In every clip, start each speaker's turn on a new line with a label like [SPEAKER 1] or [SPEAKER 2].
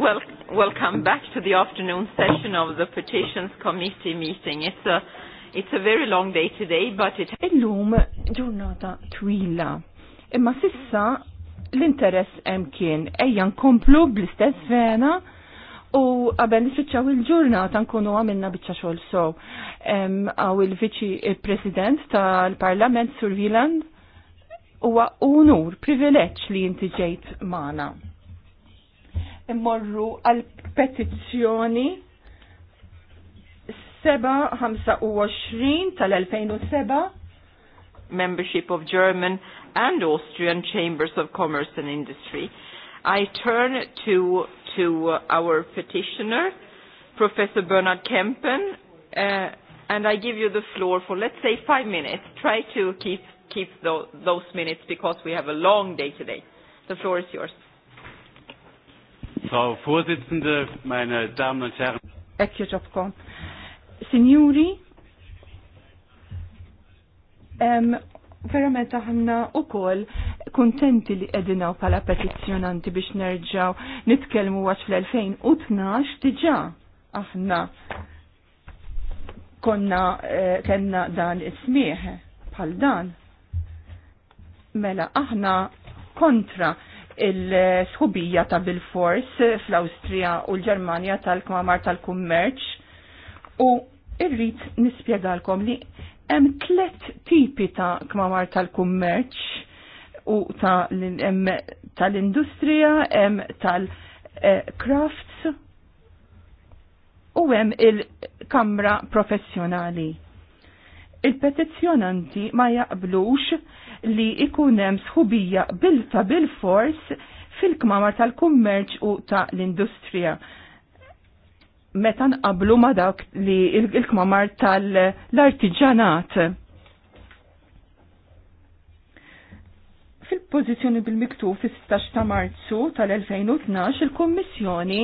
[SPEAKER 1] Well, welcome back to the afternoon session of the Petitions Committee meeting. It's a, it's a very long day today,
[SPEAKER 2] but it... Illum ġurnata twila. Imma sissa l-interess hemm kien ejja nkomplu bl-istess vena u qabel nifittxaw il-ġurnata nkunu għamilna biċċa xogħol so għaw il-viċi eh, president tal-Parlament Sur Viland, huwa unur privileġġ li inti ġejt magħna immorru għal petizzjoni 725 tal-2007
[SPEAKER 1] Membership of German and Austrian Chambers of Commerce and Industry. I turn to, to our petitioner, Professor Bernard Kempen, uh, and I give you the floor for, let's say, five minutes. Try to keep, keep those, those minutes because we have a long day today.
[SPEAKER 2] The floor is yours.
[SPEAKER 3] Frau Vorsitzende, meine Damen und Herren.
[SPEAKER 2] Ekk joġobkom. Signori, verament aħna u koll kontenti li edina u pala petizjonanti biex nerġaw nitkelmu għax fl-2012 diġa aħna konna eh, kenna dan ismieħe pal dan. Mela aħna kontra il-sħubija ta' bil-fors fl-Austria u l-Ġermanja tal kmamar tal-Kummerċ u irrit nispjegalkom li hemm tlet tipi ta' kmamar tal-Kummerċ u tal-industrija, hemm tal-crafts u hemm il-kamra professjonali. Il-petizzjonanti ma jaqblux li ikunem hemm sħubija bilta bil-fors fil-kmamar tal-kummerċ u ta' l-industrija. Meta nqablu ma' dak li il-kmamar tal-artiġanat. Fil-pożizzjoni bil-miktub fis-16 ta' Marzu tal-2012 il-Kummissjoni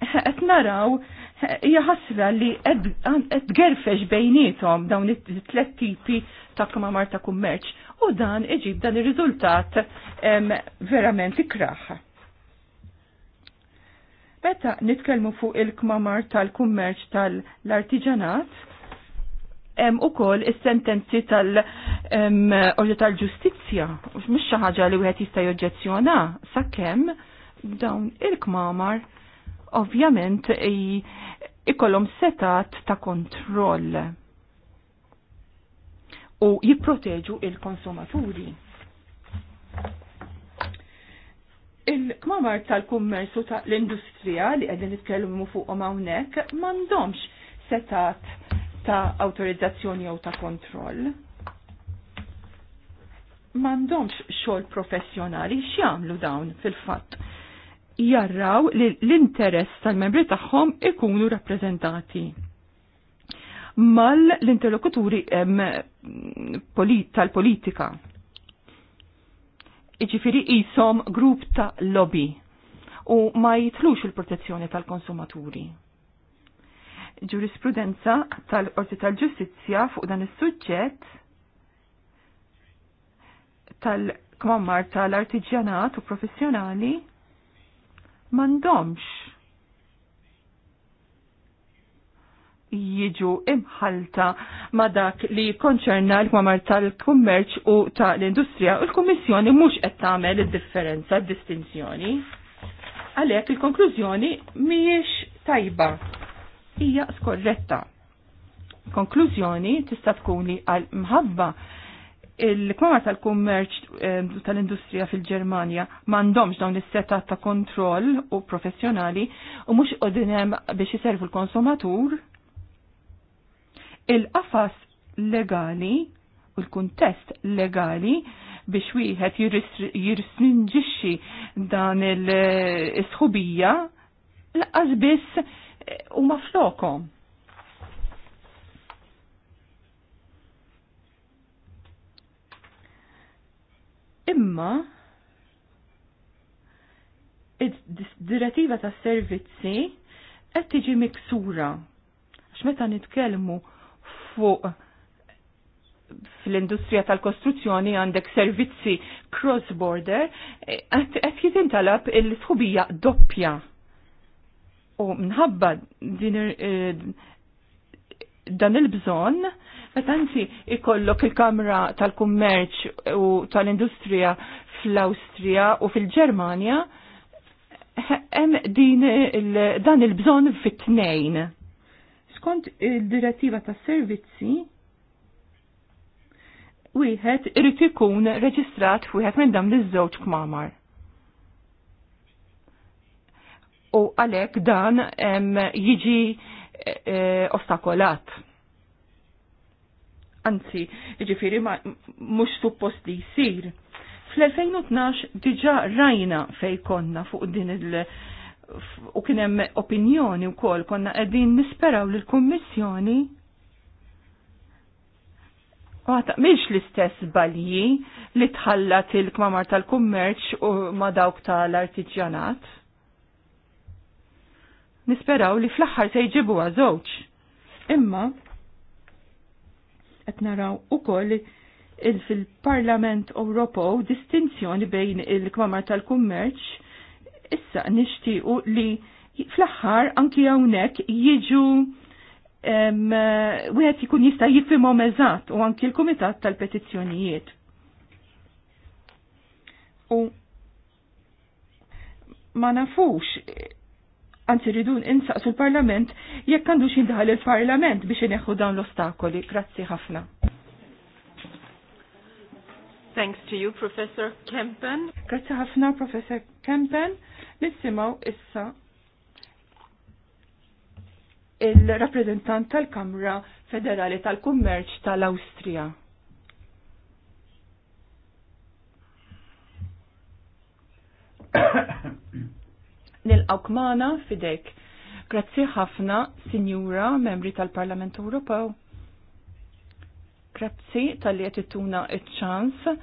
[SPEAKER 2] qed naraw hija ħasra li qed gerfex bejnietom dawn it-tlet tipi ta' kamamar ta' kummerċ u dan iġib dan ir-riżultat verament ikraħ. Meta nitkellmu fuq il-kmamar tal-kummerċ tal-artiġanat, hemm ukoll is-sentenzi tal-Ordu tal-Ġustizzja, mhux xi ħaġa li wieħed jista' sa' sakemm dawn il-kmamar ovvjament ikollhom setat ta' kontroll u jipproteġu il-konsumaturi. Il-kmamar tal kummers u tal industrija li għedin nitkellmu fuqhom hawnhekk m'għandhomx setat ta' autorizzazzjoni jew ta' kontroll. M'għandhomx xogħol professjonali x'jagħmlu dawn fil-fatt jarraw li l-interess tal-membri tagħhom ikunu rappreżentati mal l-interlokuturi tal-politika. Iġifiri jisom grupp ta' lobby u ma jitlux il-protezzjoni tal-konsumaturi. Ġurisprudenza tal-Qorti tal-Ġustizzja fuq dan is-suġġett tal-kmammar tal-artiġjanat u professjonali mandomx jiġu imħalta ma dak li konċerna l-kwamar tal-kummerċ u tal-industrija u l-Kummissjoni mhux qed tagħmel id-differenza, distinzjoni. Għalhekk il-konklużjoni mhijiex tajba, hija skorretta. Konklużjoni tista' tkuni għal mħabba il-Kamra tal-Kummerċ eh, tal-Industrija fil-Ġermanja m'għandhomx dawn is-seta ta' kontroll u professjonali u mhux qogħdin hemm biex iservu l-konsumatur. Il-qafas legali u l-kuntest legali biex wieħed jirstrinġixxi dan il-sħubija eh, laqqas biss eh, huma flokhom. Imma id-direttiva ta' servizzi qed tiġi miksura. Għax meta nitkellmu fuq fl industrija tal-kostruzzjoni għandek servizzi cross-border, qed jitintalab il-sħubija doppja. U minħabba eh, dan il bżonn Metanzi, ikollok il-Kamra tal-Kummerċ u tal-Industrija fl-Awstrija u fil-Ġermanja, hemm din dan il-bżonn fit-tnejn. Skont il-direttiva tas-servizzi, wieħed irid ikun reġistrat wieħed minn dawn iż-żewġ kmamar. U għalhekk dan jiġi eh, eh, ostakolat anzi, ġifiri mux suppost li jisir. Fl-2012 diġa rajna fej konna fuq din il- u kienem opinjoni u kol konna edin nisperaw l-Kommissjoni u għata miex l-istess balji li tħallat il-kmamar tal-kummerċ u ma dawk tal-artiġjanat. Nisperaw li fl-axħar se jġibu għazoċ. Imma, qed naraw ukoll fil-Parlament Ewropew distinzjoni bejn il-Kmamar tal-Kummerċ issa nixtiequ li fl-aħħar anki hawnhekk jiġu wieħed jkun jista' jifhimhom eżatt u anki l-Kumitat tal-Petizzjonijiet. U ma nafux anzi ridun insaqsu l-Parlament jekk għandux xindħal il-Parlament biex ineħħu dawn l-ostakoli. Grazzi ħafna.
[SPEAKER 1] Thanks to you, Professor Kempen.
[SPEAKER 2] Grazzi ħafna, Professor Kempen. Nissimaw issa il-rappresentant tal-Kamra Federali tal-Kummerċ tal-Awstrija nilqawk mana fidek, Grazzi ħafna, Sinjura, membri tal-Parlament Ewropew. Grazzi tal-li qed ittuna ċ-ċans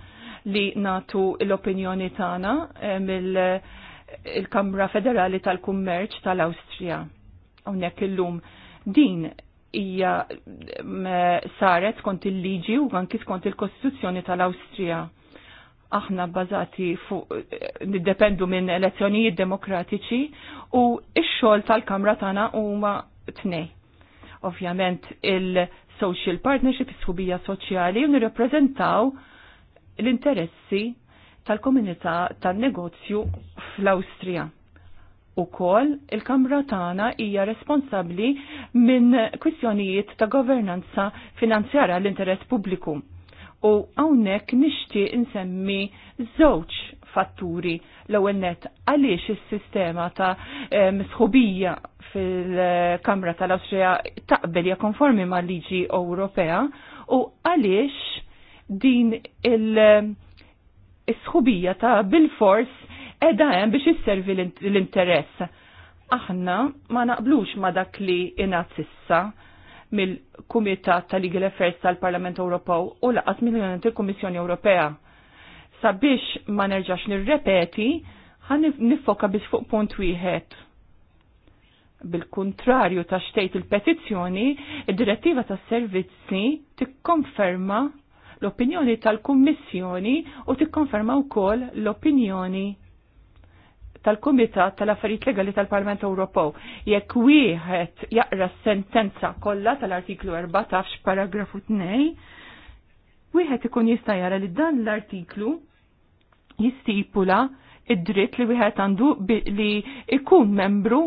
[SPEAKER 2] li natu l-opinjoni tagħna eh, mill eh, il-Kamra Federali tal-Kummerċ tal-Awstrija. Hawnhekk illum din hija eh, saret skont il-liġi u anki skont il-Kostituzzjoni tal-Awstrija aħna bbażati fuq niddependu minn elezzjonijiet demokratiċi u x-xogħol tal-Kamra tagħna huma tnej. Ovvjament il-social partnership is-subija soċjali u nirrappreżentaw l-interessi tal-komunità tan-negozju fl-Awstrija. U kol il-Kamra tagħna hija responsabbli minn kwistjonijiet ta' governanza finanzjara l-interess pubbliku U hawnhekk nixtieq insemmi żewġ fatturi l-ewwel net għaliex is-sistema ta' eh, sħubija fil-Kamra tal-Awstrija taqbel ja konformi mal-liġi Ewropea u għaliex din il-sħubija ta' bil-fors edha hemm biex isservi l-interess. Aħna ma naqblux ma dak li inazzissa. issa mill-Kumitat tal-Legal Affairs tal-Parlament Ewropew u laqas mill il-Kummissjoni Ewropea. Sabiex ma nerġax nirrepeti, ħan nifoka bis fuq punt wieħed. Bil-kontrarju ta' xtejt il-petizzjoni, id-direttiva tas servizzi tikkonferma l-opinjoni tal-Kummissjoni u tikkonferma wkoll l-opinjoni tal-Kumitat tal-Affarijiet Legali tal-Parlament Ewropew. Jekk wieħed jaqra s-sentenza kollha tal-artiklu 14 paragrafu 2, wieħed ikun jista' jara li dan l-artiklu jistipula id-dritt li wieħed għandu li ikun membru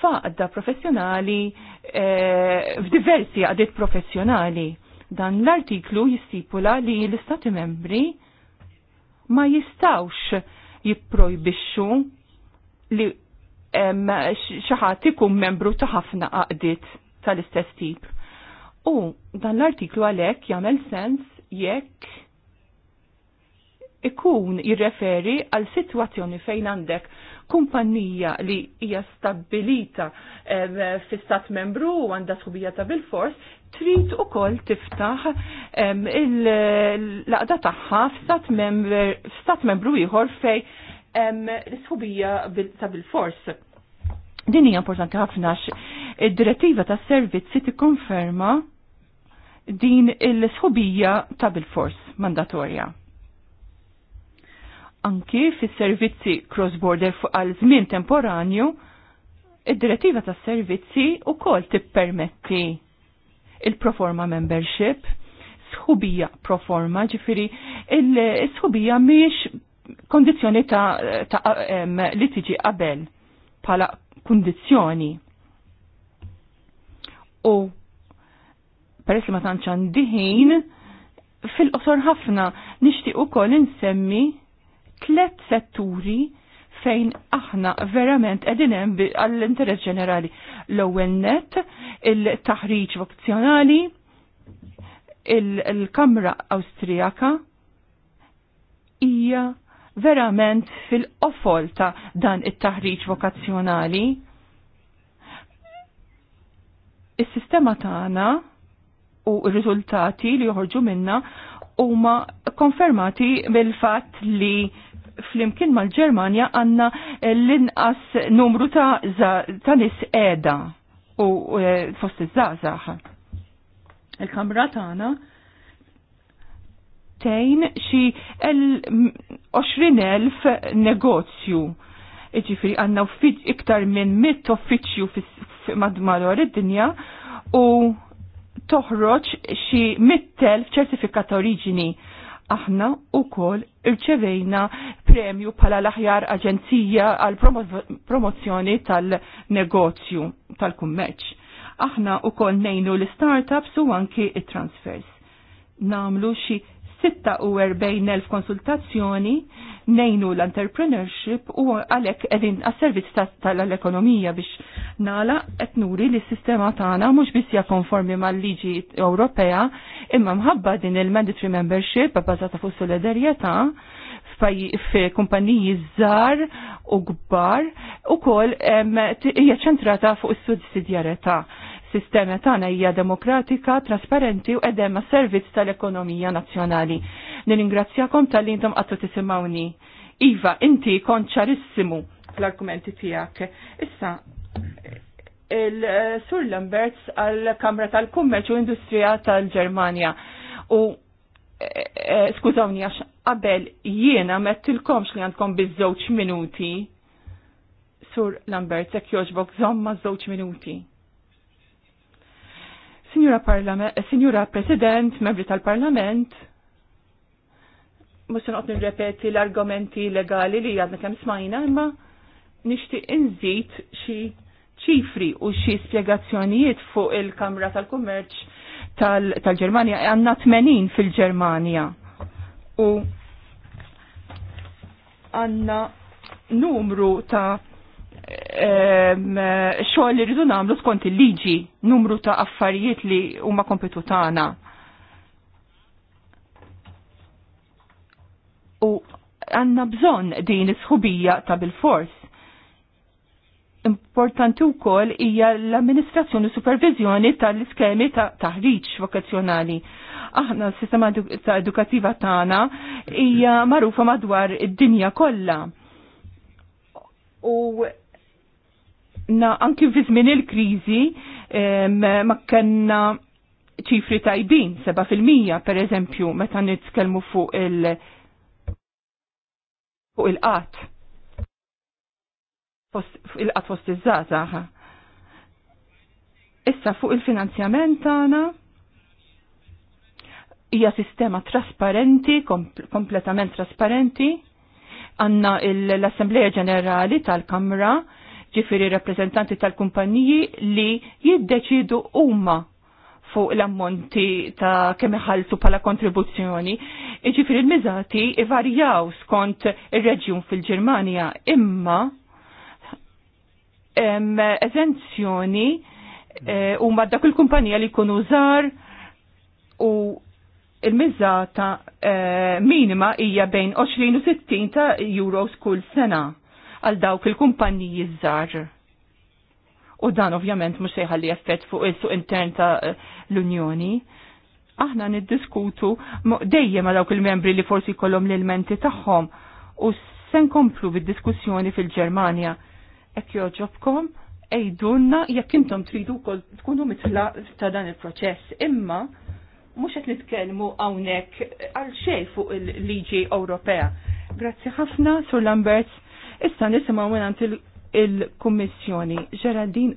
[SPEAKER 2] faqda professjonali eh, f'diversi għadiet professjonali. Dan l-artiklu jistipula li l-istati membri ma jistawx jipprojbixxu li xaħat ikun membru ta' ħafna għaqdiet tal-istess tip. U dan l-artiklu għalek jagħmel sens jekk ikun jirreferi għal situazzjoni fejn għandek kumpanija li hija stabilita eh, stat membru u għandha sħubija ta' bil-fors, trid ukoll tiftaħ l il-laqda tagħha f'stat membru ieħor fej l-sħubija ta' bil-fors. Din hija importanti ħafna id-direttiva ta' servizzi tikkonferma din il-sħubija ta' bil-fors mandatorja. Anki fis servizzi cross-border fuq għal żmien temporanju, id-direttiva ta' servizzi u kol tippermetti il-proforma membership, sħubija proforma, ġifiri, il-sħubija miex kondizjoni ta', ta um, li tiġi qabel pala kondizjoni. U peress li ma tantx diħin fil-qosor ħafna nixtieq ukoll insemmi tliet setturi fejn aħna verament qegħdin hemm għall-interess ġenerali. L-ewwel net, il-taħriġ vokzjonali il-Kamra Awstrijaka hija verament fil-qofol ta' dan it-taħriġ vokazzjonali. Is-sistema tagħna u r-riżultati li joħorġu minna huma konfermati bil-fatt li flimkien mal-Ġermanja għanna l-inqas numru ta', ta nis edha u eh, fost iż-żazax. Il-kamra tagħna tejn xi 20,000 negozju. Iġifiri għanna iktar minn mit uffiċju madwar id-dinja u toħroġ xi mittel ċertifikat oriġini. Aħna u kol irċevejna premju pala l-aħjar aġenzija għal promozzjoni tal-negozju, tal-kummerċ. Aħna u kol nejnu l-startups u anki it-transfers. Namlu xi 46.000 konsultazzjoni nejnu l-entrepreneurship u għalek edin għas-servizz tal-ekonomija biex nala qed nuri li s-sistema tagħna mhux biss hija konformi mal-liġi Ewropea imma mħabba din il-mandatory membership bbażata fuq solidarjetà f'kumpaniji żgħar u kbar ukoll hija ċentrata fuq is-sussidjarjetà sistema tagħna hija demokratika, trasparenti u qedem servizz tal-ekonomija nazzjonali. Nirringrazzjakom tal lintom għattu tisimawni. Iva, inti konċarissimu ċarissimu fl-argumenti tiegħek. Issa, il-Sur eh, Lamberts għal-Kamra tal-Kummerċ u Industrija tal-Ġermanja. U eh, eh, skużawni għax qabel jiena mettilkomx li għandkom biż-żewġ minuti. Sur Lamberts, jekk joġbok zomma żewġ minuti. Eh, signora President, membri tal-Parlament, mux nqot nirrepeti l-argumenti legali li għadna kem smajna, imma nishti inżid xi ċifri u xi spiegazzjonijiet fuq il-Kamra tal-Kummerċ tal-Ġermanja, tal għanna 80 fil-Ġermanja. U għanna numru ta' xogħol li rridu nagħmlu skont il-liġi numru ta' affarijiet li huma kompetu tagħna. U għandna bżonn din is-sħubija ta' bil-fors. Importanti wkoll hija l-amministrazzjoni u supervizjoni tal-iskemi ta' taħriġ vokazzjonali. Aħna s-sistema ta' edukattiva tagħna hija magħrufa madwar id-dinja kollha. U na anki fi żmien il-kriżi ma kellna ċifri tajbin, 7% per eżempju, meta nitkellmu fuq il- fuq il-qat. Il-qat fost iż-żazax. Issa fuq il-finanzjament tagħna hija sistema trasparenti, kompletament trasparenti, għanna l-Assembleja Ġenerali tal-Kamra ġifiri rappresentanti tal kumpanniji li jiddeċidu huma fuq l-ammonti ta' kemm iħallsu bħala kontribuzzjoni. Ġifiri l-miżati ivarjaw skont ir-reġjun fil-Ġermanja imma eżenzjoni e, huma dak il-kumpanija li jkunu żgħar u il-mizzata e, minima hija bejn 20 u 60 ta' euros kull sena għal dawk il kumpanniji żgħar. U dan ovvjament mhux se jħalli effett fuq il suq intern ta' l-Unjoni. Aħna niddiskutu dejjem ma' dawk il-membri li forsi jkollhom l-elementi tagħhom u se nkomplu bid-diskussjoni fil-Ġermanja. Ek joġobkom, ejdunna jekk intom tridu kol tkunu mitla ta' dan il-proċess. Imma, mux qed nitkellmu hawnhekk għal xejn fuq il-liġi Ewropea. Grazzi ħafna, Sur Lambert, Issa nisimaw minnant il-Kommissjoni. Ġeradin.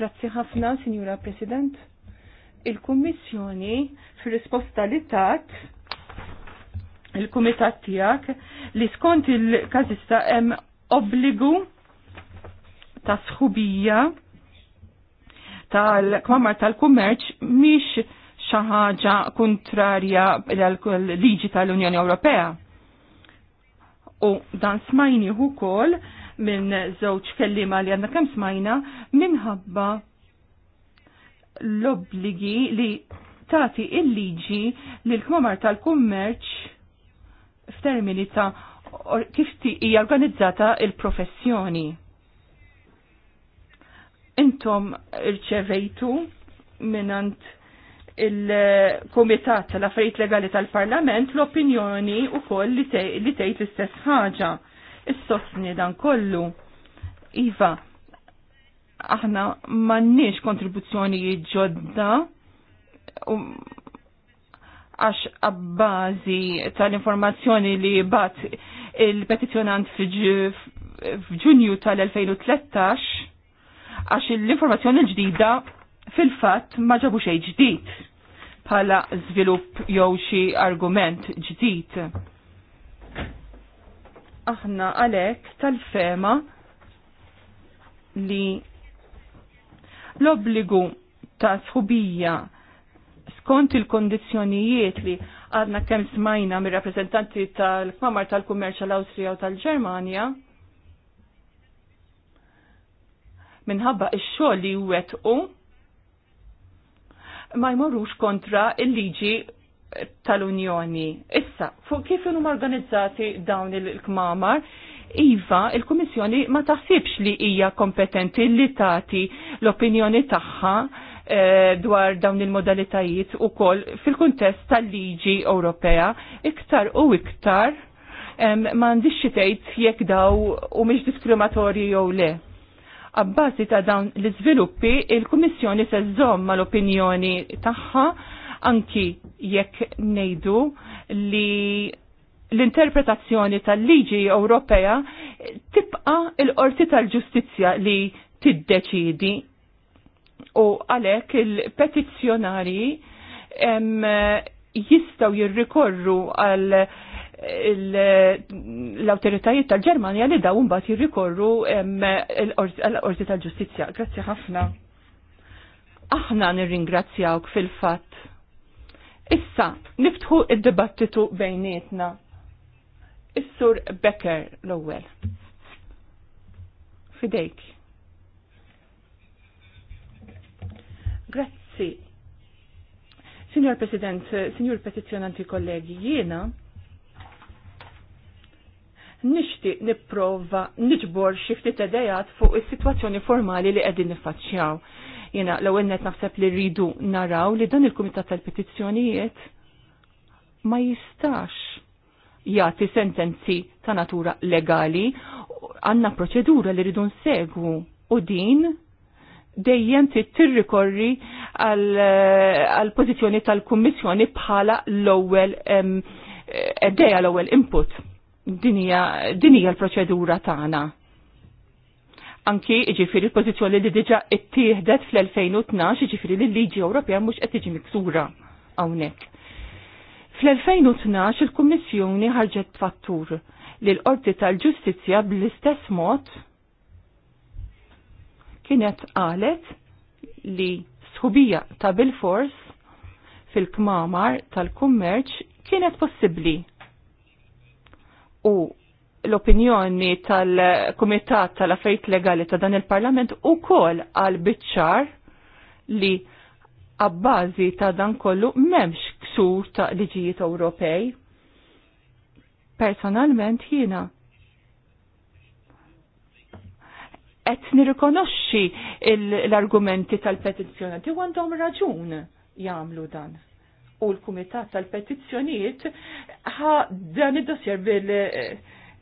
[SPEAKER 2] Grazzi ħafna, Signora President. Il-Kommissjoni fil-risposta li tat il-Kumitat tijak li skont il-kazista hemm obbligu ta' sħubija tal-kmamar tal-kummerċ miex xaħġa kontrarja l-liġi tal-Unjoni Ewropea U dan smajni hu kol minn żewġ kellima li għanna kem smajna minħabba l-obligi li tati il-liġi li l-kmamar tal-kummerċ f'termini ta' kif hija organizzata il-professjoni. Intom irċevejtu minnant il-Komitat tal-Affarijiet Legali tal-Parlament l-opinjoni u koll li tgħid l-istess ħaġa. Is-sostni dan kollu. Iva, aħna m'għandniex kontribuzzjoni ġodda um, għax abbażi tal-informazzjoni li bat il-petizjonant f'Ġunju tal-2013 għax l-informazzjoni l-ġdida fil-fatt ma ġabu xejn ġdid bħala żvilupp jew xi argument ġdid. Aħna għalhekk tal-fema li l-obbligu ta' sħubija skont il-kondizjonijiet li għadna kemm smajna mir rappresentanti tal kmamar tal-Kummerċ tal-Awstrija u tal-Ġermanja minħabba ix-xogħol li wetqu ma jmorrux kontra il-liġi tal-Unjoni. Issa, fuq kif huma organizzati dawn il-kmamar, Iva, il-Kummissjoni ma taħsibx li hija kompetenti li tagħti l-opinjoni tagħha eh, dwar dawn il-modalitajiet u koll fil-kontest tal-liġi Ewropea iktar u iktar em, ma ndix xitejt jekk daw u miex diskriminatorji jew le għabbasi ta' dawn l-iżviluppi, il-Kummissjoni se ma mal-opinjoni tagħha anki jekk nejdu li l-interpretazzjoni tal-liġi Ewropea tibqa il-qorti tal-ġustizzja li tiddeċidi u għalek il-petizjonari jistaw jirrikorru għal l-autoritajiet tal-Ġermanja li daw mbagħad jirrikorru l qorti tal ġustizzja Grazzi ħafna. Aħna nirringrazzjawk fil-fatt. Issa, niftħu id-dibattitu bejnietna. Is-sur Becker l-ewwel. Fidejk. Grazzi. Signor President, signor petizjonanti kollegi, jiena nixtieq nipprova niġbor xi ftit fuq is-sitwazzjoni formali li qegħdin niffaċċjaw. Jiena l-ewwel qed naħseb li rridu naraw li dan il-Kumitat tal-Petizzjonijiet ma jistax jagħti sentenzi ta' natura legali għandna proċedura li rridu nsegwu u din dejjem tirrikorri għal pożizzjoni tal-Kummissjoni bħala l-ewwel edeja eh, l-ewwel input dinija l-proċedura tagħna. Anki ġifiri l-pozizjoni li diġa ittieħdet fl-2012 ġifiri li l-liġi Ewropea mhux qed tiġi miksura hawnhekk. Fl-2012 il-Kummissjoni ħarġet fattur li l-Qorti tal-Ġustizzja bl-istess mod kienet qalet li sħubija ta' bil-fors fil-kmamar tal-kummerċ kienet possibbli u l-opinjoni tal-Kumitat tal-Affarijiet Legali ta' dan il-Parlament u kol għal bitċar li għabbażi ta' dan kollu memx ksur ta' liġijiet Ewropej. Personalment jiena qed nirrikonoxxi l-argumenti tal-petizzjonanti u għandhom raġun jagħmlu dan u l-Kumitat tal-Petizzjonijiet ħa dan id-dossier bil eh,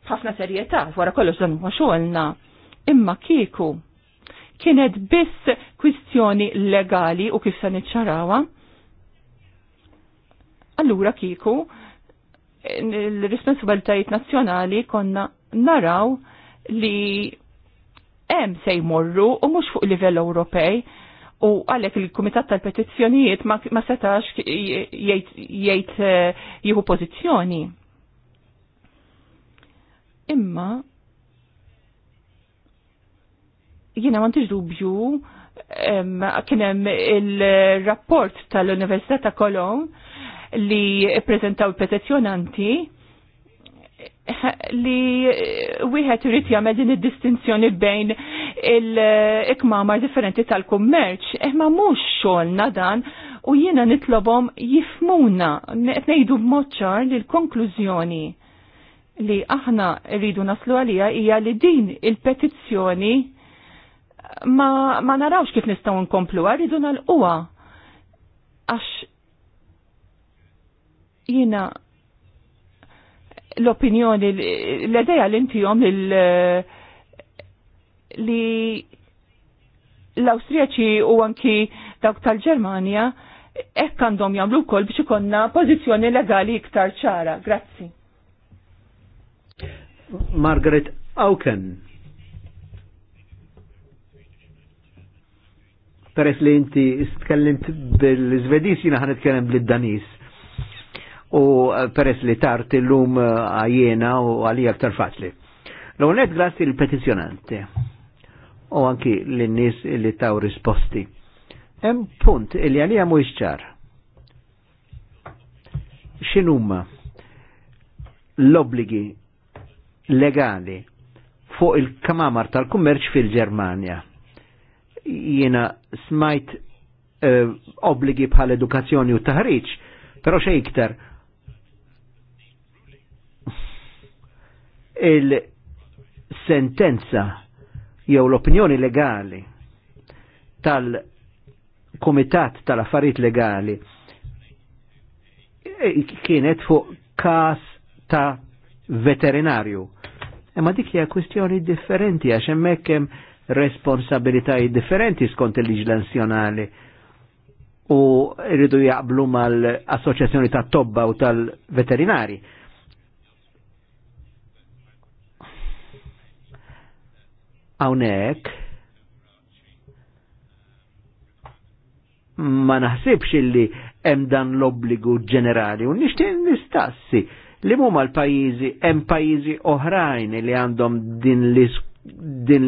[SPEAKER 2] ħafna serjetà wara kollox dan huwa xogħolna. Imma kieku kienet biss kwistjoni legali u kif se niċċarawha, Allura kieku eh, l-responsabiltajiet nazzjonali konna naraw li hemm se jmorru u mhux fuq livell Ewropej u għalek il-Kumitat tal-Petizzjonijiet ma setax jgħid eh, jieħu pożizzjoni. Imma jiena m'għandix dubju kien hemm il-rapport tal-Università ta' Kolon li ppreżentaw il-petizzjonanti li wieħed irid jagħmel din id-distinzjoni bejn il-ikmamar differenti tal-kummerċ, imma eh, mhux xogħolna dan u jiena nitlobhom jifmuna, ngħidu b'mod li l-konklużjoni li aħna rridu naslu għalija hija li din il-petizzjoni ma, ma narawx kif nistgħu nkomplu, rridu nalquha għax jiena l-opinjoni l-edeja l-intijom il- -l, -l, -l, -l, -l, -l, -l, -l li l austriaċi u anki dawk tal-Ġermanja hekk għandhom jagħmlu wkoll biex ikonna pożizzjoni legali iktar ċara. Grazzi.
[SPEAKER 4] Margaret Auken. Peress li inti tkellimt bil zvedis jina ħanet nitkellem bil-Danis. U eh, peress li tart illum eh, għajjena u għalija aktar faċli. L-għonet grazzi l-petizjonanti u anki l-nis li taw risposti. Hemm punt li għalija mhuwiex ċar. X'inhuma l-obbligi legali fuq il-kamamar tal-kummerċ fil-Ġermanja. Jiena smajt eh, obbligi bħal edukazzjoni u taħriċ, però xejn iktar il-sentenza jew l-opinjoni legali tal-Komitat tal-Affarijiet Legali e, kienet fuq kas ta' veterinarju. Imma dik hija kwistjoni differenti għax hemmhekk hemm responsabilitajiet differenti skont il-liġi u rridu jaqblu mal-Assoċjazzjoni tat-Tobba u tal-Veterinari hawnhekk ma naħsibx illi hemm dan l-obbligu ġenerali u nixtieq nistassi li huma l-pajjiżi hemm pajjiżi oħrajn li għandhom din din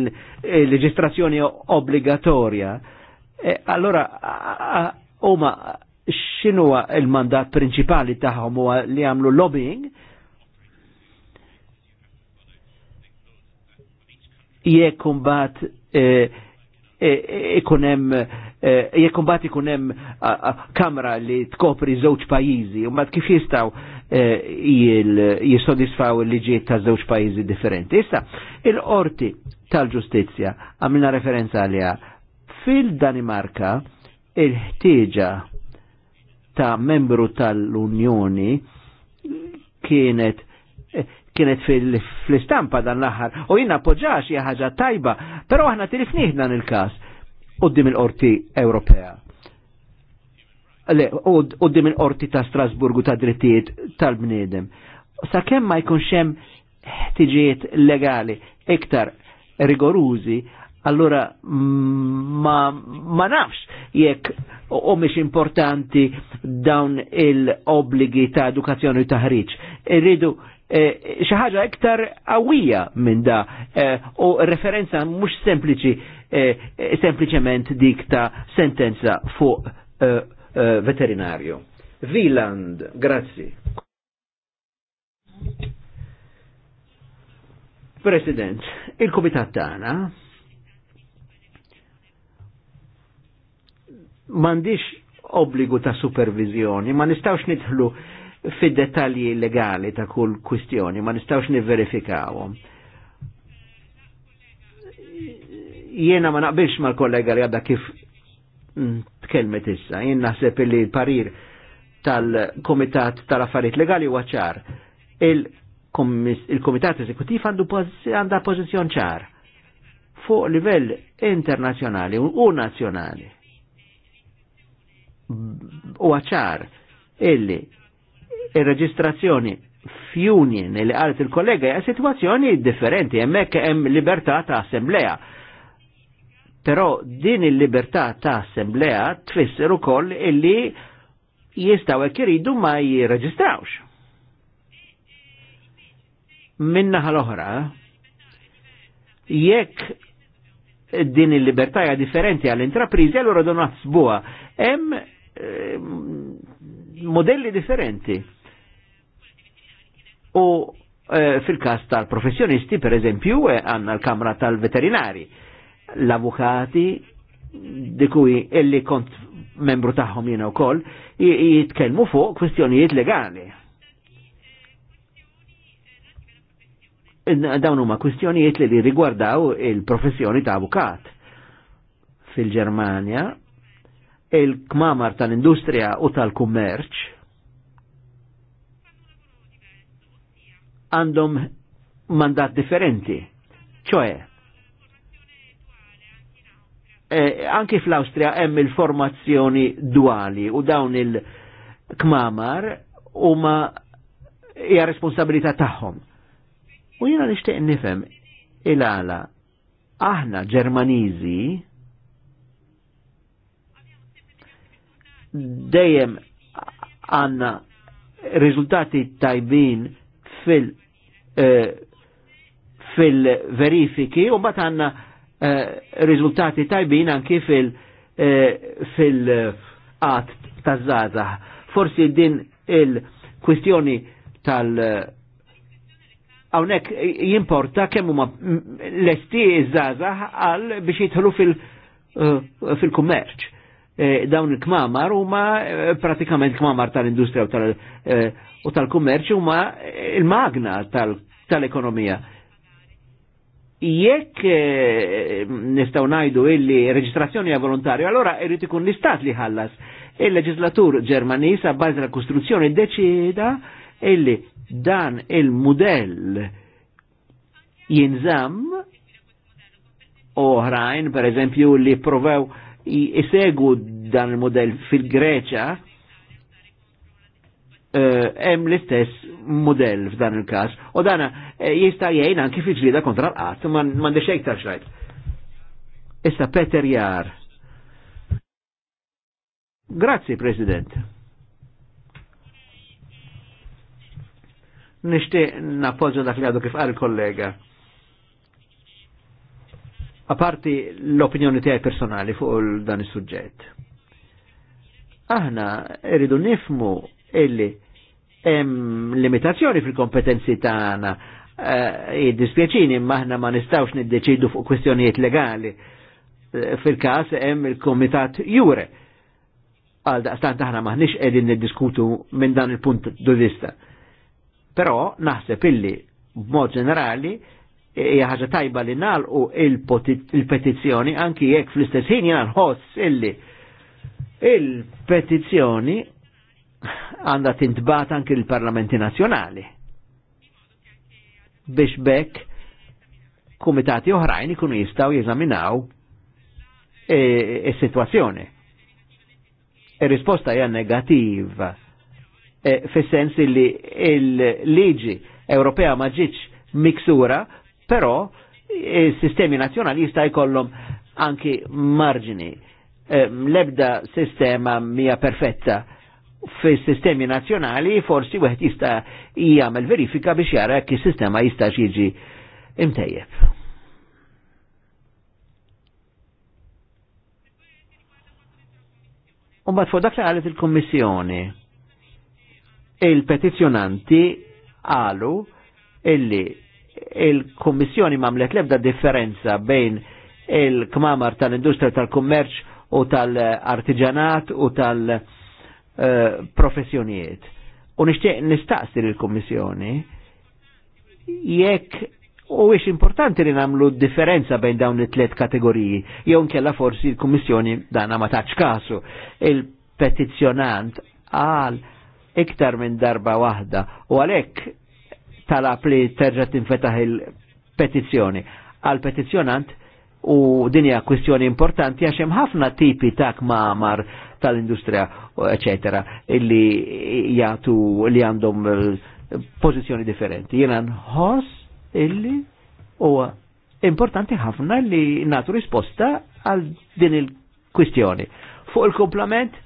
[SPEAKER 4] leġistrazzjoni obbligatorja. Allura e, allora huma x'inhuwa l-mandat prinċipali tagħhom huwa li jagħmlu lobbying jekk imbagħad eh, eh, eh, ikunem jekk imbagħad ikunem kamra li tkopri żewġ pajjiżi, u kif jistgħu jissodisfaw il liġiet ta' żewġ pajjiżi differenti. Issa, il-qorti tal-ġustizzja għamilna referenza għalija fil-Danimarka il-ħtieġa ta' membru tal-Unjoni kienet kienet fil-istampa dan l-aħħar u jien poġax hija ħaġa tajba, però aħna tirifnih dan il-każ dim il-Qorti Ewropea. Le, dim il orti ta' Strasburgu ta' drittijiet tal-bniedem. Sakemm ma jkunx hemm ħtiġijiet legali iktar rigorużi, allora ma, ma nafx jekk u mhix importanti dawn il-obligi ta' edukazzjoni u taħriġ. Irridu e Eh, xi ħaġa iktar qawwija minn da eh, u referenza mhux sempliċi eh, sempliċement dik ta' sentenza fuq veterinarju. Viland, grazzi. President, il-Kumitat tagħna m'għandix obbligu ta' supervizjoni, ma nistawx nidħlu fid-detalji legali ta' kull kwistjoni, ma nistawx niverifikaw. Jiena ma naqbilx mal-kollega li għadda kif tkelmet issa, jien naħseb li parir tal-Komitat tal-Affarijiet Legali huwa ċar. Il-Komitat eżekutif għandu għandha pożizzjon ċar fuq livell internazzjonali u nazzjonali. U ċar illi il-reġistrazzjoni f'union li għalet il-kollega hija situazzjoni differenti, hemmhekk hemm libertà ta' assemblea. Però din il-libertà ta' assemblea tfisser ukoll illi jistgħu hekk iridu ma jirreġistrawx. Minnaħa l-oħra, jekk din il-libertà hija differenti għall-intrapriżi, allura don naħsbuha. Hemm eh, modelli differenti. U eh, fil-kas tal-professjonisti, per eżempju, eh, għanna l-Kamra tal-Veterinari, l-avukati di cui illi kont membru tagħhom jiena wkoll jitkellmu fuq kwestjonijiet legali. Dawn huma kwistjonijiet li riguardaw il-professjoni ta' avukat. fil germania il-kmamar tal-industrija u tal-kummerċ għandhom mandat differenti. ċoħe, e, anki fl-Austria hemm il-formazzjoni duali u dawn il-kmamar huma hija responsabilità tagħhom. U jiena nixtieq nifhem il-għala aħna Ġermaniżi dejjem għanna riżultati tajbin fil- eh, fil-verifiki u bat għanna rizultati eh, riżultati tajbin anki fil- eh, fil għat tazzaza. Forsi din il-kwistjoni tal- għawnek jimporta kemm huma l-esti zazah għal biex jitħlu fil-kummerċ. Eh, dawn il-kmamar u ma eh, pratikament kmamar tal-industrija u eh, tal-kummerċ u ma il-magna tal-ekonomija. Jekk nistaw najdu illi reġistrazzjoni għal volontarju, allora irid ikun l-istat li ħallas. Il-leġislatur Ġermaniż bazi la kostruzzjoni deċida illi dan il-mudell jinżamm oħrajn, per eżempju, li provew Uh, jisegu dan il-modell fil-Greċa, eh, hemm uh, l-istess modell f'dan il-każ. U dana eh, jista' jgħin anki fil-ġlieda kontra l-qatt, m'għandix hekk tarxajt. Issa Peter Jar. Grazzi, President. Nishtiq nappoġġa dak li għadu kif qal kollega a parti l-opinjoni tiegħi personali fuq dan is-suġġett. Aħna rridu nifmu illi hemm limitazzjoni fil-kompetenzi tagħna eh, jiddispjaċini imma aħna ma nistgħux niddeċidu fuq kwestjonijiet legali eh, fil-każ hemm il-Kumitat Jure. Għal daqstant aħna maħniex qegħdin niddiskutu minn dan il-punt di vista. Però naħseb illi b'mod ġenerali ħaġa tajba li nalqu il-petizzjoni anki jekk fl-istess ħin jiena nħoss illi il-petizzjoni għandha tintbat anki l-Parlamenti Nazzjonali biex bekk kumitati oħrajn ikunu jistgħu jeżaminaw is-sitwazzjoni. E, e, Ir-risposta e hija negattiva fis-sens li l-liġi Ewropea ma ġietx miksura Però eh, sistemi nazjonali jista' jkollhom anki marġini. Eh, l-ebda sistema mija perfetta fis sistemi nazjonali forsi wieħed jista' jagħmel verifika biex jara kif sistema jista' jiġi imtejjeb. Umbat fuq dak li għalet il-Kommissjoni, il-petizjonanti għalu illi il-Kommissjoni mamlet lebda differenza bejn il-kmamar tal-industrija tal-kummerċ u tal-artiġanat u tal-professjonijiet. U nishtiq nistaqsi l-Kommissjoni jekk u ix importanti li namlu differenza bejn dawn it-tlet kategoriji, jew nkella forsi l-Kummissjoni dana ma taċ kasu. Il-petizzjonant għal iktar minn darba waħda u għalhekk talab li terġa' tinfetaħ il-petizzjoni għal petizzjonant u dinja kwistjoni importanti għax hemm ħafna tipi ta' kmamar tal-industrija, eccetera, illi jgħatu li għandhom eh, pożizzjoni differenti. Jiena nħoss illi huwa importanti ħafna li natu risposta għal din il-kwistjoni. Fuq il-komplement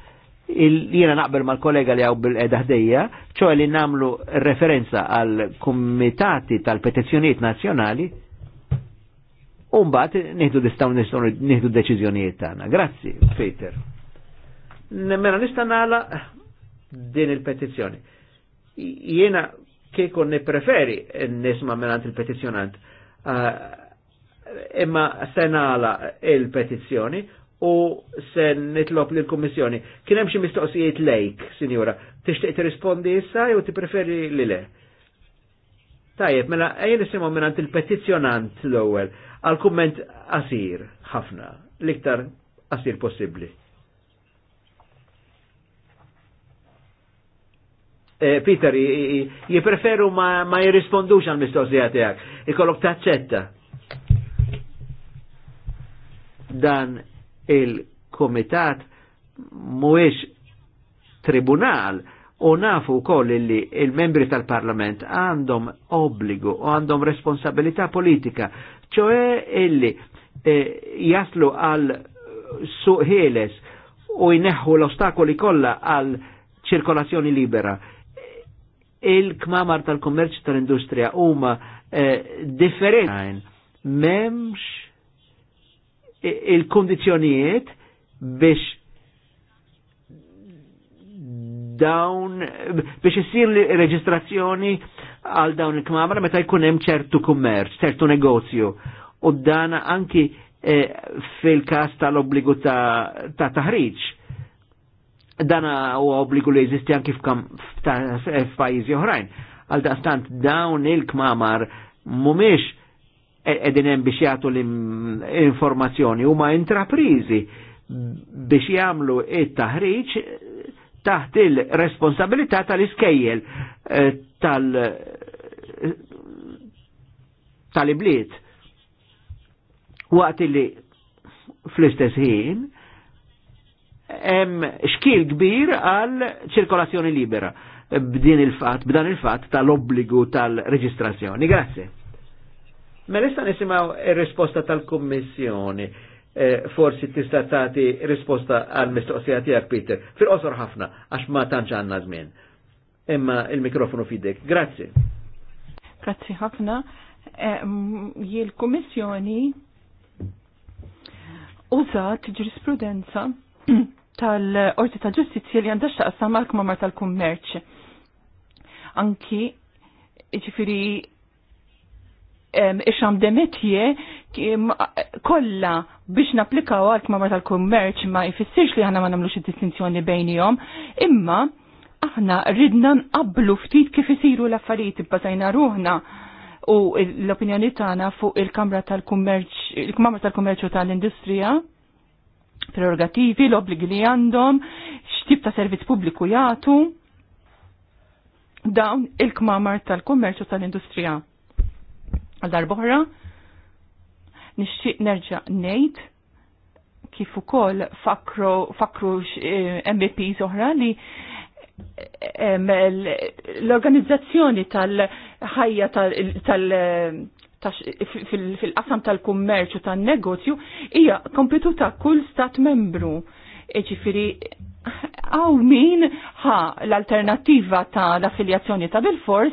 [SPEAKER 4] jiena naqbel mal-kollega li għaw bil-edaħdejja, ċoħ li namlu referenza għal komitati tal-petizjoniet nazjonali, Umbat, nihdu distaw nihdu deċiżjonijiet tagħna. Grazzi, Peter. Nemmena nista' nala din il-petizzjoni. Jiena kieku nippreferi nisma' mingħand il petizjonant eh, Imma se nagħla il-petizzjoni u sen nitlob li l-Kommissjoni. Kien hemm xi mistoqsijiet lejk, sinjura, tixtieq tirrispondi issa jew preferi li le? Tajjeb, mela ejja nisimgħu mingħand il-petizzjonant l-ewwel għal kumment asir ħafna, l-iktar qasir possibbli. Eh, Peter, jipreferu ma, jirrispondux għal mistoqsija tiegħek, ikollok taċċetta. Dan il-komitat muwiex tribunal u nafu koll li il-membri tal-parlament għandhom obbligu u għandhom responsabilità politika, ċoħe illi e jaslu għal suħeles u jneħu l-ostakoli kollha għal ċirkolazzjoni libera. Il-kmamar tal-kommerċ tal-industrija huma eh, differenti. Memx il-kondizjonijiet biex dawn biex jisir reġistrazzjoni għal dawn il-kmamra meta jkun hemm ċertu kummerċ, ċertu negozju. U dan anki e, eh, fil kas tal-obbligu ta', ta taħriġ. Dan huwa obbligu li jeżisti anki f'pajjiżi oħrajn. Għal dastant dawn il-kmamar mumiex edin hemm biex jagħtu l-informazzjoni, huma intraprizi biex jagħmlu it-taħriġ taħt il-responsabilità tal-iskejjel eh, tal- eh, tal-ibliet. Waqt li fl-istess ħin hemm xkil kbir għal ċirkolazzjoni libera b'din il-fatt, b'dan il-fatt tal-obbligu tal-reġistrazzjoni. Grazie. Ma mela nista' nisimgħu r risposta tal-Kummissjoni. E, forsi tista' tagħti risposta għal mistoqsija tiegħek Peter. Fil-qosor ħafna għax ma tantx għandna żmien. Imma il-mikrofonu fidek. Grazzi.
[SPEAKER 2] Grazzi ħafna. E, Jil-Kummissjoni użat ġurisprudenza tal-Orti ta' Ġustizzja li għandha x'taqsam għal-kmamar tal-kummerċ. Anki ġifieri ixam demetje kolla biex naplikaw għal kmamar tal-kummerċ ma jfissirx li ħana ma namlux distinzjoni bejnijom, imma aħna ridna nqablu ftit kif isiru l-affarijiet bbażajna ruħna u l-opinjoni tagħna fuq il-Kamra tal-Kummerċ, il-Kamra tal kummerċu u tal-Industrija, prerogativi, l-obbligi li għandhom, x'tip ta' servizz pubbliku jagħtu dawn il-kmamar tal-kummerċu tal-industrija. Għal darbohra, nixtieq nerġa' ngħid kif ukoll fakru fakru eh, MVPs oħra li eh, l-organizzazzjoni tal-ħajja tal fil-qasam tal-kummerċu tan-negozju hija kompetuta ta' kull stat membru. Ġifiri, għaw min ħa l-alternativa ta' l-affiljazzjoni ta' bil-fors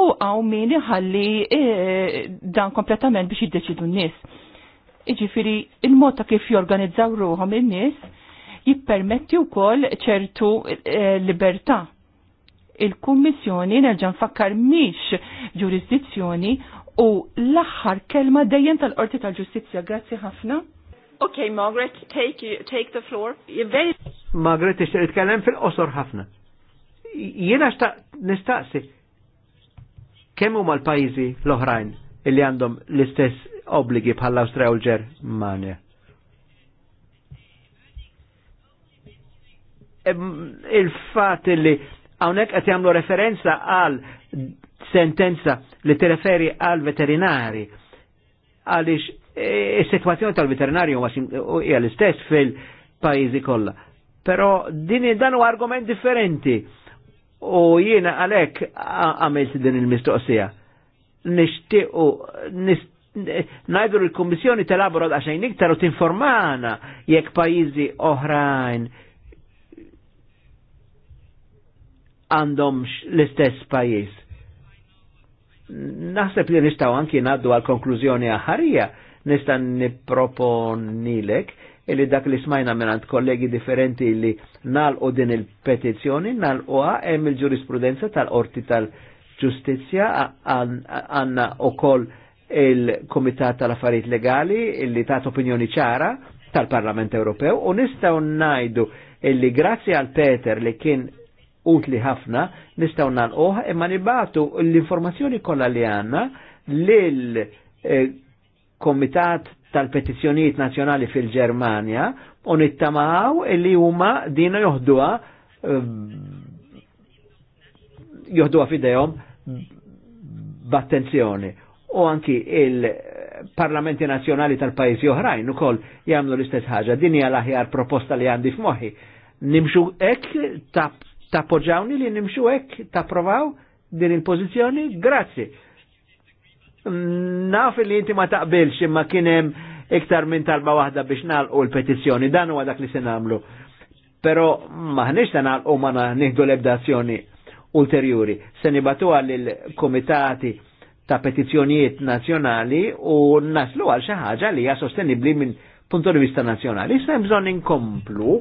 [SPEAKER 2] u għaw min ħalli e, dan kompletament biex jiddeċidu n-nis. Iġifiri, il-mod ta' kif jorganizzaw ruħom n nis jippermetti wkoll ċertu e, libertà. Il-Kummissjoni nerġa' nfakkar miex ġurisdizzjoni u l-aħħar kelma dejjem tal-Qorti tal-Ġustizzja. Grazzi ħafna.
[SPEAKER 1] Okay, Margaret, take, take the floor. You're very...
[SPEAKER 2] Margaret tixtieq titkellem fil-qosor ħafna.
[SPEAKER 4] Jiena xtaq nistaqsi kemm huma l-pajjiżi l-oħrajn illi għandhom l-istess obbligi bħall awstrija u l-Ġermanja. il fatt li hawnhekk qed jagħmlu referenza għal sentenza li tirreferi għal veterinari għaliex e, is-sitwazzjoni tal-veterinarju hija l-istess fil-pajjiżi kollha Pero din dan u argument differenti. U jiena għalek għamilt din il-mistoqsija. Nishtiqu, nist najdu l-Kommissjoni telabora għaxajn iktar u tinformana jekk pajizi oħrajn għandhom l-istess pajiz. Naħseb li nistaw anki naddu għal konklużjoni aħarija, nista' niproponilek illi dak li smajna minnant kollegi differenti illi nalqu din il-petizjoni, nalquha hemm il-ġurisprudenza tal-qorti tal-ġustizja għanna u koll il-Komitat tal-Affarijiet Legali illi tat opinjoni ċara tal-Parlament Ewropew u nistgħu ngħidu illi grazzi għal Peter li kien utli ħafna nistgħu nagħlquha imma nibatu l-informazzjoni kollha li għandna lil eh, Komitat tal-petizzjonijiet nazzjonali fil-Ġermanja u nittamaw illi huma dina joħduha ehm, joħduha fidejom b'attenzjoni. U anki il-parlamenti nazzjonali tal-pajjiżi oħrajn ukoll jagħmlu l-istess ħaġa. Din hija l-aħjar proposta li għandi f'moħħi. Nimxu hekk tappoġġawni li nimxu hekk tapprovaw din il-pożizzjoni? Grazzi. Naf li inti ma taqbilx imma kienem iktar minn talba waħda biex nalqu l-petizzjoni, dan huwa dak li se nagħmlu. Pero maħniex se nalqu ma nieħdu l-ebdazzjoni ulterjuri. Se nibatu lill-komitati ta' petizzjonijiet nazzjonali u naslu għal xi ħaġa li hija sostenibbli minn punto di vista nazzjonali. se bżonn inkomplu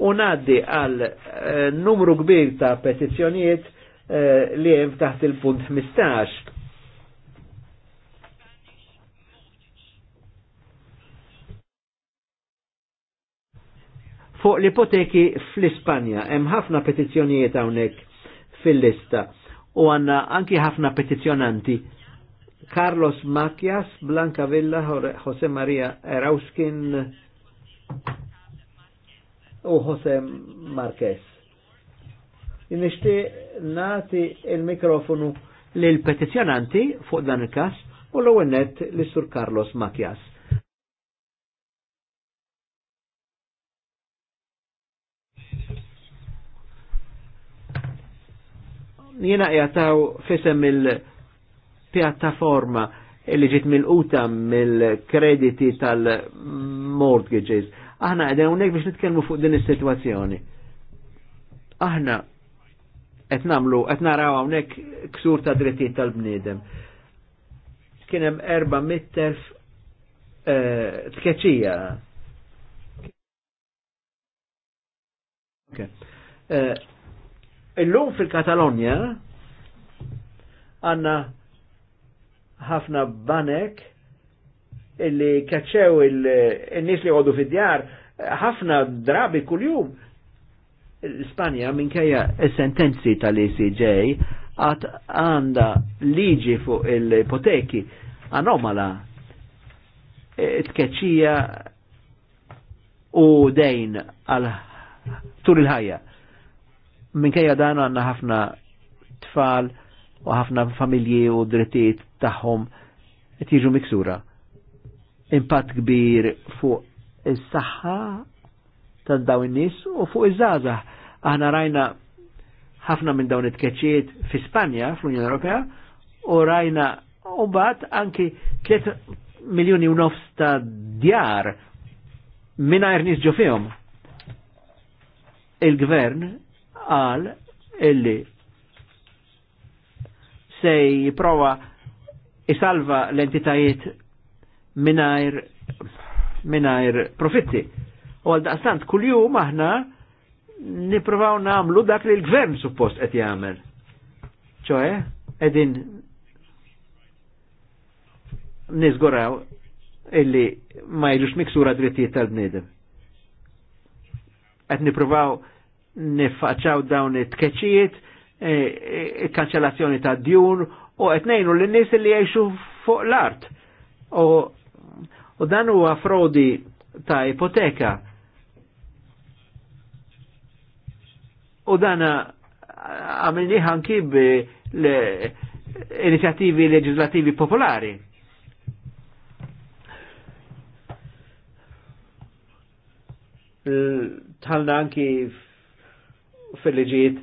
[SPEAKER 4] u ngħaddi għal eh, numru kbir ta' petizzjonijiet eh, li hemm taħt il-punt 15 fuq l-ipoteki fl-Ispanja. Hemm ħafna petizzjonijiet hawnhekk fil-lista u għanna anki ħafna petizzjonanti. Carlos Macchias, Blanca Villa, Jose Maria Erauskin u Jose Marquez. Nishti nati il-mikrofonu lil petizjonanti fuq dan il-kas u l-għennet l-sur Carlos Macchias. Jena jgħataw fisem il-pjattaforma li ġiet milquta uta mill-krediti tal-mortgages. Aħna għedin unnek biex nitkellmu fuq din is-sitwazzjoni. Aħna qed nagħmlu qed naraw hawnhekk ksur ta' drittijiet tal-bniedem. Kien hemm erba' mittelf eh, tkeċija. Okay. Eh, Illum fil-Katalonja għanna ħafna banek illi kaċċew il-nis li għodu fid-djar ħafna drabi kull-jum. L-Spanja minkejja sentenzi tal-ECJ għat għanda liġi fuq il-ipoteki anomala e, tkeċija u dejn għal tur il-ħajja minkejja dan għanna ħafna tfal u ħafna familji u drittijiet tagħhom qed jiġu miksura. Impatt kbir fuq is-saħħa ta' daw in-nies u fuq iż-żgħażagħ. Aħna rajna ħafna minn dawn it tkeċċiet fi Spanja, fl-Unjoni Ewropea, u rajna u bat anki 3 miljoni u nofs ta' djar minn nis ġo fihom. Il-gvern għal illi se jiprova isalva l-entitajiet minajr minajr profitti. U għal daqstant kull jum aħna niprovaw namlu dak li l-gvern suppost qed jagħmel. ċoħe, edin nizguraw illi ma jilux miksura drittijiet tal-bnidem. Qed niprovaw nifqaċaw dawn it-tkeċijiet, e, e, il-kanċellazzjoni ta' djun u qed ngħinu lin-nies li jgħixu fuq l-art. U dan huwa frodi ta' ipoteka. U dan għamilni ħanki l-inizjattivi leġislativi popolari. Tħalna anki fil-liġijiet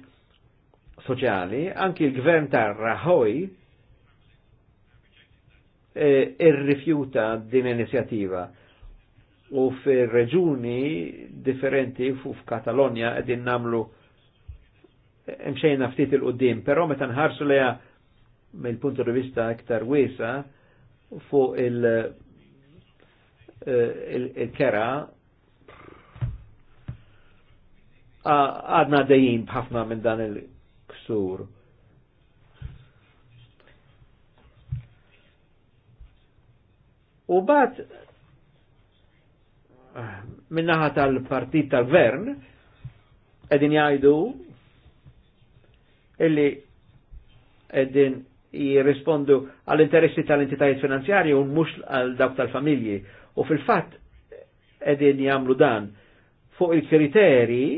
[SPEAKER 4] soċjali, anki l-gvern ta' Rahoj e, irrifjuta din inizjattiva u fil-reġuni differenti fu f'Katalonja qegħdin namlu imxejna ftit il-qoddim, però meta nħarsu leja mill-punt di vista iktar wiesa fuq e, il-kera il, il, il kera għadna dejjin bħafna minn dan il-ksur. U bat minnaħa tal-partit tal-gvern edin jajdu illi edin jirrispondu għall-interessi tal-entitajiet finanzjarji u mux għal dawk tal-familji. U fil-fat edin jamlu dan fuq il-kriteri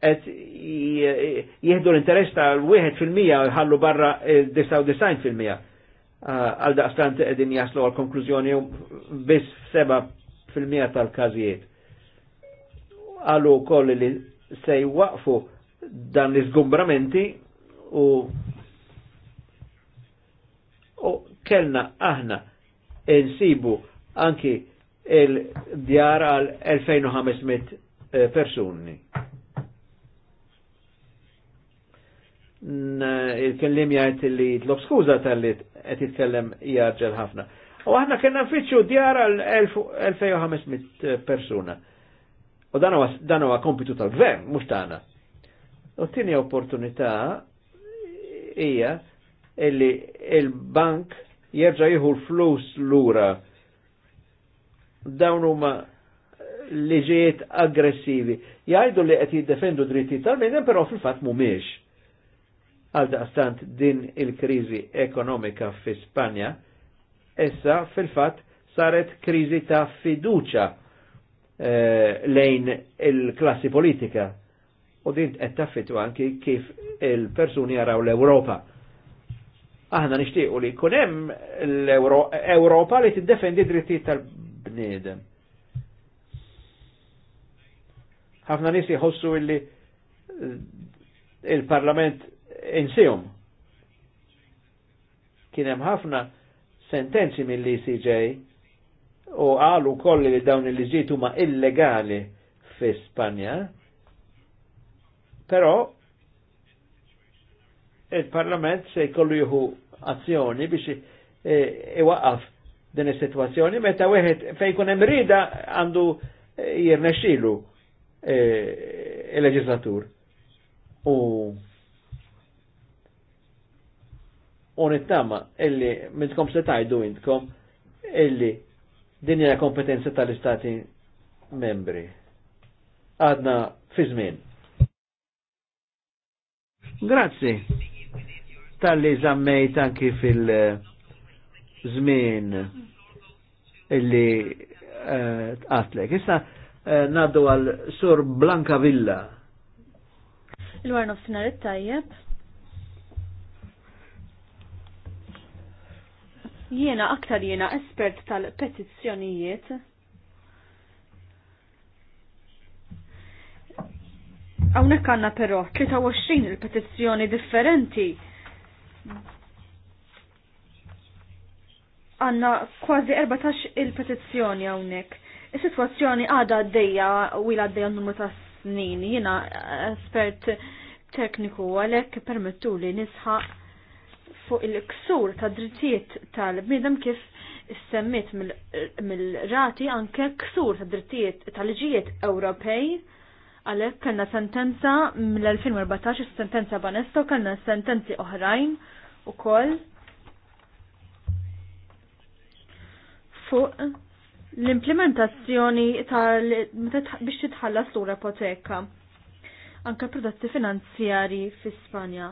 [SPEAKER 4] et jihdu l-interess l 1 ħallu barra 99% eh, ah, għal daqstant edin jaslu għal konklużjoni bis 7% tal-kazijiet. Għallu koll li se jwaqfu dan l-izgumbramenti u u kellna aħna insibu anki il-djar għal 2500 eh, persuni. il-kellim jajt li jitlob skuża tal-li qed jitkellem jarġel ħafna. U aħna kellna fitxu djar għal 1500 persuna. U dan huwa kompitu tal-gvern mhux tagħna. U t tieni opportunità hija illi il-bank jerġa' jieħu l-flus lura dawn huma liġijiet aggressivi. Jgħidu li qed jiddefendu dritti tal-bnedem, però fil-fatt mhumiex Għal daqstant din il-krizi ekonomika fi Spanja, essa fil-fat saret krizi ta' fiduċa eh, lejn il-klassi politika. U din qed taffitu anki kif il-persuni jaraw l-Ewropa. Aħna nixtiequ li jkun hemm l-Ewropa li tiddefendi dritti tal-bniedem. ħafna nisi jħossu illi il-Parlament insihom. Kien hemm ħafna sentenzi mill-ECJ u qalu kolli li dawn il-liġiet huma illegali fi Spanja, però il-Parlament se jkollu juhu azzjoni biex e, iwaqaf din is-sitwazzjoni meta wieħed fejn hemm rida għandu e, jirnexxilu e, il-leġislatur. U u nittama illi minnkom se tajdu intkom illi din hija kompetenza tal-istati membri. Għadna fi żmien. Grazzi tal-li zammejt anki fil-żmien eh, illi għatlek. Eh, Issa eh, naddu għal Sur Blanca Villa.
[SPEAKER 5] Il-warnof sinar tajjeb Jiena aktar jiena espert tal-petizzjonijiet. Hawnhekk għandna però 23 il-petizzjoni differenti. Għandna kważi 14 il-petizzjoni hawnhekk. Is-sitwazzjoni għadha għaddejja u għaddeja għaddejja numru ta' snin. Jiena espert tekniku għalhekk permettu li nisħaq fuq il-ksur ta' drittijiet tal-bnidem kif semmit mill-rati anke ksur ta' drittijiet tal-ġijiet Ewropej għalek kellna sentenza mill-2014 sentenza Banesto kellna sentenzi oħrajn u koll fuq l-implementazzjoni biex titħallas l ipoteka anka prodotti finanzjari fi Spanja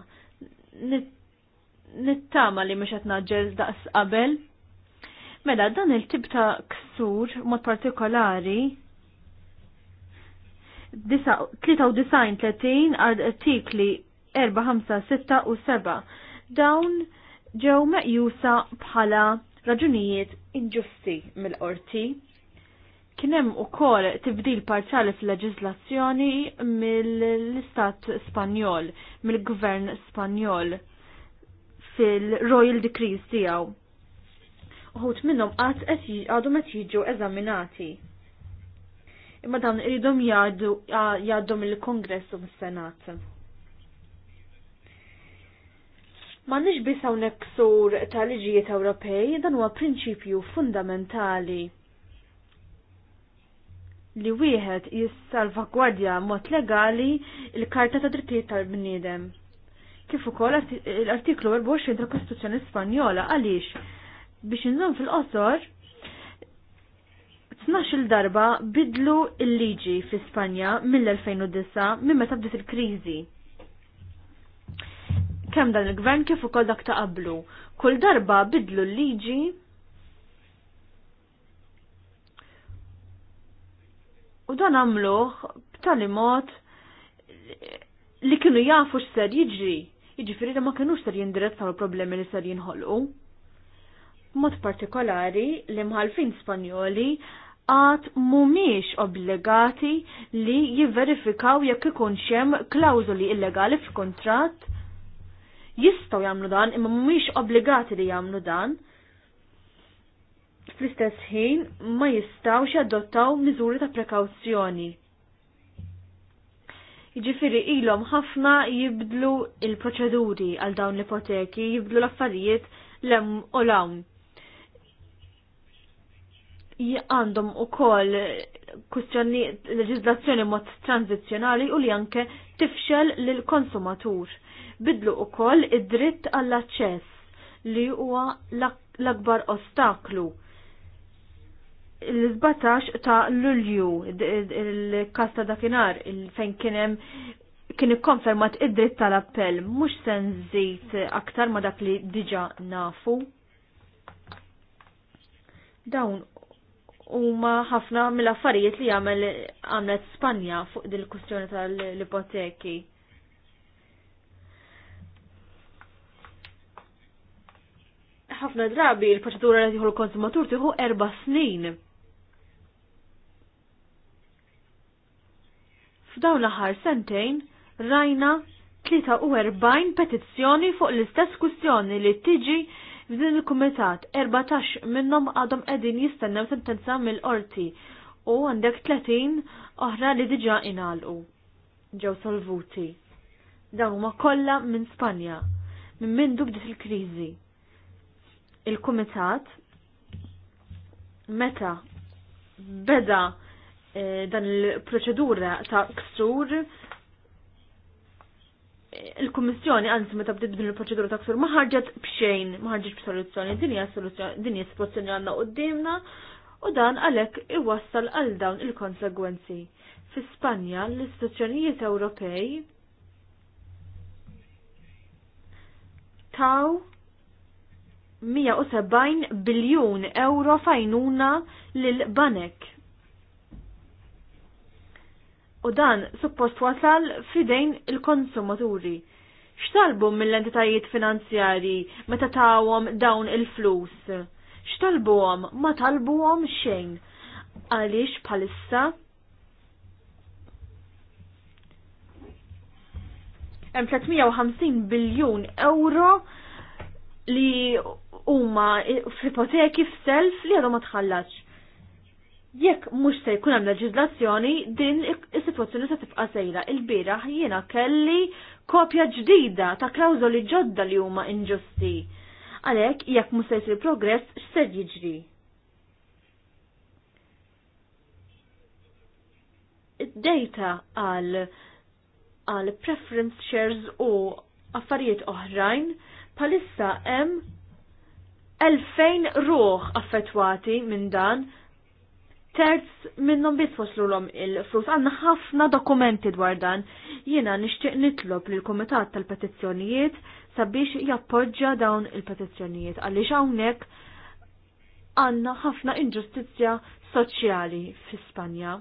[SPEAKER 5] nittama li mhux qed naġġel daqs qabel. Mela dan il tib ta' ksur mod partikolari 93 artikli 4, 5, 6 u 7 dawn ġew meqjusa bħala raġunijiet inġusti mill-qorti. Kien hemm ukoll tibdil parċali fil-leġiżlazzjoni mill-Istat Spanjol, mill-Gvern Spanjol fil-Royal Decrees tiegħu. Uħut minnhom għad għadu għadhom qed jiġu eżaminati. Imma dan iridhom jgħaddu mill-Kongress u mis-Senat. Ma nix biss hawnhekk ta' liġijiet Ewropej dan huwa prinċipju fundamentali li wieħed jissalvagwardja mod legali il-Karta ta' Drittijiet tal-Bniedem kif ukoll l-artiklu 24 tal-Kostituzzjoni Spanjola għaliex biex inżomm fil-qosor 12 darba bidlu l-liġi fi Spanja mill-2009 minn meta bdiet il-kriżi. Kemm dan il-gvern kif ukoll dak ta' qablu. Kull darba bidlu l-liġi u dan għamluh b'tali mod li kienu jafu x'ser jiġri jiġifieri li ma kinux ser jindirizzaw il-problemi li ser jinħolqu. Mod partikolari li mħalfin Spanjoli għat mumiex obbligati li jiverifikaw jekk ikun xem klawzoli illegali f'kontrat. jistgħu jagħmlu dan imma mhumiex obbligati li jagħmlu dan fl-istess ħin ma jistgħux jadottaw miżuri ta' prekawzjoni Jiġifieri ilhom ħafna jibdlu il-proċeduri għal dawn l-ipoteki, jibdlu l-affarijiet lem u lawn. Għandhom ukoll kustjoni leġizlazzjoni mod tranzizjonali u li anke tifxel l konsumatur. Bidlu ukoll id-dritt għall-aċċess li huwa l-akbar ostaklu l-17 ta' Lulju il-kas ta' dakinar fejn kienem kien ikkonfermat id-dritt tal-appell mhux se nżid aktar ma dak li diġa nafu. Dawn huma ħafna mill-affarijiet li għamel għamlet Spanja fuq dil il-kwistjoni tal-ipoteki. ħafna drabi l-proċedura li tieħu l-konsumatur tieħu erba' snin f'daw l-aħħar sentejn rajna 43 petizzjoni fuq l-istess kwistjoni li tiġi f'din il-kumitat 14 minnhom għadhom qegħdin jistennew sentenza mill-qorti u għandek 30 oħra li diġà inalqu ġew solvuti. Dawn huma kollha minn Spanja minn min dubdit il-kriżi. Il-kumitat meta beda dan il-proċedura ta' ksur il-Kummissjoni għanzi meta bdiet din il-proċedura ta' ksur ma ħarġet b'xejn, ma ħarġet b'soluzzjoni, din hija soluzzjoni, din hija soluzzjoni għandna qudiemna u dan għalhekk iwassal għal dawn il-konsegwenzi. Fi Spanja l-istituzzjonijiet Ewropej taw 170 biljun euro fajnuna lil banek U dan suppost wasal fidejn il-konsumaturi. X'talbu mill-entitajiet finanzjari meta tawhom dawn il-flus? X'talbuhom ma talbuhom xejn. Għaliex bħalissa hemm 350 biljun euro li huma f'ipoteki f'self li għadhom ma tħallax jekk mhux se jkun hemm leġiżlazzjoni din is-sitwazzjoni se tibqa' sejra. Il-bieraħ jiena kelli kopja ġdida ta' klawżoli ġodda li huma inġusti. Għalhekk jekk mhux se jsir progress x'ser jiġri. Id-data għal għal preference shares u affarijiet oħrajn palissa hemm 2000 ruħ affettwati minn dan terz minnhom biss waslulhom il-flus. għanna ħafna dokumenti dwar dan. Jiena nixtieq nitlob l kumitat tal-petizzjonijiet sabiex jappoġġja dawn il-petizzjonijiet għaliex hawnhekk għandna ħafna inġustizzja soċjali fi Spanja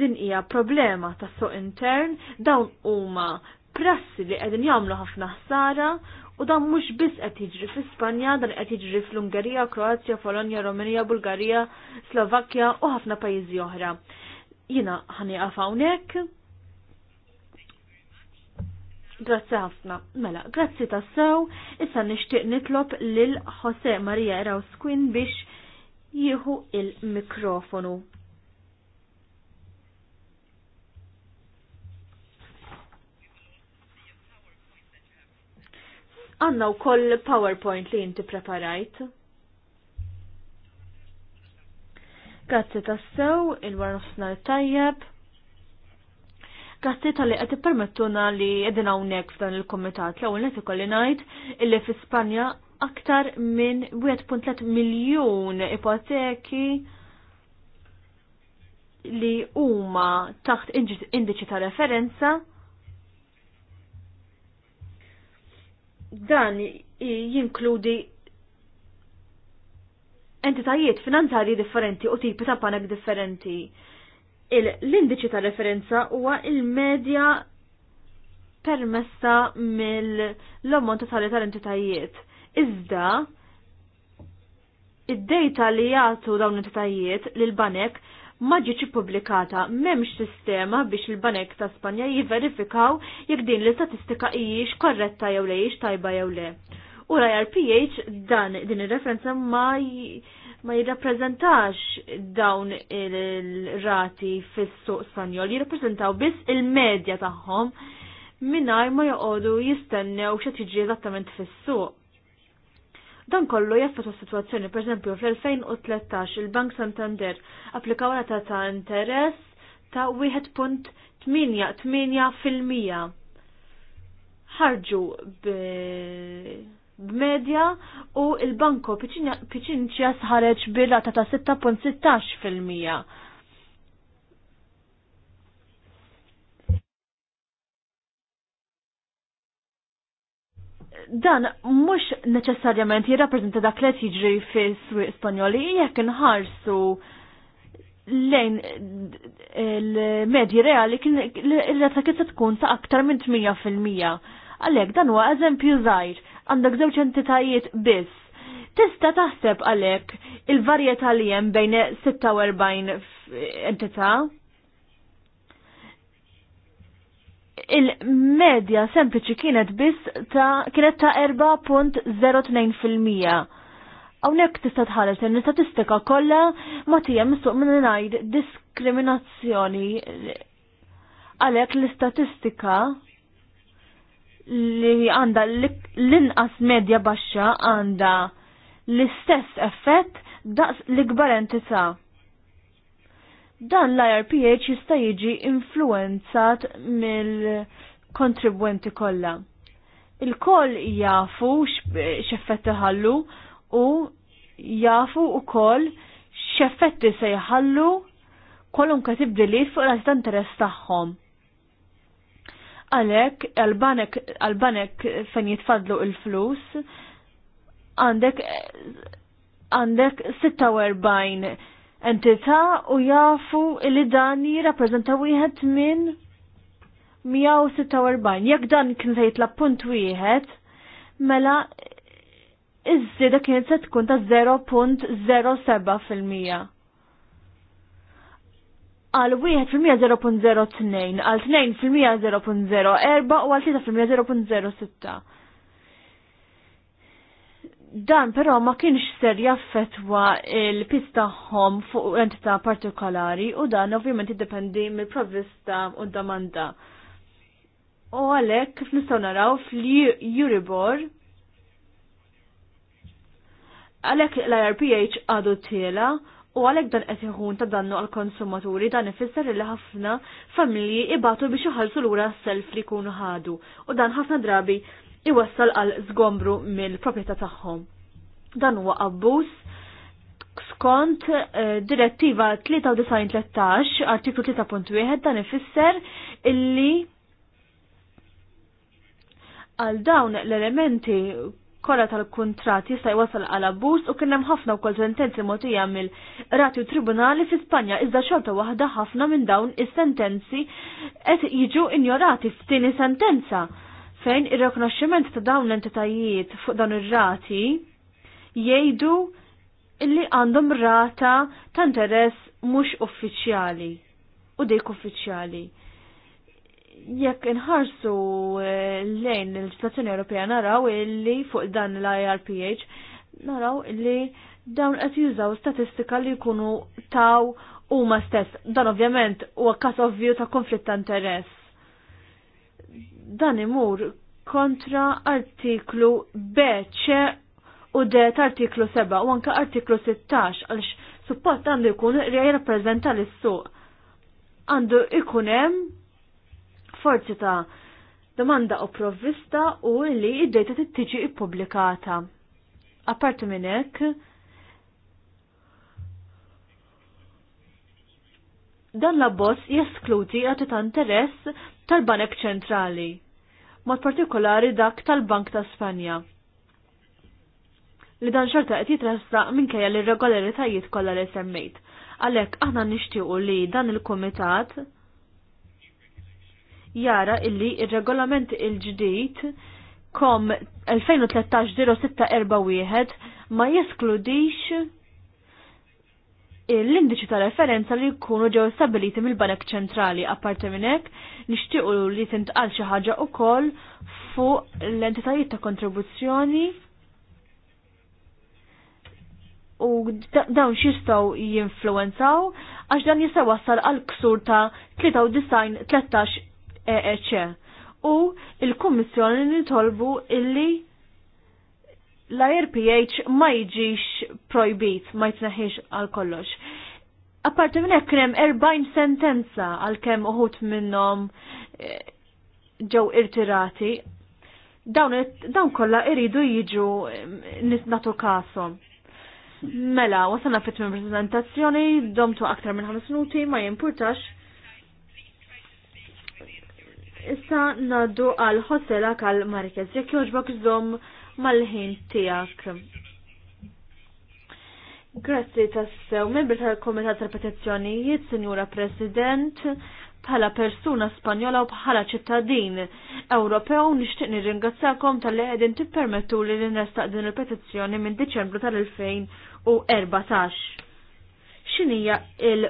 [SPEAKER 5] din hija problema ta' suq intern, dawn huma prassi li qegħdin jagħmlu ħafna ħsara U dan mhux biss qed jiġri fi ispanja dan qed jiġri fl-Ungerija, Kroazja, Polonja, Romania, Bulgarija, Slovakkja u ħafna pajjiżi oħra. Jina ħani hawnhekk. Grazzi ħafna. Mela, grazzi tassew, issa nixtieq nitlob lil Jose Maria Eraw Squin biex jieħu il-mikrofonu. għanna u koll PowerPoint li jinti preparajt. Grazzi tas-sew, il-warnofsna tajjeb. Grazzi ta' li għati permettuna li edin unnek f'dan il-komitat l għawnet ikolli najt illi fi Spanja aktar minn 1.3 miljon ipoteki li huma taħt indiċi ta' referenza dan jinkludi entitajiet finanzarji differenti u tipi ta' panek differenti. L-indiċi ta' referenza huwa il-medja permessa mill-ammont totali tal-entitajiet. Iżda, id-data li jagħtu dawn l-entitajiet l banek ma ġietx ippubblikata m'hemmx sistema biex il-Banek ta' Spanja jiverifikaw jekk din l-istatistika hijiex korretta jew le hijiex tajba jew le. U l-IRPH dan din ir-referenza ma jirrapprezentax jirrappreżentax dawn il-rati fis-suq Spanjol, jirrappreżentaw biss il-medja tagħhom mingħajr ma joqogħdu jistennew x'qed jiġri eżattament fis-suq. Dan kollu ta' situazzjoni, per esempio fl-2013 il-Bank Santander applikaw rata ta' interess ta' 1.88% ħarġu b'medja u il-banko piċinċja sħareġ bil rata ta' 6.16%. dan mhux neċessarjament jirrapprezenta dak li jiġri fis-swieq Spanjoli jekk inħarsu lejn il-medji eh, reali kien il reta kif tkun ta' aktar minn 8%. Għalhekk dan huwa eżempju żgħir għandek żewġ entitajiet biss. Tista taħseb għalhekk il-varjetà li hemm bejn 46 entità il-medja sempliċi kienet biss ta' kienet ta' 4.02%. Hawnhekk tista' tħares l-istatistika kollha ma tija mistoq minn ngħid diskriminazzjoni għalhekk l-istatistika li għandha l-inqas medja baxxa għandha l-istess effett daqs l-ikbar entità. Dan l-IRPH jista' jiġi influenzat mill-kontribwenti kollha. Il-koll jafu x'effett iħallu u jafu wkoll x'effetti se jħallu kolunka tibdiliet fuq l ta' interess tagħhom. Għalhekk għalbanek, għalbanek fejn jitfadlu il-flus, għandek għandek 46 entità u jafu li dan jirrappreżenta wieħed minn 146. Jekk dan kien se jitla punt wieħed, mela iż-żieda kienet se tkun ta' 0.07%. Għal 1% 0.02, għal 2% 0.04 u għal 3% 0.06. Dan però ma kienx ser jaffetwa il-pis fuq entità partikolari u dan ovvjament jiddependi mill-provvista u domanda. U għalhekk kif nistgħu naraw fl-Euribor għalek l-IRPH għadu tela u għalek dan qed ta' dannu għal konsumaturi dan ifisser li ħafna familji ibatu biex iħallsu lura s-self li jkunu ħadu u dan ħafna drabi iwassal għal zgombru mill-proprjetà tagħhom. Dan huwa abbuż skont eh, direttiva 93 artiklu 3.1 dan ifisser illi għal dawn l-elementi kolla tal-kontrat jista' jwassal għal abbuż u kien hemm ħafna wkoll sentenzi mogħtija mill-Ratju Tribunali fi Spanja iżda xorta waħda ħafna minn dawn is-sentenzi qed jiġu injorati f'tieni sentenza fejn ir-rekonoxximent ta' dawn l-entitajiet fuq dawn ir-rati jgħidu illi għandhom rata ta' interess mhux uffiċjali u dik uffiċjali. Jekk inħarsu eh, lejn il istazzjoni Ewropea naraw illi fuq dan l-IRPH naraw illi dawn qed jużaw statistika li jkunu taw huma stess. Dan ovvjament huwa każ ovvju ta' konflitt ta' interess dan imur kontra artiklu beċe u det artiklu 7 u anka artiklu 16 għalx suppost għandu jkun jirrappreżenta l-suq. Għandu ikunem forzi ta' domanda u provvista u li id-data tiġi ippubblikata. Apparti minn hekk, dan l-abbozz jeskludi għati ta' interess tal-Banek Ċentrali, mod partikolari dak tal-Bank ta' Spanja. Li dan xorta qed jitrasraq minkejja l-irregolaritajiet kollha li semmejt. Għalhekk aħna nixtiequ li dan il-kumitat jara illi ir-regolament il-ġdid kom 2013 41 ma jeskludix l-indiċi ta' referenza li jkunu ġew stabiliti mill-Banek Ċentrali apparti minn hekk nixtiequ li tintqal xi ħaġa wkoll fuq l-entitajiet ta' kontribuzzjoni u dawn x'jistgħu jinfluwenzaw għax dan jista' wassal għal ksur ta' 93 13 EEC u l-Kummissjoni nitolbu illi l-IRPH ma jiġix projbit, ma jtnaħiġ għal kollox. Apparti minn hekk hemm 40 sentenza għal kemm uħut minnhom eh, ġew irtirati. Dawn dawn kollha iridu jiġu eh, nisnatu kasom. Mela, wasana fit minn prezentazzjoni, domtu aktar minn ħames, minuti, ma jimpurtax. Issa naddu għal ħossela għal marikez jekk joġbok zom mal-ħin tiegħek. Grazzi tassew, membri tal-Komitat tal-Petizzjonijiet, Sinjura President, bħala persuna Spanjola u bħala ċittadin Ewropew nixtieq nirringrazzakom tal-li qegħdin tippermettu li nrestaq din il-petizzjoni minn Diċembru tal-2014. X'inhija il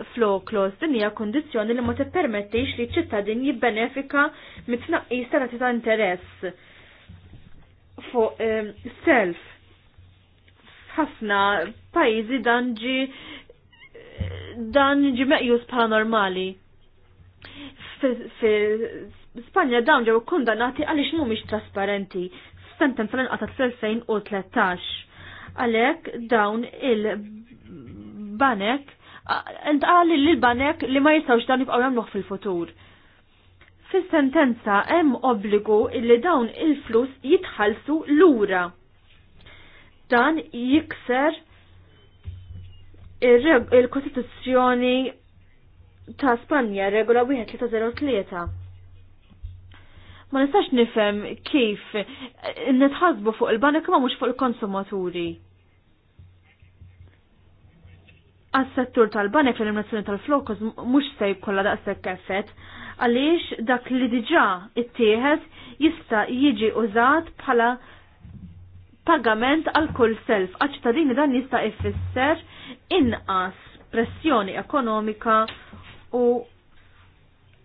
[SPEAKER 5] clause? Din hija kundizzjoni li ma tippermettix li ċittadin jibbenefika mit-tnaqqis tal attività ta' interess fuq eh, self. Ħafna pajjiżi dan danġi meqjus bħala normali. Spanja dawn ġew kundannati għaliex mhumiex trasparenti. Sentenza l-inqata' 2013. Għalhekk dawn il-banek Ent għalli li l-banek li ma jistawx dan jibqaw jamluħ fil-futur. Fis-sentenza hemm obbligu illi dawn il-flus jitħallsu lura. Dan jikser il-Kostituzzjoni ta' Spanja, regola 1303. Ma nistax nifhem kif nitħasbu fuq il-banek ma mhux fuq il-konsumaturi għas-settur tal-banek l-eliminazzjoni tal-flokkos mhux se jkollha daqshekk effett għaliex dak li diġà tieħed jista' jiġi użat bħala pagament għal kull self. Għaċ dan jista' jfisser inqas pressjoni ekonomika u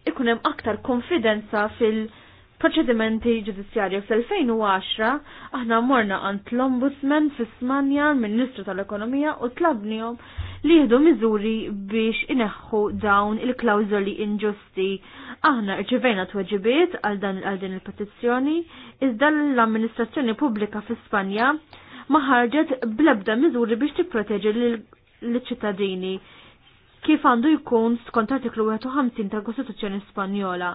[SPEAKER 5] ikun hemm aktar konfidenza fil- proċedimenti ġudizzjarju fl-2010 aħna morna għand l-Ombudsman fi Smanja, l-Ministru tal-Ekonomija u tlabnihom li jieħdu miżuri biex ineħħu dawn il-klawżoli inġusti. Aħna rċivejna tweġibiet għal dan għal din il-petizzjoni, iżda l-amministrazzjoni pubblika fi Spanja ma ħarġet blebda miżuri biex tipproteġi l-ċittadini kif għandu jkun skont artiklu 51 tal-Kostituzzjoni Spanjola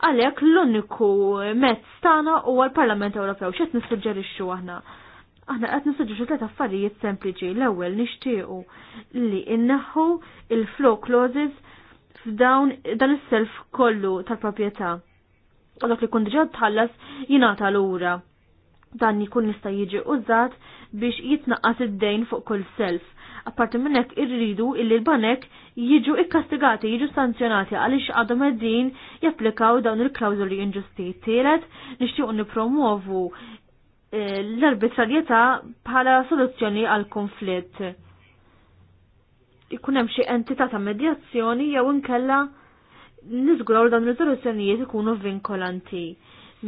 [SPEAKER 5] għalhekk l-uniku mezz tagħna huwa l-Parlament Ewropew x'qed nissuġġerixxu aħna. Aħna qed nissuġġerixxu tliet affarijiet sempliċi. L-ewwel nixtiequ li inneħħu il-flow clauses f'dawn dan is-self kollu tal-proprjetà. Dak li kun diġà tħallas jingħata lura. Dan jkun jista' jiġi użat biex jitnaqqas id-dejn fuq kull self Apparti minnek irridu illi l-banek jiġu ikkastigati, jiġu sanzjonati għaliex għadu meddin japplikaw dawn il klawzuli inġusti. Tielet nixtiequ nipromuovu eh, l-arbitrarjetà bħala soluzzjoni għal konflitt. Ikun hemm xi entità ta' medjazzjoni jew inkella niżguraw dawn ir soluzzjonijiet ikunu vinkolanti.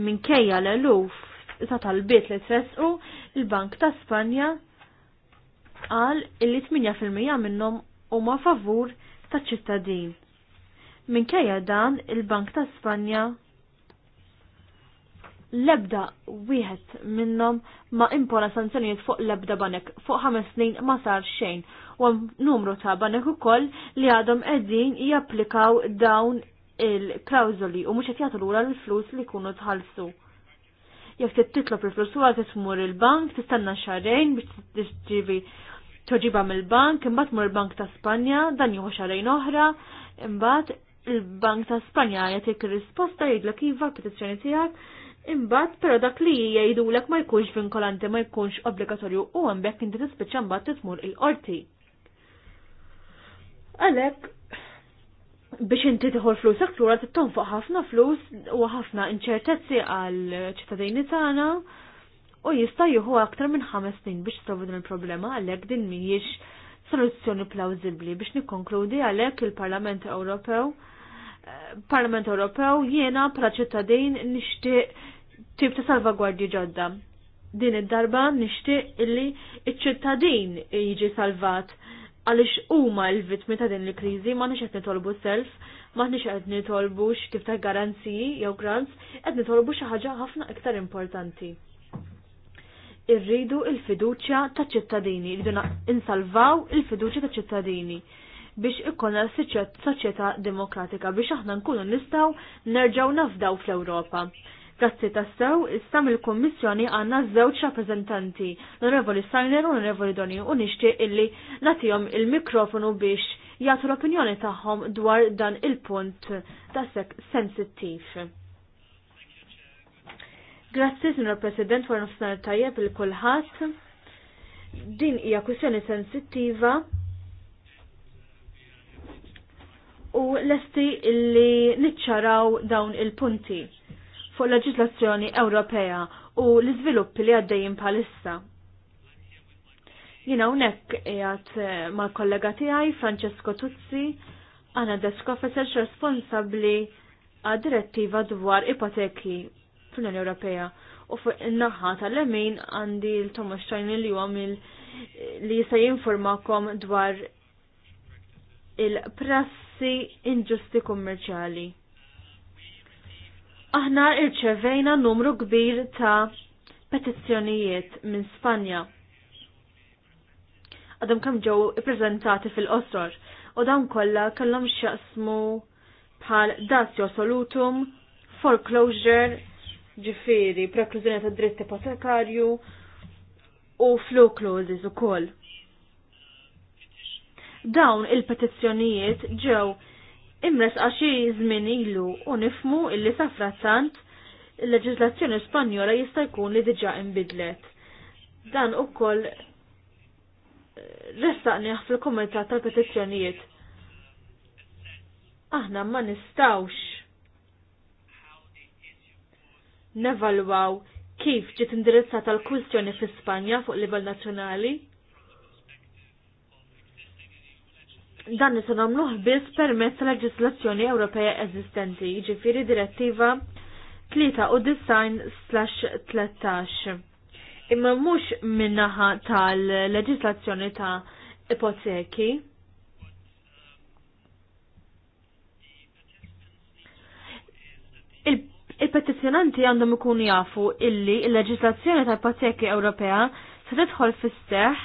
[SPEAKER 5] Minkejja l-eluf ta' talbiet li tresqu il-Bank ta' Spanja qal illi 8% minnhom huma favur taċ-ċittadin. Minkejja dan il-Bank ta' Spanja l-ebda wieħed minnhom ma impona sanzjonijiet fuq l-ebda banek fuq ħames snin ma sar xejn u numru ta' banek ukoll li għadhom qegħdin japplikaw dawn il-klawżoli u mhux qed jagħtu lura l-flus li jkunu tħallsu. Jekk titlob il-flus huwa titmur il-bank tistanna xarejn biex tirċivi toġiba mill-bank, imbagħad mur bank ta' Spanja, dan juħu xarajn oħra, imbagħad il-Bank ta' Spanja jagħtik risposta jgħidlek iva l-petizzjoni tiegħek, imbagħad però dak li jgħidulek ma jkunx vinkolanti ma jkunx obbligatorju u hemmhekk inti tispiċċa mbagħad titmur il-qorti. Għalhekk biex inti tieħu flus aktura t-tonfuq ħafna flus u ħafna inċertezzi għal ċittadini tagħna u jista' jieħu aktar minn ħames snin biex trovu din il-problema għalhekk din mhijiex soluzzjoni plawzibli biex nikkonkludi għalhekk il-Parlament Ewropew eh, Parlament Ewropew jiena bħala ċittadin nixtieq tip ta' salvagwardji ġodda. Din id-darba nixtieq illi iċ-ċittadin jiġi salvat għalix huma l-vittmi ta' din l-kriżi ma nix qed nitolbu self, ma nix qed nitolbu kif ta' garanziji jew grants, qed nitolbu xi ħaġa ħafna iktar importanti irridu il-fiduċja ta' ċittadini, irridu insalvaw il-fiduċja ta' ċittadini biex ikkonna soċjetà demokratika biex aħna nkunu nistaw nerġaw nafdaw fl-Ewropa. Grazzi tassew, istam il-Kommissjoni għanna żewġ rappresentanti, l-Onorevoli Sajner u l-Onorevoli Doni, u nixtieq illi natihom il-mikrofonu biex jagħtu l-opinjoni tagħhom dwar dan il-punt tasek sensittiv. Grazzi, Signor President, għal nofsinar tajjeb il kulħadd Din hija kwistjoni sensittiva u lesti illi niċċaraw dawn il-punti fuq leġislazzjoni Ewropea u l-iżviluppi li għaddejjin bħalissa. Jina unek jgħat eh, mal kollega tijaj Francesco Tuzzi, għana desk officer responsabli għad direttiva dwar ipoteki fl-Unjoni Ewropea u fuq in-naħa tal-lemin għandi l-Thomas Stein li huwa mill li se jinformakom dwar il-prassi inġusti kummerċjali. Aħna rċevejna numru kbir ta' petizzjonijiet minn Spanja. Għadhom kemm ġew ippreżentati fil-qosor u dawn kollha kellhom x'jaqsmu bħal dazio solutum, foreclosure, ġifiri preklużjoni ta' dritt ipotekarju u flow clauses ukoll. Dawn il-petizzjonijiet ġew imres għaxi żmien ilu u nifmu illi sa frazzant il-leġislazzjoni Spanjola jista' jkun li diġà inbidlet. Dan ukoll eh, restaqni fil-kumitat tal-petizzjonijiet. Aħna ma nistawx nevalwaw kif ġiet indirizzata l-kwistjoni fi Spanja fuq livell nazzjonali. Dan nisa nagħmluh biss permezz tal-leġislazzjoni Ewropea eżistenti, jiġifieri direttiva 3 u design slash 13. Imma mhux minnaħa tal-leġislazzjoni ta' ipoteki. Il il-petizjonanti għandhom ikunu jafu illi il-leġislazzjoni tal-Ipoteki Ewropea se tidħol fis-seħ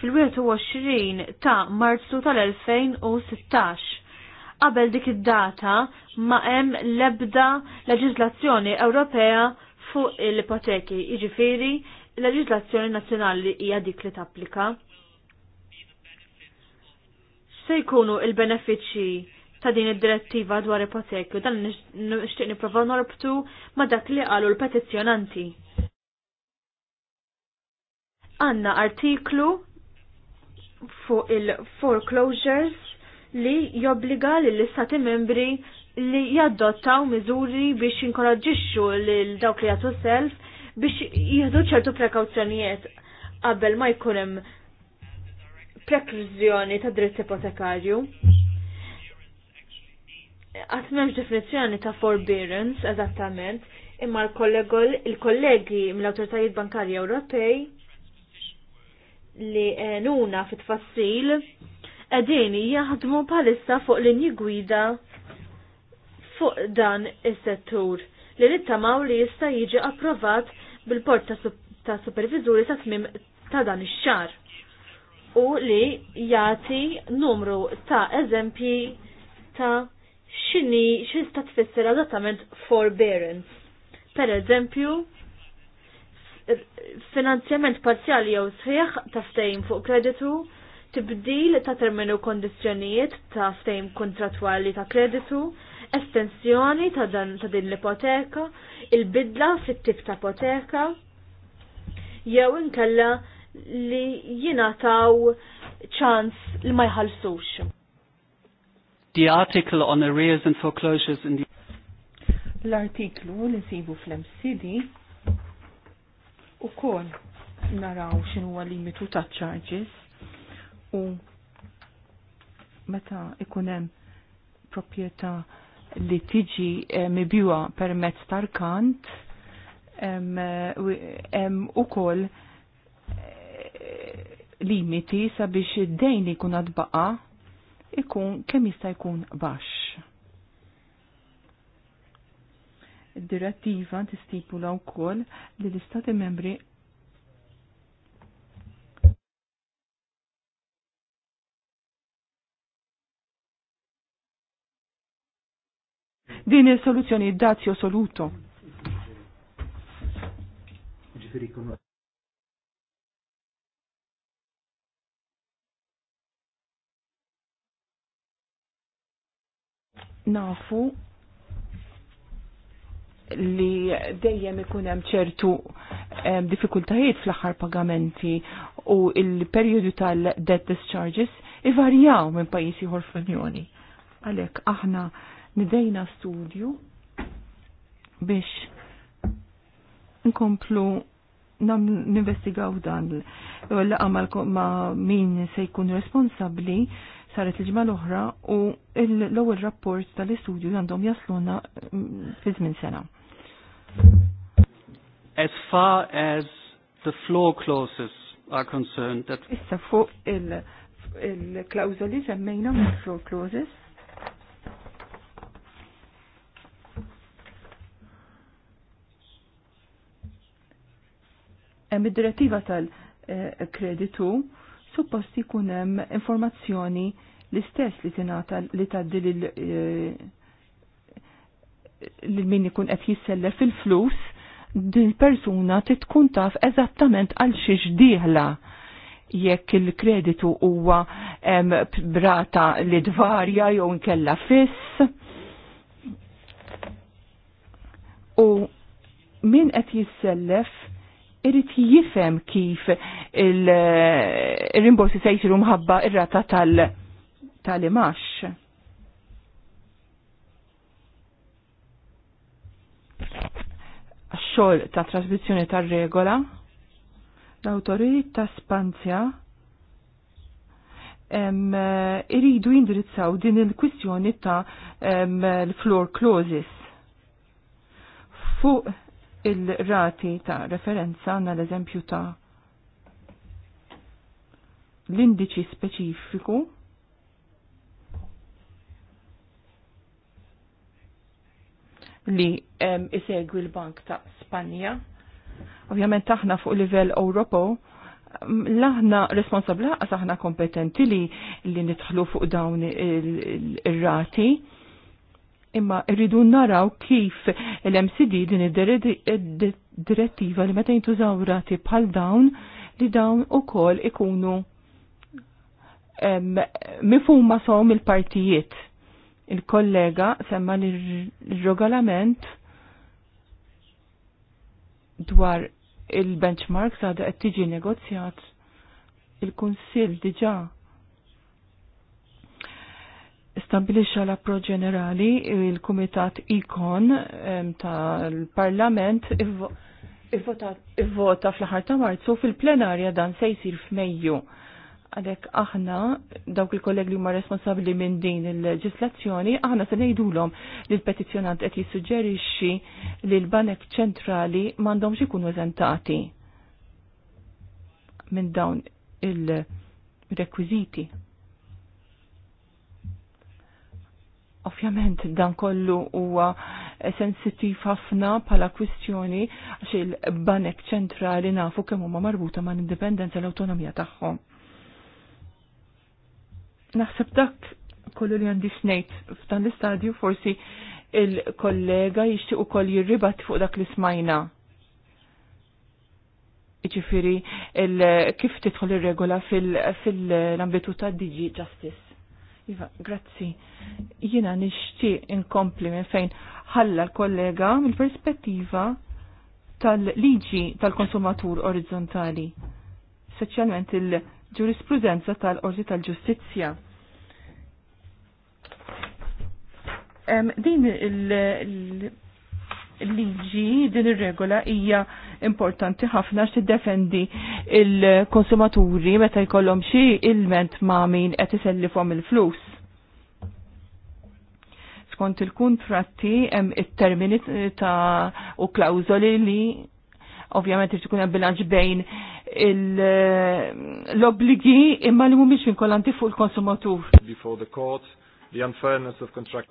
[SPEAKER 5] fil-21 ta' Marzu tal-2016. Qabel dik id-data ma hemm l-ebda leġislazzjoni Ewropea fuq il-ipoteki, jiġifieri l-leġislazzjoni nazzjonali hija dik li tapplika. Se jkunu il-benefiċċji ta' din id-direttiva dwar ipoteki dan nixtieq nipprova norbtu ma' dak li qalu l-petizzjonanti. Għanna artiklu fuq il-foreclosures li jobbliga lill-istati membri li jaddottaw miżuri biex jinkoraġġixxu lil dawk li jagħtu self biex jieħdu ċertu prekawzjonijiet qabel ma jkun hemm prekriżjoni ta' dritt ipotekarju għatmemx definizjoni ta' forbearance, eżattament, imma l-kollegi mill-autoritajiet bankarji Ewropej li eh, nuna fit tfassil għedin jaħdmu palissa fuq linji gwida fuq dan is-settur li nittamaw li jista' jiġi approvat bil-port ta' supervizuri ta' tmim ta' dan ix-xar u li jagħti numru ta' eżempji ta' xini xista tfisser adattament forbearance. Per eżempju, finanzjament parzjali jew sħiħ ta' ftehim fuq kreditu, tibdil ta' terminu kondizjonijiet ta' ftehim kontratwali ta' kreditu, estensjoni ta' dan ta' din l-ipoteka, il-bidla fit-tip ta' ipoteka, jew inkella li taw ċans li ma jħallsux
[SPEAKER 6] the article on arrears and foreclosures in the
[SPEAKER 5] L-artiklu li sibu fl-MCD
[SPEAKER 2] u kol naraw xinu għalimitu limitu ta' charges u meta ikunem propieta li tiġi eh, mibjuwa permezz tarkant kant u kol eh, limiti sabiex id-dejn ikun għadbaqa ikun kemm jista' jkun baxx. Id-direttiva tistipula wkoll li l-Istati membri din il-soluzzjoni dazio soluto. nafu li dejjem ikun hemm ċertu diffikultajiet fl-aħħar pagamenti u il-perjodu tal-debt discharges ivarjaw minn pajjiż ieħor fl-Unjoni. Għalhekk aħna nidejna studju biex nkomplu nam nivestigaw dan l-għamal ma min se jkun responsabli saret il-ġimgħa l-oħra u l-ewwel rapport tal-istudju għandhom jaslunna mm, fi żmien sena.
[SPEAKER 6] As far as the floor clauses are concerned that Issa fuq
[SPEAKER 2] il-klawżoli semmejna mill floor clauses hemm id-direttiva tal-kreditu eh, suppost jkun hemm informazzjoni l-istess li tingħata li tgħaddi eh, lil min ikun qed jissellef fil-flus din persuna titkun taf eżattament għal xiex diħla jekk il-kreditu huwa brata li dvarja jew nkella fiss. U min qed jissellef irid jifhem kif il-rimborsi eh, se jsiru mħabba ir-rata tal- tali imax Xol ta' trasmissjoni ta' regola l-autorit ta' spanzja, iridu indirizzaw din il-kwistjoni ta' l-floor clauses. Fuq il-rati ta' referenza għanna l-eżempju ta' l-indiċi speċifiku li isegwi l-Bank ta' Spanja. Ovvjament aħna fuq livell Ewropew laħna responsabla għas aħna kompetenti li li nitħlu fuq dawn ir-rati imma rridu naraw kif l-MCD din id-direttiva li meta jintużaw rati bħal dawn li dawn u kol ikunu mifuma som il-partijiet Il-kollega semma li r-regolament dwar il benchmark għada qed tiġi negozjat il-Kunsill diġà stabilixxa l pro ġenerali il-Kumitat Ikon tal-Parlament ivvota fl-aħħar ta' Marzu fil-plenarja dan se jsir f'Mejju għalek aħna, dawk il-kolleg li huma responsabli minn din il-leġislazzjoni, aħna se ngħidulhom li l-petizzjonant qed jissuġġerixxi li l-banek ċentrali m'għandhomx ikunu eżentati minn dawn il-rekwiżiti. Ovvjament dan kollu huwa sensittiv ħafna pala kwistjoni għax il-banek ċentrali nafu kemm huma marbuta mal indipendenza l-awtonomija tagħhom. Naħseb dak kollu li għandi snejt f'dan l-istadju forsi il-kollega jixtieq ukoll jirribat fuq dak li smajna. Iġifiri, kif tidħol ir-regola fil-ambitu ta' Digi Justice. Iva, grazzi. Jina nixtieq inkompli minn fejn ħalla l-kollega mill-perspettiva tal-liġi tal-konsumatur orizzontali, Soċjalment il- ġurisprudenza tal-Qorti tal-Ġustizzja. Din il-liġi, din ir-regola hija importanti ħafna x tiddefendi il-konsumaturi meta jkollhom xi ilment ma' min qed isellifhom il-flus. Skont il-kuntratti hemm it-termini ta' u klawżoli li Ovvjament irid ikun hemm bilanċ bejn eh, l-obbligi imma li mhumiex vinkolanti fuq il-konsumatur.
[SPEAKER 7] Before the court, the unfairness of contract.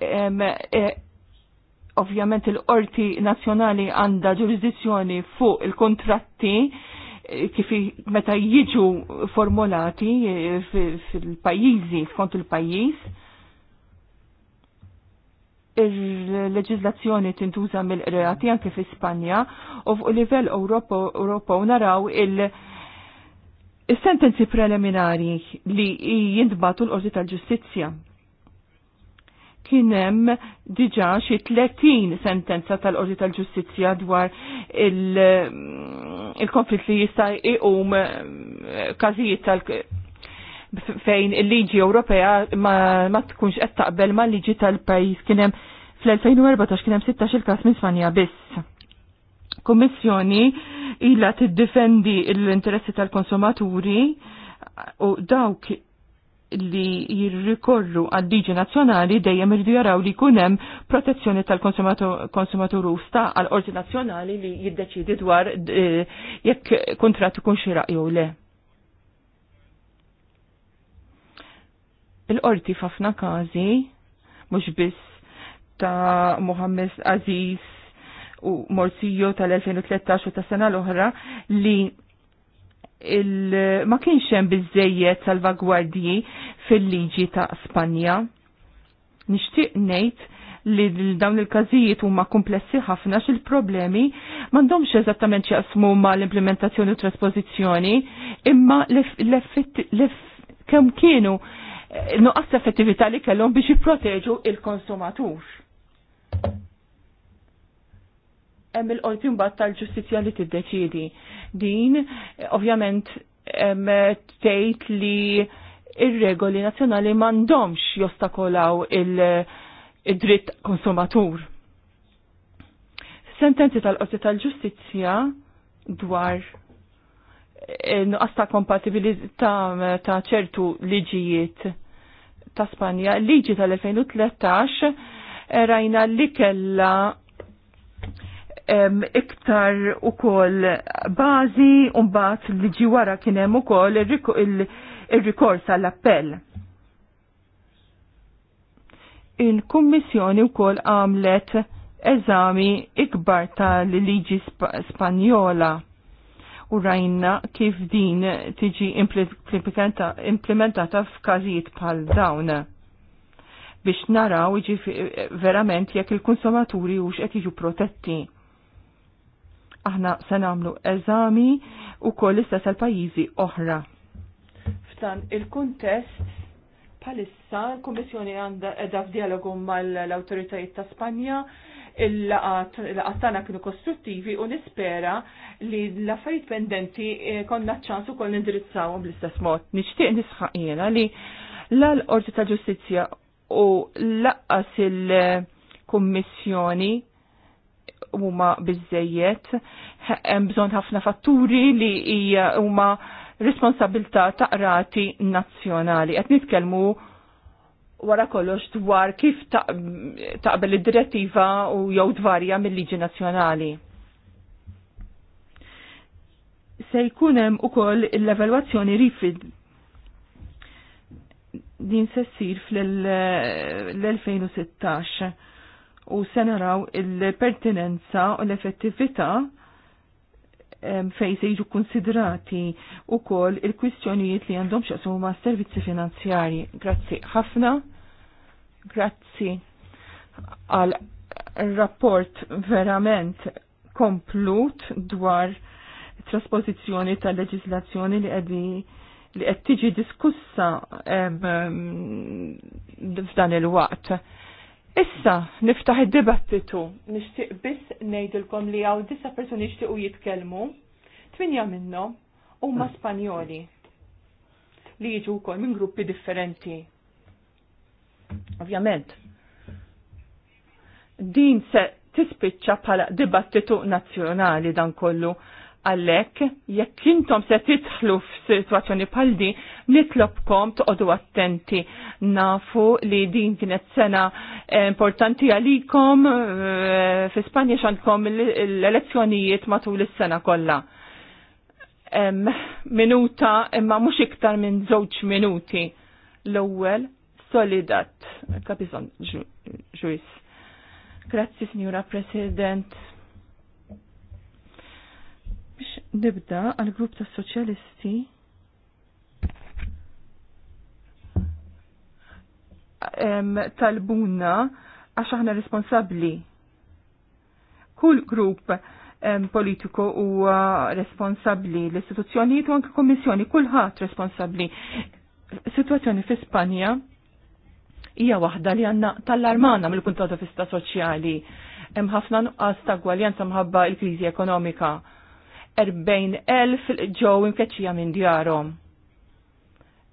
[SPEAKER 2] Eh, ovvjament il-qorti nazzjonali għandha ġurisdizzjoni fuq il-kontratti eh, kif meta jiġu formulati fil-pajjiżi skont il-pajjiż il-leġizlazzjoni tintuża mill-reati anke fi Spanja u fuq livell u naraw il- Is-sentenzi preliminari li jintbatu l-Qorti tal-Ġustizzja kien hemm diġà xi 30 sentenza tal-Qorti tal-Ġustizzja dwar il-konflitt il li jista' iqum eh, każijiet tal fejn il-liġi Ewropea ma tkunx qed taqbel ma' liġi tal-pajjiż kien hemm fl-2014 kien hemm 16 il-każ minn Spanja biss. Kommissjoni ilha tiddifendi l-interessi tal-konsumaturi u dawk li jirrikorru għad liġi nazzjonali dejjem irdu jaraw li kunem protezzjoni tal-konsumatur u sta għal nazzjonali li jiddeċidi dwar eh, jekk kontrat ikun xiraq jew le. Il-qorti f'ħafna każi mhux biss ta' Muhammad Aziz u Morsijo tal-2013 u ta' sena l-oħra li ma kienx hemm biżejjed salvagwardji fil-liġi ta' Spanja. Nixtieq ngħid li dawn il-każijiet huma komplessi ħafna x'il-problemi m'għandhomx eżattament x'jaqsmu ma l-implementazzjoni u trasposizzjoni, imma kemm kienu nuqqas effettività li kellhom biex jipproteġu il-konsumatur. Hemm il-qorti mbagħad tal-ġustizzja li tiddeċiedi. Din ovvjament tgħid li ir-regoli nazzjonali m'għandhomx jostakolaw il-dritt konsumatur. Sentenzi tal-qorti tal-ġustizzja dwar eh, nuqqas ta' kompatibilità ta' ċertu liġijiet ta' Spanja, liġi tal-2013 eh, rajna li kella iktar u kol bazi un bat liġi wara kienem u kol il-rikors il għall-appell. Il-Kummissjoni u kol għamlet eżami ikbar tal-liġi sp Spanjola u rajna kif din tiġi implementata f'każijiet bħal dawn biex naraw iġi verament jekk il-konsumaturi u qed jiġu protetti. Aħna se nagħmlu eżami u koll istess għal pajjiżi oħra. F'dan il-kuntest palissa l-Kummissjoni għandha qiegħda f'dialogu mal-awtoritajiet ta' Spanja il-laqat tagħna kienu kostruttivi u nispera li l-affarijiet pendenti eh, konna ċans ukoll nindirizzawhom bl-istess mod. Nixtieq nisħaq jiena li l orti ta' Ġustizzja u laqqas il-Kummissjoni huma biżejjed hemm bżonn ħafna fatturi li hija huma responsabilità ta' rati nazzjonali. Qed nitkellmu wara kollox dwar kif taqbel id-direttiva u jew dwarja mill-liġi nazzjonali. Se jkun hemm ukoll l-evalwazzjoni rifid din se ssir fl-2016 u se naraw il-pertinenza u l-effettività fej se jiġu konsidrati u kol il-kwistjonijiet li għandhom xaqsmu ma' servizzi finanzjari. Grazzi ħafna, grazzi għal rapport verament komplut dwar trasposizjoni ta' leġislazzjoni li għedi li qed tiġi diskussa f'dan il-waqt Issa, niftaħ id-dibattitu. Nixtieq biss ngħidilkom li hawn disa persuni jixtiequ jitkellmu. Tminja minnhom huma ah. Spanjoli li jiġu wkoll minn gruppi differenti. Ovvjament. Din se tispiċċa bħala dibattitu nazzjonali dan kollu Għalek, jekk intom se titħlu f'sitwazzjoni bħal di, nitlobkom toqgħodu attenti. Nafu li din kienet sena importanti għalikom eh, fi Spanja xandkom l-elezzjonijiet matul is-sena kollha. Minuta imma mhux iktar minn żewġ minuti. L-ewwel Solidat, Kapizon Ġuis. Grazzi, Signora President Nibda għal grupp ta' soċjalisti. Talbuna għax aħna responsabli. Kull grupp politiku u responsabli l-istituzzjonijiet u anke kommissjoni, kulħadd responsabli. Situazzjoni fi Spanja hija waħda li għandna tal-armana mill-punt ta' vista soċjali. Hemm ħafna nuqqas ta' gwaljanza mħabba l-kriżi ekonomika 40,000 ġew imkeċija minn djarhom.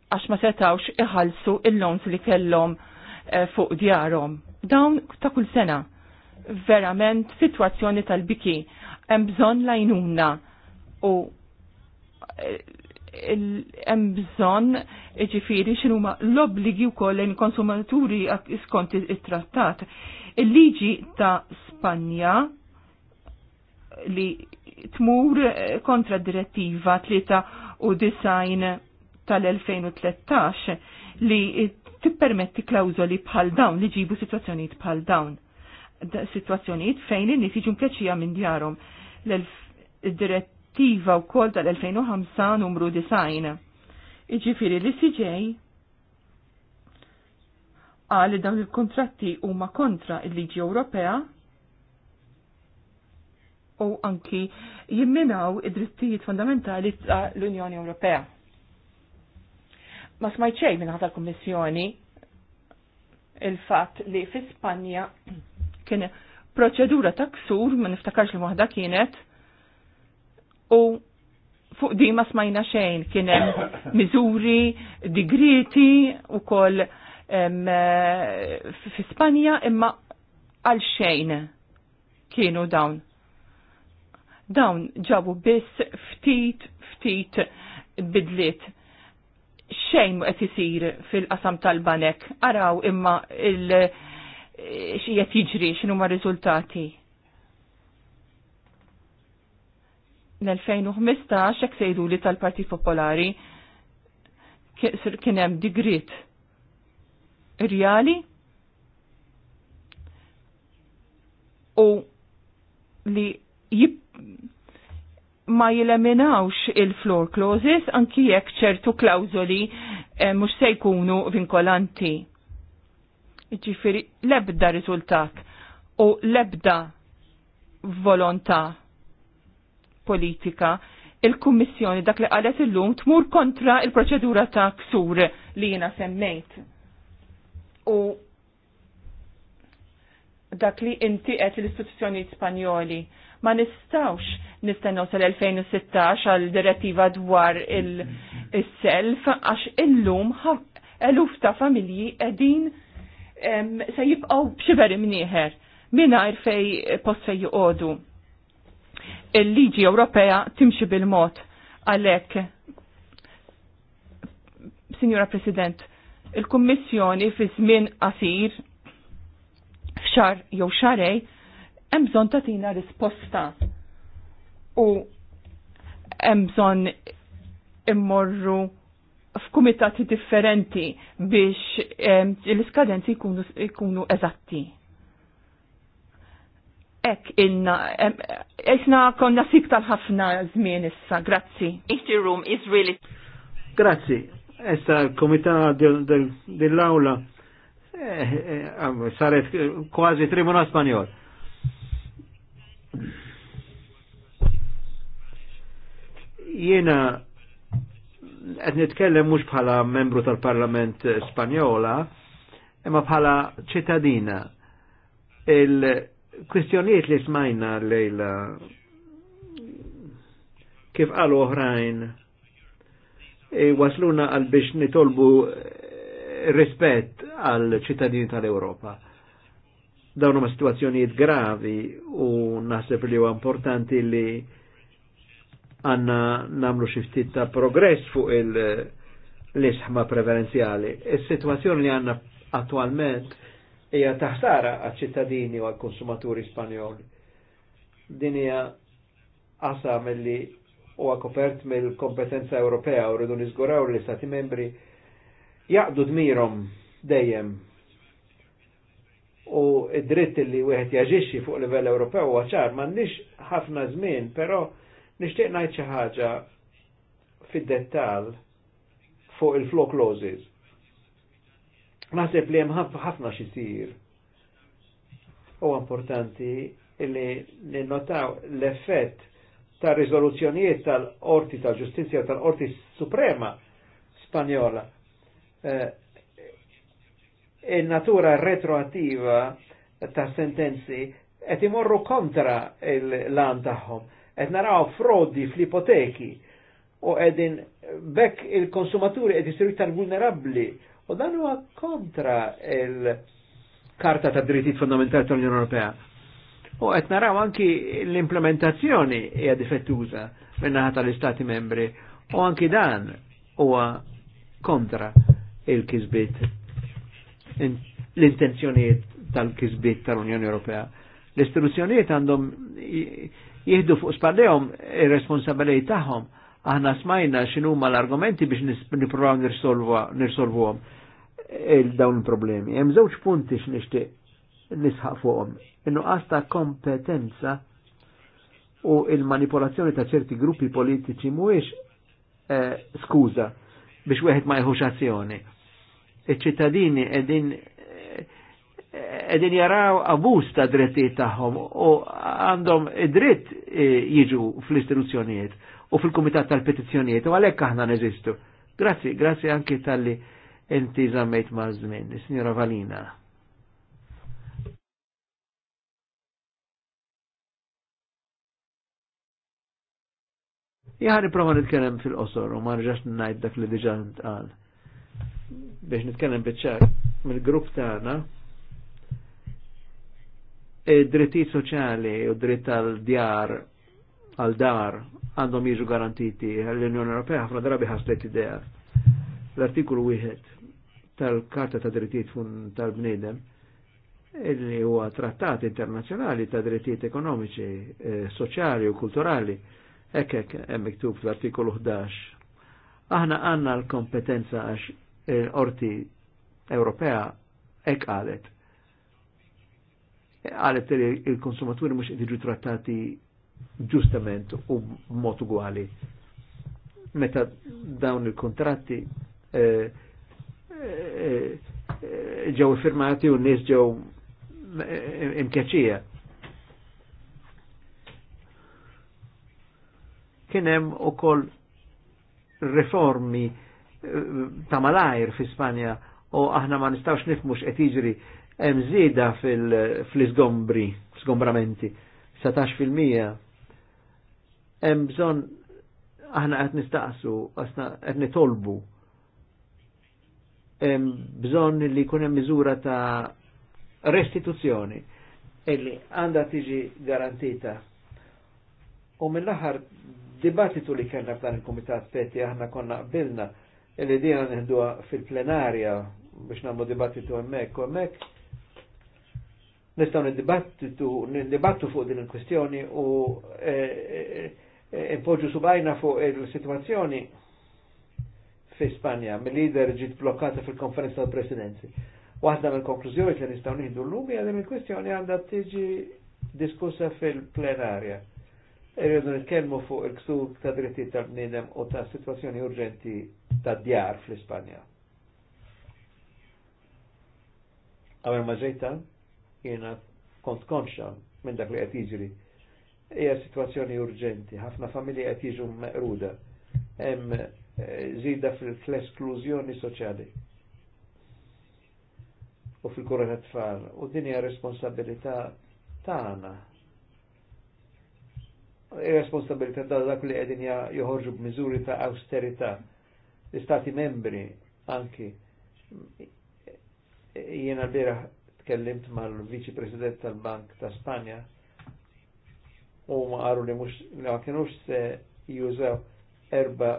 [SPEAKER 2] Għax ma setawx iħallsu il-lons li kellhom eh, fuq djarhom. Dawn ta' kull sena. Verament sitwazzjoni tal-biki. Hemm bżonn lajnuna u eh, hemm bżonn ġifieri x'inhuma l-obbligi wkoll lejn konsumaturi skont it-trattat. Il-liġi ta' Spanja li tmur eh, kontra direttiva 3 u design tal-2013 li tippermetti klawżoli bħal dawn li ġibu situazzjonijiet bħal dawn. Situazzjonijiet fejn in-nies jiġu mpjaċija minn djarhom l-direttiva wkoll tal-2005 numru design. Iġifieri li CJ għal dawn il-kontratti huma kontra il-liġi Ewropea u anki jimminaw id-drittijiet fundamentali l-Unjoni Ewropea. Ma smajċej minn ħata l-Kommissjoni il-fat li fi Spanja kien proċedura ta' ksur, ma niftakarx li waħda kienet, u fuq di ma smajna xejn kien hemm miżuri, digriti u koll fi Spanja imma għal xejn kienu dawn dawn ġabu biss ftit ftit bidliet xejn mu qed isir fil-qasam tal-banek araw imma il xiet jiġri x'inhu ma riżultati. n 2015 hekk sejdu li tal-Partit Popolari kien hemm digrit reali u li ma jileminawx il-floor clauses anki jekk ċertu klawzoli e, eh, mux se jkunu vinkolanti. Ġifiri, lebda riżultat u lebda volontà politika il-Kummissjoni dak li qalet illum tmur kontra il-proċedura ta' ksur li jiena semmejt. U dak li inti qed l-istituzzjoni Spanjoli ma nistawx nistennu sal-2016 għal direttiva dwar il-self għax illum eluf ta' familji edin se jibqaw bxiber imnieħer minnajr fej post fej juqodu. Il-liġi Ewropea timxi bil-mod għalek. Signora President, il-Kummissjoni fi żmien qasir f'xar jew xarej hemm bżonn tagħtina risposta. U hemm bżonn immorru f'kumitati differenti biex l-iskadenzi jkunu eżatti. Ek inna, esna konna tal ħafna żmien issa, grazzi. Ichti room is really.
[SPEAKER 4] Grazzi, essa komita dell-awla eh, eh, saret kważi tribunal Spanjol. Jiena qed nitkellem mhux bħala membru tal-Parlament Spanjola, imma bħala ċittadina. Il-kwistjonijiet li smajna lejla kif qalu oħrajn e, wasluna għal biex nitolbu rispett għal ċittadini tal-Europa. Dawn huma situazzjonijiet gravi u naħseb li huwa importanti li għanna namlu xiftit ta' progress fuq l-isħma preferenzjali. Is-situazzjoni li għanna attualment hija taħsara għal-ċittadini u għal-konsumaturi spanjoli. Din hija qasam li huwa kopert mill-kompetenza Ewropea u rridu niżguraw li stati membri jaqdu dmirhom dejjem u id-dritt li wieħed jaġixxi fuq livell Ewropew huwa ċar m'għandniex ħafna żmien, però nixtieq ngħid xi ħaġa fid-dettall fuq il-flow clauses. Naħseb li hemm ħafna xi jsir. Huwa importanti li ninnotaw l-effett ta' riżoluzzjonijiet tal qorti tal-Ġustizzja tal qorti Suprema Spanjola. Eh, il-natura retroattiva ta' sentenzi et imorru kontra l-lan taħħom, Et naraw frodi fl-ipoteki u edin bekk il-konsumaturi ed jisiru iktar vulnerabli u dan huwa kontra il-Karta ta' Drittijiet Fundamentali tal-Unjoni Ewropea. U qed naraw anki l-implementazzjoni hija difettuża minnaħa tal-Istati membri u anki dan huwa kontra il-kisbit l-intenzjonijiet tal-kisbit tal-Unjoni Ewropea. l istituzzjoniet għandhom jihdu fuq spallejhom ir-responsabilijiet tagħhom. Aħna smajna ma l-argumenti biex nippruvaw nirsolvuhom eh, dawn il-problemi. Hemm żewġ punti x'nixtieq nisħaq fuqhom. Innuqas ta' kompetenza u il-manipolazzjoni ta' ċerti gruppi politiċi mhuwiex eh, skuża biex wieħed ma jħux azzjoni iċ-ċittadini edin edin jaraw abus ta' drittijiet tagħhom u għandhom id-dritt e, jiġu fl-istituzzjonijiet u fil-Kumitat tal-Petizzjonijiet u għalhekk aħna neżistu. Grazzi, grazzi anki tal-li inti żammejt ma' żmien, signora Valina. Jaħan prova nitkellem fil-qosor u ma nġax ngħid dak li diġà ntqal biex nitkellem biċċar mill-grupp tagħna id-drittijiet e soċjali u dritt tal-djar għal dar għandhom jiġu garantiti l-Unjoni Ewropea ħafna drabi ħaslet idea. L-artikolu wieħed tal-Karta ta' Drittijiet tal-Bniedem illi huwa trattat internazzjonali ta' drittijiet ekonomiċi, e soċjali u kulturali, hekk hekk hemm miktub fl-artikolu 11 aħna għanna l-kompetenza għax orti Ewropea ek għalet. Għalet li il-konsumaturi mux id trattati ġustament u motu għali. Meta dawn il-kontratti eh, eh, ġew firmati u nis ġew eh, imkeċija. Kienem u kol reformi ta' malajr fi Spanja u aħna ma nistawx nifmux qed jiġri hemm żieda fl satax sgombramenti, mija Hemm bżonn aħna qed nistaqsu, qed nitolbu. Hemm bżonn li jkun hemm miżura ta' restituzzjoni illi għandha tiġi garantita. U mill-aħħar dibattitu li kellna f'dan il-Kumitat Peti aħna konna qbilna li dina nħedduha fil-plenarja biex nagħmlu dibattitu hemmhekk u hemmhekk nistgħu niddibattitu niddibattu fuq din il-kwestjoni u e, e, e, impoġġu subajna fuq il-sitwazzjoni fi Spanja mill-lider ġiet blokkata fil-konferenza tal-presidenzi. Waħda mill-konklużjoni li nistgħu nieħdu llum hija din il-kwestjoni għandha tiġi diskussa fil-plenarja irridu nitkellmu fuq il-ksur ta' drittijiet tal-bniedem u ta' situazzjoni urġenti ta' djar fl-Ispanja. Għamil maġejta, jena kont konxa minn dak li qed jiġri. situazzjoni urġenti, ħafna familji qed jiġu meqruda, hemm żida eh, fl-esklużjoni soċjali u fil-kura tat-tfal u din hija responsabilità tagħna ir-responsabilità da dak li qegħdin joħorġu b'miżuri ta' austerita L-Istati membri anki jiena l-bira tkellimt mal-Viċi President tal-Bank ta' Spanja u ma għarru li mux li ma kienux se jużaw 4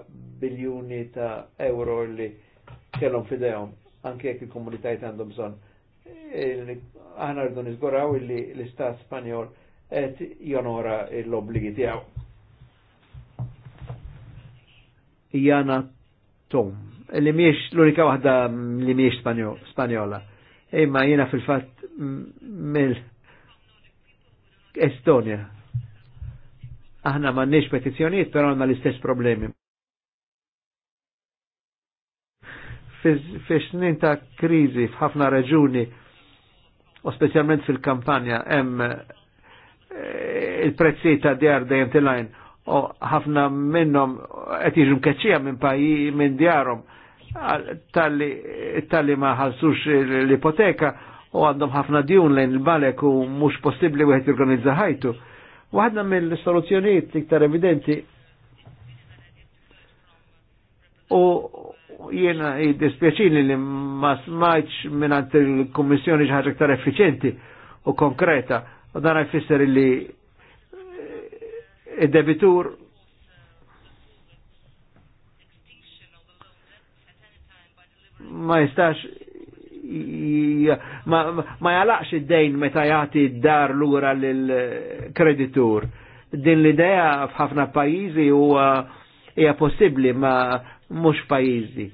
[SPEAKER 4] biljuni ta' euro li kellhom fidejhom anki jekk il-komunitajt għandhom bżonn. E, aħna rridu nizguraw li l-Istat Spanjol et jonora l-obligi tijaw. Jana Tom, li miex l-unika wahda li miex spanjola. Imma jena fil-fat mill Estonia. Aħna ma nix petizjoniet, pero għanna l-istess problemi. Fi snin ta' krizi f'ħafna reġuni, u specialment fil-kampanja, hemm Eh, il-prezzi ta' djar dejjem tilajn u ħafna minnhom qed jiġu mkeċċija minn pajji minn djarhom tal-li ma ħalsux l-ipoteka u għandhom ħafna djun lejn il-balek u mhux possibbli wieħed jorganizza ħajtu. Waħda mill-soluzzjonijiet iktar evidenti u jiena jiddispjaċini li ma smajtx minn il-Kummissjoni ħaġa iktar effiċenti u konkreta U dan jfisser illi eh, id-debitur ma jistax ma, ma jalaqx id-dejn meta id dar lura l kreditur Din l-idea f'ħafna pajjiżi u hija possibbli ma mhux pajjiżi.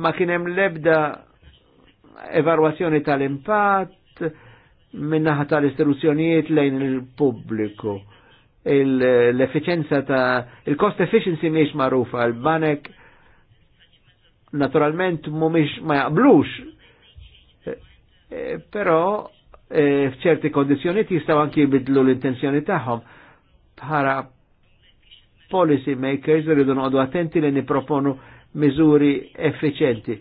[SPEAKER 4] Ma kien hemm l-ebda evalwazzjoni tal-impatt, minnaħa tal-istituzzjonijiet lejn il-pubbliku. L-efficienza ta' il-cost efficiency miex marufa, l-banek naturalment mhumiex ma jaqblux, e, però e, f'ċerti kondizjoniet jistaw anki jibidlu l-intenzjoni tagħhom. Bħala policy makers rridu noqogħdu attenti li niproponu miżuri effiċenti.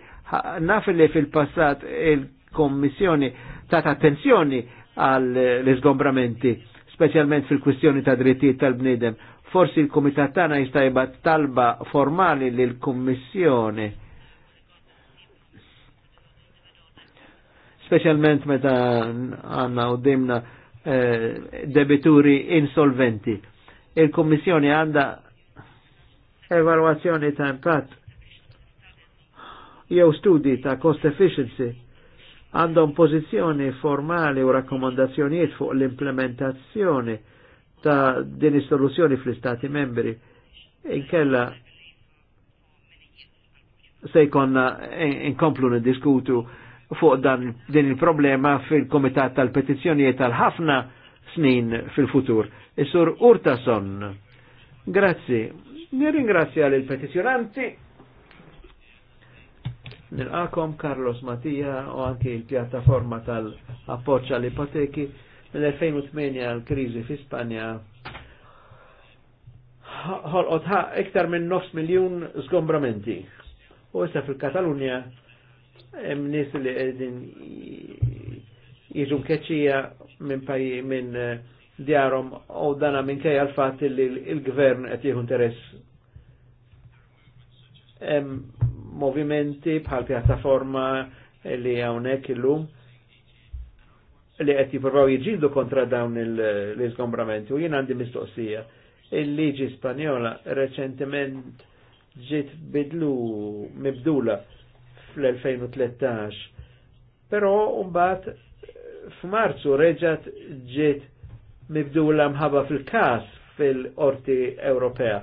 [SPEAKER 4] Naf li fil-passat il kommissjoni ta' attenzjoni għal eh, l-izgombramenti, specialment fil-kwistjoni ta' drittijiet tal-bnidem. Forsi l komitat tagħna jista' jibgħat talba formali lil kummissjoni specialment meta għanna u dimna eh, debituri insolventi. Il-Kommissjoni għanda evaluazzjoni ta' impatt jew studi ta' cost efficiency għandhom pożizzjoni formali u rakkomandazzjonijiet fuq l-implementazzjoni ta' din is-soluzzjoni fl-Istati membri. Inkella se jkonna inkomplu in niddiskutu fuq dan din il-problema fil-Komitat tal-Petizzjonijiet tal-ħafna snin fil-futur. Is-Sur Urtason, grazzi. Nirringrazzja l-petizjonanti Nilqakom Carlos Matija u anki il-pjattaforma tal appoċa l ipoteki mill-2008 għal-krizi fi Spanja Ħolqotħa iktar minn nofs miljun zgombramenti. U issa fil-Katalunja hemm nies li qegħdin jiġu mkeċċija minn pajji minn eh, djarhom u dana minkejja l-fatt li l-gvern qed jieħu interess movimenti bħal pjattaforma li hawnhekk lum li qed jippruvaw jġildu kontra dawn l izgombramenti u jien għandi mistoqsija. Il-liġi Spanjola reċentement ġiet bidlu mibdula fl-2013, però mbagħad f'Marzu reġgħet ġiet mibdula mħabba fil-każ fil orti Ewropea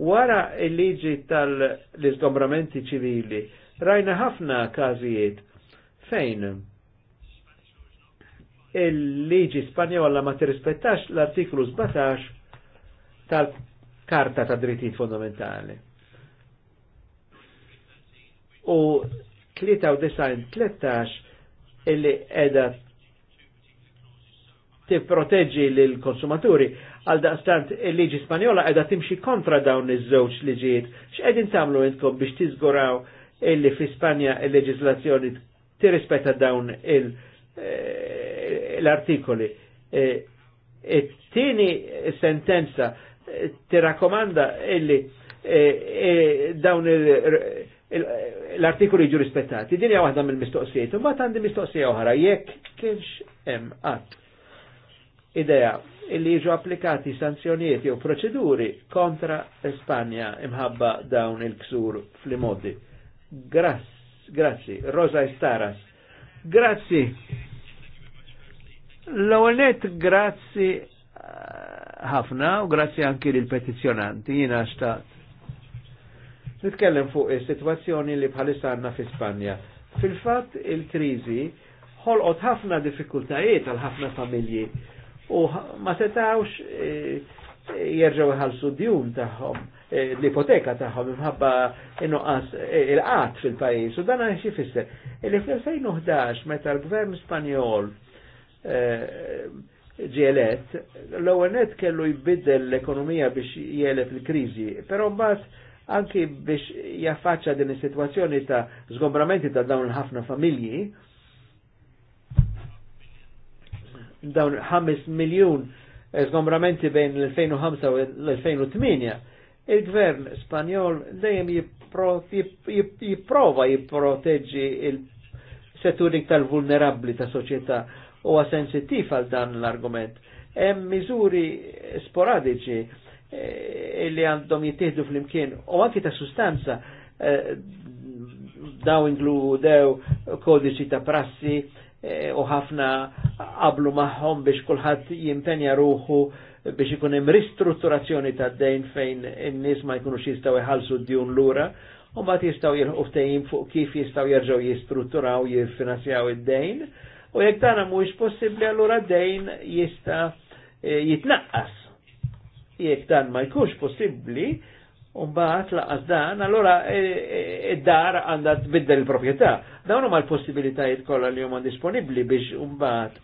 [SPEAKER 4] Wara il-liġi tal-izgombramenti ċivili, rajna ħafna kazijiet fejn il-liġi spanjola ma tirrispettax l-artiklu 17 tal-Karta ta' Drittijiet Fondamentali. U 93-13 illi edha tipproteġġi l-konsumaturi għal daqstant il-liġi Spanjola qiegħda timxi kontra dawn iż-żewġ liġijiet. X'qegħdin tagħmlu intkom biex tiżguraw illi fi Spanja il-leġislazzjoni tirrispetta dawn eh, l-artikoli. Eh, it-tieni sentenza eh, tirrakkomanda illi dawn l-artikoli ġu rispettati. Din hija waħda mill-mistoqsijiet. Imbagħad għandi mistoqsija oħra jekk kienx hemm qatt idea illi jiġu applikati sanzjonieti u proċeduri kontra Espanja imħabba dawn il-ksur fl-modi. Grazzi, Rosa Estaras, Grazzi. L-għonet grazzi eh, ħafna u grazzi anki lil petizjonanti jina xtaqt. Nitkellem fuq is-sitwazzjoni li bħalissa għandna fi Spanja. Fil-fatt il-kriżi ħolqot ħafna diffikultajiet għal ħafna familji u ma setawx e, e, jerġaw iħalsu djum tagħhom e, l-ipoteka tagħhom imħabba inqas il qat fil pajis u dan xi fisser. Illi fl-2011 meta l-Gvern Spanjol ġielet, l-ewwel kellu jbiddel l-ekonomija biex jielet il-kriżi, però mbagħad anki biex jaffaċċa din is-sitwazzjoni ta' zgombramenti ta' dawn il-ħafna familji, dawn 5 miljun zgombramenti eh, bejn l-2005 u l-2008, il-gvern spanjol dejjem jipprova jipproteġġi il-setturik tal-vulnerabli ta' soċjetà u sensittiv għal dan l-argument. Hemm miżuri sporadiċi eh, li għandhom jittieħdu fl-imkien u anki ta' sustanza eh, daw inkludew kodiċi ta' prassi, Eh, u ħafna qablu maħħom biex kulħadd jimpenja ruħu biex ikun hemm ristrutturazzjoni ta' dejn fejn in-nies ma jkunux jistgħu jħallsu d-djun lura u mbagħad jistgħu jilħu ftehim fuq kif jistgħu jerġgħu jistrutturaw jiffinanzjaw id-dejn u jekk tagħna mhuwiex possibbli allura d-dejn jista' eh, jitnaqqas. Jekk dan ma jkunx possibbli, Umbaħt laqas dan, allora id-dar e, e, e, għandha tbiddel il-propieta. Dawn huma l-possibilitajiet kollha li huma disponibbli biex umbaħt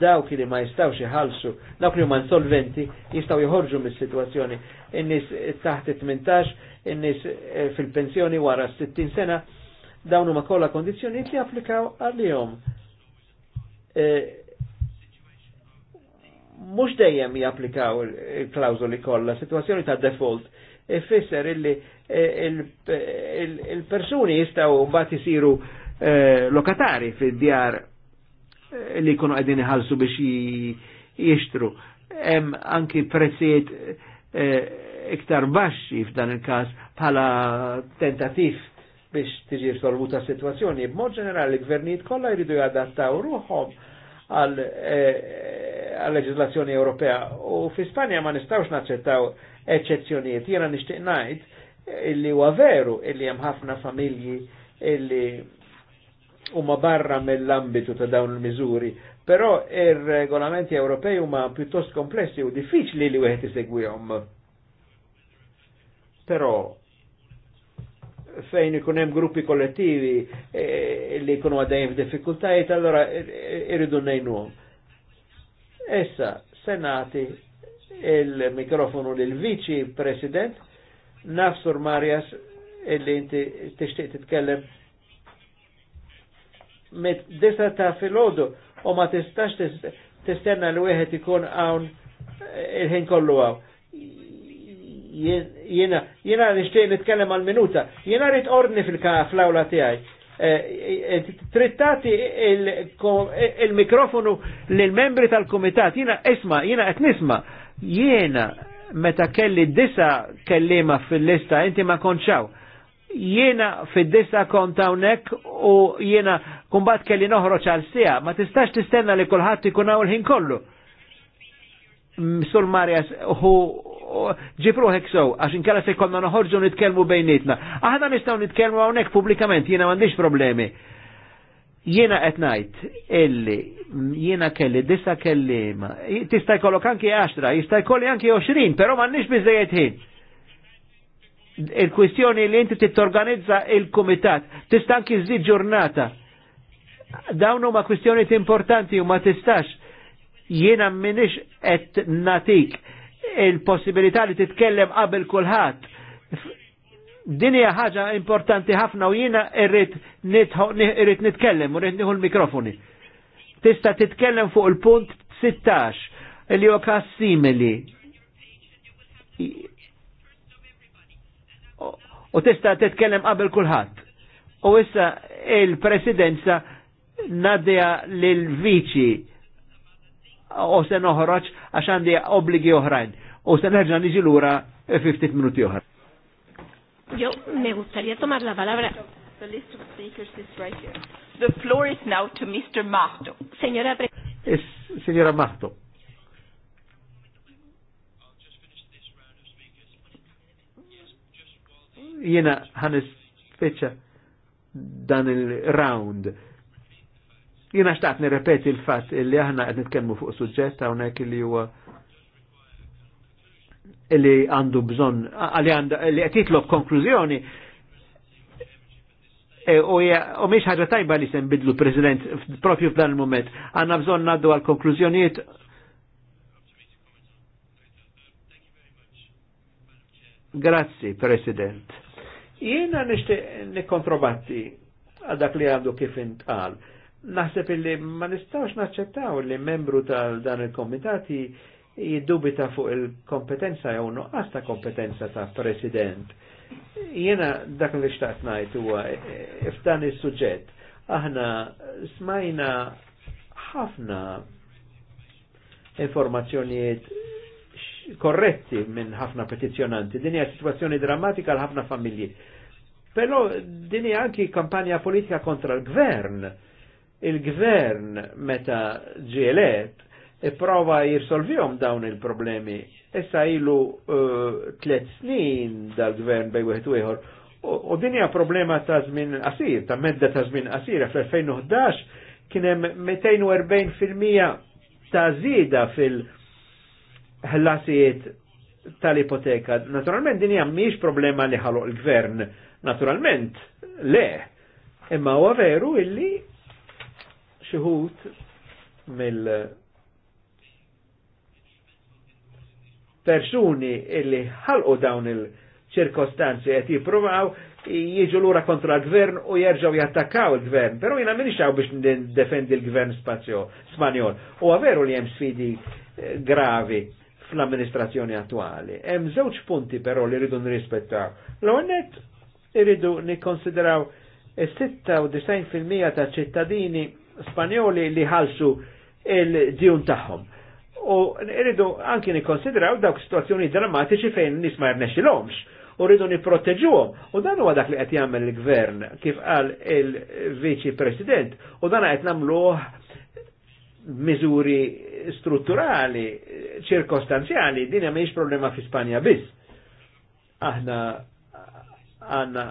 [SPEAKER 4] dawk li ma jistawx iħallsu, dawk li huma insolventi jistaw joħorġu mis-sitwazzjoni. In-nies taħt 18, in-nies fil-pensjoni wara 60 sena, dawn huma kollha kondizzjonijiet li applikaw għalihom. Mhux dejjem japplikaw il-klawżoli kollha, situazzjoni ta' default ifisser illi eh, il-persuni jistaw bat jisiru eh, lokatari fid-djar eh, li kunu għedin iħallsu biex jishtru. Em anki prezziet iktar baxxi f'dan il kas bħala tentativ biex tiġi solvuta situazzjoni. B'mod ġenerali, l gvernijiet kollha jridu jadattaw ruħhom għal leġislazzjoni Ewropea u fi ispanja ma nistawx naċċettaw eċezzjonijiet. Jena nishtiq najt illi huwa veru illi hemm ħafna familji illi huma barra mill-ambitu ta' dawn il-miżuri, però ir-regolamenti Ewropej huma pjuttost komplessi u diffiċli li wieħed isegwihom. Però fejn ikun hemm gruppi kollettivi eh, eh, li jkunu għaddejjem f'diffikultajiet, allora irridu ngħinuhom. Issa, senati il-mikrofonu l-Viċi President Nafsur Marjas illi inti t-ixtiq t-tkellem. Met disa ta' filodu, u ma t-istax t-istenna l wieħed ikun għawn eh, il-ħin kollu għaw. Jena, jena nishtiq nitkellem għal minuta, jena rrit ordni fil kaflawla tijaj. Eh, eh, Trittati il-mikrofonu l membri tal-komitat, jena isma, jena qed nisma' Jiena meta kelli disa kellima fil-lista inti ma konċaw. Jiena fid-disa kont unek u jiena kumbat kelli noħroġ għal sija, ma tistax tistenna li kulħadd ikun hawn il-ħin kollu. Sul Marjas, hu ġifru heksow, għax inkella se konna noħorġu nitkellmu bejnietna. Aħna nistgħu nitkellmu hawnhekk pubblikament, jiena m'għandix problemi. Jiena qed ngħid illi jiena kelli disa kellima, tista' jkollok anki 10, jista' jkolli anki 20, però m'għandniex biżejjed ħin. Il-kwistjoni li inti titorganizza il-kumitat, tista' anki żid ġurnata. Dawn huma kwistjonijiet importanti u ma tistax jiena m'inix qed natik il-possibilità li titkellem qabel kulħadd Din hija ħaġa importanti ħafna u jiena irrit nitkellem u rrid l-mikrofoni. Tista' titkellem fuq il-punt 16 li huwa kas simili. U tista' titkellem qabel kulħadd. U issa il-presidenza nadja l viċi u se noħroġ għax għandi obbligi oħrajn. U se nerġa' niġi lura 50 minuti oħra.
[SPEAKER 5] Yo me gustaría tomar la palabra. The list of speakers is
[SPEAKER 1] right here. The floor is now to Mr. Mahto. Señora Pre
[SPEAKER 4] es, Señora Mahto. Jena ħanis feċa dan il-round. Jena xtaqt nirrepeti il-fat li aħna għed nitkellmu fuq suġġett hawnhekk li huwa li għandu bżon, li għatitlob konklużjoni e, u e, miex ħaġa tajba li sen bidlu president propju f'dan il-moment. Għanna bżon naddu għal konklużjonijiet Grazzi, President. Jiena nishtiq nikkontrobatti għal dak li għandu kif intqal. Naħseb li ma nistawx naċċettaw li membru tal dan il-komitati jiddubita fuq il-kompetenza jew nuqqas ta' kompetenza ta' president. Jena dak li xtaqt ngħid huwa eh, f'dan is-suġġett aħna smajna ħafna informazzjonijiet korretti minn ħafna petizzjonanti, Din hija sitwazzjoni drammatika għal ħafna familji. Però din hija anki kampanja politika kontra l-gvern. Il-gvern meta ġielet prova jirsolvjom dawn il-problemi. Issa ilu eh, tlet snin dal-gvern bej wieħed u ieħor. U din hija problema ta' żmien qasir, ta' medda ta' żmien qasir, fl-2011 kien hemm 240% ta' żieda fil-ħlasijiet tal-ipoteka. Naturalment din hija mhix problema li ħaluq il-gvern. Naturalment, le. Imma huwa veru illi xi mill persuni illi ħalqu dawn il-ċirkostanzi qed jippruvaw jiġu lura kontra l-gvern u jerġgħu jattakkaw il-gvern, però jiena minix hawn biex defendi l-gvern spazio Spanjol. U veru li hemm sfidi eh, gravi fl-amministrazzjoni attuali. Hemm żewġ punti però li rridu nirrispettaw. L-għonet irridu nikkonsideraw 96% ta' ċittadini Spanjoli li ħalsu il-djun tagħhom u rridu anki nikkonsidraw dawk situazzjoni drammatiċi fejn nisma jernexxilhomx u rridu niprotteġuhom u dan huwa dak li qed jagħmel il-gvern kif qal il-viċi president u dan qed nagħmluh miżuri strutturali, ċirkostanzjali, din mhijiex problema fi Spanja biss. Aħna għanna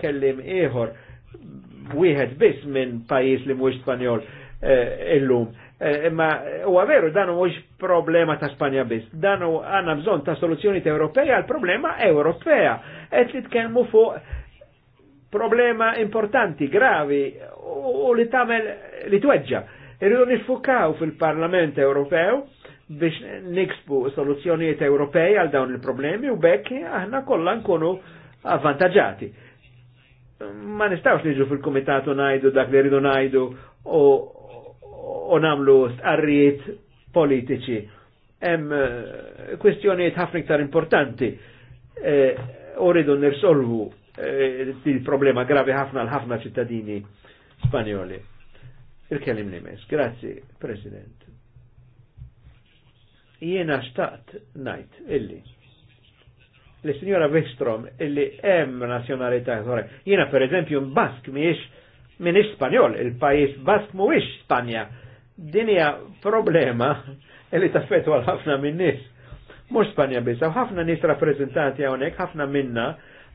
[SPEAKER 4] kellim ieħor wieħed biss minn pajjiż li mhuwiex Spanjol eh, illum. Imma eh, eh, u veru dan mhux problema ta' Spanja biss, dan għandna bżonn ta' soluzzjoni Ewropea għal problema Ewropea. Qed nitkellmu fuq problema importanti, gravi u li tagħmel li tweġġa. Irridu nifukaw fil-Parlament Ewropew biex niksbu soluzzjonijiet Ewropej għal dawn il-problemi u bekk aħna kollha nkunu avvantaġġati. Ma nistgħux niġu fil kumitatu ngħidu dak li rridu ngħidu u namlu stqarrijiet politiċi. Hemm eh, kwestjonijiet ħafna iktar importanti eh, u rridu nirsolvu eh, il-problema gravi ħafna l-ħafna ċittadini spanjoli. il kelim li mes. Grazzi, President. Jiena xtaqt najt illi. L-Signora Wikstrom illi hemm nazjonalità oħra. Jiena per eżempju Bask miex minix Spanjol, il-pajis Bask mhuwiex Spanja dinja problema li taffetwa ħafna minn nis. Mux Spanja bisa, ħafna nis rappresentati għonek, ħafna minna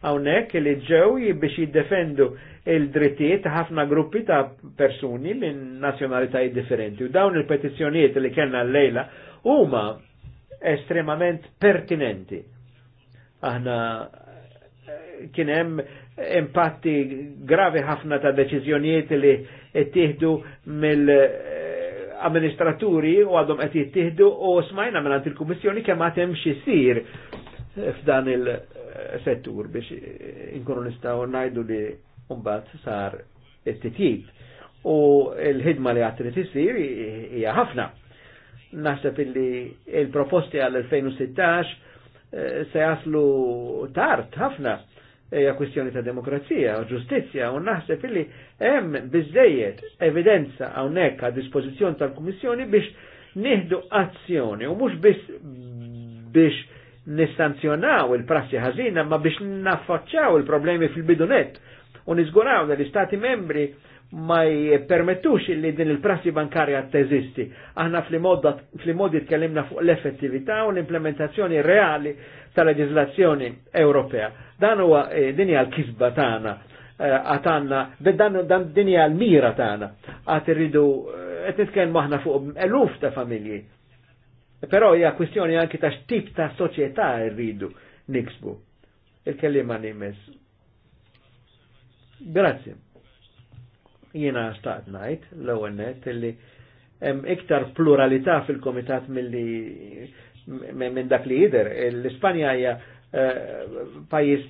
[SPEAKER 4] għonek li ġew biex jiddefendu il-drittijiet ta' ħafna gruppi ta' persuni minn nazjonalitajiet differenti. U dawn il-petizjoniet li kellna l-lejla huma estremament pertinenti. Aħna eh, kienem impatti gravi ħafna ta' deċiżjonijiet li ttieħdu mill amministraturi u għadhom qed jittieħdu u smajna minn il-Kummissjoni kemm għad hemm jsir f'dan il-settur biex inkunu nistgħu ngħidu li mbagħad sar it-titjib. U l-ħidma li għatri isir hija ħafna. Naħseb illi il-proposti għal-2016 eh, se jaslu tard ħafna hija kwistjoni ta' demokrazija u ġustizzja u naħseb illi hemm biżejjed evidenza hawnhekk għad dispożizzjoni tal-Kummissjoni biex nieħdu azzjoni u mhux biss biex nissanzjonaw il-prassi ħażina ma biex naffaċċaw il-problemi fil-bidunet u niżguraw li l-Istati membri ma jippermettux li din il-prassi bankarja teżisti. Aħna fl-modi tkellimna fuq l-effettività u l-implementazzjoni reali tal legislazzjoni Ewropea. Dan huwa eh, dinja l-kisba tagħna eh, għatanna, dan, dan dinja l-mira tagħna għat irridu eh, qed nitkellmu aħna fuq eluf ta' familji. Però hija kwistjoni anki ta' x'tip ta' soċjetà rridu niksbu. Il-kellima nimes. Grazzi. Jiena staqt ngħid l-ewwel net illi hemm iktar pluralità fil-komitat milli minn dak li jider. L-Ispanja hija eh, pajis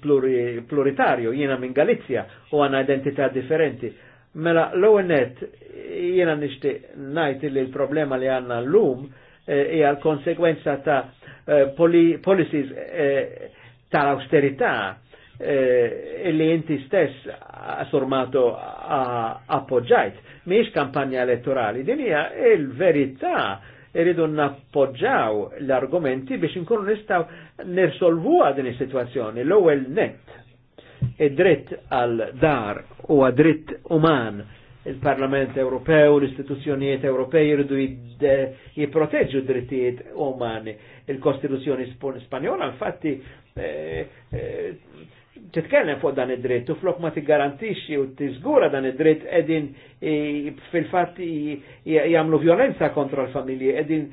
[SPEAKER 4] pluritarju, jiena minn Galizja u għana identità differenti. Mela, l net jiena nishti najt li l-problema li għanna l-lum eh, hija l-konsekwenza ta' eh, policies tal-austerità e, li inti stess assurmato appoġġajt. Miex kampanja elettorali, din hija il-verità irridu nappoġġaw l-argumenti biex inkunu nistaw nirsolvu din is-sitwazzjoni. L-ewwel net id-dritt għal dar u dritt uman il-Parlament Ewropew, l-istituzzjonijiet Ewropej jridu jipproteġu drittijiet umani. Il-Kostituzzjoni Spanjola infatti eh, eh, titkellem fuq dan id-dritt u flok ma tigarantixxi u tiżgura dan id-dritt qegħdin e, fil-fatt e, e, jagħmlu violenza kontra l-familji, qegħdin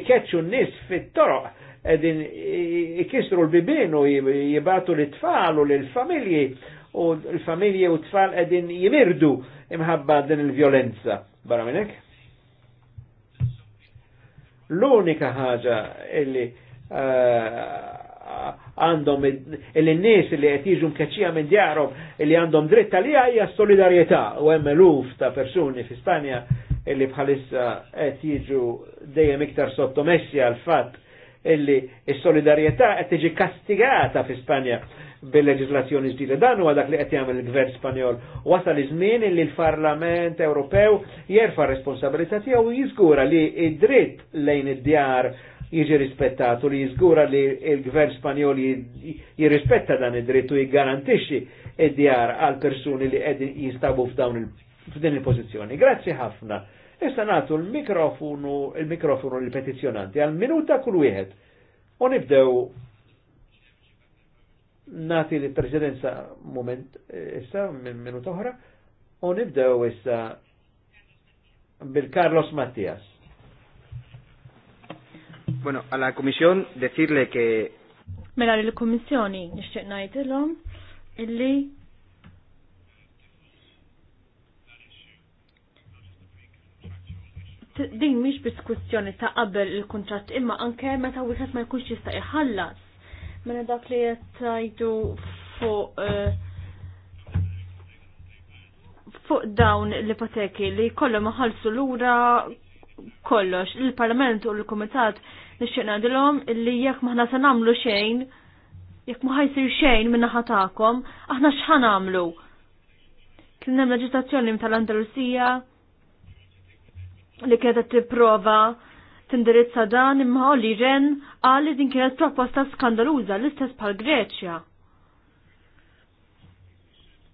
[SPEAKER 4] ikeċċu n-nies fit-toroq, qegħdin ikisru l-bibien u jibatu l-tfal u l-familji u l-familji u t-tfal qegħdin jimirdu imħabba din il-violenza. Barra minnek? L-unika ħaġa illi uh, għandhom il-nies li qed jiġu mkeċija minn djarhom li għandhom dritt għalija hija solidarjetà u hemm eluf ta' persuni fi Spanja li bħalissa qed jiġu dejjem iktar sottomessi għal fatt illi s-solidarjetà qed tiġi kastigata fi Spanja bil-leġislazzjoni ġdida. Dan huwa dak li qed jagħmel il-Gvern Spanjol. Wasal iż-żmien li l-Parlament Ewropew jerfa' responsabilità tiegħu jiżgura li id-dritt lejn id-djar jiġi rispettatu li jizgura li il-gvern spanjol jirrispetta dan id-dritt u jgarantixxi id-djar għal persuni li qegħdin jistabu f'dawn f'din il-pożizzjoni. Grazzi ħafna. Issa nagħtu l-mikrofonu l mikrofonu l petizzjonanti għal minuta kull wieħed. U nibdew nati l-presidenza moment issa minn minuta oħra u nibdew issa bil-Carlos Mattias. Bueno, a la comisión decirle que...
[SPEAKER 5] Mela li l-Komissjoni nixtieq ngħidilhom illi din mhix diskussjoni ta' qabel il-kuntratt imma anke meta wieħed ma jkunx jista' iħallas. Mela dak li qed tgħidu fuq eh, fuq dawn l-ipoteki li kollhom iħallsu lura kollox, il-Parlament u l-Kumitat nixtieq ngħidilhom illi jekk maħna se nagħmlu xejn, jekk ma ħajsir xejn minna naħa tagħkom, aħna x'ħan nagħmlu? Kien hemm tal-Andalusija li kienet tipprova tindirizza dan imma li ren qal din kienet proposta skandaluża l-istess pal Greċja.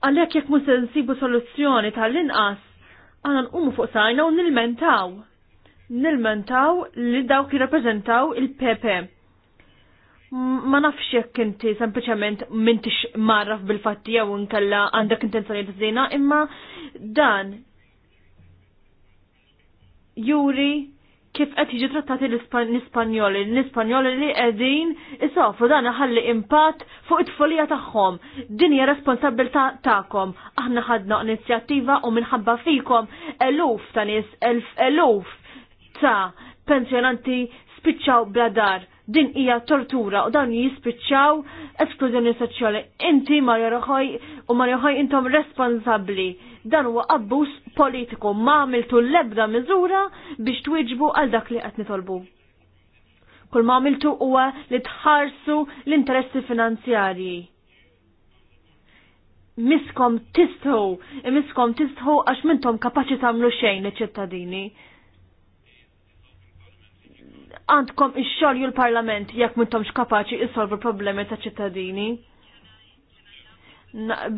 [SPEAKER 5] Għalhekk jekk mu se nsibu soluzzjoni tal-inqas għanan nqumu fuq sajna u nilmentaw nilmentaw li dawk jirrappreżentaw il-PP. Ma nafx jekk inti sempliċement m'intix marraf bil-fatti jew inkella għandek intenzjonijiet żina, imma dan juri kif qed jiġi trattati l-Ispanjoli, l-Ispanjoli li qegħdin isofru dan ħalli impatt fuq it-tfulija tagħhom. Din hija responsabilità tagħkom. Aħna ħadna inizjattiva u minħabba fikom eluf ta' nies, eluf ta' pensjonanti spiċċaw bladar. Din hija tortura u dan jispiċċaw esklużjoni soċjali. Inti Mario Rajoy u Mario Rajoy intom responsabbli. Dan huwa abbuż politiku ma għamiltu l-ebda miżura biex twiġbu għal dak li qed nitolbu. Kull ma għamiltu huwa li tħarsu l-interessi finanzjarji miskom tistħu, e miskom tistħu għax mintom kapaċi tamlu xejn li ċittadini għandkom ix-xogħol l-Parlament jekk m'intomx kapaċi issolvu problemi ta' ċittadini.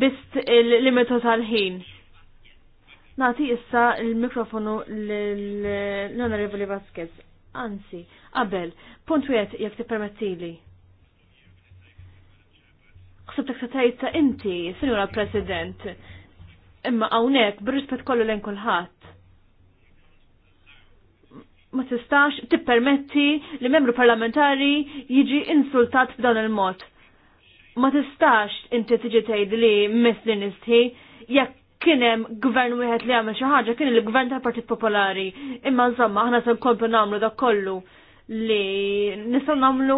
[SPEAKER 5] Bist il-limitu tal-ħin. Nati issa il-mikrofonu l-Onorevoli Vasquez. Anzi, qabel, punt wieħed jekk tippermettili. Xsibtek se tgħid ta' inti, Sinjura President, imma hawnhekk bir-rispett kollu lejn kulħadd ma tistax tippermetti li membru parlamentari jiġi insultat f'dan il-mod. Ma tistax inti tiġi tgħid li misli nisti jekk kien hemm gvern wieħed li għamel xi ħaġa kien il-gvern tal-Partit Popolari. Imma nżomma aħna se nkomplu nagħmlu dak kollu li nistgħu nagħmlu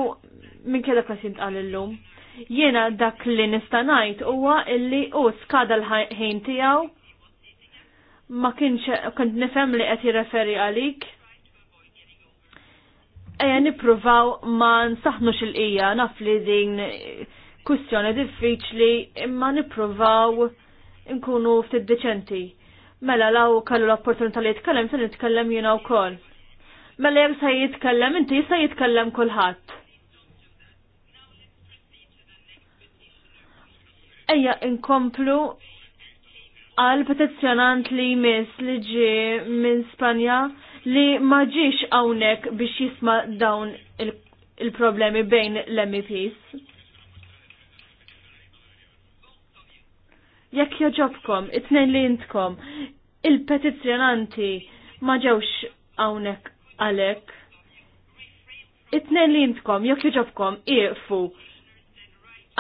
[SPEAKER 5] minn kien dak li illum. Jiena dak li nista' ngħid huwa illi hu skada l-ħin tiegħu ma kienx kont nifhem li qed jirreferi għalik Eja nipruvaw ma nsaħnu xil-qija, naf li din kustjoni diffiċli, imma nipruvaw nkunu ftit deċenti. Mela law kallu l-opportunità li jitkellem, se nitkellem u wkoll. Mela jem se jitkellem, inti sa jitkellem kulħadd. Ejja inkomplu għal petizzjonant li jmiss li ġi minn Spanja li ma ġiex hawnhekk biex jisma dawn il-problemi il bejn l mps Jekk joġobkom, it nejn li jintkom, il-petizzjonanti ma ġewx hawnhekk għalhekk. it nejn li jintkom, jekk joġobkom, iqfu.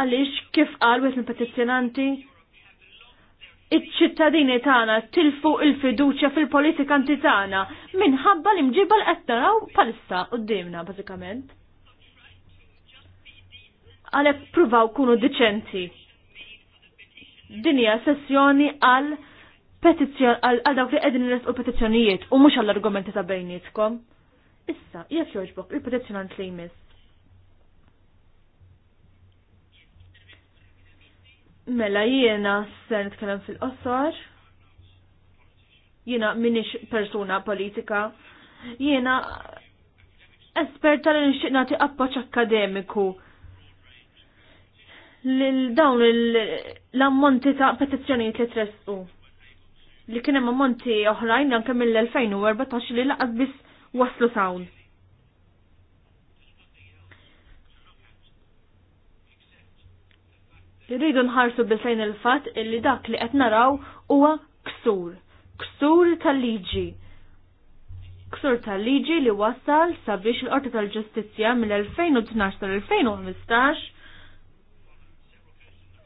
[SPEAKER 5] Għaliex kif għal, il petizjonanti petizzjonanti iċ-ċittadini tagħna tilfu il-fiduċja fil anti tagħna minħabba li mġibal qed naraw palissa qudiemna bażikament. Għalhekk pruvaw kunu diċenti. Din hija sessjoni għal petizzjon għal dawk li qegħdin nresqu petizzjonijiet u mhux għall-argumenti ta' bejnietkom. Issa, jekk jogħġbok, il-petizzjonant li jmiss. Mela jiena ser nitkellem fil-qosor. Jiena minix persuna politika. Jiena esperta li nixtieq nagħti appoġġ akademiku lil dawn l-ammonti ta' petizzjonijiet li tressqu. Li kien hemm ammonti oħrajn anke mill-2014 li laqas biss waslu sawn. Rridu nħarsu bisajn il-fat illi dak li qed naraw huwa ksur. Ksur tal-liġi. Ksur tal-liġi li wassal sabiex l-Qorti tal-Ġustizzja mill-2012 tal-2015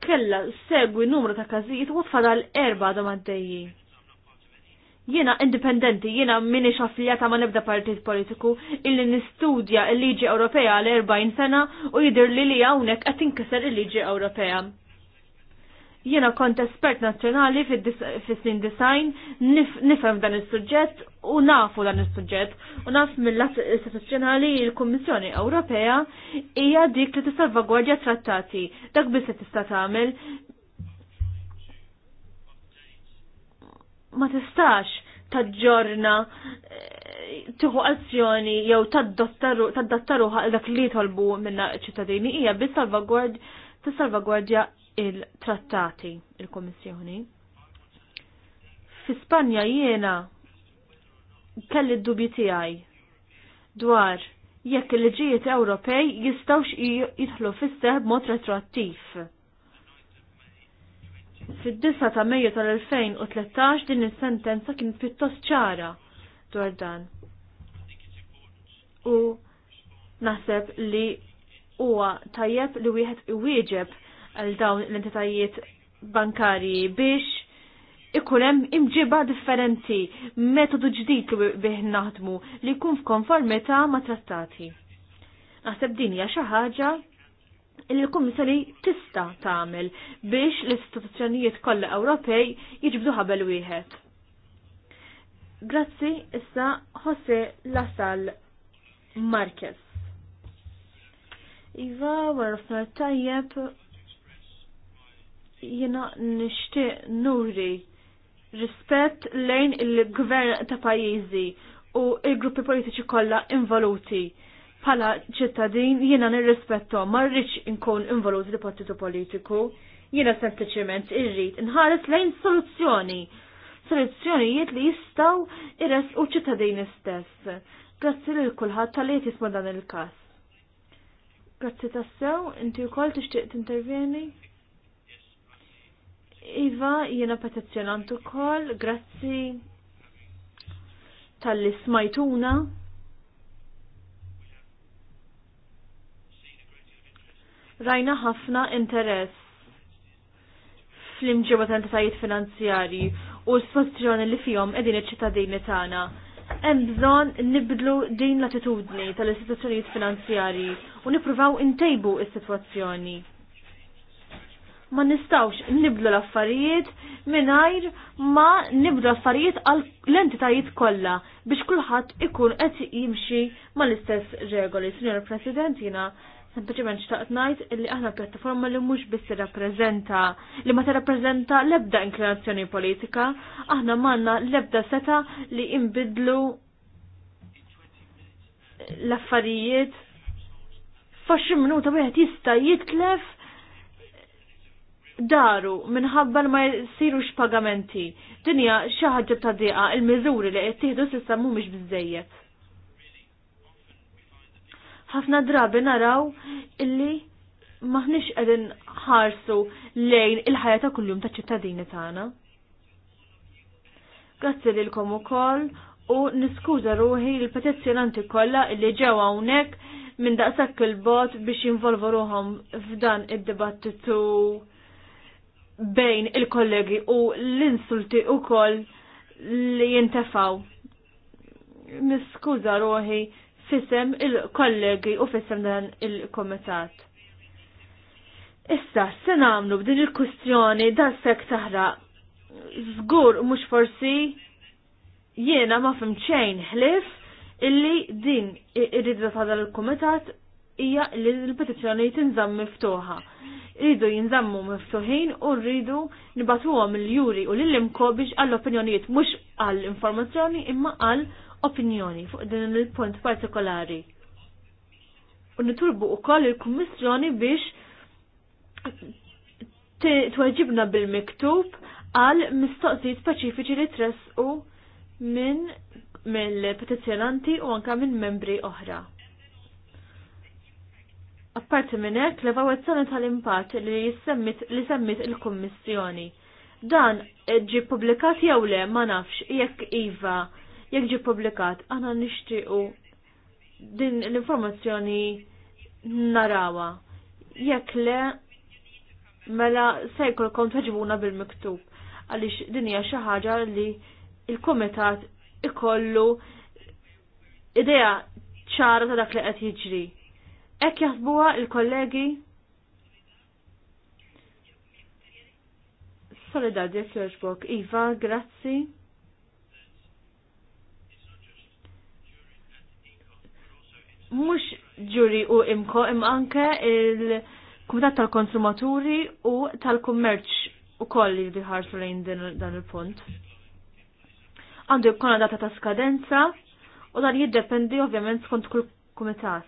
[SPEAKER 5] kella segwi numru ta' każijiet u tfadal erba' għadhom Jiena indipendenti, jiena minix affiljata ma nebda partit politiku, illi nistudja il-liġi Ewropea għal 40 sena u jidir li li hawnhekk qed tinkiser il-liġi Ewropea. Jiena kont espert nazzjonali fis-sin design, nifhem dan is-suġġett u nafu dan is-suġġett u naf mill-lat istituzzjonali l-Kummissjoni Ewropea hija dik li tissalvagwardja trattati. Dak biss tista' tagħmel ma tistax taġġorna eh, tieħu azzjoni jew taddattaruha dak li tolbu minna ċittadini hija biss salvagwardja tissalvagwardja il-trattati il komissjoni Fi Spanja jiena kelli d-dubji tiegħi dwar jekk il-liġijiet Ewropej jistgħux jidħlu fis-seħb mod retroattiv fid disa ta' Mejju tal-2013 din is-sentenza kienet pjuttost ċara dwar dan. U naħseb li huwa tajjeb li wieħed iwieġeb għal dawn l-entitajiet bankarji biex ikun hemm imġiba differenti, metodu ġdid li bih naħdmu li jkun f'konformità ma' trattati. Naħseb din hija xi ħaġa il l tista' tagħmel biex l-istituzzjonijiet kollha Ewropej jiġbdu ħabel wieħed. Grazzi issa Jose Lasal Marquez. Iva, wara warfna tajjeb, jiena nixtieq nuri rispett lejn il-gvern ta' pajjiżi u il-gruppi politiċi kollha involuti Pala ċittadin jiena nirrispettom, ma rridx inkun involut li partitu politiku, jiena sempliċement irrid inħares lejn soluzzjoni. Soluzzjonijiet li jistaw irres u ċittadin istess. Grazzi lil kulħadd tal-li jisma dan il-każ. Grazzi tassew, inti wkoll tixtieq tintervjeni? Iva, jiena petizzjonant ukoll, grazzi tal-li smajtuna. rajna ħafna interess fl-imġiba ta' entitajiet finanzjarji u l sostituzzjoni li fihom qegħdin iċ-ċittadini tagħna. Hemm bżonn nibdlu din l-attitudni tal-istituzzjonijiet finanzjarji u nippruvaw intejbu is-sitwazzjoni. Ma nistawx nibdlu l-affarijiet mingħajr ma nibdlu l-affarijiet għal l-entitajiet kollha biex kulħadd ikun qed jimxi mal-istess regoli. Signor President, jiena Sempliċement xtaqt ngħid illi aħna pjattaforma li mhux biss rappreżenta li ma tirrappreżenta l-ebda inklinazzjoni politika, aħna manna l-ebda seta li jinbidlu l-affarijiet xi minuta wieħed jista' jitlef daru minħabba ma jsirux pagamenti. Dinja xi ħaġa ta' il-miżuri li qed tieħdu s'issa mhumiex biżejjed ħafna drabi naraw illi maħniex qegħdin ħarsu lejn il-ħajja ta' kuljum ta' ċittadini tagħna. Grazzi lilkom ukoll u niskuża ruħi l-petizzjonanti kollha illi ġew hawnhekk minn daqshekk il-bot biex jinvolvu ruhom f'dan id-dibattitu bejn il-kollegi u l-insulti u li jintefaw. Niskuża ruħi fissem il-kollegi u fissem dan il-komitat. Issa, se namlu b'din il-kustjoni dan sekk taħra zgur mux forsi jiena ma fimċejn ħlif illi din irridu ta' dal-komitat hija li l-petizzjoni tinżamm miftuħa. Rridu jinżammu miftuħin u rridu nibatuhom il-juri u l-imko biex għall-opinjonijiet mhux għall-informazzjoni imma għall opinjoni fuq din il-punt partikolari. U niturbu wkoll il-Kummissjoni biex tweġibna bil-miktub għal mistoqsijiet speċifiċi li tresqu minn mill-petizjonanti u anka minn membri oħra. Apparti minn hekk l-evalwazzjoni tal-impatt li semmit il-Kummissjoni. Dan ġi publikat jew le ma nafx jekk iva jekk ġi publikat, aħna nixtiequ din l-informazzjoni narawa. Jekk le, mela se jkollkom taġbuna bil-miktub għaliex din hija xi ħaġa li il-kumitat ikollu idea ċara ta' dak li qed jiġri. Hekk jaħsbuha il-kollegi Solidar jekk jogħġbok. Iva, grazzi. mhux ġuri u imko im anke il-Kumitat tal-Konsumaturi u tal-Kummerċ ukoll li ħarsu lejn dan il-punt. Għandu jkun data ta' skadenza u dan jiddependi ovvjament skont kull kumitat.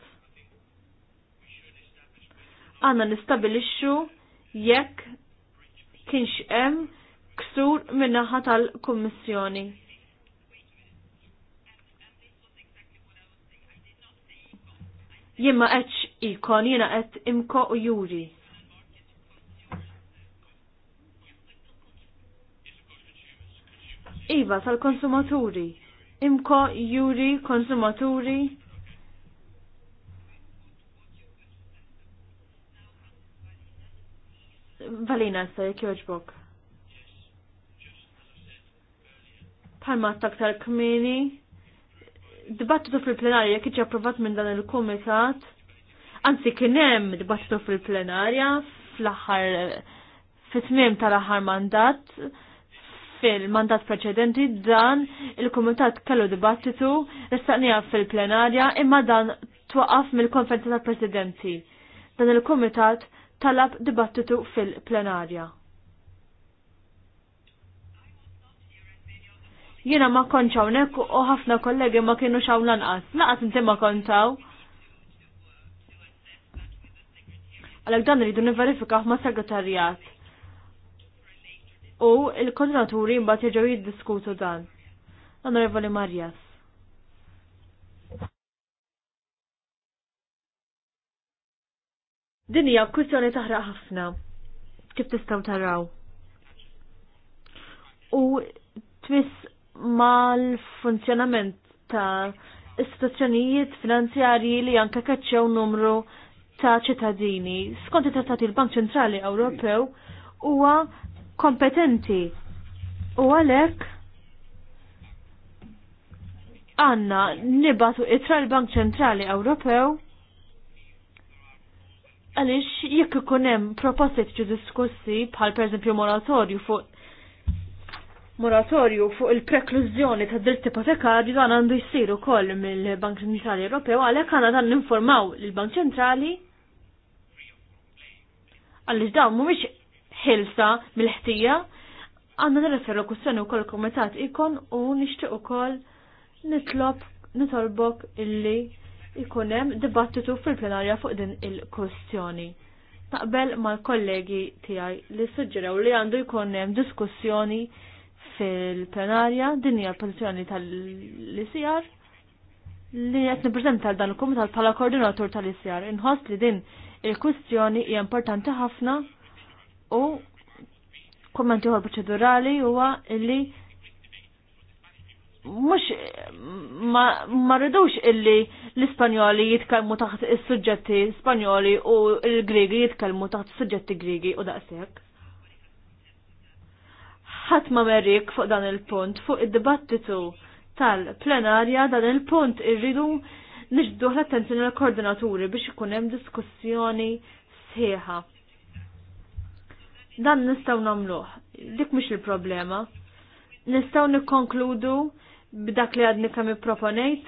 [SPEAKER 5] Għanna nistabilixxu jekk kienx hemm ksur minnaħa tal-Kummissjoni. jien ma ikon, jina qed imko u juri. Iva tal-konsumaturi. Imko juri konsumaturi. Valina sa jekk Palma taktar kmini dibattitu fil-plenarja kiġi approvat minn dan il-kumitat. Anzi kien hemm dibattitu fil-plenarja fl-aħħar fit-tmiem tal-aħħar mandat fil-mandat preċedenti dan il-kumitat kellu dibattitu nistaqnija fil-plenarja imma dan twaqaf mill-konferenza tal-presidenti. Dan il-kumitat talab dibattitu fil-plenarja. Jiena ma konċ hawnhekk u ħafna kollegi ma kienu xaw lanqas. Naqas inti ma kontaw. Għalhekk dan rridu niverifikaw ma' segretarjat. U il-koordinaturi mbagħad jerġgħu jiddiskutu dan. Onorevoli Marjas. Din hija kwistjoni taħraq ħafna. Kif tistgħu taraw? U tmiss mal-funzjonament ta' istituzzjonijiet finanzjarji li anka kaċċew numru ta' ċittadini. Skont it trattati il-Bank Ċentrali Ewropew huwa kompetenti u għalhekk għanna nibatu itra l-Bank Ċentrali Ewropew għalix jekk ikun hemm proposti ġu diskussi bħal pereżempju moratorju fuq moratorju fuq il-preklużjoni ta' dritt ipotekarju dan għandu jsir ukoll mill-Bank Ċentrali Ewropew għalhekk għandna dan ninformaw lill-Bank Ċentrali għaliex dawn mhumiex ħilsa mill-ħtija għandna nirreferru kussjoni wkoll kumitat ikon u nixtieq ukoll nitlob nitolbok illi ikun hemm dibattitu fil-plenarja fuq din il kwistjoni taqbel mal-kollegi tiegħi li suġġeraw li għandu jkun hemm diskussjoni fil-plenarja, din hija l-pożizzjoni tal-ICR li qed nippreżenta għal dan il-kumitat bħala koordinatur tal-ICR. Inħoss li din il-kwistjoni hija importanti ħafna u kommenti uħor proċedurali huwa illi mux ma, rridux illi l-Ispanjoli jitkalmu taħt is-suġġetti Spanjoli u l-Grigi jitkalmu taħt suġġetti Grigi u daqshekk ħadd ma merrik fuq dan il-punt, fuq id-dibattitu tal-plenarja dan il-punt irridu nixduħ l-attenzjoni l-koordinaturi biex ikun hemm diskussjoni sħiħa. Dan nistgħu nagħmluh, dik mhix il-problema. Nistgħu nikkonkludu b'dak li għadni kemm ipproponejt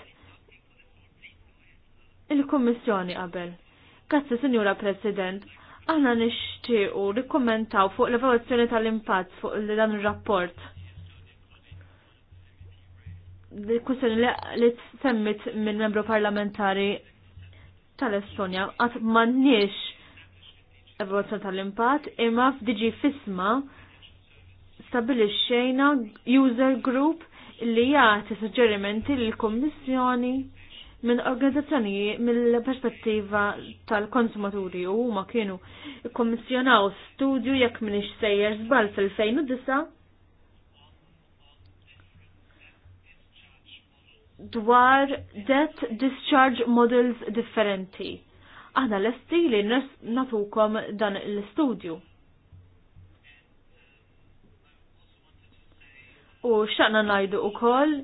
[SPEAKER 5] il-Kummissjoni qabel. Grazzi, Sinjura President, Aħna nixtiequ nikkommentaw fuq l-evaluazzjoni tal-impatt fuq dan ir-rapport. Kwistjoni li semmit minn membru parlamentari tal-Estonja għad m'għandniex evaluazzjoni tal-impatt imma f'diġi fisma stabilixxejna user group li jagħti suġġerimenti lill-Kummissjoni minn organizzazzjoni mill-perspettiva tal-konsumaturi u huma kienu kommissjonaw studju jekk minix sejjer żball fil-2009 dwar debt discharge models differenti. Aħna l-esti li natukom dan l-studju. U xaqna najdu u koll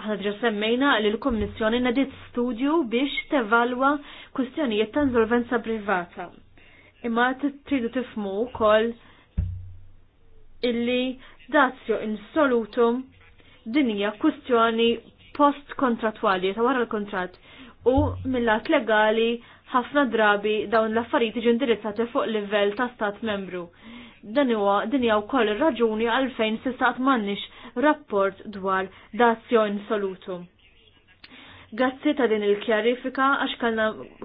[SPEAKER 5] aħna diġa semmejna li l-Kommissjoni nadit studju biex tevalwa kwistjonijiet ta' insolvenza privata. Imma tridu tifmu wkoll illi dazio insolutum din hija kwistjoni post kontratwali ta' wara l kontrat u mill-lat legali ħafna drabi dawn l-affarijiet iġu indirizzati fuq livell ta' stat membru. Dan huwa din hija wkoll ir-raġuni għalfejn se stat m'għandniex rapport dwar dazzjon solutu. Grazzi ta' din il-kjarifika għax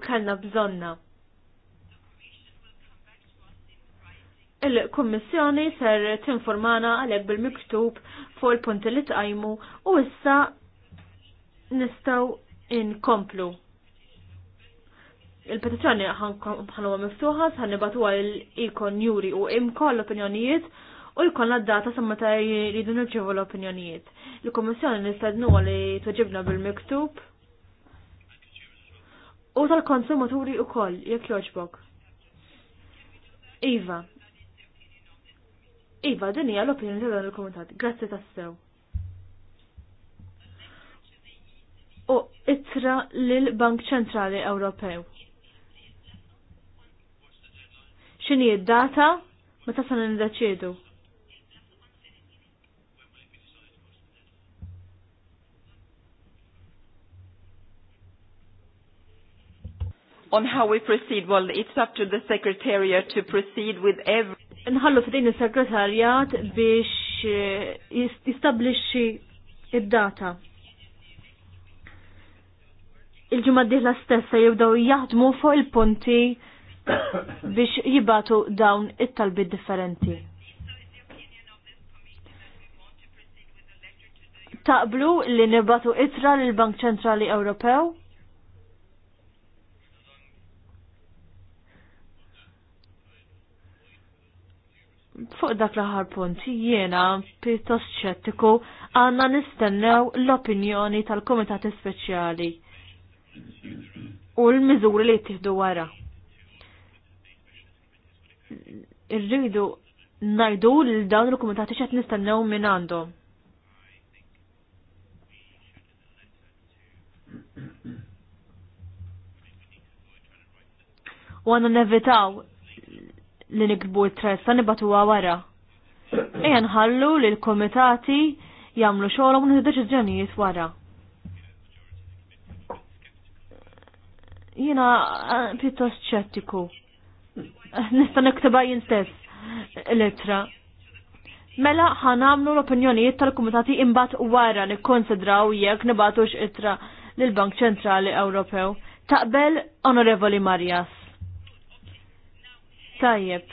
[SPEAKER 5] kellna bżonna. Il-Kummissjoni ser tinformana għalhekk bil-miktub fuq il-punti li tqajmu u issa nistgħu inkomplu. Il-petizzjoni ħanwa miftuħa, ħannibatuha l-ikon juri u imkoll opinjonijiet u jkollna data sa meta jridu nirċevu l-opinjonijiet. Il-Kummissjoni nistednu li tweġibna bil-miktub u tal-konsumaturi ukoll jekk jogħġbok. Iva. Iva, din hija l-opinjoni ta' dan il-Kumitat. Grazzi tassew. U ittra lil Bank Ċentrali Ewropew. X'inhi d-data meta n nindeċiedu?
[SPEAKER 1] on how we proceed, well, it's up to the Secretariat to proceed with every...
[SPEAKER 5] Nħallu f'din il-Sekretarjat biex jistablixxi eh, id-data. Il-ġimgħa d stessa jibdew jaħdmu fuq il-punti biex jibatu dawn it-talbit differenti. Taqblu li nibatu itra lill-Bank Ċentrali Ewropew? fuq dak l-aħħar punt jiena pjuttost ċettiku għandna nistennew l-opinjoni tal komitat Speċjali u l-miżuri li jittieħdu wara. Irridu najdu l dawn il-kumitati xed nistennew minn għandhom. U għanna nevitaw li nikbu t-tressa nibatu wara. Ejan ħallu li l-komitati jagħmlu xogħolhom u deċiżjonijiet wara. Jiena eh, pjuttost ċettiku. Nista' niktiba jien
[SPEAKER 8] stess
[SPEAKER 5] lettra. Mela ħanamlu l-opinjonijiet tal-kumitati imbat wara nikkonsidraw jekk nibatux itra lill-Bank Ċentrali Ewropew. Taqbel Onorevoli Marjas. Tajjeb.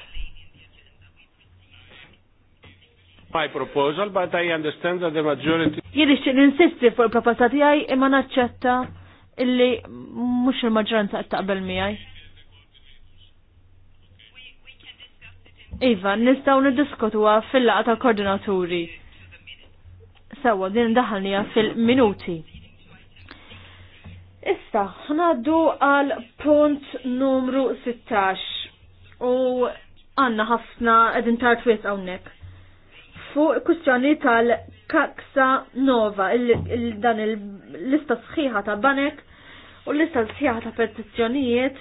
[SPEAKER 3] My proposal, but I understand that the majority...
[SPEAKER 5] Jiri xċin insisti fuq il-proposta tijaj imma naċċetta illi mux il-maġranza taqbel miħaj. Iva, nistaw nidiskutu fil-laqa tal-koordinaturi. Sewa, din daħalnija fil-minuti. Issa, ħnaddu għal punt numru 16 u għanna ħafna għedin tartwis għawnek. Fuq kustjoni tal-kaksa nova, dan il-lista sħiħa ta' banek u l-lista sħiħa ta' petizzjonijiet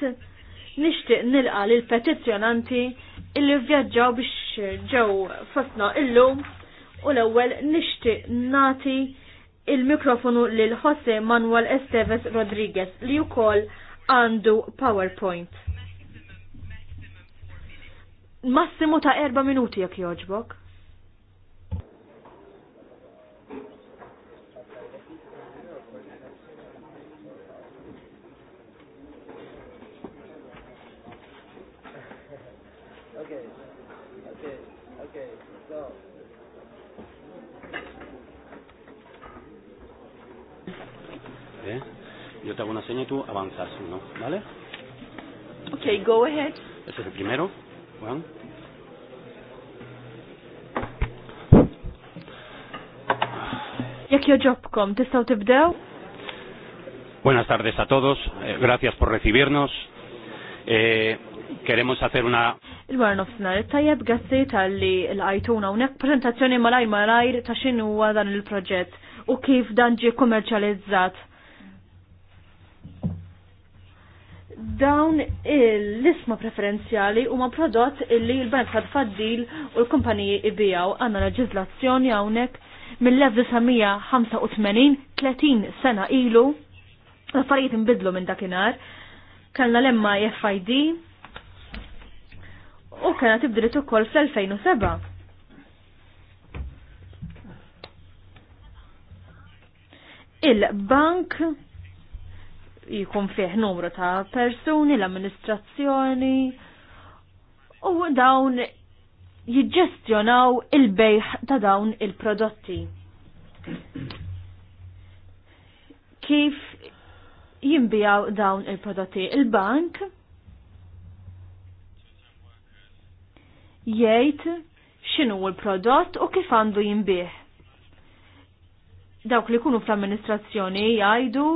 [SPEAKER 5] nishtiq nilqa l petizzjonanti illi vjaġġaw biex ġew fasna illum u l-ewwel nixtieq nati il-mikrofonu lil Jose Manuel Esteves Rodriguez li wkoll għandu PowerPoint massimo ta' erba minuti jekk joġbok.
[SPEAKER 8] Eh? Yo te hago una seña y tú avanzas, ¿no? ¿Vale?
[SPEAKER 1] Ok, go ahead.
[SPEAKER 8] Ese es el primero. Well.
[SPEAKER 5] Jekk jogħġobkom, tistgħu tibdew?
[SPEAKER 6] Buenas tardes a todos. Eh, gracias por recibirnos. Eh, queremos hacer una
[SPEAKER 5] Il-war nofsna tajjeb għazzi tal-li l-għajtuna unek prezentazzjoni malaj malaj ta' xinu dan il-proġett u kif dan komerċalizzat. dawn l-isma preferenzjali huma prodott illi l-bank tal-Faddil u l-kumpaniji ibijaw għandna leġiżlazzjoni hawnhekk mill-1985 30 sena ilu l-affarijiet inbidlu minn dakinhar kellna lemma FID u kellna tibdilet ukoll fl-2007. Il-bank jikun fih numru ta' persuni, l-amministrazzjoni u dawn jiġġestjonaw il-bejħ ta' dawn il-prodotti. Kif jimbijaw dawn il-prodotti il-bank? Jgħid x'inhu l-prodott u kif għandu jimbih. Dawk li jkunu fl-amministrazzjoni jgħidu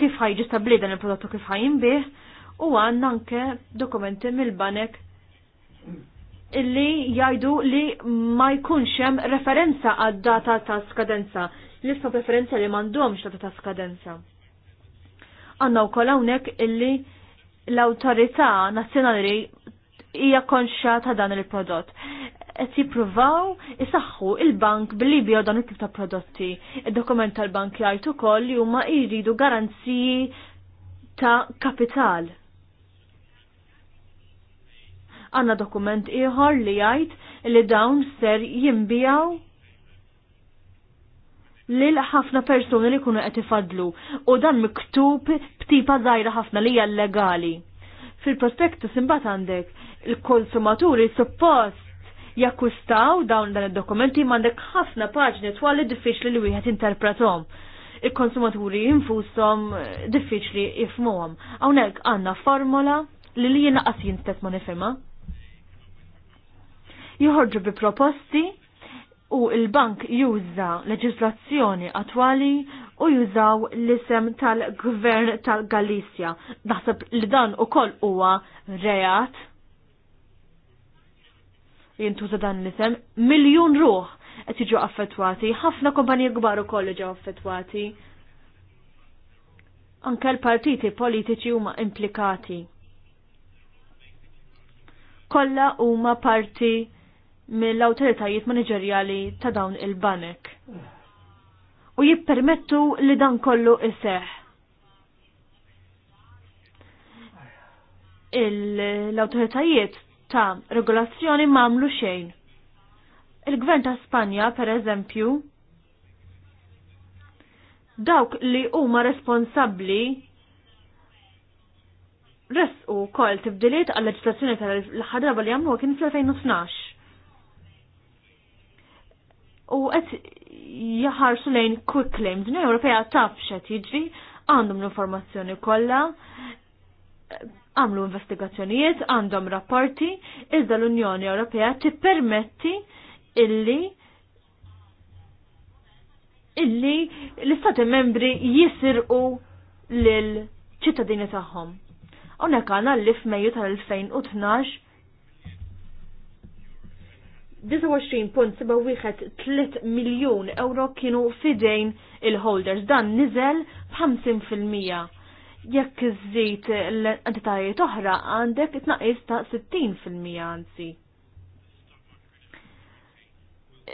[SPEAKER 5] kif ħaj stabli dan il-prodottu kif ħaj jimbih u għan anke dokumenti mill-banek illi jajdu li ma jkunx hemm referenza għad data ta' skadenza. L-isma preferenza li m'għandhomx data ta' skadenza. Għanna wkoll hawnhekk illi l autorita nazzjonali hija konxja ta' dan il-prodott qed jippruvaw isaħħu il-bank billi jbiegħu dan it-tip ta' prodotti. Id-dokument tal-bank jgħid ukoll li huma jridu garanziji ta' kapital. Għanna dokument ieħor li jgħid li dawn ser jinbijaw lil ħafna persuni li kunu qed ifadlu u dan miktub btipa żgħira ħafna li hija legali. Fil-prospektus imbagħad għandek il-konsumaturi suppost jakkustaw dawn dan id-dokumenti m'għandek ħafna paġni twal diffiċli li wieħed interpretom. Il-konsumaturi jinfushom eh, diffiċli jifmuhom. Hawnhekk għandna formola li li jiena qas jintess ma nifhimha. Joħorġu bi proposti u l bank juża leġislazzjoni attwali u jużaw l-isem tal-gvern tal-Galizja. Daħseb li dan u koll huwa reat jintuża dan l-isem, miljun ruħ qed jiġu affettwati, ħafna kumpaniji kbar ukoll ġew affettwati. Anke l-partiti politiċi huma implikati. Kolla huma parti mill-awtoritajiet maniġerjali ta' dawn il-banek. U jippermettu li dan kollu iseħ. l-autoritajiet ta' regolazzjoni mamlu xejn. Il-gvern ta' Spanja, per eżempju, dawk li huma responsabbli resqu kol tibdiliet għal leġislazzjoni tal-ħadraba li għamlu kien fl-2012. U qed jaħarsu lejn quick claims, l-Ewropea taf x'qed jiġri, għandhom l-informazzjoni kollha, għamlu investigazzjonijiet, għandhom rapporti, iżda l-Unjoni Ewropea tippermetti illi illi l-istati membri jisirqu l-ċittadini tagħhom. Unek għana l f'Mejju tal-2012 29.71 miljon euro kienu fidejn il-holders dan nizel b'50% jekk iżżid l-entitajiet oħra għandek tnaqis ta' 60% anzi.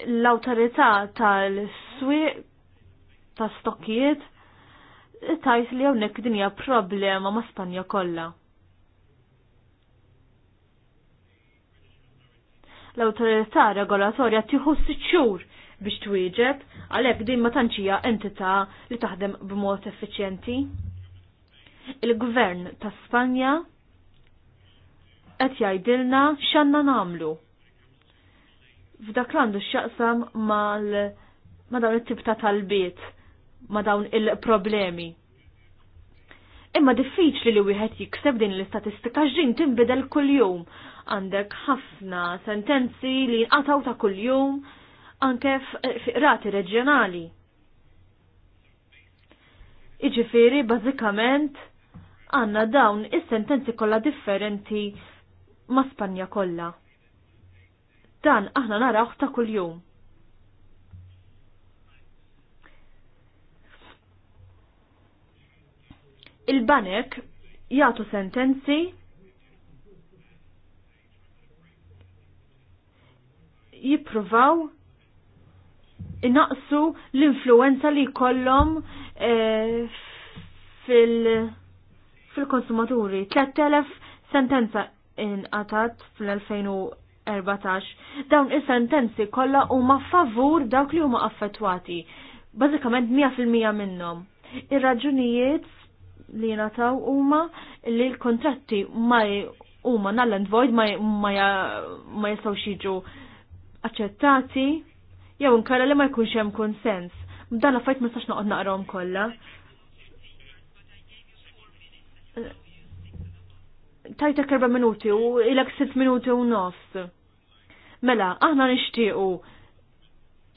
[SPEAKER 5] L-awtorità tal-swieq ta' stokkijiet tajt li hawnhekk din hija problema ma' Spanja kollha. L-awtorità regolatorja tieħu sitt biex twieġeb għalhekk din ma tantxija entità li taħdem b'mod effiċjenti il-gvern ta' Spanja qed jgħidilna x'għandna nagħmlu. F'dak l-għandu x'jaqsam mal ma dawn it-tib ta' talbiet, ma dawn il-problemi. Imma diffiċli li wieħed jikseb din l-istatistika x'din tinbidel kuljum. Għandek ħafna sentenzi li nqataw ta' kuljum anke rati reġjonali. Iġifiri, bażikament għanna dawn is-sentenzi kollha differenti ma' Spanja kollha. Dan aħna narawh ta' kuljum. Il-banek jagħtu sentenzi jippruvaw inaqsu l-influenza li kollhom e, fil- fil-konsumaturi. 3000 sentenza inqatat fl-2014. Dawn is-sentenzi kollha huma favur dawk li huma affettwati. Bażikament 100% minnhom. Ir-raġunijiet li nataw huma li l-kontratti ma huma null void ma, ma, ma jistgħu jiġu aċċettati jew inkella li ma jkunx hemm konsens. Dan affajt ma stax noqgħod naqrahom kollha. tajtek erba' minuti u ilek sitt minuti u nofs. Mela, aħna nixtiequ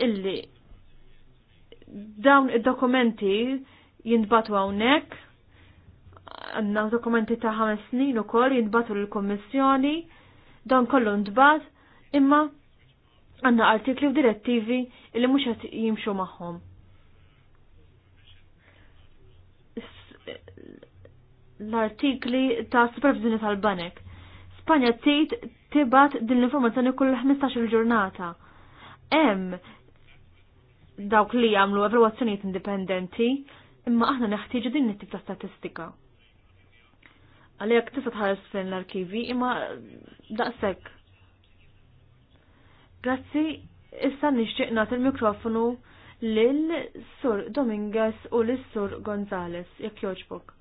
[SPEAKER 5] illi dawn id-dokumenti jindbatu hawnhekk, għandna dokumenti ta' ħames snin ukoll jindbatu l kummissjoni dawn kollu ntbat, imma għandna artikli u direttivi illi mhux qed jimxu magħhom. l-artikli ta' supervizjoni tal-banek. Spanja tgħid tibat din l-informazzjoni kull 15-il ġurnata. Hemm dawk li jagħmlu evalwazzjonijiet indipendenti, imma aħna neħtieġu din it-tip ta' statistika. Għalhekk tista' tħares fejn l-arkivi, imma daqshekk. Grazzi, issa nixtieq nagħti l mikrofonu lil Sur Dominguez u lis Sur Gonzales, jekk jogħġbok.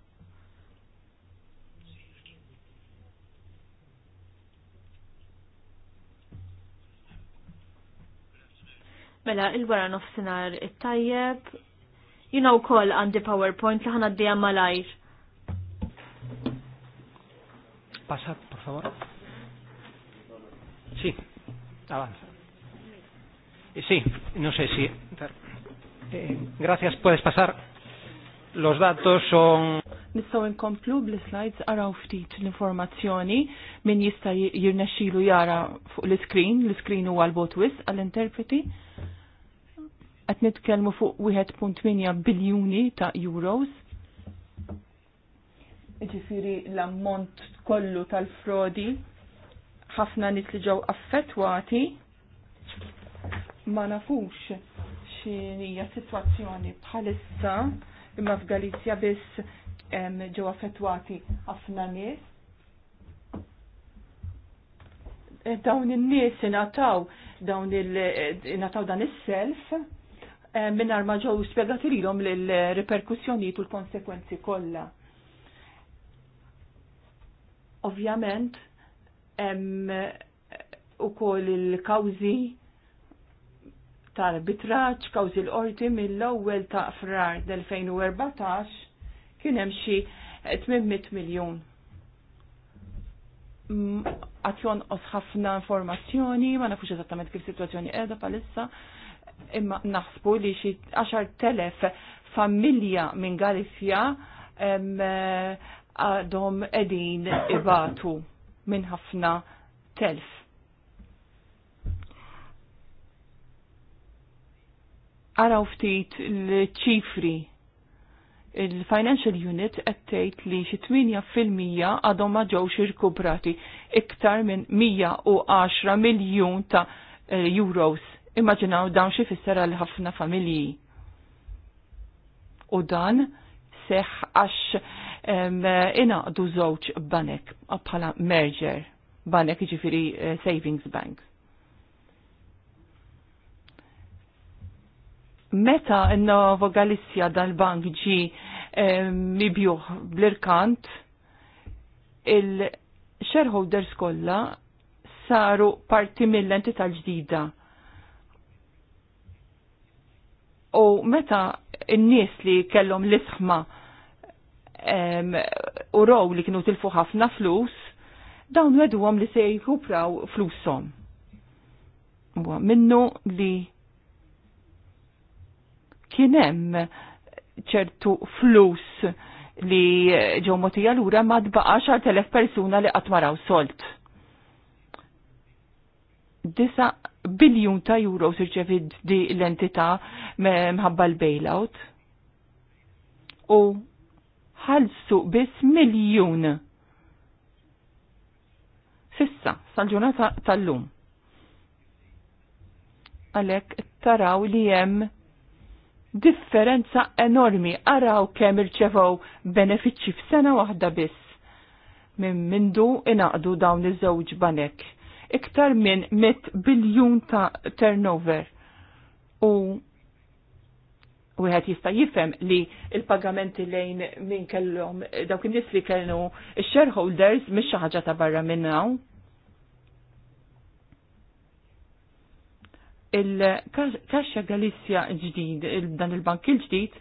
[SPEAKER 5] Mela, il-wara nofsinar it-tajjeb. know, call on għandi PowerPoint li ħana d-dija malajr. Passat, por favor. Sì, avanza.
[SPEAKER 8] Eh, sì, no sé si... Eh, gracias, puedes pasar. Los datos son...
[SPEAKER 2] Nistaw inkomplu bl-slides araw ftit l-informazzjoni min jista jirnexilu jara fuq l-screen, l-screen huwa l-botwis għall-interpreti qed nitkellmu fuq 1.8 biljuni ta' euros. Ġifiri l-ammont kollu tal-frodi ħafna nit li ġew affettwati ma nafux x'inhija sitwazzjoni bħalissa imma f'Galizja biss ġew affettwati ħafna nies. Dawn in-nies ingħataw dawn il ingħataw dan is-self Eh, minnar ma ġew spiegati lilhom l-reperkussjonijiet u l-konsekwenzi kollha. Ovvjament, hemm eh, ukoll il-kawżi tal-arbitraġġ, kawżi l-qorti mill-ewwel ta' frar 2014 kien hemm xi 800 miljun għatjon mm, ħafna informazzjoni, ma nafux eżattament kif situazzjoni edha palissa, imma naħsbu li xi 10,000 familja minn Galizja għadhom edin ibatu minn ħafna telf. Araw ftit l-ċifri. Il-Financial Unit għattejt li xi 8% għadhom ma ġewx irkubrati iktar minn 110 miljun ta' eh, euros Immaġinaw dawn xi fisser li ħafna familji. U dan seħ għax du żewġ banek bħala merger banek ġifiri eh, savings bank. Meta n-Nova Galizja dal-bank ġi mibjuħ bl-irkant, il-shareholders kolla saru parti mill-entità ġdida u meta n-nies li kellhom l-isħma u row li kienu tilfu ħafna flus, dawn għedu li se jkupraw flushom. Huwa minnu li kien hemm ċertu flus li ġew motija lura ma xar telef persuna li qatt maraw solt. Disa biljun ta' euro sirċevid di l-entità mħabba l-bailout. U ħalsu biss miljun. Sissa, sal-ġurnata tal-lum. Għalek taraw li jem differenza enormi araw kemm irċevaw benefiċċji f'sena waħda biss minn mindu inaqdu dawn iż-żewġ banek iktar minn 100 biljun ta' turnover. U wieħed jista' jifhem li il-pagamenti lejn minn kellhom dawk in-nies li kellu shareholders mis xi ħaġa ta' barra minn hawn. il kaxja Galizja ġdid, dan il-bank il-ġdid,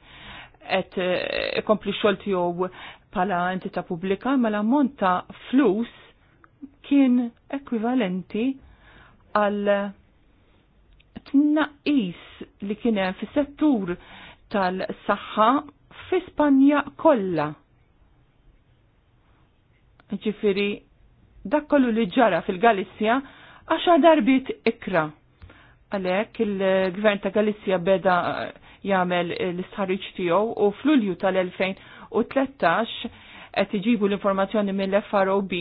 [SPEAKER 2] qed eh, ikompli xogħol tiegħu bħala entità pubblika mela ammont ta' flus kien ekvivalenti għal tnaqis li kien hemm fis-settur tal-saħħa fi Spanja kollha. Ġifiri, dak kollu li ġara fil-Galizja għaxa darbit ikra. Għalhekk il-Gvern ta' Galizja beda eh, jagħmel l-istħarriġ tiegħu u fl-Ulju tal-2013 qed iġibu l-informazzjoni mill-FROB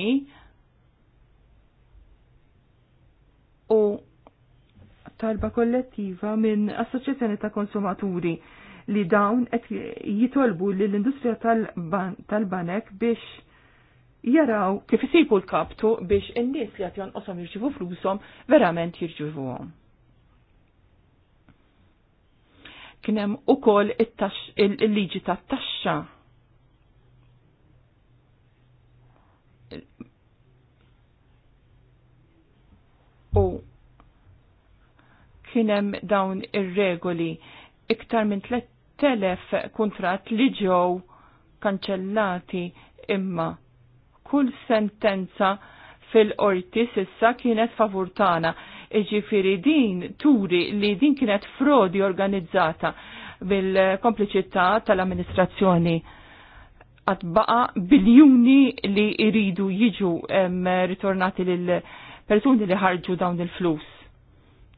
[SPEAKER 2] u talba kollettiva minn assoċjazzjoni ta' konsumaturi li dawn qed jitolbu li l-industrija tal-banek biex jaraw kif isibu l-kaptu biex in-nies li qed jonqoshom jirċivu flushom verament jirċivuhom. Kien hemm ukoll il-liġi tat-taxxa u kienem dawn ir-regoli iktar minn 3000 kontrat li ġew kanċellati imma kull sentenza fil-qorti sissa kienet favurtana. Iġifiri din turi li din kienet frodi organizzata bil-kompliċità tal-amministrazzjoni għadbaqa biljuni li iridu jiġu ritornati lil persuni li ħarġu dawn il-flus.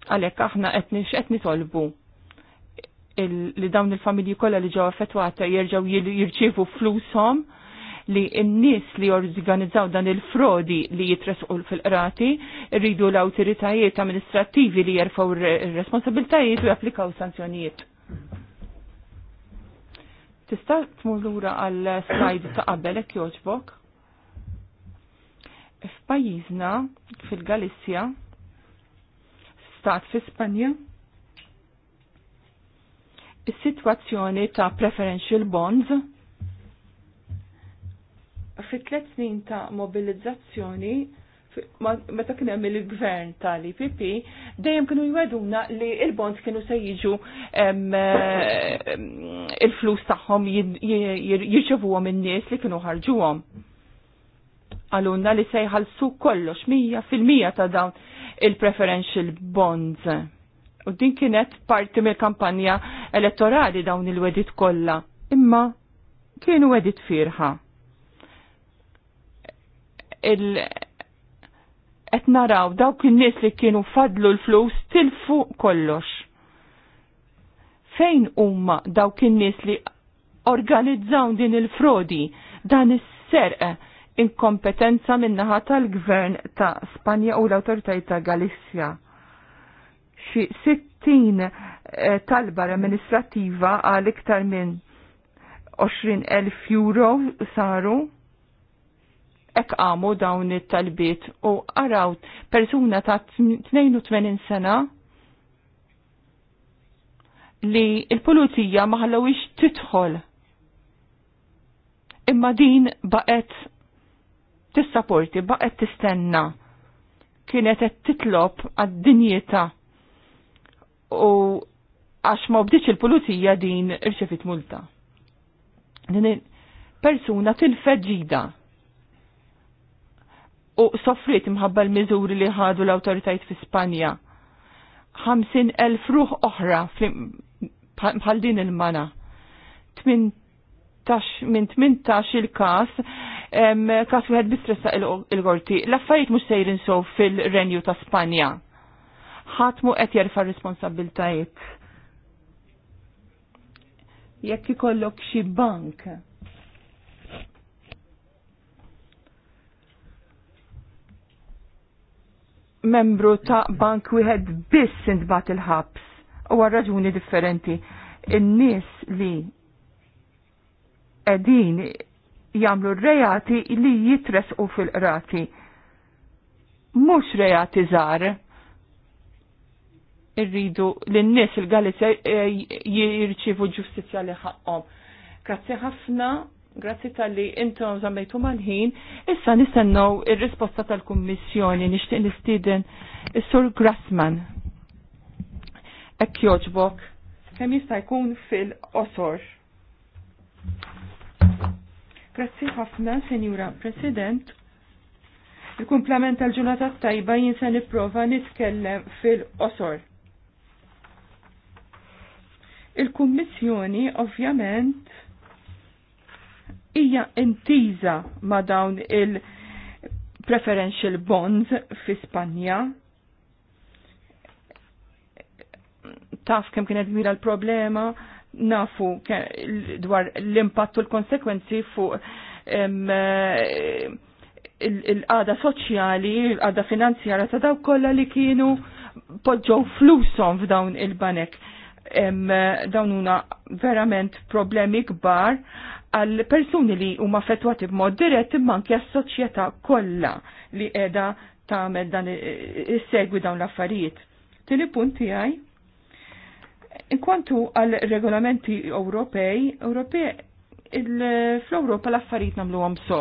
[SPEAKER 2] Għalhekk aħna qed qed nitolbu li dawn il-familji kollha li ġew affettwata jerġgħu jirċievu flushom li n-nies li jorganizzaw dan il-frodi li jitresqu fil-qrati rridu l-awtoritajiet amministrattivi li jerfaw responsabiltajiet u japplikaw sanzjonijiet. Tista' tmur lura għal slide ta' qabel hekk jogħġbok? F'pajjiżna fil-Galissja, stat fi Spanja, is-sitwazzjoni ta' preferential bonds fi tliet snin ta' mobilizzazzjoni meta kien hemm il-gvern tal-IPP dejjem kienu jweduna li il-bonds kienu se jiġu il-flus tagħhom jirċevuhom in-nies li kienu ħarġuhom għalunna li sejħalsu kollox 100% ta' dawn il-preferential bonds. U din kienet parti mill-kampanja elettorali dawn il-wedit kollha. Imma kienu wedit firħa. Il qed naraw dawk in-nies li kienu fadlu l-flus tilfu kollox. Fejn huma dawk in-nies li organizzaw din il-frodi dan is-serq inkompetenza minnaħa tal-gvern ta' Spanja u l autoritajt ta' Galizja. Xi 60 eh, talba amministrativa għal iktar minn 20.000 euro saru ek għamu dawn it-talbiet u għaraw persuna ta' 82 sena li il-pulizija maħallawix titħol imma din baqet tissapporti baqet tistenna kienet qed titlob għad-dinjeta u għax ma bdiċ il-pulizija din irċefit multa. Din persuna tilfed ġida u soffrit imħabba l-miżuri li ħadu l-autoritajt fi Spanja. 50.000 ruħ oħra bħal din il-mana. 18 minn 18 il-kas kas wieħed bistressa il-qorti. L-affarijiet mhux sejrin so fil-renju ta' Spanja. Ħadd mu qed jerfa' responsabiltajiet. Jekk ikollok xi bank membru ta' bank wieħed biss intbat il-ħabs u raġuni differenti. In-nies li qegħdin jamlu rejati li jitresqu fil-qrati. Mux rejati zar, irridu l-nis il-Galizja eh, jirċivu ġustizja li ħakom. Grazzi ħafna, grazzi tal-li intom zammejtu mal-ħin, issa nistennaw il-risposta tal-Kummissjoni nishtiq nistiden is-Sur Grassman. Ek joġbok, kemm jista' jkun fil-qosor. Grazzi ħafna, Senjura President. Il-kumplament tal-ġurnata tajba jinsa niprofa nitkellem fil-qosor. Il-Kummissjoni ovvjament hija intiża ma' dawn il-preferential bonds fi Spanja. Taf kemm kienet mira l-problema nafu dwar l-impatt u l-konsekwenzi fuq eh, il-qada soċjali, il-qada finanzjara ta' daw kollha li kienu poġġew flusom f'dawn il-banek. Dawn huna verament problemi kbar għal persuni li huma affettwati b'mod dirett imma anke s-soċjetà kollha li qiegħda tagħmel dan is-segwi dawn l-affarijiet. Tieni punt tiegħi Inkwantu għal regolamenti Ewropej, Ewropej fl-Ewropa l-affarijiet nagħmluhom so.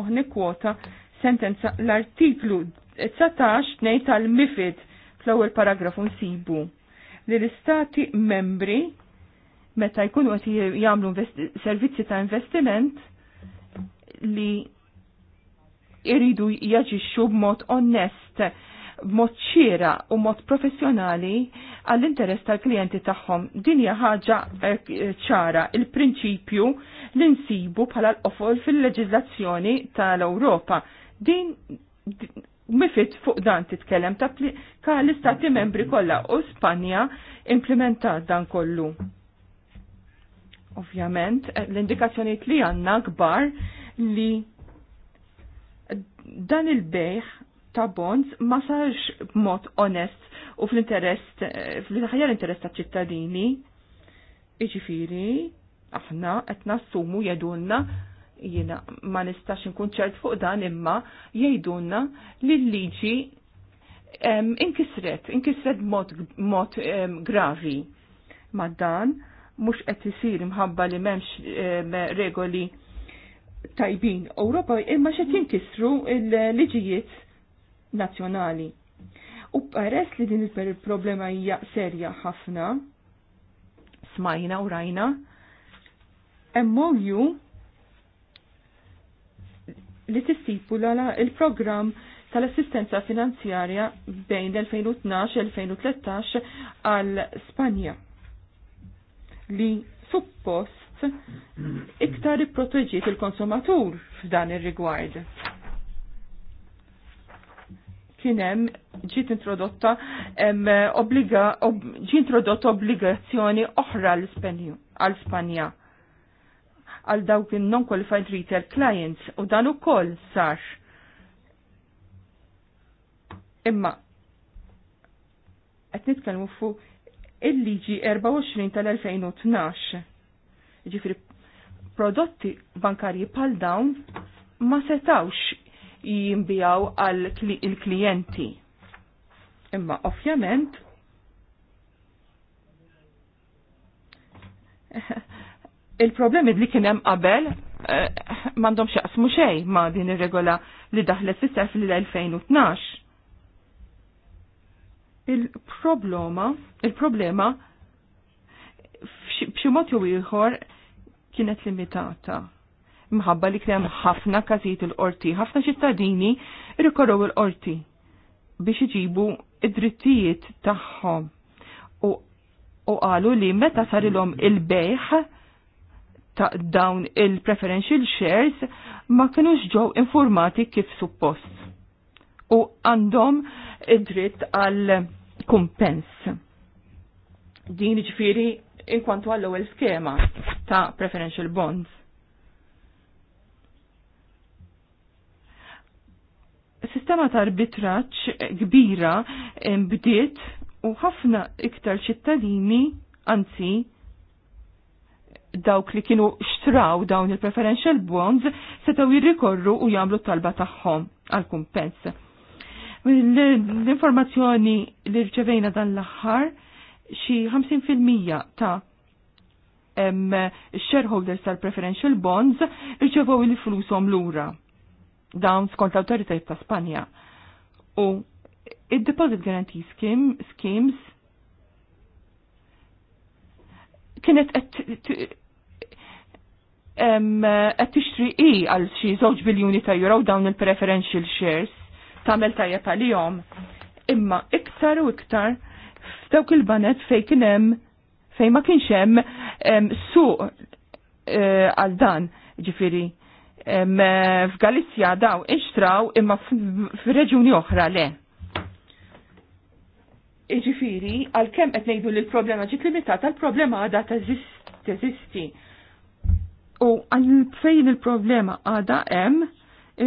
[SPEAKER 2] Oħni kwota sentenza l-artiklu 19 tnejn tal-MIFID fl-ewwel paragrafu nsibu li l-istati membri meta jkunu qed jagħmlu servizzi ta' investiment li jridu jaġixxu b'mod onest b'mod ċira u mod professjonali għall-interess tal-klijenti tagħhom. Din hija ħaġa eh, ċara il-prinċipju li nsibu bħala l-qofol fil-leġiżlazzjoni tal-Ewropa. Din mifit fuq dan titkellem ta' l-istati membri kollha u Spanja implementat dan kollu. Ovvjament, eh, l-indikazzjoniet li għanna kbar li dan il-bejħ ta' bonds ma sarx b'mod onest u fl-interess, eh, fl-ħajja l-interess ta' ċittadini. Iġifiri, aħna qed nassumu jedunna, jiena ma nistax inkun ċert fuq dan imma jgħidulna li l-liġi inkisret, inkisret mod gravi. Ma dan mhux qed isir imħabba li m'hemmx regoli tajbin Ewropa imma xed jinkisru l-liġijiet nazzjonali. U peress li din il-problema hija serja ħafna, smajna u rajna, MOU li tissipula il-programm tal-assistenza finanzjarja bejn l-2012-2013 għal Spanja li suppost iktar proteġiet il-konsumatur f'dan ir-rigward kienem ġiet introdotta obbliga ġi introdotta obbligazzjoni oħra għal Spanja għal dawk in non qualified retail clients u dan ukoll sar. Imma qed nitkellmu fuq il-liġi 24 tal-2012. Ġifri prodotti bankarji pal dawn ma setawx jimbijaw għal il klienti Imma ovvjament il-problemi li kien hemm qabel eh, m'għandhom x'jaqsmu xejn ma' din ir-regola li daħlet fis-seħ fil-2012. Il-problema, il-problema b'xi mod jew ieħor kienet limitata mħabba li kien ħafna każijiet il-qorti, ħafna ċittadini rikorru il-qorti biex iġibu id-drittijiet tagħhom. U qalu li meta sarilhom il-bejħ ta' dawn il-preferential shares ma kienux ġew informati kif suppost. U għandhom id-dritt għal kumpens. Din ġifiri inkwantu għall ewwel skema ta' preferential bonds. sistema ta' arbitraċ kbira bdiet u ħafna iktar ċittadini, anzi, dawk li kienu xtraw dawn il-preferential bonds setaw jirrikorru u jamlu talba tagħhom għal kumpens. L-informazzjoni li rċevejna dan l-aħħar xi 50% ta' shareholders tal-preferential bonds rċevew il-flusom lura dawn skont l-autoritajt ta' Spanja. U id-deposit guarantee scheme, schemes kienet qed tixtri i għal xi żewġ biljuni ta' euro dawn il-preferential shares tagħmel tajjeb għalihom. Imma iktar u iktar f'dawk il-banet fejn kien hemm fejn ma kienx hemm suq eh, għal dan ġifieri Eh, f'Galizja daw inxtraw imma f'reġuni oħra le. Iġifiri, għal-kem qed ngħidu li l-problema ġiet limitata, l-problema għadha teżisti. U għal-fejn il-problema għadha hemm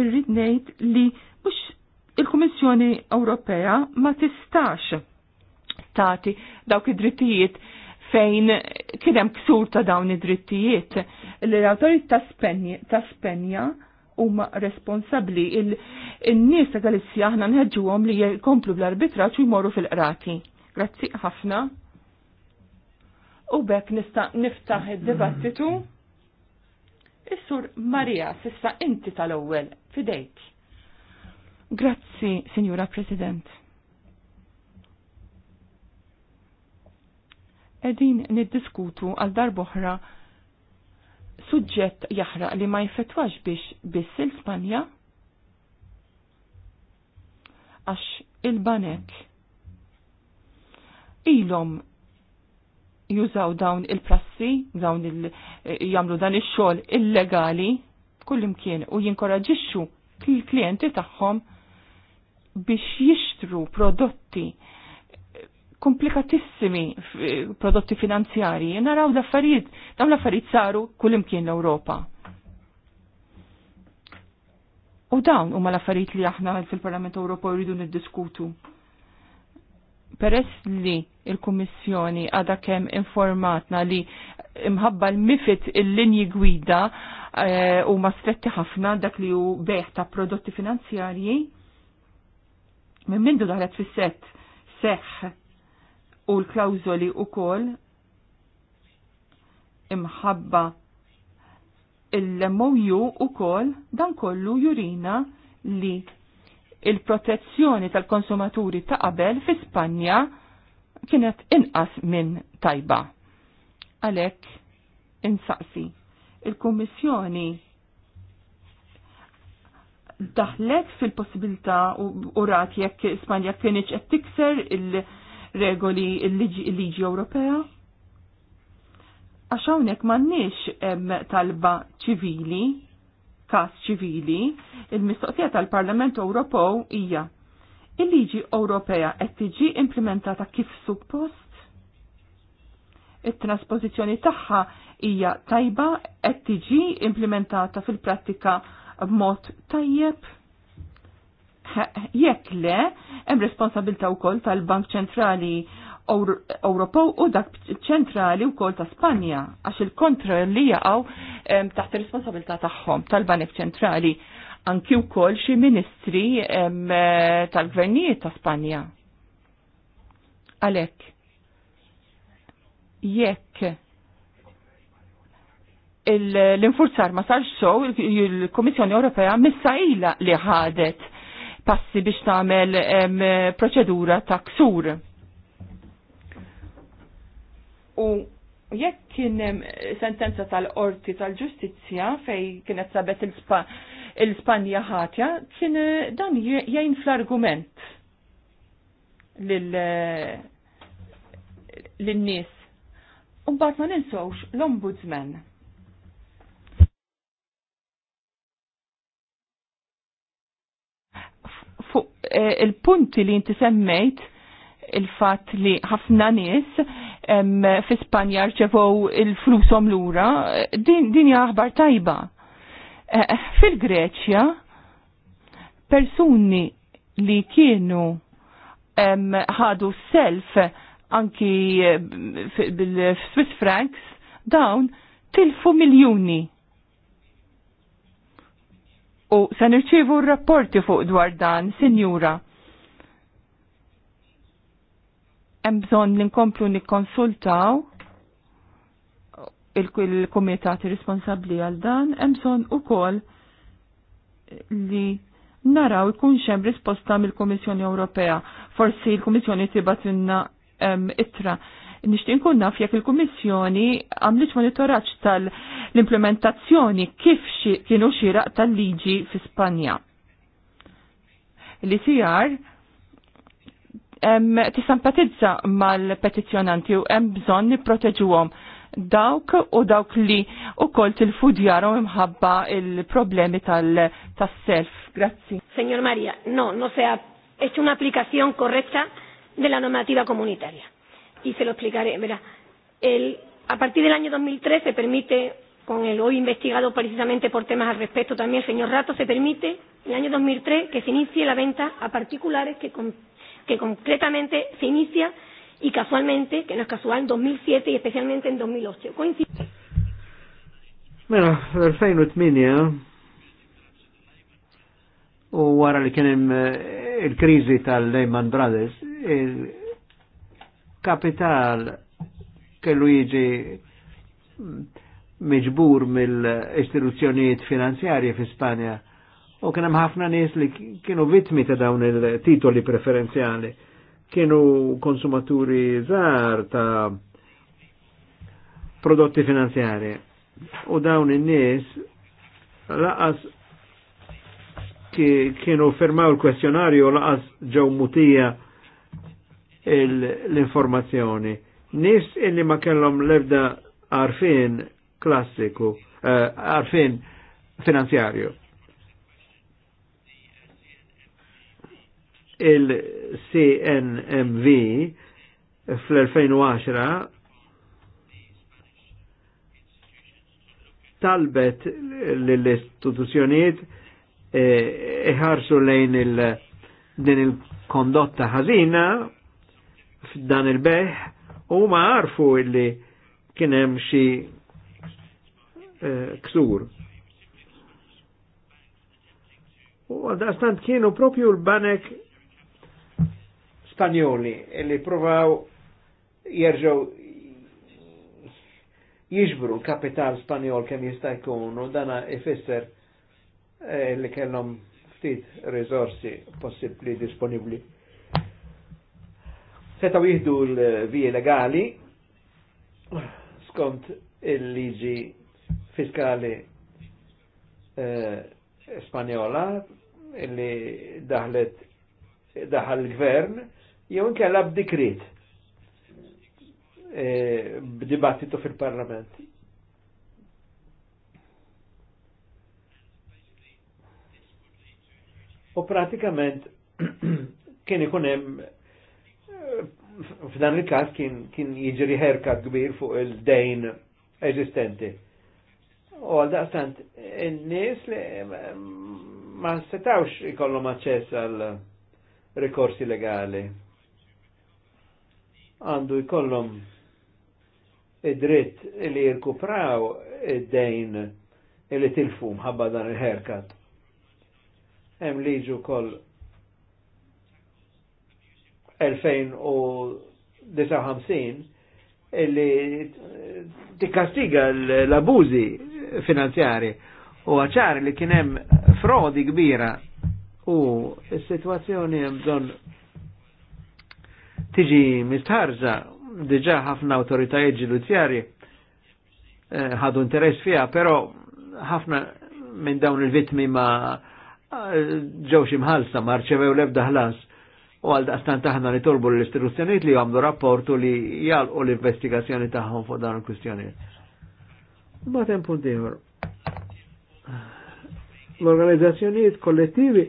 [SPEAKER 2] irrid ngħid li mhux il-Kummissjoni Ewropea ma tistax tati dawk id-drittijiet fejn kienem ksur ta' dawn id-drittijiet. L-autorit ta' Spenja huma responsabli il-nies ta' Galizja aħna għom li jkomplu bl arbitraċ u jmorru fil-qrati. Grazzi ħafna. U bekk nista' niftaħ id-dibattitu. Is-sur Marija, sissa inti tal-ewwel fidejk. Grazzi, Signora President. edin niddiskutu għal darboħra suġġett jaħraq li ma jfetwax biex biss il-Spanja għax il-banek ilom jużaw dawn il-prassi, dawn il eh, jamlu dan il-xol illegali kullimkien u jinkoraġixxu il-klienti tagħhom biex jixtru prodotti komplikatissimi prodotti finanzjarji. Naraw l-affarijiet, dawn l-affarijiet saru kullimkien l-Ewropa. U dawn huma l-affarijiet li aħna fil-Parlament Ewropew rridu niddiskutu. Peress li il-Kummissjoni għada kemm informatna li imħabba l-mifit il-linji gwida eh, u ma stretti ħafna dak li hu beħ ta' prodotti finanzjarji, minn mindu daħlet fis-set seħħ u l-klawżoli ukoll imħabba il-MOU ukoll dan kollu jurina li il-protezzjoni tal-konsumaturi ta' qabel fi Spanja kienet inqas minn tajba. Għalek, insaqsi, il-Kommissjoni daħlet fil-possibilità u rat jekk Spanja kienieċ qed tikser il- regoli il-liġi Ewropea? Għax hawnhekk m'għandniex talba ċivili, każ ċivili, il-mistoqsija tal-Parlament Ewropew hija il-liġi Ewropea qed tiġi implementata kif suppost? It-trasposizzjoni tagħha hija tajba qed tiġi implementata fil-prattika b'mod tajjeb? Jekk le, hemm responsabilta wkoll tal-Bank Ċentrali Ewropew u dak ċentrali wkoll ta' Spanja għax il-kontra li jaqgħu taħt ir-responsabilità tagħhom tal-Banek Ċentrali anki wkoll xi ministri tal-gvernijiet ta' Spanja. Għalhekk jekk l-infurzar ma sarx so, il-Komissjoni Ewropea missa ila li ħadet passi biex tagħmel proċedura ta' ksur. U jekk kien sentenza tal-qorti tal-ġustizzja fej kienet sabet il-Spanja ħatja, kien eh, dan jgħin fl-argument lil-nies. Eh, mbagħad ma ninsewx, l-ombudsman fuq eh, il-punti li inti semmejt il-fat li ħafna nies fi Spanja rċevow il-flusom lura, din, din aħbar tajba. Eh, Fil-Greċja, persuni li kienu ħadu self anki eh, bil-Swiss Franks, dawn tilfu miljoni u se nirċievu rapporti fuq dwar dan, sinjura. Hemm bżonn li nkomplu nikkonsultaw il-komitati responsabbli għal dan, hemm bżonn ukoll li naraw ikun xem risposta mill-Komissjoni Ewropea. Forsi l-Komissjoni tibatinna um, itra nishtin nkun naf jekk il-Kummissjoni għamliet monitoraċ tal-implementazzjoni kif kienu xira tal-liġi fi Spanja. L-ICR tisampatizza mal-petizjonanti u hemm bżonn nipproteġuhom dawk u dawk li u kol til-fudjaru imħabba il-problemi tal-self.
[SPEAKER 5] Grazzi. Senjor Maria, no, no sea hecho una aplicación correcta normativa comunitaria y se lo explicaré. Verá, el, a partir del año 2013 permite, con el hoy investigado precisamente por temas al respecto también el señor Rato, se permite en el año 2003 que se inicie la venta a particulares que, con, que concretamente se inicia y casualmente, que no es casual, en 2007 y especialmente en 2008. Coincide.
[SPEAKER 4] Mela, eh, fl-2008 u wara li kien il-krizi eh, tal-Lehman Brothers, eh, kapital kellu jiġi miġbur mill-istituzzjonijiet finanzjarji fi Spanja. U kienem ħafna nies li kienu vitmi ta' dawn il-titoli preferenziali. Kienu konsumaturi żgħar ta' prodotti finanzjarji. U dawn in-nies laqas kienu firmaw il-kwestjonarju laqas ġew mutija l-informazzjoni. Nis illi ma kellhom l-ebda għarfin klassiku, eh, arfin finanzjarju. Il-CNMV fl-2010 talbet l istituzjoniet eh, iħarsu lejn il- din il-kondotta ħazina f'dan il-beħ u ma għarfu illi kienem xi eh, ksur. U għadastant kienu propju l-banek spanjoli illi provaw jerġaw jiġbru kapital spanjol kem jista' jkun u dana ifisser eh, li kellhom ftit risorsi possibbli disponibli setaw jihdu l vije legali skont il-liġi fiskali eh, spanjola illi daħlet daħal l-gvern jew inkella b'dikrit eh, b'dibattitu fil-parlament. U pratikament kien ikun hemm f'dan il-kas kien, kien jiġri herkat kbir fuq il-dejn eżistenti. U għal daqstant, n-nis li ma setawx ikollhom aċċess għal rikorsi legali. Għandu jkollhom id-dritt li jirkupraw id-dejn li tilfu mħabba dan il-herkat. Hemm liġu koll 2059 illi tikkastiga l-abużi finanzjari u għacħar li kienem frodi kbira u s-situazzjoni jemżon tiġi mistarza diġa ħafna autoritajiet ġudizzjari eh, ħadu interess fija, pero ħafna minn dawn il-vitmi ma eh, ġewx imħalsa, ma rċevew lebda ħlas u għal daqstan taħna li torbu l-istituzzjoniet li għamdu rapportu li jgħalqu l-investigazzjoni taħħom fuq dan il-kustjoniet. Ma tem punt L-organizzazzjonijiet kollettivi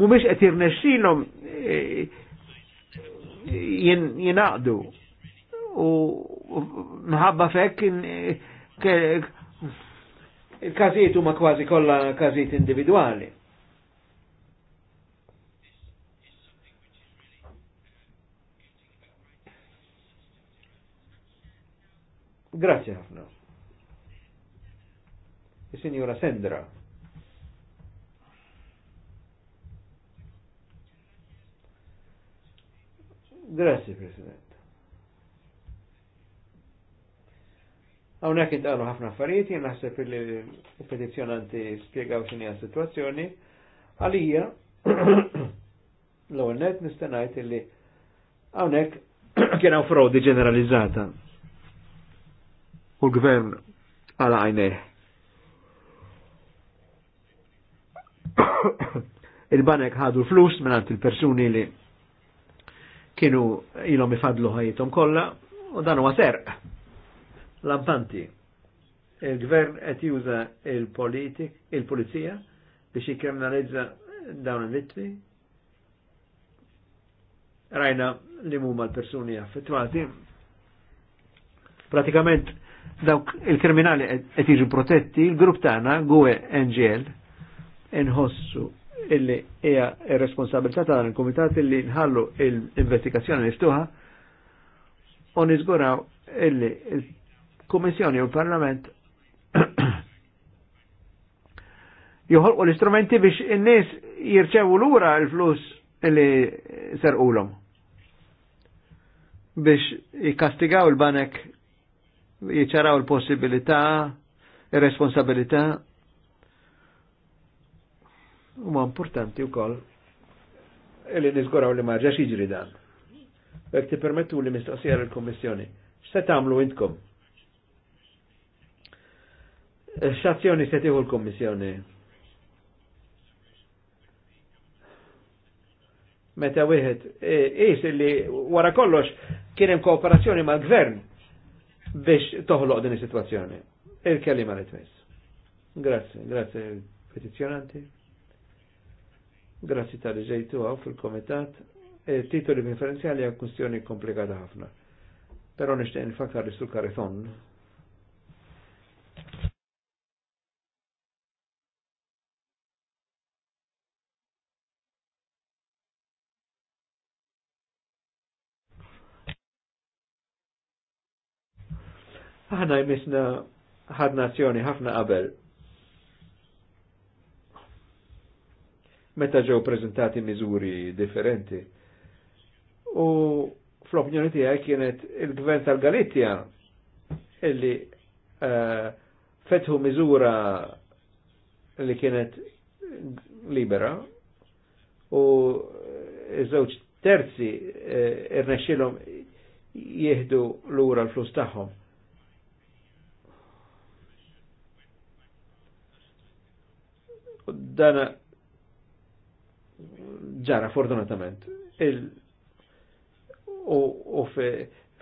[SPEAKER 4] mhumiex qed nesċinom e, jinaqdu u mħabba fekk il-każijiet huma kważi kollha każijiet individwali Grazie ħafna. E signora Sendra. Grazie, President. Hawnhekk intqalu ħafna affarijiet, jien naħseb li l petizjonanti spjegaw x'inhi s-sitwazzjoni. Għalija l-ewwel net nista' li hawnhekk kien frodi ġeneralizzata u l-gvern għala għajneħ. Il-banek ħadu flus minnant il-persuni li kienu ilom ifadlu ħajitom kolla u dan huwa serq. Lampanti, il-gvern qed juża il-politik, il-pulizija biex jikkriminalizza dawn il-vittmi. Rajna li mumma l-persuni affettwati. Pratikament, dawk il-kriminali qed jiġu protetti, il-grupp tagħna gwe NGL inħossu illi hija responsabilità tagħna il-kumitat illi nħallu l-investigazzjoni miftuħa u niżguraw illi il-Kummissjoni u l-Parlament joħolqu l-istrumenti biex in-nies jirċevu lura l-flus illi serqulhom biex jikastigaw il-banek jiċaraw il-possibilità, il-responsabilità, u ma importanti u koll li nizguraw li maġa xieġri dan. Bek ti permettu li mistoqsija il kommissjoni X'se tagħmlu intkom? X'azzjoni se tieħu l-Kommissjoni? Meta wieħed qis illi wara kollox kien hemm kooperazzjoni mal-gvern biex toħloq din is-sitwazzjoni. Il-kelima li tmiss. Grazie, grazie petizjonanti. Grazie tal ġejtu għaw fil-komitat. E, titoli preferenziali għal kustjoni komplikata ħafna. Pero nishtiq nfakkar li sul kariton Aħna jmisna ħad nazzjoni ħafna qabel. Meta ġew prezentati miżuri differenti. U fl-opinjoni tiegħi kienet il-gvern tal-Galizja illi uh, fetħu miżura li kienet libera u iż-żewġ terzi eh, irnexxilhom jieħdu lura l-flus tagħhom. dana ġara fortunatament. Il... U, u fi,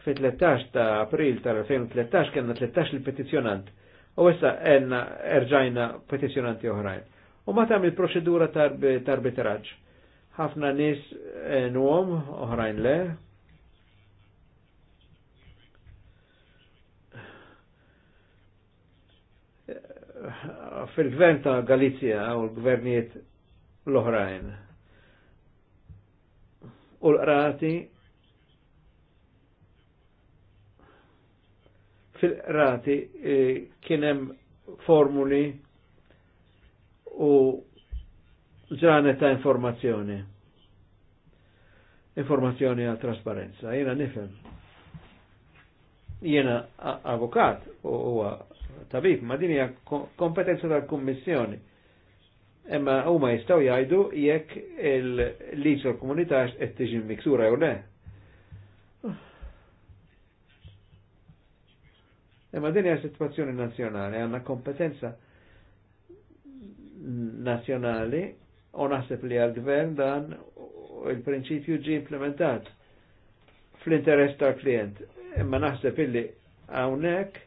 [SPEAKER 4] 13 ta' april tal-2013 kena 13 il-petizjonant. U issa enna erġajna petizjonanti oħrajn. U ma tam il-proċedura tar arbitraġ Ħafna nis eh, nwom oħrajn le, fil-gvern ta' Galizja u l-gvernijiet l-oħrajn. U l-qrati fil-qrati eh, kienem formuli u ġranet ta' informazzjoni. Informazzjoni għal trasparenza. Jena nifem. Jena avokat u tabib, ma din hija kompetenza tal-Kummissjoni. Imma huma jistgħu jgħidu jekk il-liġi tal-komunità qed tiġi miksura jew le. Imma din hija sitwazzjoni nazzjonali, għandna kompetenza nazzjonali u naħseb li għal-gvern dan il-prinċipju ġi implementat fl-interess tal-klient. Imma naħseb illi hawnhekk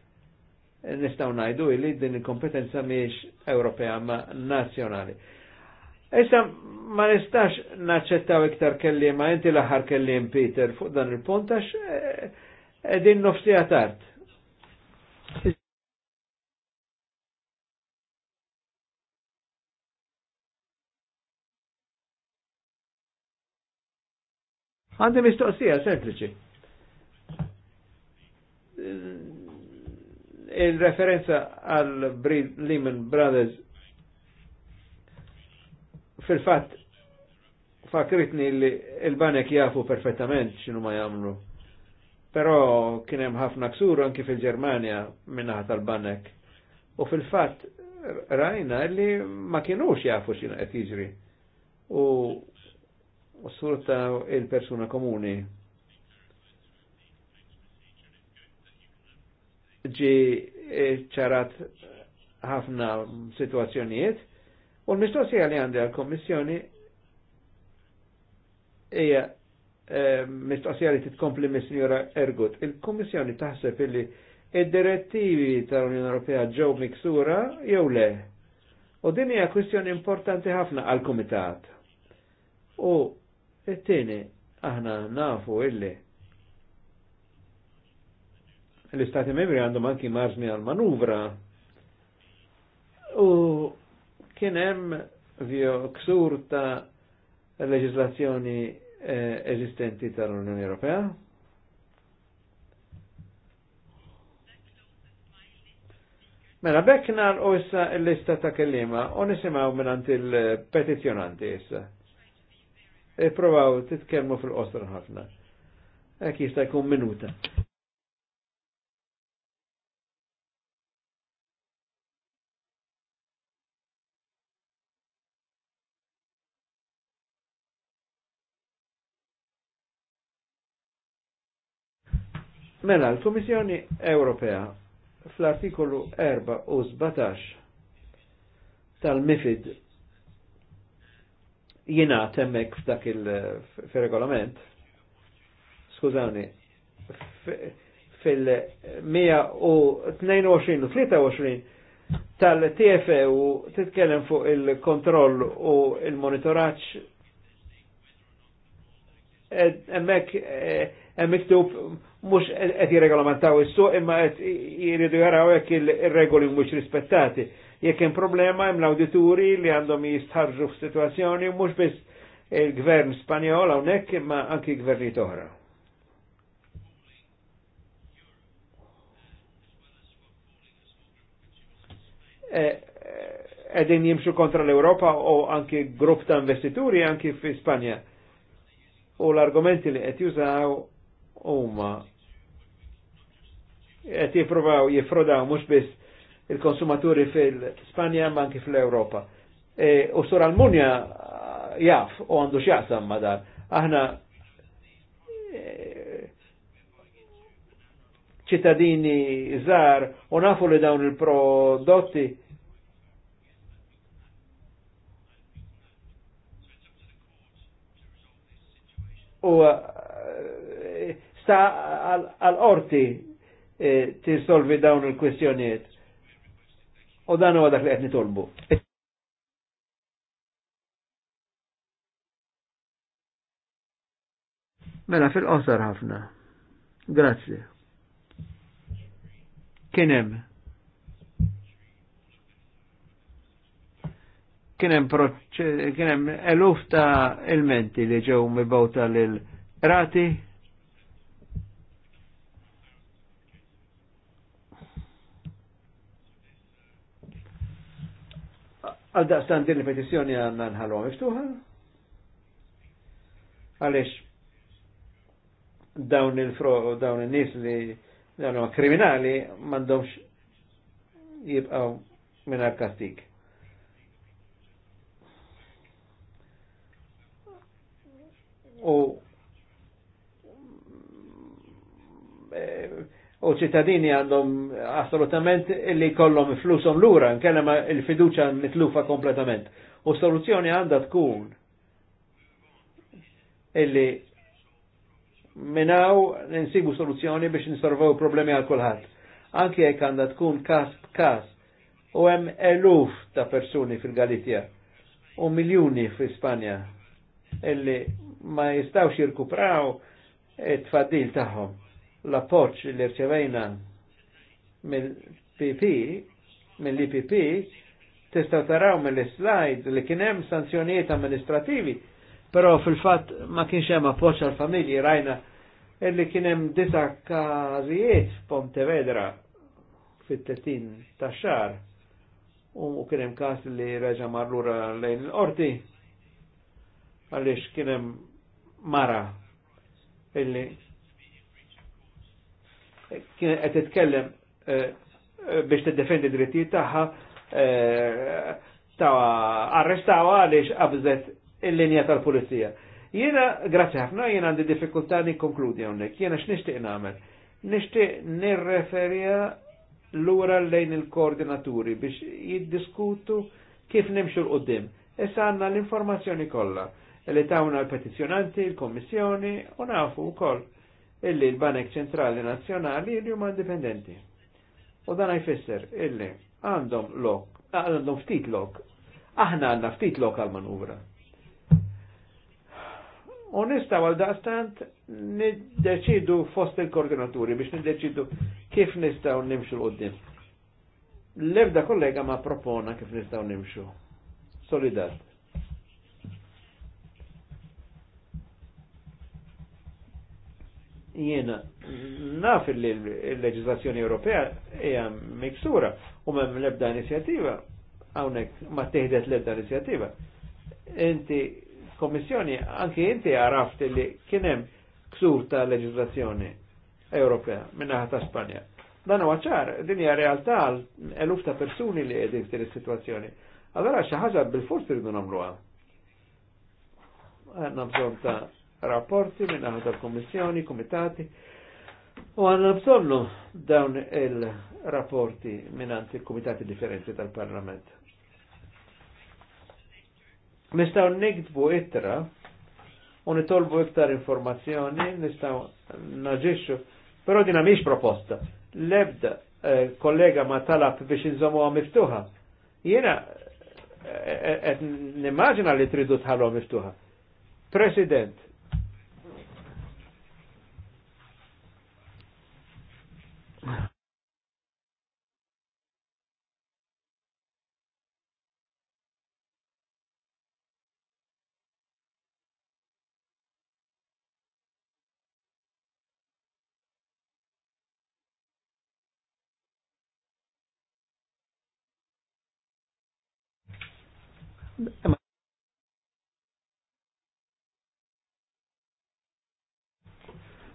[SPEAKER 4] nistaw najdu li din il-kompetenza miex Ewropea ma nazjonali. Issa ma nistax naċċettaw iktar kellima, inti l-aħħar kellim Peter fuq dan il pontax eh, din nofsi għatart. Għandi mistoqsija sempliċi. in referenza għal Lehman Brothers fil-fat fakritni li il-banek jafu perfettament xinu ma jamlu. Pero kienem ħafna ksur anki fil-Germania minnaħa tal-banek. U fil-fat rajna li ma kienux jafu xinu qed jiġri. U s-surta il-persuna komuni ġi eh, ċarat ħafna situazzjonijiet u l-mistoqsija li għandi għal komissjoni hija eh, mistoqsija li titkompli mis-Sinjora Ergut. il komissjoni taħseb illi id-direttivi tal-Unjoni Ewropea ġew miksura jew le. U din hija kwistjoni importanti ħafna għal-Kumitat. U it-tieni aħna nafu illi l-istati membri għandhom anki marżni għal manuvra u kien hemm ksur ta' leġislazzjoni eh, eżistenti tal-Unjoni Ewropea. Mela, bekk nar u issa l-lista ta' kellima, u nisimaw minnant il-petizjonanti issa. provaw titkelmu fil-qosra ħafna. Ek jista' jkun minuta. Mela, l-Komissjoni Ewropea fl-artikolu 4 u 17 tal-MIFID jina temmek f'dak il-regolament, skużani, fil-122 u 23 tal-TFU e titkellem fuq il-kontroll u il-monitoraċ e- emmek eh, miktub mhux qed jirregolamentaw is-suq imma qed jiridu jaraw jekk ir-regoli mhux rispettati. Jekk hemm problema hemm l-awdituri li għandhom jistħarġu f'sitwazzjoni mhux biss il-gvern Spanjol hawnhekk imma anki gvernijiet oħra. Edin e, jimxu kontra l-Europa u anki grupp ta' investituri anki fi Spanja. U l-argumenti li qed jużaw huma qed jippruvaw jifrodaw mhux biss il-konsumaturi fil-Spanja ma anki fl-Ewropa. E, u sur Almunja uh, jaf u għandu x'jaqsam madar. Aħna e, ċittadini e, u nafu li dawn il-prodotti u sa għal-orti eh, tirsolvi dawn il-kwestjoniet. U dan huwa dak li qed nitolbu. Mela fil-qosar ħafna. Grazzi. Kienem. Kienem kienem eluf ta' elementi li ġew mibawta lil rati Għal daqstan din il-petizjoni għanna nħalwa miftuħa? Għalix, dawn il-fro, dawn il-nis li dawn il kriminali mandomx jibqaw minar kastik. U eh, u ċittadini għandhom assolutament illi kollom flusom lura, nkellem il-fiduċa mitlufa kompletament. U soluzzjoni għandha tkun illi minnaw ninsibu soluzzjoni biex nisorvaw problemi għal kulħadd. Anki jekk għandha tkun kas b'kas u hemm eluf ta' persuni fil-Galizja u miljuni fl-Ispanja illi ma jistawx jirkupraw it-tfaddil tagħhom l-appoċ li rċevejna mill-PP, mill-IPP, testa taraw mill-slides li kien hemm sanzjonijiet amministrativi, pero fil-fatt ma kienx hemm appoġġ għall-familji rajna illi kien hemm disa każijiet f'Pontevedra fit tetin ta' xar u kienem kas li reġa' marlura lejn l-Orti għaliex kien hemm mara illi kien qed titkellem eh, eh, biex tiddefendi drittijiet tagħha eh, ta' arrestawa għaliex qabżet il-linja tal-pulizija. Jiena, grazzi ħafna, jiena għandi diffikultà nikkonkludi hawnhekk. Jiena x'nixtieq nagħmel? Nixtieq nirreferja lura lejn il-koordinaturi biex jiddiskutu kif nimxu l-qoddim. Issa għandna l-informazzjoni kollha li tawna l-petizjonanti, l-kommissjoni u nafu wkoll illi l-Banek Ċentrali Nazzjonali li huma indipendenti. U dan jfisser illi għandhom lok, għandhom ftit lok, aħna għandna ftit lok għal manuvra. U nistaw għal daqstant niddeċidu fost il-koordinaturi biex niddeċidu kif nistaw nimxu l-qoddim. Lebda kollega ma propona kif nistaw nimxu. Solidat. jiena naf li l-leġislazzjoni Ewropea hija miksura u m'hemm l-ebda inizjattiva hawnhekk ma teħdet l-ebda inizjattiva. Inti kommissjoni anke inti għaraft li kien hemm ksur ta' leġislazzjoni Ewropea minnaħa ta' Spanja. Dan huwa ċar, din hija realtà għal eluf ta' persuni li qegħdin f'din is-sitwazzjoni. Allora xi ħaġa bil forsi rridu nagħmluha. Għandna bżonn ta' rapporti minn għadha kommissjoni, komitati, u għanna bżonnu dawn il-rapporti minn il-komitati differenti tal-parlament. Nistaw nikdbu ittra u nitolbu iktar informazzjoni, nistaw naġiċu, pero dina miex proposta. Lebda eh, kollega ma talab biex nżomu miftuħa. Jena et eh, eh, nimmaġina li tridu tħallu miftuħa. President,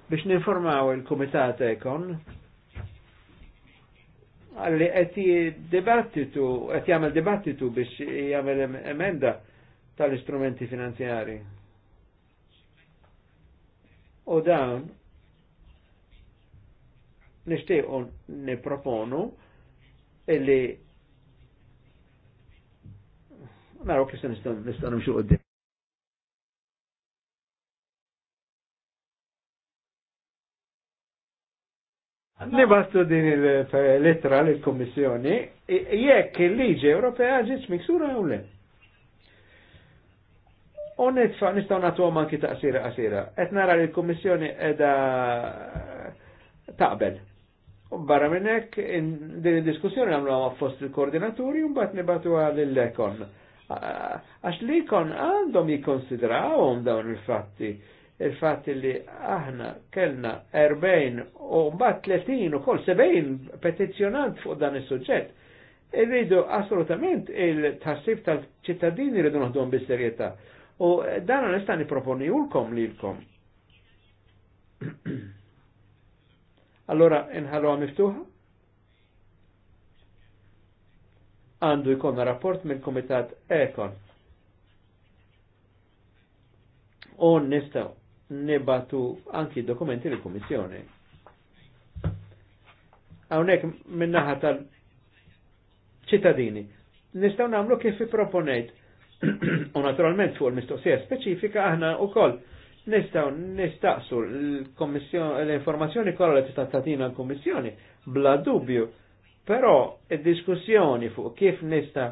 [SPEAKER 4] biex ninformaw il-Kumitat Ekon għalli qed dibattitu, qed jagħmel dibattitu biex jagħmel emenda tal-istrumenti finanzjari. U dawn nixtiequ niproponu illi Naraw kif se nistgħu
[SPEAKER 9] nimxu qudiem. Nibastu din il-lettra
[SPEAKER 4] l-Kommissjoni, e- e jekk il-liġi Ewropea ġietx miksura jew le. U nitfa' nistgħu nagħtuhom anki taqsira qasira. Qed nara li l-Kummissjoni qiegħda taqbel. U barra minn hekk din id-diskussjoni għamluha fost il-koordinaturi u mbagħad nibatuha lill-ekon għax li kon għandhom jikonsidrawhom dawn il-fatti il fatti li aħna kellna 40 u mbagħad 30 u kol 70 petizzjonant fuq dan is-suġġett. Irridu assolutament il-tassib tal-ċittadini irridu naħduhom bis-serjetà. U dan nista' niproponijulkom lilkom. allora inħalluha miftuħa? għandu jkollna rapport mill-Kumitat Ekon. U nistaw nibatu anki dokumenti l-Kummissjoni. Hawnhekk minnaħa tal-ċittadini. Nistaw nagħmlu kif proponejt. u naturalment fuq il-mistoqsija speċifika aħna wkoll nistaw nistaqsu l-informazzjoni kollha li tista' tatina l-Kummissjoni bla dubju Però il diskussjoni fuq kif nista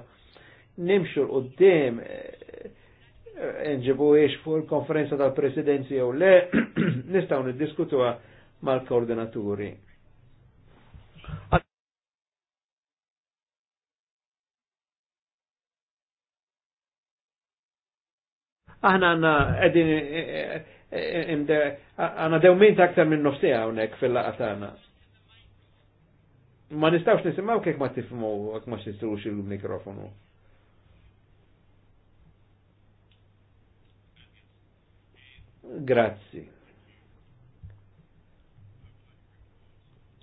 [SPEAKER 4] nimxu l-qoddim eh, nġibu iex fuq il-konferenza tal-presidenzi jew le, nistaw niddiskutuha mal-koordinaturi. Aħna għanna għedin eh, eh, għanna dewmin aktar minn nofsija għonek fil-laqatana ma nistawx nisimaw kek ma tifmu, kek ma xistrux il-mikrofonu. Grazzi.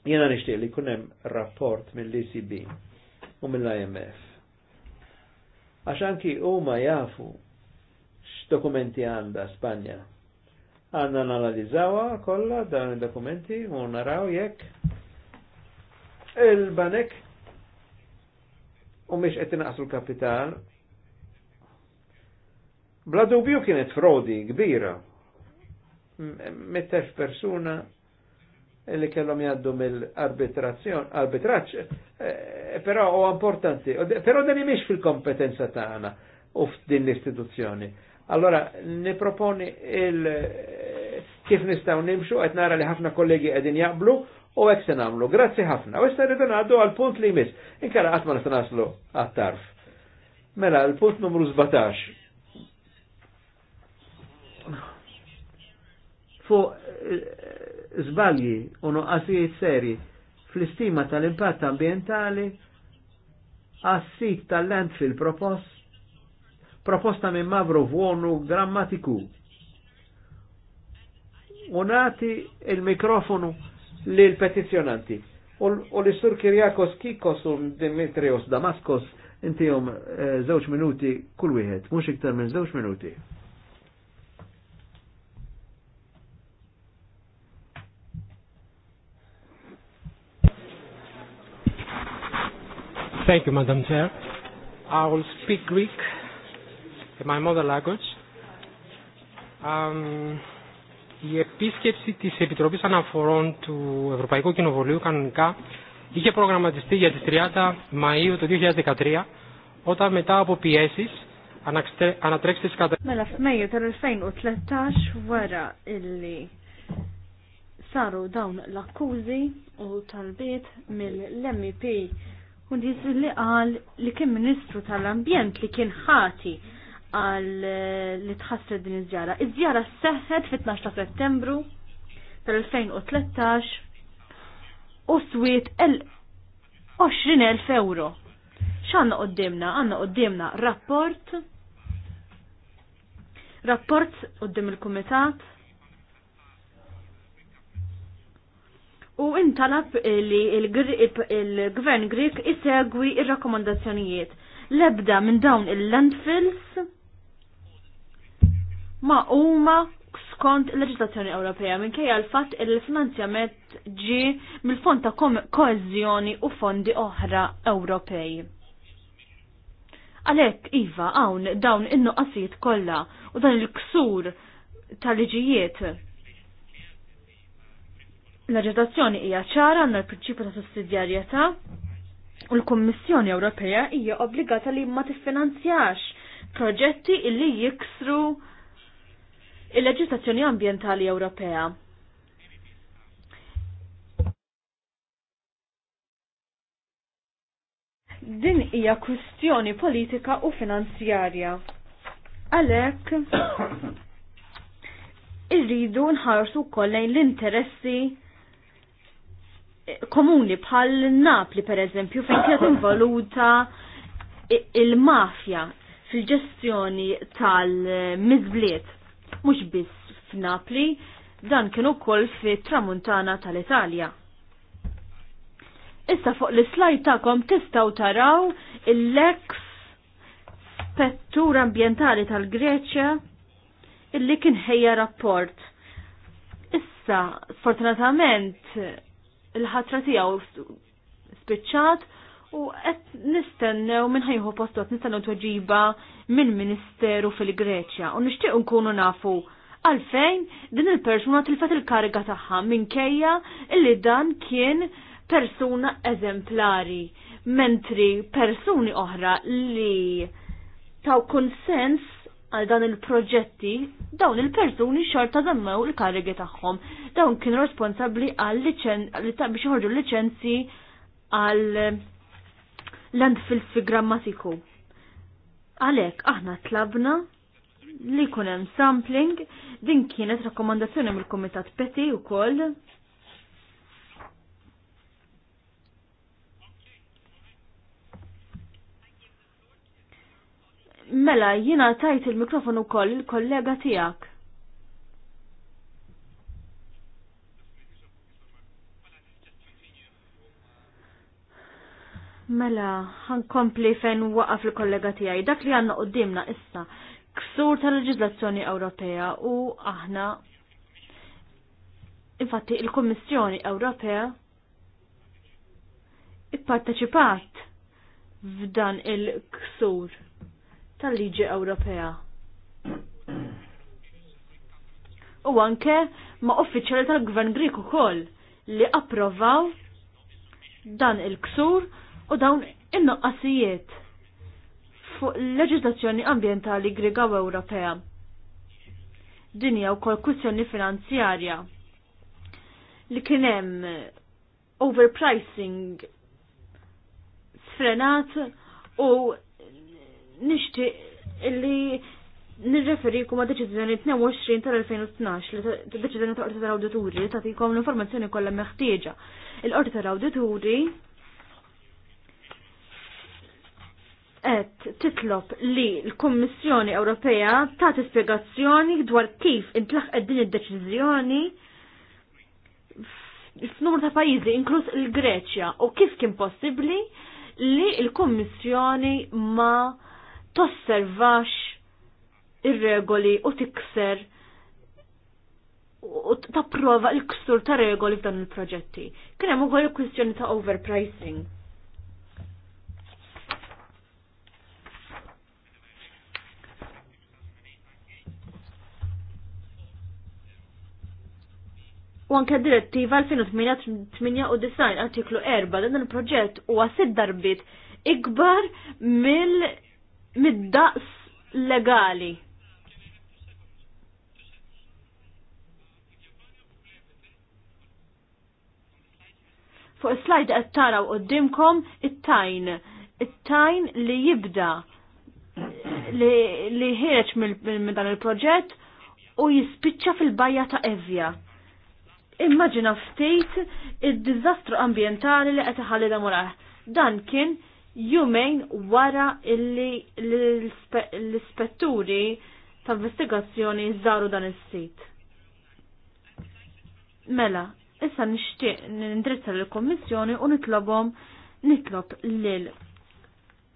[SPEAKER 4] Jena nishtiq li kunem rapport mill-ECB u mill-IMF. Għaxanki u ma jafu x-dokumenti għanda Spanja. Għanna analizzawa kolla dan il-dokumenti u naraw jekk il-banek u miex qed inaqsu l-kapital. Bla dubju kienet frodi kbira. Mittax persuna li kellhom jgħaddu mill-arbitrazzjon, arbitraċ, eh, però u importanti, però dan miex fil-kompetenza tagħna u f'din l-istituzzjoni. Allora, niproponi il kif nistaw nimxu, għet nara li ħafna kollegi għedin jaqblu u hekk se nagħmlu. Grazzi ħafna. U issa rridu għaddu għal punt li jmiss. Inkara qatt nasnaslu għattarf. naslu għat-tarf. Mela, l-punt numru 17. Fu eh, żbalji u nuqqasijiet seri fl-istima tal-impatt ambientali għas tal-lent fil propost proposta minn Mavro Vuonu grammatiku. Unati il-mikrofonu li l-petizjonanti. U l-istur Kirjakos Kikos u Dimitrios Damaskos inti jom zewċ eh, minuti kull wieħed, mux iktar minn zewċ minuti.
[SPEAKER 10] Thank you, Madam Chair. I will speak Greek in my mother language. Um, Η επίσκεψη της Επιτροπής Αναφορών του Ευρωπαϊκού Κοινοβουλίου κανονικά είχε προγραμματιστεί για τις 30 Μαΐου του 2013 όταν μετά από πιέσεις ανατρέξει
[SPEAKER 2] τις κατα...
[SPEAKER 5] Μέλα φ'Mejju tal-2013 wara illi saru dawn l-akkużi u talbiet mill-MEP Hundis li qal li kien Ministru tal-Ambjent li kien ħati għal eh, li tħassret din iż-żjara. Iż-żjara seħħet fit-12 ta' Settembru tal-2013 u swiet 20.000 euro. ċanna qoddimna? Għanna qoddimna rapport, rapport qoddim il-Kumitat, u intalab li il-Gvern Grik isegwi il-rakkomandazzjonijiet. Lebda minn dawn il-landfills, ma huma skont leġislazzjoni Ewropea minkejja l-fatt il finanzjament ġi mill-fond ta' koeżjoni u fondi oħra Ewropej. Għalhekk iva hawn dawn in-nuqqasijiet kollha u dan il-ksur tal-liġijiet L-aġitazzjoni hija ċara għandna l-prinċipju ta' sussidjarjetà u l-Kummissjoni Ewropea hija obbligata li ma tiffinanzjax proġetti illi jiksru il-leġislazzjoni ambientali Ewropea. Din hija kwistjoni politika u finanzjarja. Għalhekk irridu nħarsu wkoll lejn l-interessi komuni bħal Napli per eżempju fejn kienet involuta il-mafja fil-ġestjoni tal-mizbliet mhux biss f'Napli, dan kien ukoll fit-tramuntana tal-Italja. Issa fuq l-slajd tagħkom tistaw taraw il-lex spettur ambientali tal-Greċja illi kien ħejja rapport. Issa, sfortunatament, il-ħatra tiegħu spiċċat U qed nistennew minn ħajħu postot nistennew tweġiba minn Ministeru fil-Greċja u nixtieq nkunu nafu għalfejn din il-persuna tilfet il-kariga tagħha minkejja illi dan kien persuna eżemplari, mentri persuni oħra li taw konsens għal dan il-proġetti, dawn il-persuni xorta zammew il-karigi tagħhom. Dawn kienu responsabbli għal biex joħorġu licenzi għal landfills fi grammatiku. Għalek, aħna tlabna li kunem sampling, din kienet rakkomandazzjoni mill komitat Peti u koll. Mela, jina tajt il-mikrofonu koll il-kollega tijak. Mela, ħankompli fejn waqaf il-kollega tiegħi. Dak li għandna qudiemna issa ksur tal-leġiżlazzjoni Ewropea u aħna infatti il-Kummissjoni Ewropea ipparteċipat f'dan il-ksur tal-liġi Ewropea. U anke ma' uffiċjali tal-Gvern Griku ukoll li approvaw dan il-ksur u dawn in-noqqasijiet fuq leġislazzjoni ambientali Griga u Ewropea. Din hija wkoll kwistjoni finanzjarja li kien hemm overpricing sfrenat u nixtieq li nirreferikum għad deċizjoni 22 tal-2012 li deċizjoni ta' orta tal-awdituri li tagħtikom l-informazzjoni kollha meħtieġa. Il-qorti tal-awdituri qed titlob li l-Kummissjoni Ewropea tagħti spjegazzjoni dwar kif intlaħqet din id-deċiżjoni f'numru ta' pajjiżi inkluż il-Greċja u kif kien possibbli li l-Kummissjoni ma tosservax ir-regoli u tikser u tapprova l-ksur ta' regoli f'dan il-proġetti. Kien hemm ukoll kwistjoni ta' overpricing u anke direttiva 2098 artiklu 4 dan il-proġett huwa għasid darbit ikbar mill mid-daqs legali. Fuq is-slajd qed taraw qudiemkom it-tajn, it-tajn li jibda li ħireġ minn dan il-proġett u jispiċċa fil-bajja ta' Evja immaġina ftit id-dizastru ambientali li qed iħalli da murah. Dan kien jumejn wara illi l-ispetturi ta' investigazzjoni żaru dan is-sit. Mela, issa nixtieq nindrizza lill-Kummissjoni u nitlobhom nitlob lil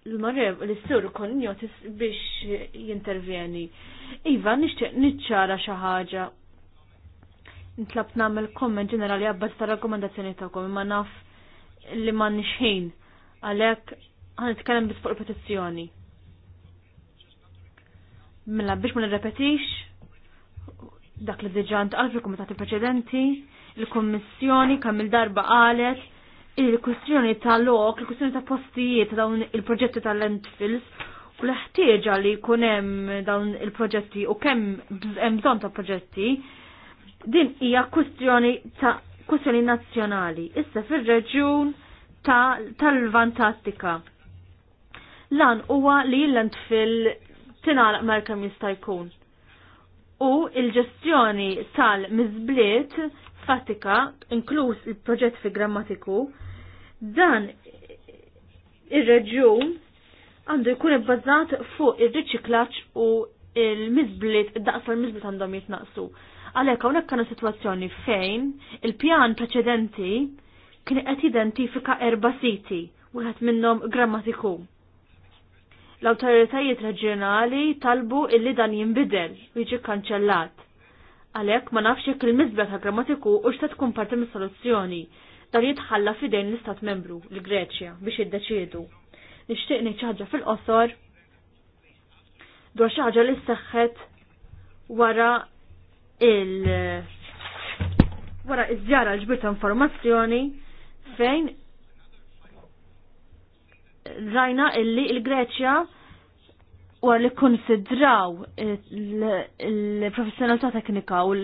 [SPEAKER 5] l-marreb l-sur konjotis biex jintervjeni. Iva, nixtieq niċċara xi ħaġa nitlab namel komment ġenerali għabbaż ta' rakkomandazzjoni ta'kom imma naf li ma nixħin għalek għan nitkellem bis fuq il-petizzjoni. Mela biex ma nirrepetix dak li diġà ntqal fil komitati preċedenti, il-Kummissjoni kemm il-darba qalet il-kwistjoni ta' lok, il kustjoni ta' postijiet ta' dawn il-proġetti ta' landfills u l-ħtieġa li jkun hemm dawn il-proġetti u kemm hemm bżonn ta' proġetti Din hija kwistjoni ta' kwistjoni nazzjonali, issa fir-reġjun tal-vantattika. Lan huwa li fil landfill tingħalaq Amerika jista' jkun. U il-ġestjoni tal-miżbliet fatika, inkluż il-proġett fi grammatiku, dan ir-reġjun għandu jkun ibbażat fuq ir-riċiklaġġ u il-miżbliet, daqs l-miżbliet għandhom jitnaqsu. Għalhekk hawnhekk kanu sitwazzjoni fejn il-pjan preċedenti kien qed identifika erba' siti, wieħed minnhom grammatiku. L-awtoritajiet reġjonali talbu illi dan jinbidel u jiġi kkanċellat. Għalhekk ma nafx jekk il-miżbla ta' grammatiku u x'ta tkun parti mis-soluzzjoni dan jitħalla fidejn l-Istat Membru, l-Greċja, biex jiddeċiedu. Nixtieq ngħid ħaġa fil-qosor dwar xi ħaġa li seħħet wara il- wara iż-żjara ġbirta informazzjoni fejn rajna illi il-Greċja war li konsidraw il-professjonalità teknika u u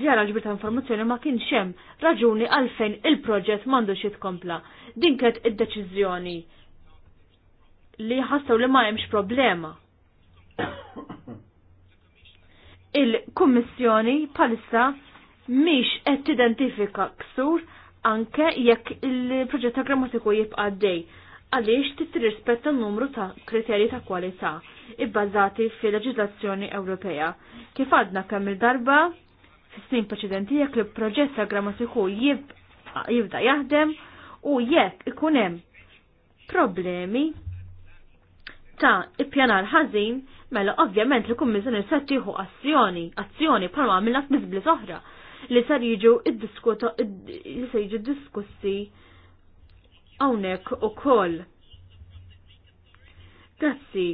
[SPEAKER 5] zjara ġbirta informazzjoni ma kienx hemm raġuni għalfejn il-proġett m'għandux jitkompla. kompla. Dinket id-deċiżjoni li ħassew li ma hemmx problema. il-Kummissjoni palissa miex qed tidentifika ksur anke jekk il-proġett Grammatiku jibqa' dej għaliex trid tirrispetta n-numru ta' kriterji ta' kwalità ibbażati fil-leġiżlazzjoni Ewropea. Kif għadna kemm il-darba fis-snin preċedenti jekk il-proġett ta' grammatiku jibda jaħdem u jekk ikun hemm problemi ta' ippjanar ħażin Mela, ovvjament li kummissjoni se tieħu azzjoni, azzjoni bħalma għamilna f'biżbli oħra li ser jiġu id-diskuta li se jiġu diskussi hawnhekk ukoll. Grazzi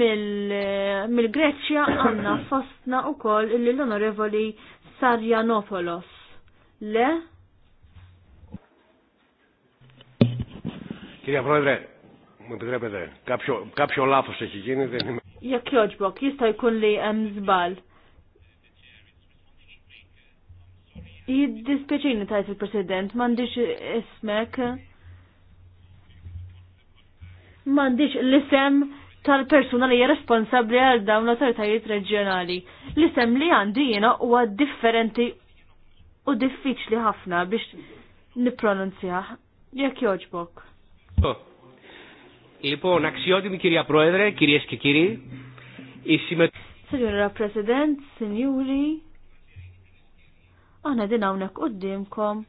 [SPEAKER 5] mill-Greċja għanna fostna u koll l-onorevoli Sarjanopoulos. Le?
[SPEAKER 7] Κυρία Πρόεδρε, μου επιτρέπετε, κάποιο, κάποιο λάθος έχει γίνει, δεν
[SPEAKER 5] Jekk joġbok, jista' jkun li hemm żball. Jiddispjaċini tajt il-President, m'għandix ismek. M'għandix l-isem tal-persuna li hija responsabbli għal dawn l-autoritajiet reġjonali. L-isem li għandi jiena huwa differenti u diffiċli ħafna biex nippronunzjah. Jekk joġbok.
[SPEAKER 9] Oh, Λοιπόν, αξιότιμη κυρία Πρόεδρε, κυρίες και κύριοι, η συμμετοχή...
[SPEAKER 5] Signora President, Signori, għana din għawnek għoddimkom,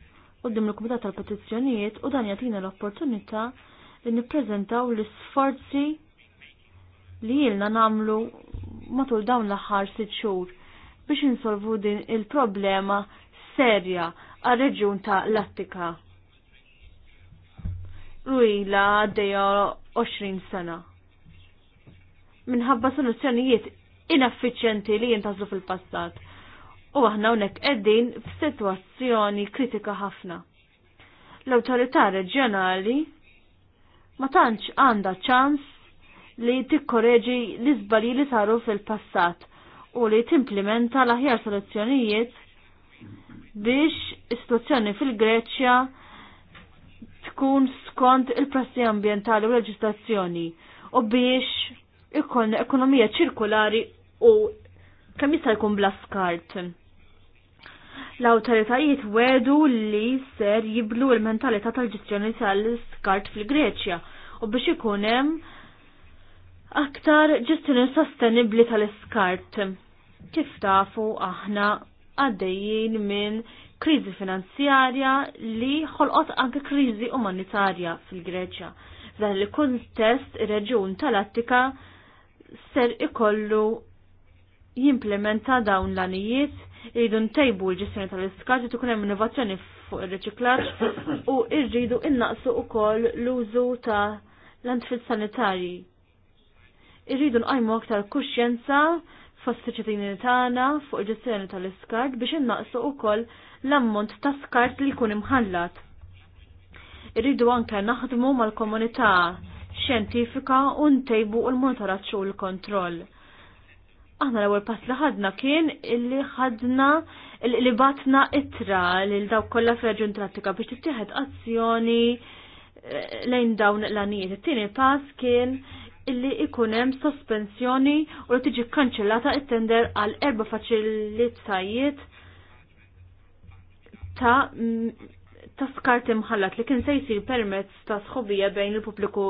[SPEAKER 5] għoddim l-Komitat tal-Petizzjonijiet u dan jatina l-opportunità li nippreżentaw l-sforzi li jilna namlu matul dawn l-ħar sitt xhur biex insolvu din il-problema serja għal-reġjun ta' Lattika rujla għaddeja 20 sena. Minħabba soluzzjonijiet inaffiċjenti li jintazlu fil-passat. U aħna unek eddin f'sitwazzjoni kritika ħafna. L-autorità reġjonali ma tantx għandha ċans li tikkoreġi l zbali li saru fil-passat u li timplementa l-aħjar soluzzjonijiet biex istituzzjoni fil-Greċja tkun skont il-prassi ambientali u leġislazzjoni u biex ikon ekonomija ċirkulari u kemm jista' jkun bla skart. L-awtoritajiet wedu li ser jiblu il-mentalità tal-ġestjoni tal-skart fil-Greċja u biex ikun hemm aktar ġestjoni sostenibbli tal skart Kif tafu aħna għaddejjin minn kriżi finanzjarja li ħolqot anke kriżi umanitarja fil-Greċja. Dan il-kuntest ir-reġjun tal-Attika ser ikollu jimplementa dawn l-anijiet irridu ntejbu l-ġestjoni tal istikaġi tu hemm innovazzjoni fuq ir-riċiklaġġ u rridu innaqsu wkoll l-użu ta' l-antfil sanitarji. Irridu nqajmu aktar kuxjenza fost ċittadini tagħna fuq il-ġestjoni tal istikaġi biex innaqsu wkoll l-ammont ta' skart li jkun imħallat. Irridu anke naħdmu mal-komunità xjentifika u ntejbu l monitorat xogħol l-kontroll. Aħna l-ewwel pass li ħadna kien illi ħadna li batna itra lil dawk kollha ferġu trattika biex tittieħed azzjoni eh, lejn dawn l-anijiet. It-tieni pass kien illi ikun hemm sospensjoni u li tiġi kkanċellata it-tender għal erba faċilitajiet ta' mm, ta' skart imħallat li kien se jsir permezz ta' sħobija bejn il-pubbliku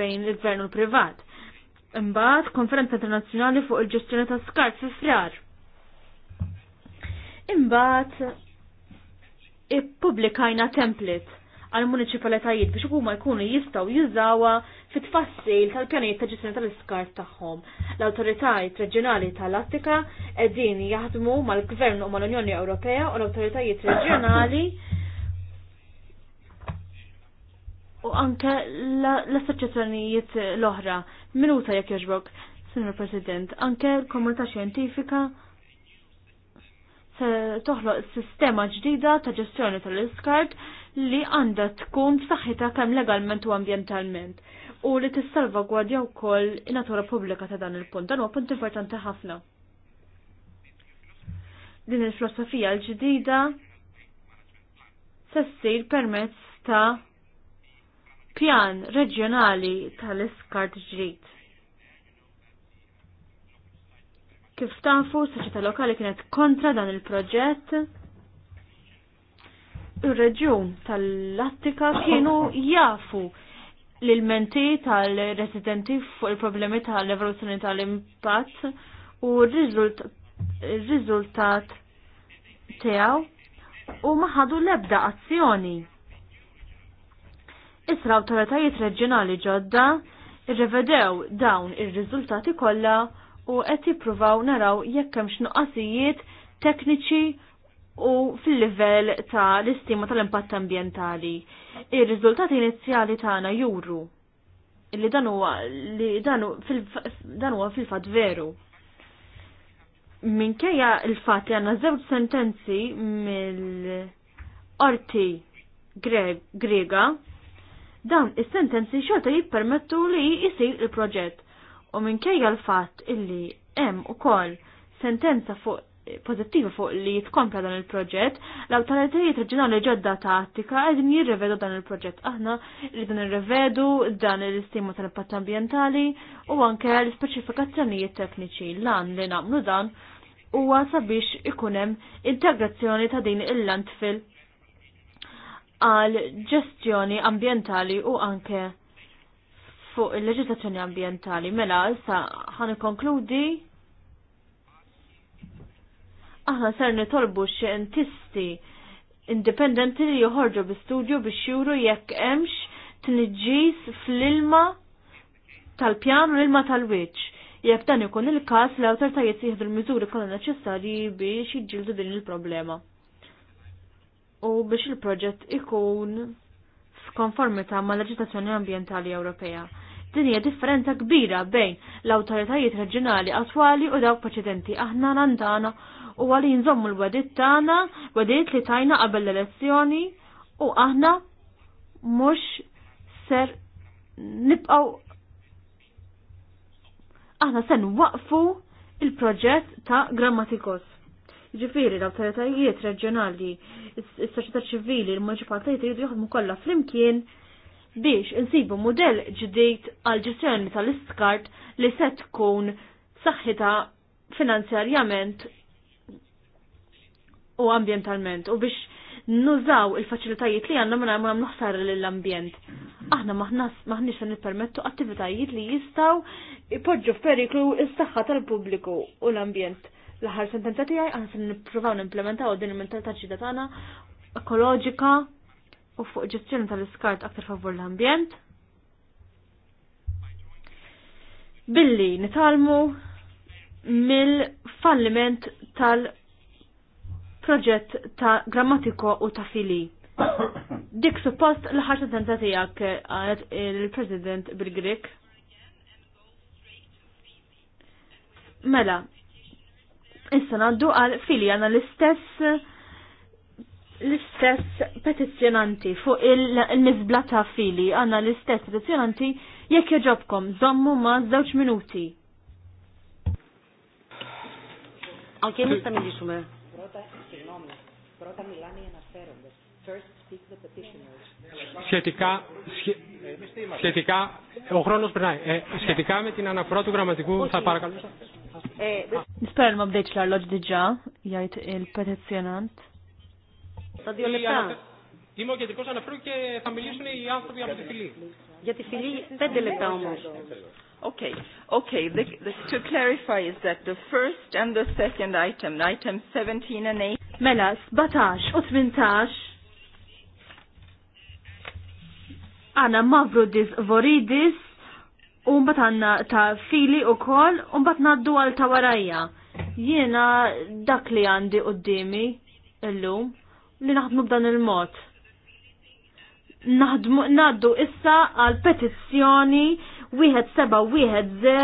[SPEAKER 5] bejn il-gvern u l-privat. Imbagħad konferenza internazzjonali fuq il-ġestjoni ta' skart fi frar. Imbagħad ippubblikajna template għal municipalitajiet biex huma jkunu jistgħu jużawha fit-tfassil tal-pjanijiet ta' ġisni tal-iskart tagħhom. L-awtoritajiet reġjonali tal-Attika qegħdin jaħdmu mal-Gvern u mal-Unjoni Ewropea u l-awtoritajiet reġjonali u anke l-assoċjazzjonijiet l-oħra. Minuta jekk jogħġbok, Sinur President, anke l-komunità xjentifika toħloq sistema ġdida ta' ġestjoni tal-iskart li għandha tkun f'saħħitha kemm legalment u ambjentalment u li tissalvagwardja wkoll in-natura pubblika ta' dan il-punt. Dan huwa punt importanti ħafna. Din il-filosofija l-ġdida se ssir permezz ta' pjan reġjonali tal-iskart ġdid. Kif tafu, s soċieta lokali kienet kontra dan il-proġett. Ir-reġjun tal-Attika kienu jafu l-ilmenti tal-residenti fuq il-problemi tal-evoluzzjoni tal-impatt u r-riżultat tiegħu u maħadu l-ebda azzjoni. Isra awtoritajiet reġjonali ġodda irrevedew dawn ir-riżultati kollha u qed jippruvaw naraw jekk hemmx nuqqasijiet tekniċi u fil-livell ta' l-istima tal-impatt ambjentali. Ir-riżultati inizjali tagħna juru li dan huwa li dan huwa fil-fatt veru minkejja il-fat li għanna zewġ sentenzi mill-orti grega, dan is-sentenzi xorta jippermettu li jisir il-proġett u minkejja l-fatt illi hemm ukoll sentenza fuq pozittiva fuq li jitkompla dan il-proġett, l-awtoritajiet reġjonali ġodda ta' Attika qegħdin jirrevedu dan il-proġett. Aħna rridu nirrevedu dan il istimu tal-impatt ambjentali u anke l ispeċifikazzjonijiet tekniċi lan li nagħmlu dan huwa sabiex ikun hemm integrazzjoni ta' din il-landfill għal ġestjoni ambjentali u anke fuq il-leġislazzjoni ambientali. Mela, issa ħan konkludi aħna ser nitolbu xjentisti indipendenti li joħorġu bi studio biex juru jekk hemmx tniġġis fl-ilma tal-pjan u l-ilma tal-wiċċ. Jekk dan ikun il-każ l-awtoritajiet jieħdu l-miżuri kollha neċessarji biex jiġġieldu din il-problema. U biex il-proġett ikun f'konformità ma' leġislazzjoni ambientali Ewropea. Din hija differenza kbira bejn l-awtoritajiet reġjonali attwali u dawk preċedenti aħna nandana u għalli nżommu l wadiet tagħna, wadiet li tajna qabel l-elezzjoni u aħna mhux ser nibqgħu aħna se nwaqfu il-proġett ta' Grammatikos. Ġifiri l-autoritajiet reġjonali, is-soċjetà ċivili, l municipalitajiet jridu jħadmu kollha flimkien biex insibu model ġdejt għal ġestjoni tal-iskart li se tkun saħħita finanzjarjament u ambjentalment u biex nużaw il-faċilitajiet li għanna minna għamna ħsar l-ambjent. Aħna maħnix se nippermettu attivitajiet li jistaw ipoġġu f'periklu s-saħħa tal-pubbliku u l-ambjent l-aħħar sentenza tiegħi għansen nippruvaw nimplementaw din il-mentalità ċida tagħna ekoloġika u fuq ġestjoni tal-iskart aktar favur l-ambjent. Billi nitalmu mill-falliment tal-proġett ta' grammatiko u ta' fili. Dik suppost l-ħar sentenza tiegħek għalet il-President bil-Grik. Mela, Issa naddu għal fili għana l-istess l-istess petizjonanti fuq il-nizbla ta' fili għana l-istess petizjonanti jekk joġobkom dommu ma' żewġ minuti.
[SPEAKER 8] Anke nista' minn
[SPEAKER 11] xume. Πρώτα μιλάνε οι αναφέροντες. First speak the petitioners. Σχετικά, σχε,
[SPEAKER 8] σχετικά, ο χρόνος περνάει. Ε, σχετικά με την αναφορά του γραμματικού,
[SPEAKER 10] θα παρακαλούσα.
[SPEAKER 5] Nispera ma bdejċ l-arloġ diġa, jgħid il-petizjonant. Sadio
[SPEAKER 1] Okay, okay. The, the, to clarify is that the first and the second item, item 17 and 8. Mela, 17
[SPEAKER 5] u 18. Anna Mavrodis Voridis u mbagħad għandna ta' fili wkoll u mbagħad naddu għal ta' warajja. Jiena dak li għandi l illum li naħdmu b'dan il-mod. Naħdmu ngħaddu issa għal petizzjoni wieħed seba' wieħed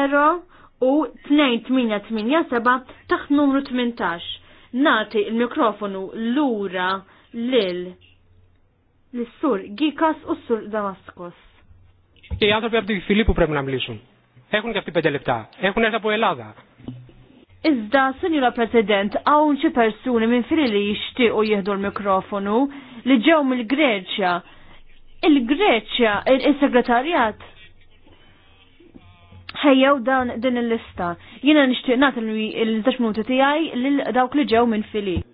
[SPEAKER 5] u 2887 taħt numru 18. Nati il-mikrofonu lura lil l-sur Gikas u s-sur Damaskos
[SPEAKER 10] και οι άνθρωποι από τη Φιλίππου πρέπει να μιλήσουν. Έχουν και αυτοί πέντε λεπτά. Έχουν έρθει από Ελλάδα.
[SPEAKER 5] Iżda, Sinjura President, hawn xi persuni minn fili li jixtiequ jieħdu l-mikrofonu li ġew mill-Greċja. Il-Greċja, il-Segretarjat ħejjew dan din il-lista. Jiena nixtieq nagħti l-10 minuti tiegħi lil dawk li ġew minn filip.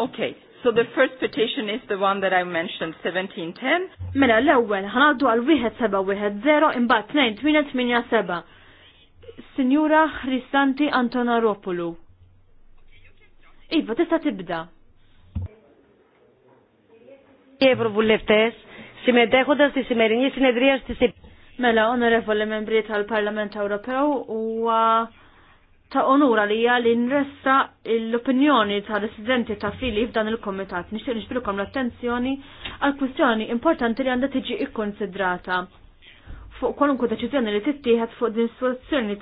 [SPEAKER 1] Okay, so the first petition is the one that I mentioned, 1710.
[SPEAKER 5] Mela l-ewwel ħanaddu għal wieħed seba' wieħed zero imbagħad tnejn tmien tminja seba. Sinjura Christanti Antonaropoulou. Iva, tista' tibda. Ευρωβουλευτές, συμμετέχοντας στη σημερινή συνεδρία της Μέλα, ονορεύολε membri tal Parlament Ewropew u uh, ta' onura li hija li nressa l-opinjoni ta' residenti ta' fili f'dan il-komitat. Nixtieq nixbilkom l-attenzjoni għal kwistjoni importanti li għandha tiġi ikkonsidrata fuq kwalunkwe deċiżjoni li tittieħed fuq din is-sitwazzjoni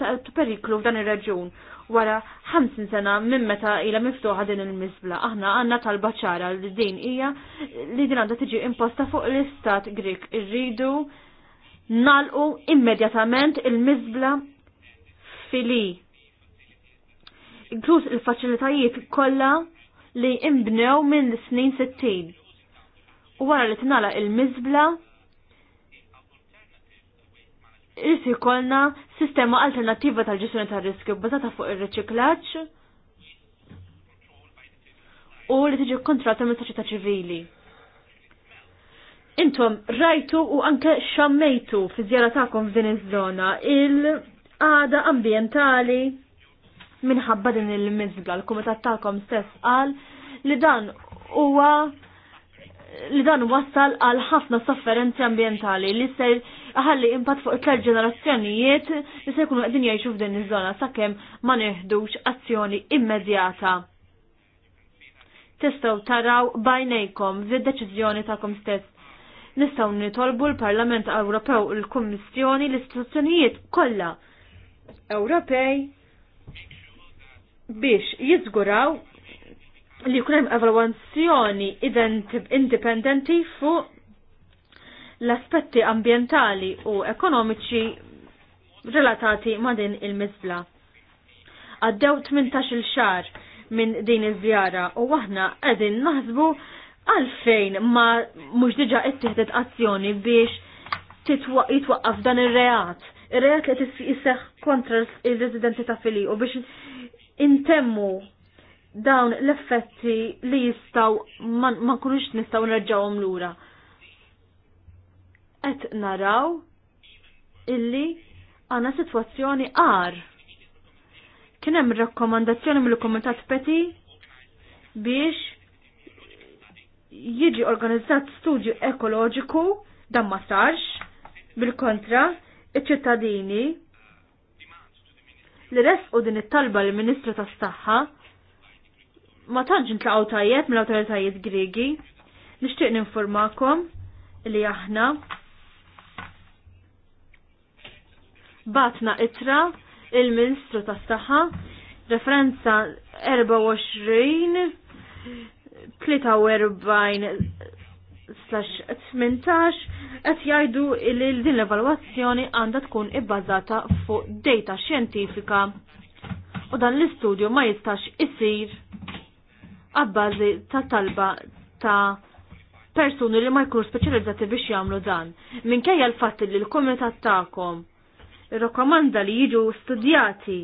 [SPEAKER 5] tal-periklu eh, f'dan ir reġjun wara 50 sena minn meta ilha miftuħa din il-misbla. Aħna għandna talba ċara li din hija li din għandha tiġi imposta fuq l-istat Grik. Irridu nalqu immedjatament il-mizbla fili. Inkluż il-faċilitajiet kollha li imbnew minn snin 60. U wara li tinala il mizbla irsi jkollna sistema alternattiva tal-ġisuni tal-riskju bbażata fuq ir-riċiklaġġ u li tiġi kontrata minn soċjetà ċivili. Intom rajtu u anke xammejtu fi żjara tagħkom f'din iż-żona il- għada ambientali minħabba din il-mizbla l-kumitat tagħkom stess qal li dan huwa li dan wassal għal ħafna sofferenzi ambientali li se ħalli impat fuq it ġenerazzjonijiet li se jkunu għedin jgħixu f'din iż-żona sakemm ma neħdux azzjoni immedjata. Tistgħu taraw bajnejkom fid-deċiżjoni tagħkom stess nistgħu nitolbu l-Parlament Ewropew il kummissjoni l-istituzzjonijiet kollha Ewropej biex jizguraw li jkun hemm evalwazzjoni indipendenti fuq l-aspetti ambientali u ekonomiċi relatati ma' din il-mizbla. Għaddew 18 il-xar minn din iż-żjara u aħna qegħdin naħsbu għalfejn ma mhux diġà ittieħdet azzjoni biex jitwaqqaf dan ir-reat reat li jisseħ kontra il-residenti ta' fili u biex intemmu dawn l-effetti li jistaw ma kunux nistaw nerġawhom lura. Qed naraw illi għandna sitwazzjoni għar. Kien hemm rakkomandazzjoni mill-Kumitat Peti biex jiġi organizzat studju ekoloġiku dan ma sarx bil-kontra iċ-ċittadini li resqu din it-talba l ministru tas-Saħħa ma tantx intlaqgħu tajjeb mill-awtoritajiet Griegi. Nixtieq ninformakom li aħna batna itra il-Ministru tas-Saħħa referenza 24 43 18 qed jgħidu li din l-evalwazzjoni għandha tkun ibbażata fuq data xjentifika u dan l-istudju ma jistax isir għabbażi ta' talba ta' persuni li ma jkunu speċjalizzati biex jagħmlu dan. Minkejja l-fatt li l-kumitat tagħkom irrakkomanda li jiġu studjati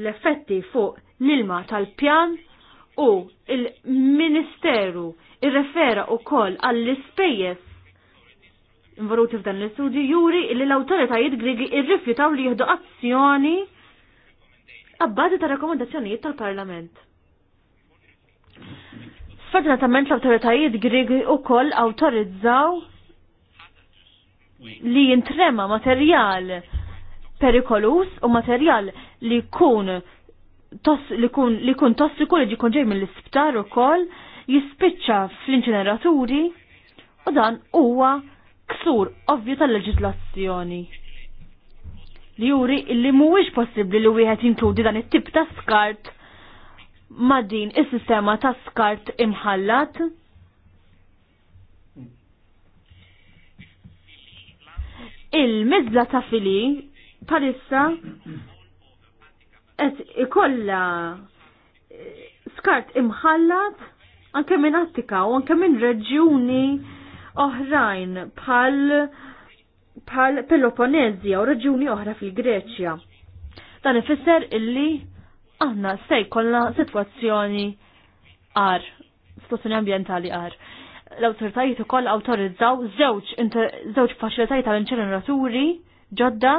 [SPEAKER 5] l-effetti fuq l-ilma tal-pjan u il-Ministeru irrefera u koll għall-ispejjes involuti f'dan l-istudju juri li l-autoritajiet Grigi irrifjutaw li jieħdu azzjoni għabbażi ta' rekomendazzjonijiet tal-Parlament. Sfortunatament l-autoritajiet Grigi u koll autorizzaw li jintrema materjal perikolus u materjal li kun tos li kun li kun tossiku li kun ġej mill-isptar ukoll jispiċċa fl-inċineraturi u dan huwa ksur ovvju tal-leġislazzjoni. Li juri illi mhuwiex possibbli li wieħed jinkludi dan it-tip ta' skart ma' din is-sistema ta' skart imħallat. Il-mizla ta' fili parissa, qed ikolla eh, skart imħallat anke minn Attika u anke minn reġjuni oħrajn bħal pal Peloponezja u reġjuni oħra fil-Greċja. Dan ifisser illi aħna se jkollna sitwazzjoni għar, situazzjoni ambjentali għar l awtoritajiet ukoll autorizzaw żewġ żewġ faċilitajiet tal-inċeneraturi ġodda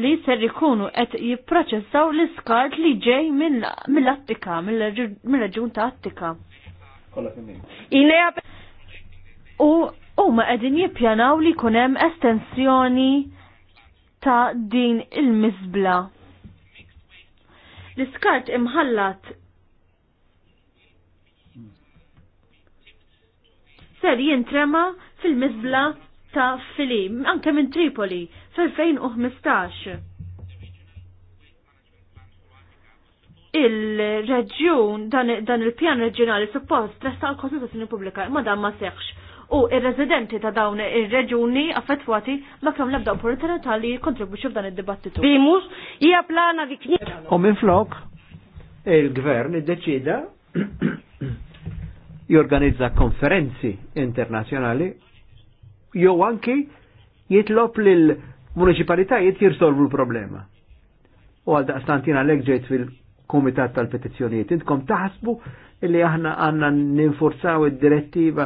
[SPEAKER 5] li ser ikunu qed jipproċessaw l-iskart li ġej mill-Attika, mill-reġun ta' Attika. U huma qegħdin jippjanaw li jkun hemm estensjoni ta' din il-miżbla. L-iskart imħallat ser jintrema fil-miżbla ta' Fili, anke minn Tripoli, fil-2015. Il-reġjun, dan il-pjan reġjonali suppost resta l-Kostituzzjoni Pubblika, ma dan ma seħx. U il-residenti ta' dawn il reġjuni affettwati ma kemm l-ebda opportunità li kontribuċu f'dan id-dibattitu. Bimus, hija plana dik.
[SPEAKER 4] U minn flok, il-gvern iddeċida jorganizza konferenzi internazzjonali jew anki jitlob lil municipalitajiet jirsolvu l-problema. U għal daqstantina l ġejt fil-Komitat tal-Petizzjonijiet, intkom taħsbu illi aħna għanna ninforzaw id-direttiva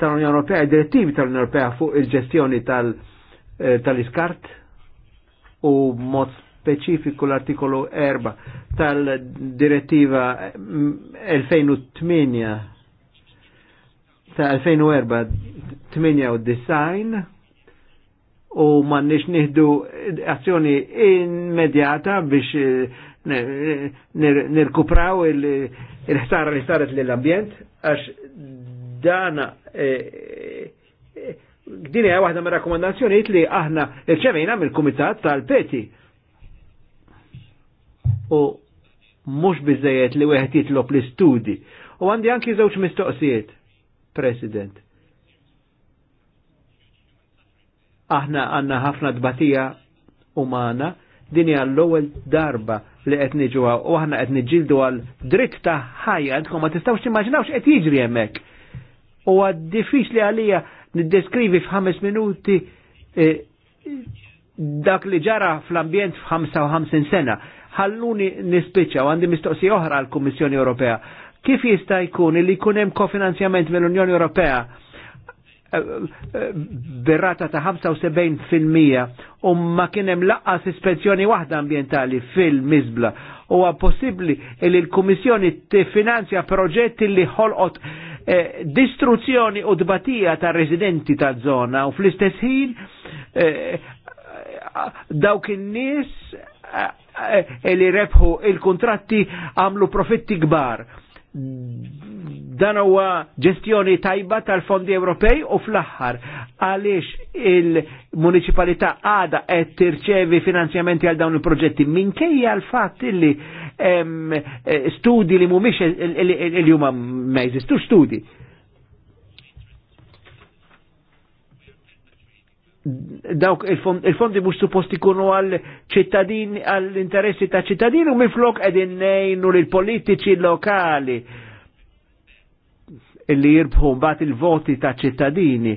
[SPEAKER 4] tal-Unjoni Ewropea, id-direttivi tal-Unjoni Ewropea fuq il-ġestjoni eh, tal-iskart u mod speċifiku l-artikolu 4 tal-direttiva 2008 eh, ta' 2004 98 u mannix nieħdu azzjoni immedjata biex eh, nirkupraw il-ħsara li saret l-ambjent għax dana eh, eh, dini għaj wahda me rakomandazzjoniet li aħna irċevejna mill-Kumitat tal-Peti. U mux bizzejiet li wieħed jitlob l-istudi. U għandi anki żewġ mistoqsijiet President. Aħna għanna ħafna dbatija umana, din hija l-ewwel darba li qed u aħna qed niġġieldu għal dritt ta' ħajja għandkom ma tistgħux timmaġinawx qed jiġri hemmhekk. U għad diffiċli għalija niddeskrivi f'ħames minuti eh, dak li ġara fl-ambjent f'55 sena. Ħalluni nispiċċa u għandi mistoqsija oħra għall kummissjoni Ewropea Kif jista' jkun li jkun hemm kofinanzjament mill-Unjoni Ewropea eh, eh, birrata ta' 75% u ma kien hemm laqqas ispezzjoni waħda ambientali fil-Mizbla. Huwa possibbli li l-Kummissjoni tiffinanzja proġetti li ħolqot eh, distruzzjoni u dbatija ta' residenti ta' zona u fl-istess ħin dawk in-nies li rebħu il-kontratti għamlu profitti kbar dan huwa ġestjoni tajba tal-fondi Ewropej u fl-aħħar għaliex il-municipalità għada qed tirċevi finanzjamenti għal dawn il-proġetti minkejja l-fatt li studi li mhumiex il huma ma jeżistux studi. dawk il-fondi mux suppost ikunu għal ċittadin, għal interessi ta' ċittadin u miflok edin nejnu l-politiċi lokali illi jirbħu bat il-voti ta' ċittadini.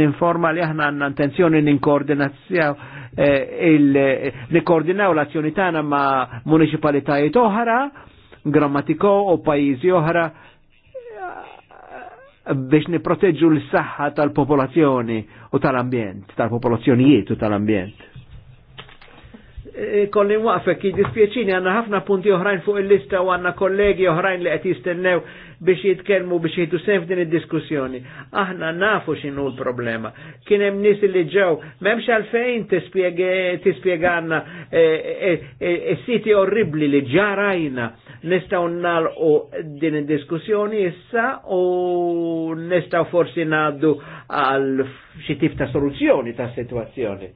[SPEAKER 4] Ninforma li aħna għanna intenzjoni n-koordinaw eh, l-azzjoni tagħna ma' municipalitajiet oħra, grammatiko u pajizi oħra biex niproteġu l-saħħa tal-popolazzjoni u tal-ambjent, tal-popolazzjonijiet u tal-ambjent kolli waqfek, jidispieċini għanna ħafna punti oħrajn fuq il-lista u għanna kollegi oħrajn li qed jistennew biex jitkellmu biex jitu sef din id-diskussjoni. Aħna nafu x'inhu l-problema. Kien hemm nies li ġew m'hemmx għalfejn tispjegana is-siti e, e, e, orribli li ġarajna nistgħu nagħlqu din id-diskussjoni issa u nistgħu forsi ngħaddu għal xi tip ta' soluzzjoni ta' situazzjoni.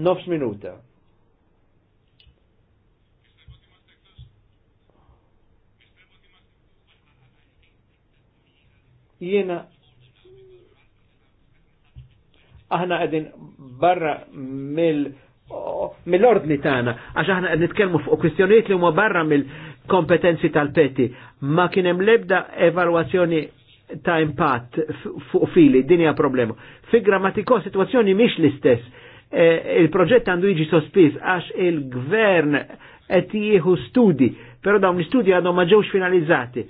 [SPEAKER 4] Nofs minuta. Jiena aħna qegħdin barra mill mill-ordni tagħna għax aħna qed nitkellmu fuq kwistjonijiet li huma barra mill-kompetenzi tal-peti. Ma kien hemm lebda evalwazzjoni ta' impatt fuq fili, din hija problema. Fi grammatiko situazzjoni mhix l-istess. E, Il-proġett għandu jiġi sospiż għax il-gvern qed jieħu studi, però dawn l-istudji għadhom ma ġewx finalizzati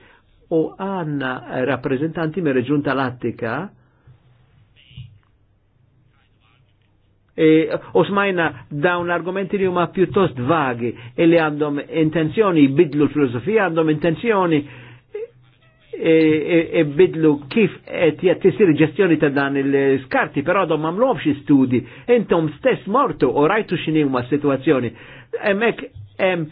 [SPEAKER 4] u għanna rappresentanti me reġun tal-Attika e, u smajna dawn argumenti li huma pjuttost vagi illi e għandhom intenzjoni jibidlu l-filosofija, għandhom intenzjoni ibidlu e, kif qed jattisir ġestjoni ta' dan il-skarti, però għadhom mamlomx studi, intom stess mortu u rajtu x'inhi huma situazzjoni. Hemmhekk hemm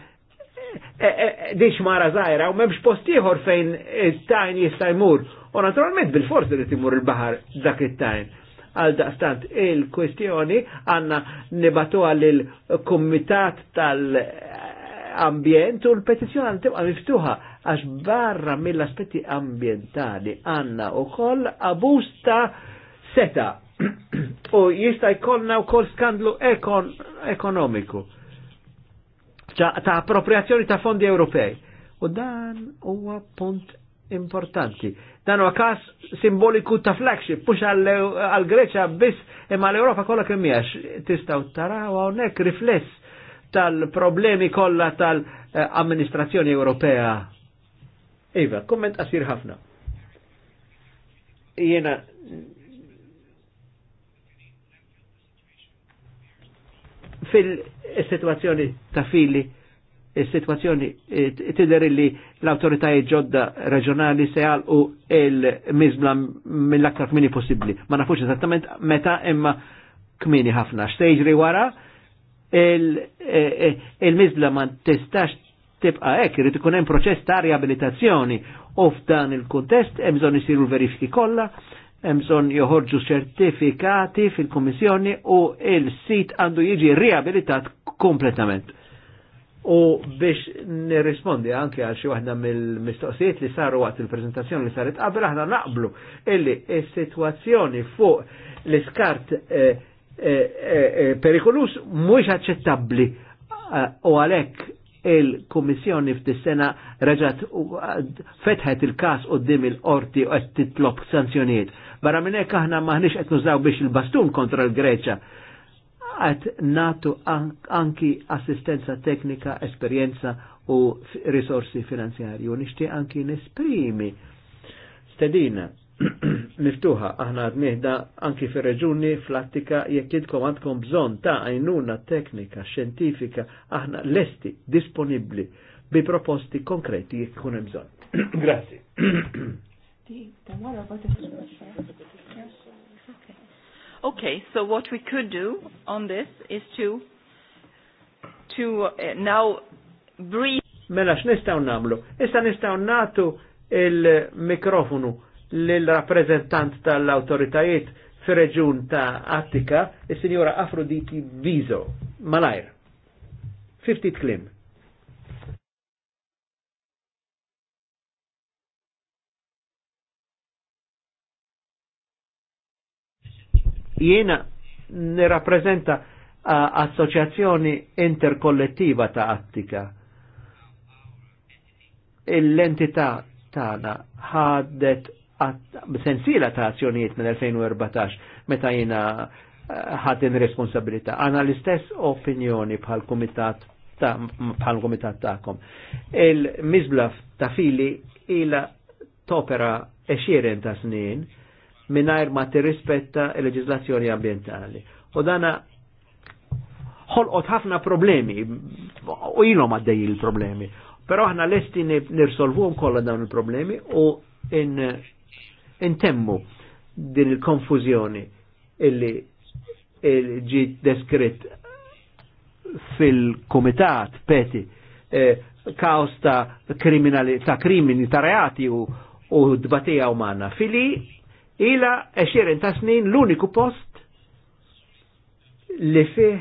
[SPEAKER 4] Eh, eh, diċ mara zaħira u memx postiħor fejn il-tajn jista' jmur. U naturalment bil-forsi li timur il-bahar dak il-tajn. Għal daqstant il-kwestjoni għanna nibatu għal il-komitat tal-ambjent u l-petizjoni għal tibqa miftuħa għax barra mill-aspetti ambientali għanna u koll abusta seta u jista' jkollna u koll skandlu ekon ekonomiku ta' appropriazzjoni ta' fondi Ewropej. U dan huwa punt importanti. Dan huwa kas simboliku ta' flagship, mhux għal Greċja biss imma l-Ewropa kollha kemm hija tistgħu taraw hawnhekk rifless tal-problemi kollha tal-amministrazzjoni Ewropea. Iva, komment qasir ħafna. Jiena fil-situazzjoni ta' fili, il-situazzjoni tider li l-autoritajiet ġodda reġjonali se u il-mizbla mill-aktar kmini possibli. Ma nafux eżattament meta imma kmini ħafna. Xtejġri wara, eh, eh, il-mizbla ma testax tibqa hekk, irid ikun hemm proċess ta' riabilitazzjoni u f'dan il-kuntest hemm bżonn isiru l-verifiki kollha emson joħorġu ċertifikati fil-Kummissjoni u il-sit għandu jiġi riabilitat kompletament. U biex nirrispondi anke għal xi waħda mill-mistoqsijiet li saru waqt il-preżentazzjoni li saret qabel aħna naqblu illi s-sitwazzjoni fuq l-iskart eh, eh, eh, perikolus mhux aċċettabbli u għalhekk il-Komissjoni f'tis-sena raġat fetħet il-kas qoddim il-qorti u qed titlop sanzjoniet. Barra minn hekk aħna maħniex qed nużaw biex il-bastun kontra l-Greċja. Qed natu anki assistenza teknika, esperjenza u risorsi finanzjarji u nixtieq anki nesprimi stedina miftuħa aħna għadniħda anki fir reġuni flattika attika jekk jidkom għandkom bżon ta' għajnuna teknika, xjentifika, aħna lesti, disponibli bi proposti konkreti jekk kun hemm bżonn. Grazzi.
[SPEAKER 1] Okay, so what we could do on this is to to uh, now brief
[SPEAKER 4] Mela x'nistgħu nagħmlu? Issa nistgħu nagħtu il-mikrofonu l-rappresentant tal-autoritajiet fi reġun ta' Attika, il-Sinjora Afroditi Bizo, malajr. 50 klim. Jena nirrapprezenta assoċjazzjoni interkollettiva ta' Attika. L-entità tagħna ħadet sensila ta' azzjonijiet minn 2014 meta jina eh, ħatin responsabilità. Għana l-istess opinjoni bħal komitat ta' bħal komitat ta'kom. Il-mizblaf ta' fili ila topera eċirin ta' snin minnajr ma tirrispetta il-leġizlazzjoni ambientali. U dana ħolqot ħafna problemi, u jilom għaddej il-problemi. Pero aħna lesti nirsolvuhom kollha dawn il-problemi u in intemmu din il konfuzjoni illi ġi deskritt fil-komitat peti eh, kaos ta' kriminali ta' krimini ta' reati u, dbatija umana. Fili ila eċirin ta' snin l-uniku post li fih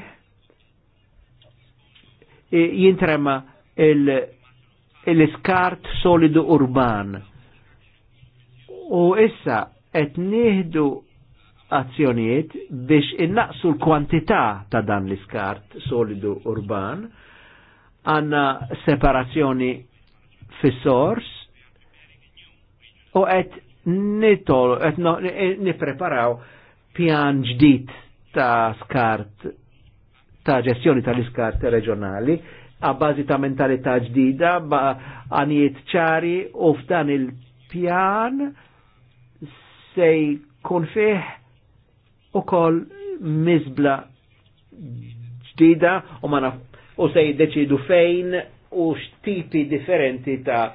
[SPEAKER 4] eh, jintrema il-skart solidu urban U issa qed nieħdu azzjonijiet biex innaqsu l-kwantità ta' dan l-iskart solidu urban, għanna separazzjoni fis-sors u qed nitol, qed no, nipreparaw pjan ġdid ta' skart ta' ġestjoni tal-iskart reġjonali bazi ta' mentalità ġdida, għanijiet ċari u f'dan il-pjan se jkun fih ukoll miżbla ġdida u ma u se jiddeċidu fejn u x'tipi differenti ta'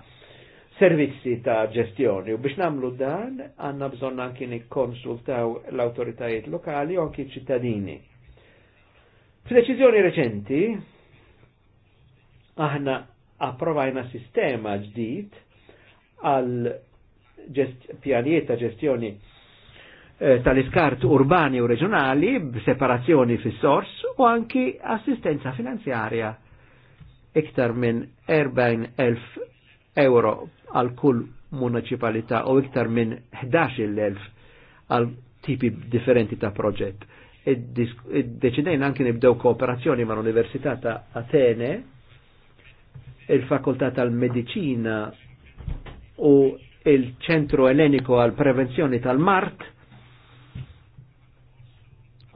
[SPEAKER 4] servizzi ta' ġestjoni. U biex namlu dan, għanna bżon anki nikkonsultaw l-autoritajiet lokali u anki ċittadini. F'deċiżjoni reċenti, aħna approvajna sistema ġdid għal pjanijiet ta' ġestjoni eh, tal-iskart urbani u reġjonali b'separazzjoni fis-sors u anki assistenza finanzjarja iktar minn 40.000 euro għal kull municipalità u iktar minn 11.000 għal tipi differenti ta' proġett. Id-deċidejn anki nibdew kooperazzjoni ma' l-Università ta' Atene, il-Fakultà tal-Medicina u il-ċentru eleniku għal prevenzjoni tal-mart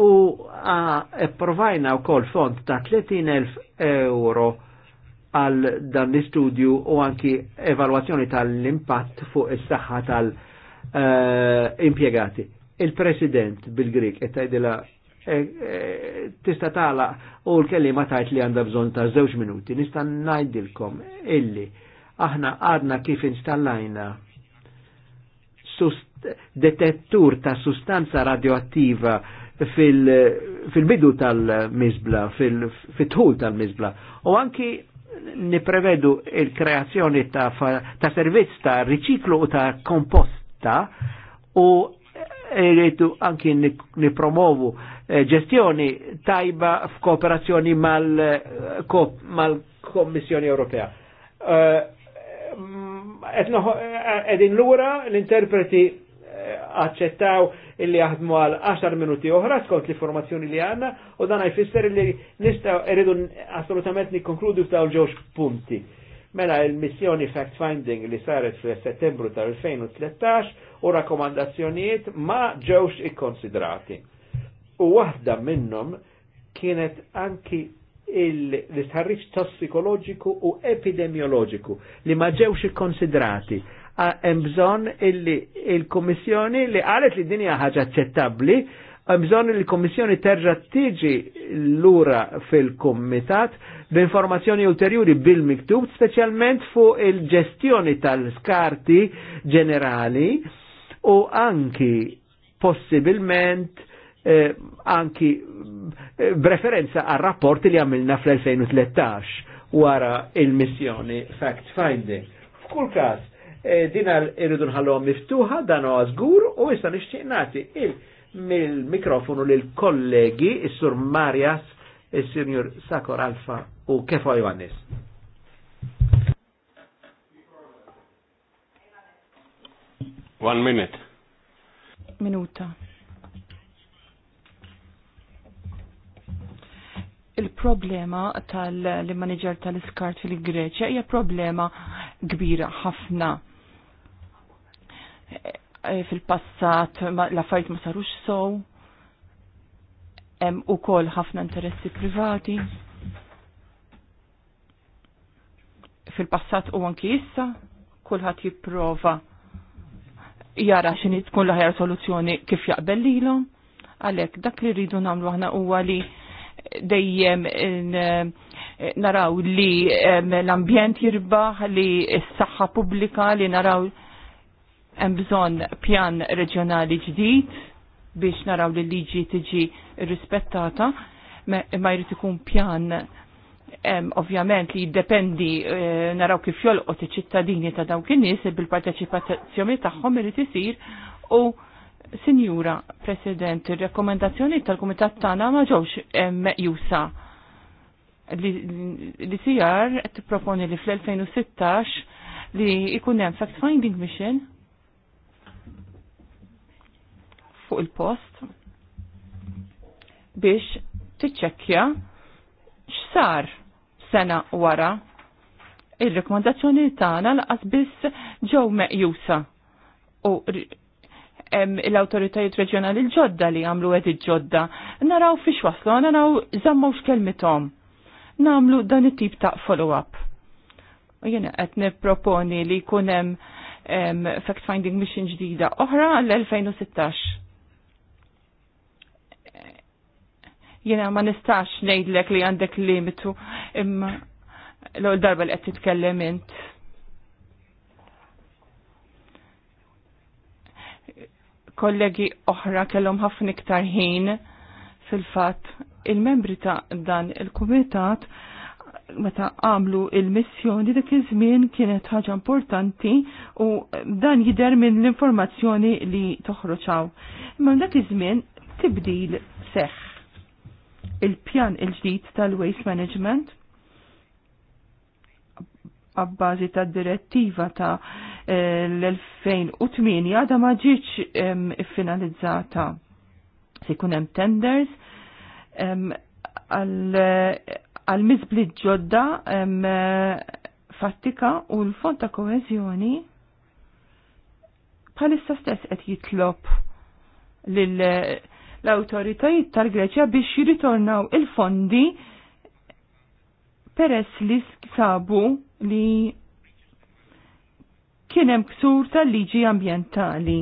[SPEAKER 4] u provajna u kol fond ta' 30.000 euro għal dan l-istudju u anki evalwazzjoni tal-impatt fuq is-saħħa tal-impjegati. Eh, Il-President bil-Grik qed tgħidilha eh, eh, tista' tagħlaq u l-kelliema tajt li għandha bżonn ta' żewġ minuti. Nista' ngħidilkom illi aħna għadna kif installajna detettur ta' sustanza radioattiva fil-bidu fil tal-mizbla, fil-tħul tal-mizbla. U anki niprevedu il-kreazzjoni ta', ta servizz ta' riċiklu u ta' komposta u irritu anki nipromovu eh, ġestjoni tajba f'kooperazzjoni eh, mal-Kommissjoni mal Ewropea. Uh, Edin l-ura l-interpreti eh, accettaw illi għadmu għal 10 minuti oħra skont l-informazzjoni li għanna u dan jfisser li nistaw eridu assolutament nikkonkludu f'daw ġewx punti. Mela il-missjoni fact-finding li saret fil settembru tal-2013 u rakkomandazzjonijiet ma ġewx ikkonsidrati. U waħda minnhom kienet anki l-istħarriċ tossikoloġiku u epidemioloġiku li ma ġewx ikkonsidrati. Hemm bżonn il-Kummissjoni li qalet li dinja ħaġa aċċettabbli, hemm bżonn il l-Kummissjoni terġa' tiġi lura fil-Kumitat b'informazzjoni ulterjuri bil-miktub, speċjalment fuq il-ġestjoni tal-skarti ġenerali u anki possibilment Eh, anki eh, b'referenza għal rapporti li għamilna fl-2013 wara il-missjoni Fact Finding. F'kull każ, dinar eh, din irridu nħallhom miftuħa dan huwa żgur u issa nixtieq nagħti il-mikrofonu lil kollegi is-Sur Marjas, is-Sinjur Sakor Alfa u Kefa Johannes.
[SPEAKER 3] One minute.
[SPEAKER 2] Minuta. il-problema tal-manager tal-iskart fil-Greċja hija problema kbira ħafna. E, fil-passat l-affarijiet ma sarux sow, hemm ukoll ħafna interessi privati. Fil-passat u anki issa kulħadd jipprova jara x'inhi tkun l-aħjar soluzzjoni kif jaqbel lilhom, għalhekk dak li rridu nagħmlu aħna huwa li dejjem eh, naraw li l-ambjent jirbaħ, li s-saħħa pubblika, li naraw hemm bżonn pjan reġjonali ġdid biex naraw li liġi tiġi rispettata, ma jrid ikun pjan ovvjament li jiddependi eh, naraw kif jolqot iċ-ċittadini ta' dawk in-nies bil-parteċipazzjoni tagħhom irid isir u Sinjura President, il-rekomendazzjoni tal-Kumitat tagħna ma ġewx eh, meqjusa. Li qed tipproponi li fl-2016 li ikun hemm fact-finding mission fuq il-post biex tiċċekkja x'sar sena wara il-rekomendazzjoni tagħna laqas biss ġew meqjusa u l-autoritajiet reġjonali l-ġodda li għamlu għed ġodda naraw fiex waslu, naraw x x'kelmithom. Namlu dan it-tip ta' follow-up. U jena qed nipproponi li jkun hemm fact-finding mission ġdida oħra l-2016. Jena ma nistax ngħidlek li għandek limitu imma l-darba li qed titkellem int kollegi oħra kellhom ħafna iktar ħin fil-fatt il-membri ta' dan il-kumitat meta għamlu il-missjoni dik iż-żmien kienet ħaġa importanti u dan jidher minn l-informazzjoni li toħroġaw. Imma dak iż-żmien tibdil seħħ il-pjan il-ġdid tal-waste management għabbażi ta' direttiva ta' eh, l-2008 għada ma finalizzata. Se jkun hemm tenders għal mizblit ġodda fattika u l-fond ta' koezjoni bħalissa stess qed jitlob lill l-autoritajiet tal-Greċja biex jiritornaw il-fondi peress li sabu li kienem ksur tal-liġi ambientali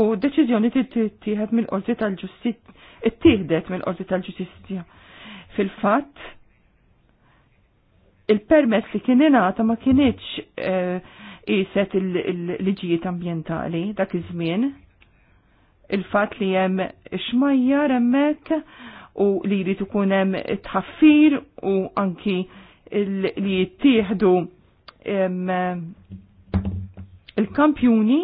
[SPEAKER 2] u deċiżjoni tittieħed mill-qorti tal-ġustizja ittieħdet mill-qorti tal-ġustizja. Fil-fatt il-permess li kien ingħata ma kienieċ qiset eh, il-liġijiet ambientali dak iż-żmien. Il-fatt li hemm xmajjar hemmhekk u li jrid ikun hemm tħaffir u anki li jittieħdu il-kampjuni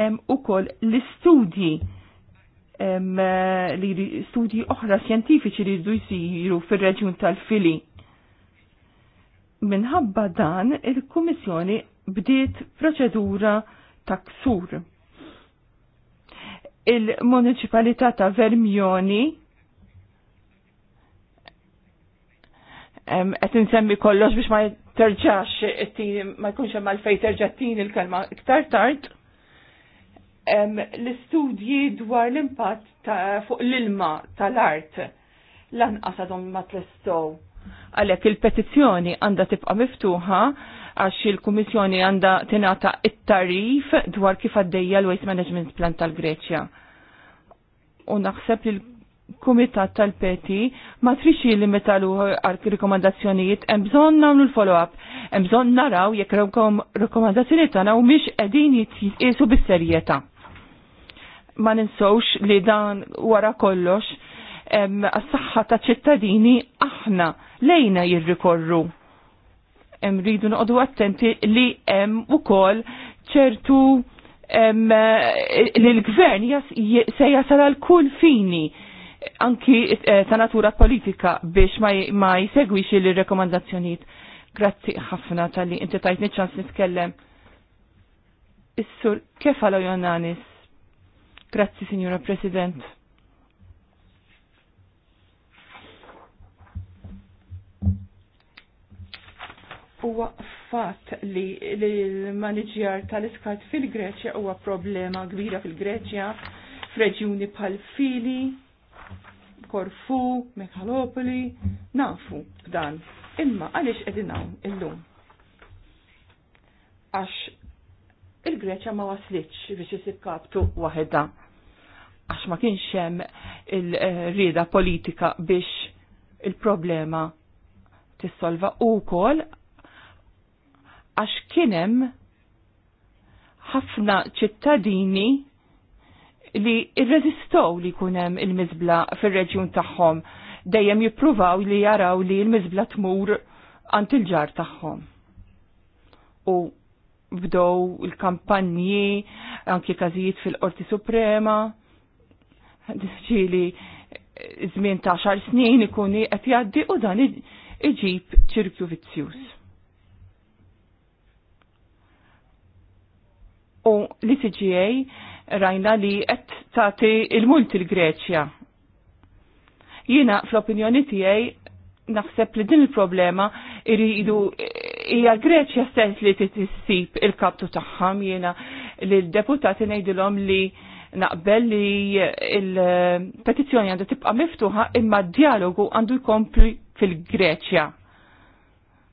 [SPEAKER 2] hemm ukoll l-istudji li studji oħra xjentifiċi li jridu jsiru fir-reġjun tal-Fili. Minħabba dan il-Kummissjoni bdiet proċedura ta' ksur il-Municipalità ta' Vermjoni qed insemmi kollox biex ma terġax ma jkunx hemm għalfejn terġa' t-tini il-kelma iktar tard. L-istudji dwar l-impatt fuq l-ilma tal-art lanqas għadhom ma trestow. Għalhekk il-petizzjoni għandha tibqa' miftuħa għax il-Kummissjoni għandha tingħata it-tarif dwar kif għaddejja l-Waste Management Plan tal-Greċja. U naħseb li l-Kumitat tal-Peti ma trix jillimita l għal rikomandazzjonijiet hemm bżonn nagħmlu l-follow-up, hemm bżonn naraw jekk rekomandazzjonijiet għana u miex qegħdin jitqisu bis-serjetà. Ma ninsowx li dan wara kollox għas-saħħa ta' ċittadini aħna lejna jirrikorru rridu noqogħdu attenti li hemm ukoll ċertu li l-gvern se jasal għal kull fini anki eh, ta' natura politika biex ma jsegwix li rekomandazzjoniet Grazzi ħafna tal-li inti tajt ċans nitkellem. Is-sur kif għal Jonanis? Grazzi, Signora President. huwa fatt li l-maniġjar tal iskat fil-Greċja huwa problema kbira fil-Greċja, f'reġjuni bħal Fili, Korfu, Mekalopoli, nafu b'dan. Imma għaliex qegħdin hawn illum? Għax il-Greċja ma waslitx biex isib kaptu waħedha. Għax ma kienx hemm il-rieda politika biex il-problema tissolva u kol għax kienem ħafna ċittadini li irreżistow li kunem il-mizbla fil-reġjun tagħhom dejjem jippruvaw li jaraw li l-mizbla tmur għand il-ġar tagħhom. U bdow il-kampanji, anki każijiet fil-Qorti Suprema, ġili żmien ta' xar snin ikun qed jgħaddi u dan iġib ċirkju vizzjuż u l-ICGA rajna li qed tagħti il mult il greċja Jiena fl-opinjoni tiegħi naħseb li din il-problema iridu hija Greċja stess li tissib il-kaptu tagħhom jiena li l-deputati ngħidilhom li naqbel li il-petizzjoni għandha tibqa' miftuħa imma d-dialogu għandu jkompli fil-Greċja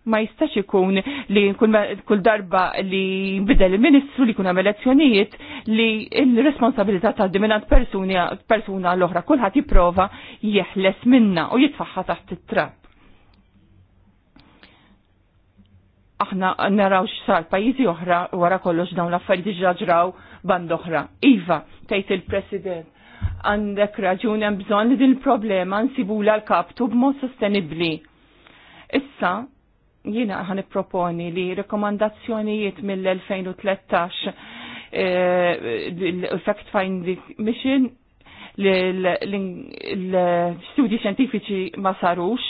[SPEAKER 2] ma jistax ikun li kull darba li bidel il-ministru li kun għam elezzjonijiet li il-responsabilità tal diminant persuna l-oħra kullħat jiprofa jeħles minna u jitfaħħa taħt it-trap. Aħna naraw x'sar pajjiżi oħra wara kollox dawn l-affarijiet ġraw band oħra. Iva, tgħid il-President, għandek raġun hemm bżonn li din il-problema nsibula l-kaptu b'mod sostenibbli. Issa, jina għan proponi li rekomandazzjonijiet mill-2013 eh, l-Fact Finding Mission l-studji xjentifiċi ma sarux,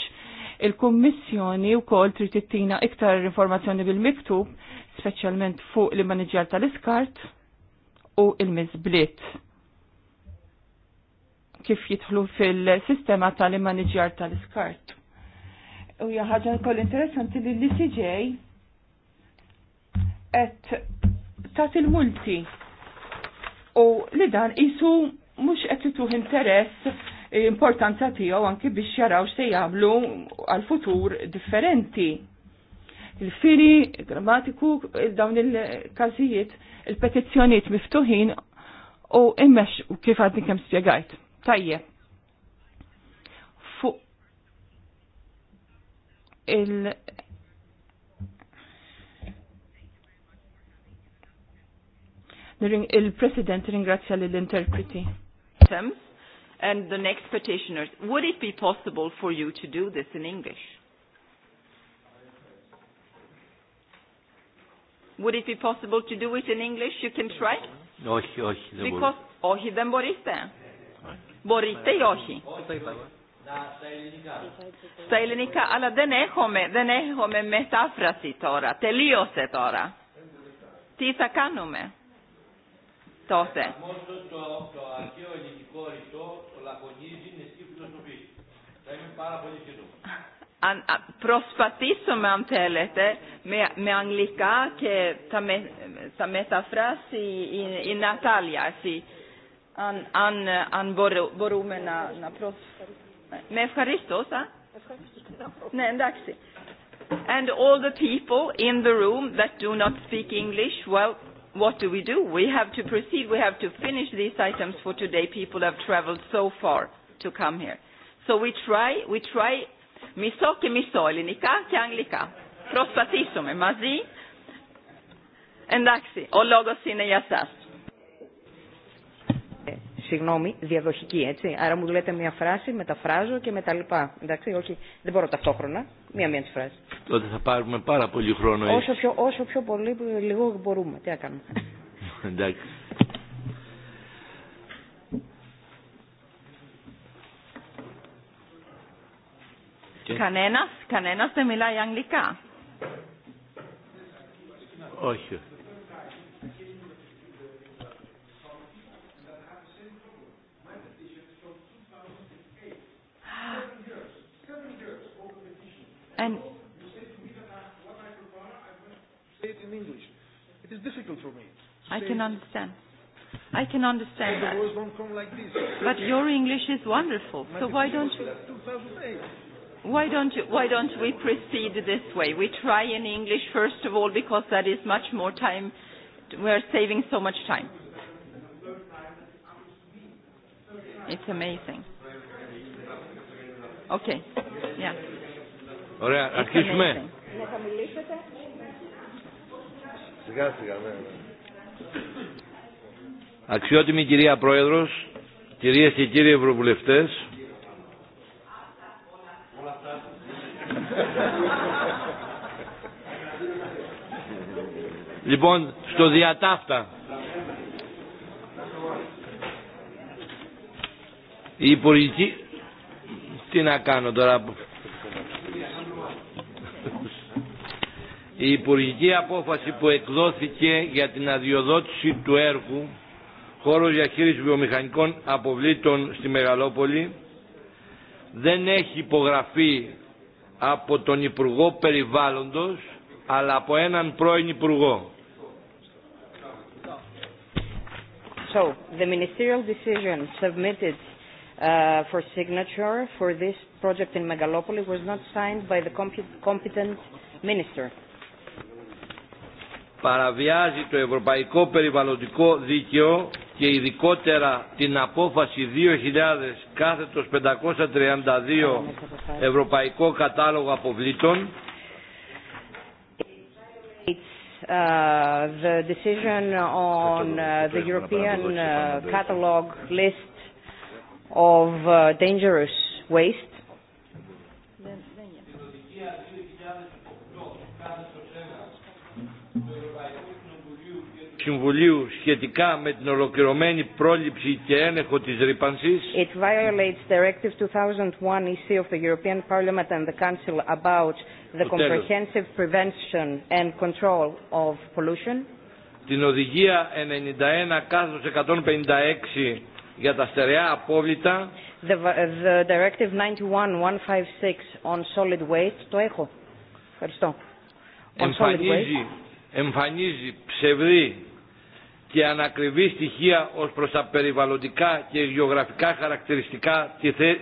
[SPEAKER 2] il-Kommissjoni u kol trittina iktar informazzjoni bil-miktub, specialment fuq li manager tal-iskart u il mizblit Kif jitħlu fil-sistema tal-manager tal-iskart U jaħħaġa l-koll interessanti li l-ICJ et tat il-multi u li dan jisu mux qed tituħ interess importanza tiegħu anki biex jaraw x'se jagħmlu għal futur differenti. Il-firi, grammatiku, dawn il-każijiet, il-petizzjonijiet miftuħin u immex kif għadni kemm spjegajt. Tajjeb il- il-President ringrazzja l-interpreti.
[SPEAKER 1] And the next petitioners, would it be possible for you to do this in English? Would it be possible to do it in English? You can try?
[SPEAKER 9] Oħi, oħi. Because,
[SPEAKER 1] oħi, then boriste. Boriste, oħi.
[SPEAKER 8] Στα ελληνικά, αλλά δεν
[SPEAKER 1] έχουμε, δεν έχουμε μετάφραση τώρα. Τελείωσε τώρα. Τι θα κάνουμε τότε. προσπαθήσουμε αν θέλετε με, με αγγλικά και θα, με, θα μεταφράσει η, η Νατάλια. Αν, αν, αν μπορούμε να, να προσφέρουμε με ευχαριστώ, θα. And all the people in the room that do not speak English, well, what do we do? We have to proceed. We have to finish these items for today. People have traveled so far to come here. So we try, we try, miso και miso, ελληνικά και αγγλικά. anglika. μαζί. mazi. ο o logo sine σας
[SPEAKER 11] συγγνώμη, διαδοχική, έτσι. Άρα μου λέτε μια φράση, μεταφράζω και μετά λοιπά. Εντάξει, όχι, δεν μπορώ ταυτόχρονα. Μία-μία τη φράση.
[SPEAKER 9] Τότε θα πάρουμε πάρα πολύ χρόνο. Όσο
[SPEAKER 11] πιο, όσο πιο πολύ, λίγο μπορούμε. Τι να κάνουμε.
[SPEAKER 9] Εντάξει.
[SPEAKER 1] Κανένας, κανένας δεν μιλάει αγγλικά.
[SPEAKER 3] Όχι.
[SPEAKER 8] And it in
[SPEAKER 10] English. It is difficult for me. I
[SPEAKER 1] can understand. I can understand that. But your English is wonderful. So why don't you? Why don't you, why don't we proceed this way? We try in English first of all because that is much more time. We are saving so much time. It's amazing.
[SPEAKER 8] Okay. Yeah. Ωραία, αρχίσουμε. Να θα μιλήσετε. Σιγά σιγά, ναι,
[SPEAKER 9] Αξιότιμη κυρία Πρόεδρος, κυρίες και κύριοι Ευρωβουλευτές, Λοιπόν, στο διατάφτα. Η υπουργική... Τι να κάνω τώρα, Η υπουργική απόφαση που εκδόθηκε για την αδειοδότηση του έργου χώρο διαχείριση βιομηχανικών αποβλήτων στη Μεγαλόπολη δεν έχει υπογραφεί από τον Υπουργό Περιβάλλοντος αλλά από έναν πρώην Υπουργό.
[SPEAKER 11] So, the ministerial decision submitted uh, for signature for this project in Megalopoli was not signed by the comp competent minister
[SPEAKER 9] παραβιάζει το Ευρωπαϊκό Περιβαλλοντικό Δίκαιο και ειδικότερα την απόφαση 2000 κάθετος 532 Ευρωπαϊκό Κατάλογο Αποβλήτων
[SPEAKER 11] Uh, the decision on uh, the European uh, catalog list of uh, dangerous waste
[SPEAKER 9] Συμβουλίου σχετικά με την ολοκληρωμένη πρόληψη και έλεγχο της ρήπανσης. It
[SPEAKER 11] violates Directive 2001 EC of the European Parliament and the Council about
[SPEAKER 9] the comprehensive
[SPEAKER 11] prevention and control of pollution.
[SPEAKER 9] Την οδηγία 91 κάθος 156 για τα στερεά απόβλητα.
[SPEAKER 11] The, the Directive 91-156 on solid waste. Το έχω. Ευχαριστώ.
[SPEAKER 9] Εμφανίζει, εμφανίζει ψευδή και ανακριβή στοιχεία ως προς τα περιβαλλοντικά και γεωγραφικά χαρακτηριστικά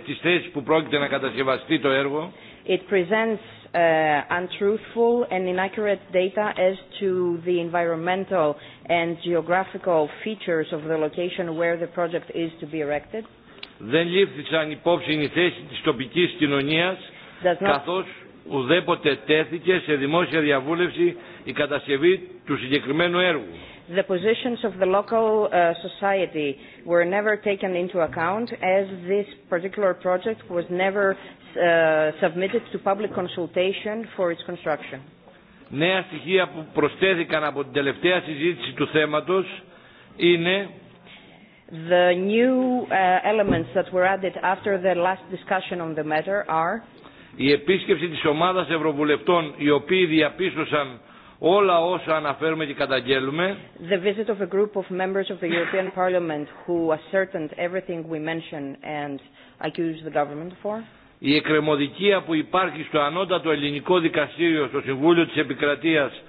[SPEAKER 9] της θέσης που πρόκειται να κατασκευαστεί το έργο.
[SPEAKER 11] It presents uh, untruthful and inaccurate data as to the environmental and geographical features of the location where the project is to be erected.
[SPEAKER 9] Δεν λήφθησαν υπόψη η θέση της τοπικής κοινωνίας, καθώς ουδέποτε τέθηκε σε δημόσια διαβούλευση η κατασκευή του συγκεκριμένου έργου. The
[SPEAKER 11] positions of the local uh, society were never taken into account as this particular project was never uh, submitted to public consultation for its construction.
[SPEAKER 9] Νέα στοιχεία που προσθέθηκαν από την τελευταία συζήτηση του θέματος είναι
[SPEAKER 11] The new uh, elements that were added after the last discussion on the matter are
[SPEAKER 9] η επίσκεψη της ομάδας ευρωβουλευτών οι οποίοι διαπίστωσαν Όλα όσα αναφέρουμε και καταγγέλουμε. The
[SPEAKER 11] visit of a group of members of the European Parliament who ascertained everything we mentioned and accused the government for.
[SPEAKER 9] Η εκκρεμωδικία που υπάρχει στο ανώτατο ελληνικό δικαστήριο στο Συμβούλιο της Επικρατείας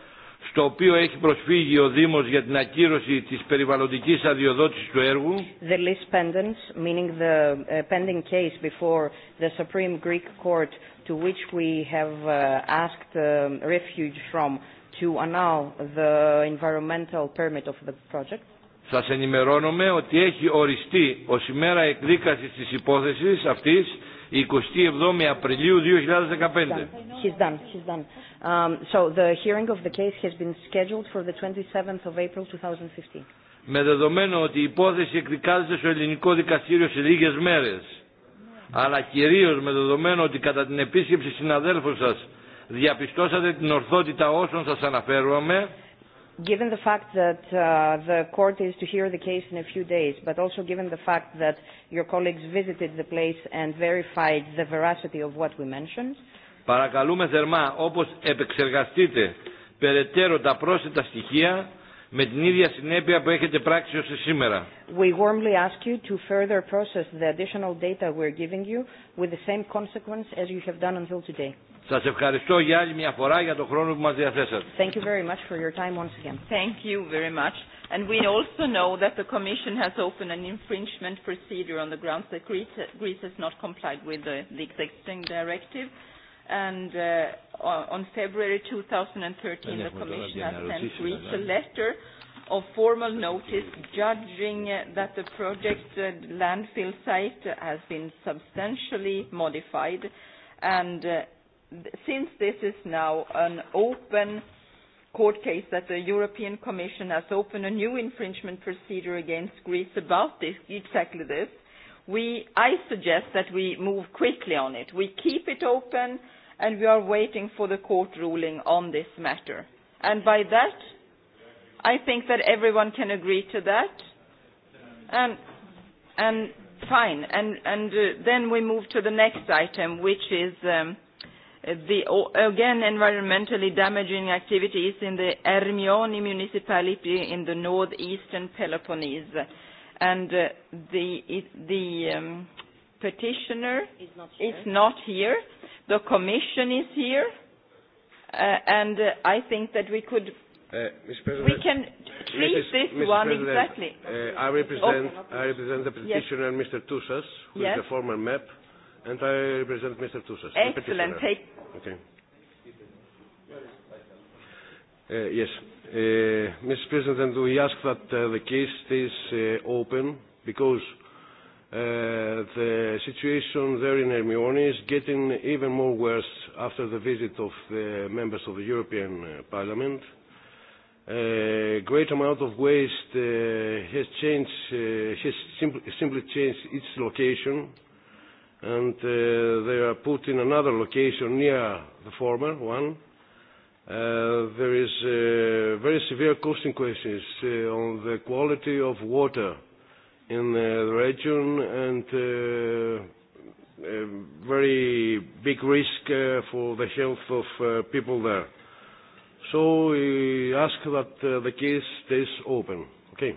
[SPEAKER 9] στο οποίο έχει προσφύγει ο Δήμος για την ακύρωση της περιβαλλοντικής αδειοδότησης του έργου.
[SPEAKER 11] The list pendants, meaning the uh, pending case before the Supreme Greek Court to which we have uh, asked um, refuge from to annul the environmental permit of the project.
[SPEAKER 9] Σας ενημερώνουμε ότι έχει οριστεί ως ημέρα εκδίκασης της υπόθεσης αυτής η 27η Απριλίου 2015. He's
[SPEAKER 11] done, he's done. Um, so the hearing of the case has been scheduled for the 27th of April 2015.
[SPEAKER 9] Με δεδομένο ότι η υπόθεση εκδικάζεται στο ελληνικό δικαστήριο σε λίγες μέρες, αλλά κυρίως με δεδομένο ότι κατά την επίσκεψη συναδέλφου σας διαπιστώσατε την ορθότητα όσων σας αναφέρομαι
[SPEAKER 11] given the fact that uh, the court is to hear the case in a few days, but also given the fact that your colleagues visited the place and verified the veracity of what we mentioned.
[SPEAKER 9] Παρακαλούμε θερμά όπως επεξεργαστείτε περαιτέρω τα πρόσθετα στοιχεία με την ίδια συνέπεια που έχετε πράξει ως σήμερα.
[SPEAKER 11] We warmly ask you to further process the additional data we're giving you with the same consequence as you have done until today.
[SPEAKER 9] Σας ευχαριστώ για άλλη μια φορά για τον χρόνο που μας διαθέσατε.
[SPEAKER 11] Thank you very much for your time once again. Thank you very much.
[SPEAKER 1] And we also know that the Commission has opened an infringement procedure on the grounds that Greece, Greece has not complied with the, the existing directive. And uh, on February 2013, the Commission has sent Greece a letter of formal notice judging that the project uh, landfill site has been substantially modified and uh, since this is now an open court case that the European Commission has opened a new infringement procedure against Greece about this, exactly this, we, I suggest that we move quickly on it. We keep it open and we are waiting for the court ruling on this matter. And by that, I think that everyone can agree to that. And, and fine. And, and uh, then we move to the next item, which is um, the, again, environmentally damaging activities in the Ermioni municipality in the northeastern Peloponnese. And uh, the, it, the um, petitioner
[SPEAKER 8] is not here. Is not
[SPEAKER 1] here. The commission is here. Uh, and uh, I think that we could
[SPEAKER 7] Uh, we can treat Mrs. this Mrs. one President, exactly. Uh, I, represent, okay. Oh. I represent the petitioner, yes. Mr. Tussas, who yes. is the former MEP. And I represent Mr. Tussas. Excellent. Take... Okay. Uh, yes. Uh, Mr. President, we ask that uh, the case stays uh, open because uh, the situation there in Hermione is getting even more worse after the visit of the members of the European uh, Parliament. A uh, great amount of waste uh, has changed, uh, has simpl simply changed its location and uh, they are put in another location near the former one. Uh, there is uh, very severe consequences uh, on the quality of water in uh, the region and uh, a very big risk uh, for the health of uh, people there. So we ask that uh, the case stays open. Okay.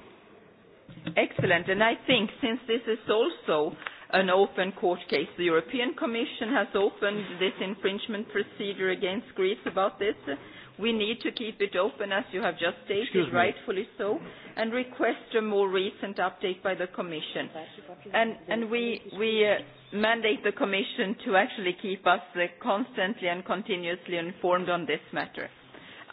[SPEAKER 1] Excellent. And I think since this is also an open court case. The European Commission has opened this infringement procedure against Greece about this. We need to keep it open, as you have just stated, Excuse rightfully me. so, and request a more recent update by the Commission. And, and we, we uh, mandate the Commission to actually keep us uh, constantly and continuously informed on this matter.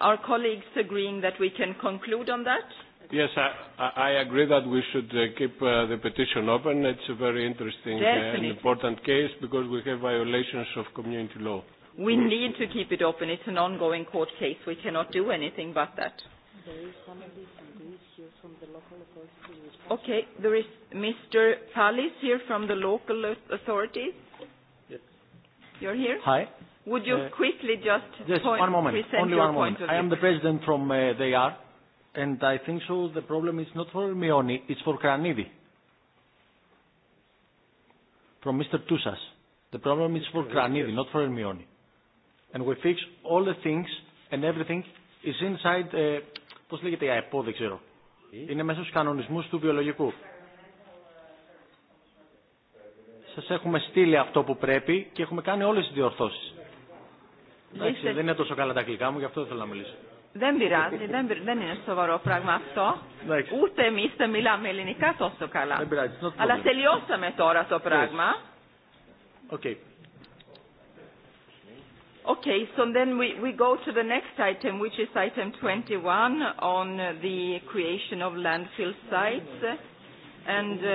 [SPEAKER 1] Are colleagues agreeing that we can conclude on that?
[SPEAKER 3] Yes, I, I agree that we should uh, keep uh, the petition open. It's a very interesting uh, and important case because we have violations of community law. We need to keep it open.
[SPEAKER 1] It's an ongoing court case. We cannot do anything but that.
[SPEAKER 8] There is here
[SPEAKER 11] from the local authorities.
[SPEAKER 1] Okay, there is Mr. Palis here from the local authorities. Yes. You're here? Hi. Would you uh, quickly just, just
[SPEAKER 6] point, one moment. present Only your one moment. point of view? I am the president from uh, they are and I think so the problem is not for Mioni, it's for Kranidi. From Mr. Tusas. The problem is for Kranidi, not for Mioni. And we fix all the things and everything is inside, uh, πώς λέγεται η ΑΕΠΟ, δεν ξέρω. Είναι μέσα στους κανονισμούς του βιολογικού. Σας έχουμε στείλει αυτό που πρέπει και έχουμε κάνει όλες τις διορθώσεις. Εντάξει, δεν είναι τόσο καλά τα αγγλικά μου, γι' αυτό δεν θέλω να μιλήσω.
[SPEAKER 1] Δεν πειράζει, δεν, πειράζει, δεν είναι σοβαρό πράγμα αυτό. Like. Ούτε εμεί δεν μιλάμε ελληνικά τόσο καλά. Δεν πειράζει, Αλλά τελειώσαμε τώρα
[SPEAKER 6] το Okay.
[SPEAKER 1] Okay, so then we, we go to the next item, which is item 21 on the creation of landfill sites. And uh,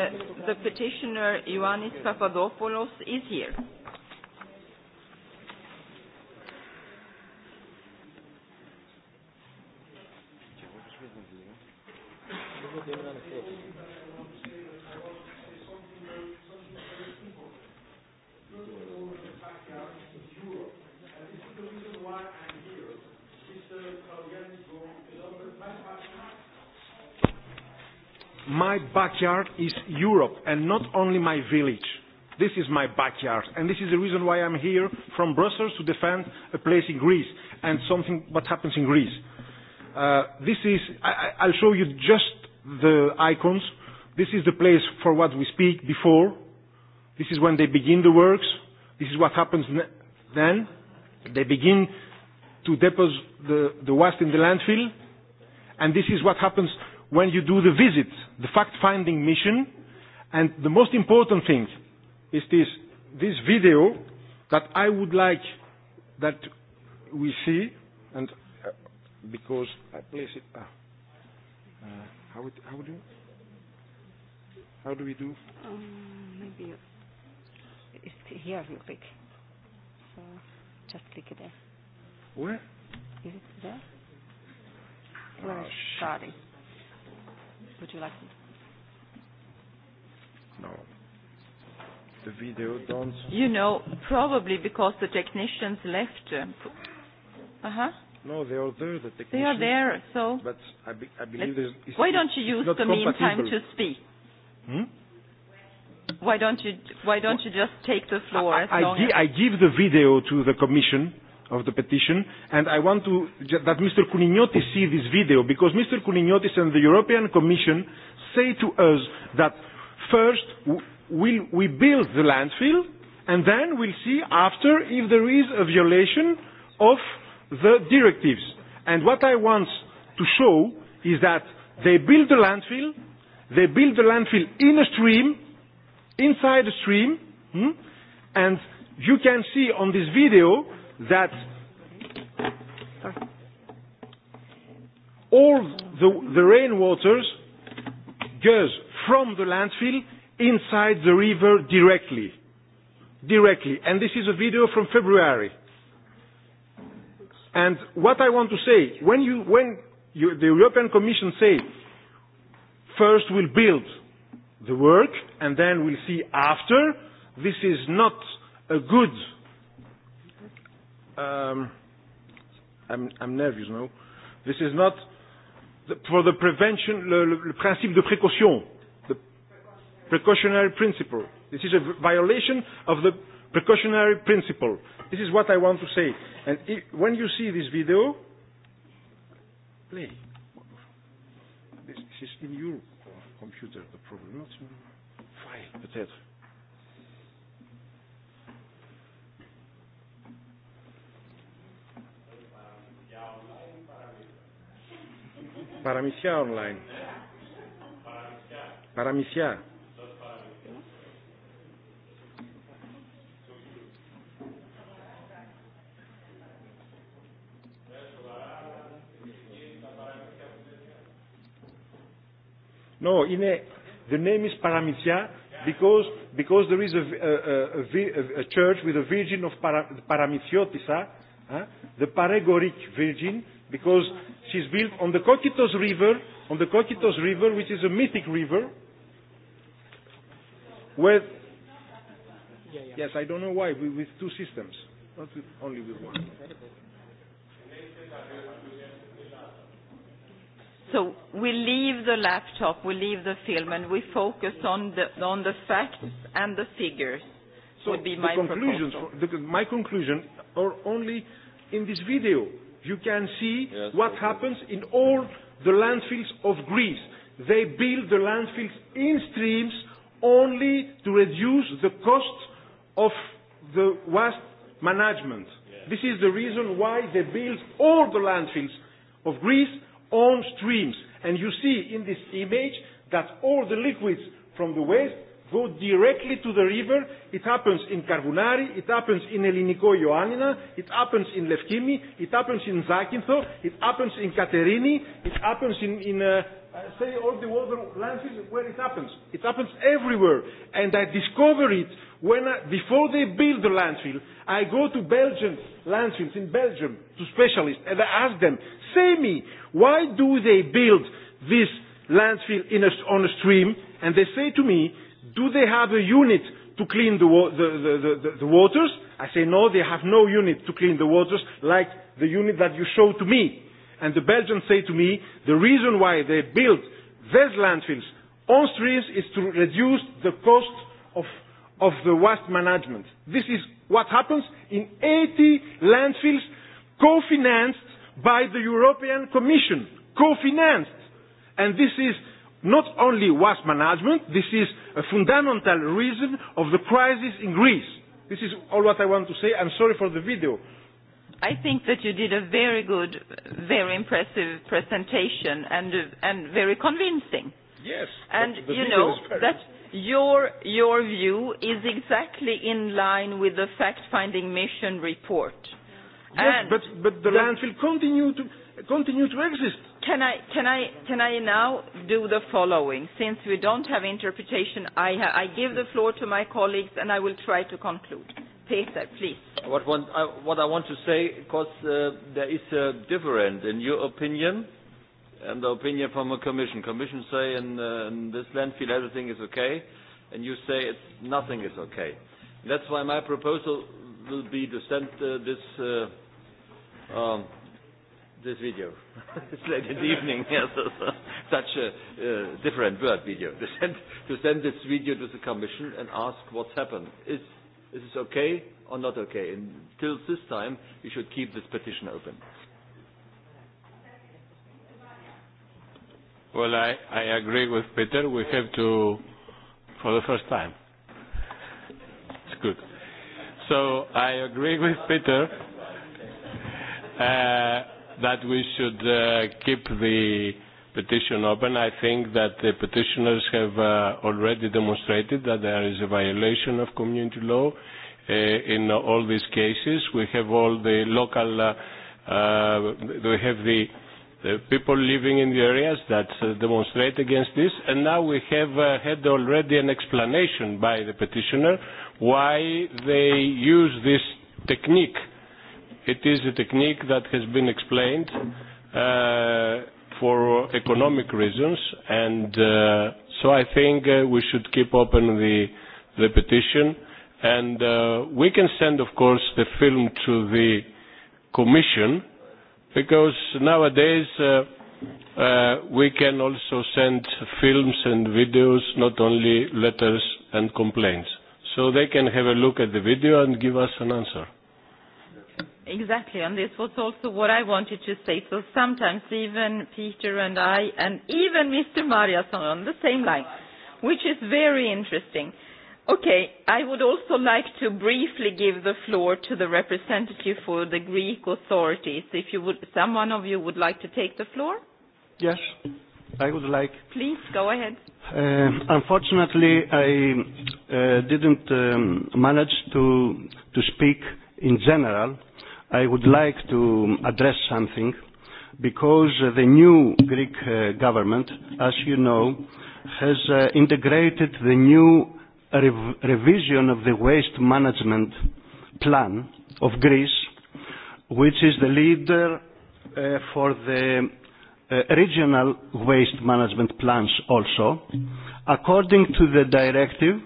[SPEAKER 1] the petitioner, Ioannis Papadopoulos, is here.
[SPEAKER 10] My backyard is Europe and not only my village. This is my backyard. And this is the reason why I'm here from Brussels to defend a place in Greece and something what happens in Greece. Uh, this is, I, I'll show you just the icons. This is the place for what we speak before. This is when they begin the works. This is what happens then. They begin to deposit the, the waste in the landfill. And this is what happens when you do the visit, the fact-finding mission. And the most important thing is this, this video that I would like that we see, and uh, because I place it. Ah, uh,
[SPEAKER 8] uh,
[SPEAKER 5] How would how do how do we do?
[SPEAKER 8] Um, maybe
[SPEAKER 5] it's here you click. So just click it there.
[SPEAKER 2] Where? Is it there? Oh, Where oh, is starting? Would you like to? No.
[SPEAKER 5] The video don't.
[SPEAKER 1] You know, probably because the technicians left. Uh huh.
[SPEAKER 7] No, they are there. The they are there, so. But I, be, I believe there's. Why don't
[SPEAKER 1] you use the meantime to speak? Hmm? Why don't you Why don't you just take the floor? I, as I, long gi as
[SPEAKER 10] I give the video to the Commission of the petition, and I want to that Mr. Cunignotti see this video because Mr. Cunignotti and the European Commission say to us that first we'll, we build the landfill, and then we'll see after if there is a violation of the directives. And what I want to show is that they build the landfill, they build the landfill in a stream, inside a stream, hmm? and you can see on this video that all the, the rainwaters goes from the landfill inside the river directly. Directly. And this is a video from February. And what I want to say, when, you, when you, the European Commission says, first we'll build the work and then we'll see after, this is not a good, um, I'm, I'm nervous now, this is not the, for the prevention, le, le, le principe de précaution, the precautionary principle. This is a violation of the Precautionary principle. This is what I want to say. And if, when you see this video,
[SPEAKER 8] play. This, this
[SPEAKER 10] is in your computer, the problem, not in file, potato.
[SPEAKER 8] être Paramisia online.
[SPEAKER 10] Paramisia. No, in a, the name is Paramithia because, because there is a, a, a, a, a church with a virgin of para, Paramithiotisa, uh the Paregoric virgin, because she's built on the Kokitos River, on the Kokitos River, which is a mythic river,
[SPEAKER 8] with yeah, yeah. yes, I
[SPEAKER 10] don't know why, with, with two systems,
[SPEAKER 8] not with, only with one. So
[SPEAKER 10] we leave the
[SPEAKER 1] laptop, we leave the film, and we focus on the, on the facts and the figures.
[SPEAKER 10] So would be my conclusions. the, my conclusion are only in this video. You can see yes, what okay. happens in all the landfills of Greece. They build the landfills in streams only to reduce the cost of the waste management. Yes. This is the reason why they build all the landfills of Greece own streams. And you see in this image that all the liquids from the waste go directly to the river. It happens in Carbunari, it happens in Eliniko Ioannina, it happens in Lefkimi, it happens in Zakintho, it happens in Katerini, it happens in, in uh, uh, say all the water landfills where it happens. It happens everywhere. And I discover it when I, uh, before they build the landfill, I go to Belgian landfills in Belgium, to specialists, and I ask them, Say me, why do they build this landfill in a, on a stream? And they say to me, do they have a unit to clean the, wa the, the, the, the the waters? I say, no, they have no unit to clean the waters like the unit that you showed to me. And the Belgians say to me, the reason why they build these landfills on streams is to reduce the cost of, of the waste management. This is what happens in 80 landfills co-financed by the European Commission, co-financed. And this is not only waste management, this is a fundamental reason of the crisis in Greece. This is all what I want to say. I'm sorry for the video.
[SPEAKER 1] I think that you did a very good, very impressive presentation and, and very convincing.
[SPEAKER 8] Yes. And you know that
[SPEAKER 1] your, your view is exactly in line with the fact-finding mission report Yes, but, but the, the landfill
[SPEAKER 10] continue to, continue to exist.
[SPEAKER 1] Can I, can, I, can I now do the following? Since we don't have interpretation, I, ha I give the floor to my colleagues and I will try to conclude. Peter, please.
[SPEAKER 9] What, one, I, what I want to say, because uh,
[SPEAKER 3] there is a difference in your opinion and the opinion from a Commission. Commission say in, uh, in this landfill everything is okay, and you say it's, nothing is okay. That's why my proposal will be to send uh, this uh,
[SPEAKER 4] um, this video. it's late in the evening, yes, so, so, such a uh, different word video. To send, to send this video to the Commission and ask what's happened.
[SPEAKER 3] Is, is this okay or not okay? And till this time, we should keep this petition open. Well, I, I agree with Peter. We have to, for the first time. It's good. So I agree with Peter uh, that we should uh, keep the petition open. I think that the petitioners have uh, already demonstrated that there is a violation of community law uh, in all these cases. We have all the local, uh, uh, we have the, the people living in the areas that uh, demonstrate against this, and now we have uh, had already an explanation by the petitioner why they use this technique. It is a technique that has been explained uh, for economic reasons, and uh, so I think uh, we should keep open the, the petition. And uh, we can send, of course, the film to the Commission, because nowadays uh, uh, we can also send films and videos, not only letters and complaints so they can have a look at the video and give us an answer.
[SPEAKER 1] Exactly, and this was also what I wanted to say. So sometimes even Peter and I, and even Mr. Marias are on the same line, which is very interesting. Okay, I would also like to briefly give the floor to the representative for the Greek authorities. If you would, someone of you would like to take the floor?
[SPEAKER 6] Yes. I would like...
[SPEAKER 1] Please, go ahead.
[SPEAKER 6] Uh, unfortunately, I uh, didn't um, manage to, to speak in general. I would like to address something because the new Greek uh, government, as you know, has uh, integrated the new rev revision of the waste management plan of Greece, which is the leader uh, for the uh, regional waste management plans also, according to the directive,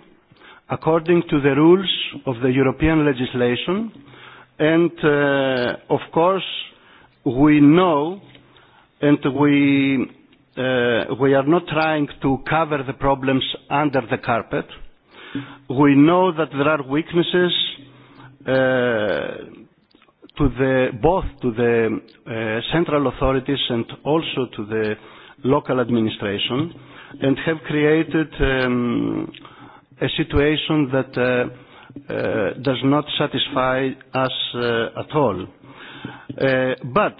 [SPEAKER 6] according to the rules of the European legislation, and uh, of course we know and we, uh, we are not trying to cover the problems under the carpet. We know that there are weaknesses uh, to the, both to the uh, central authorities and also to the local administration and have created um, a situation that uh, uh, does not satisfy us uh, at all. Uh, but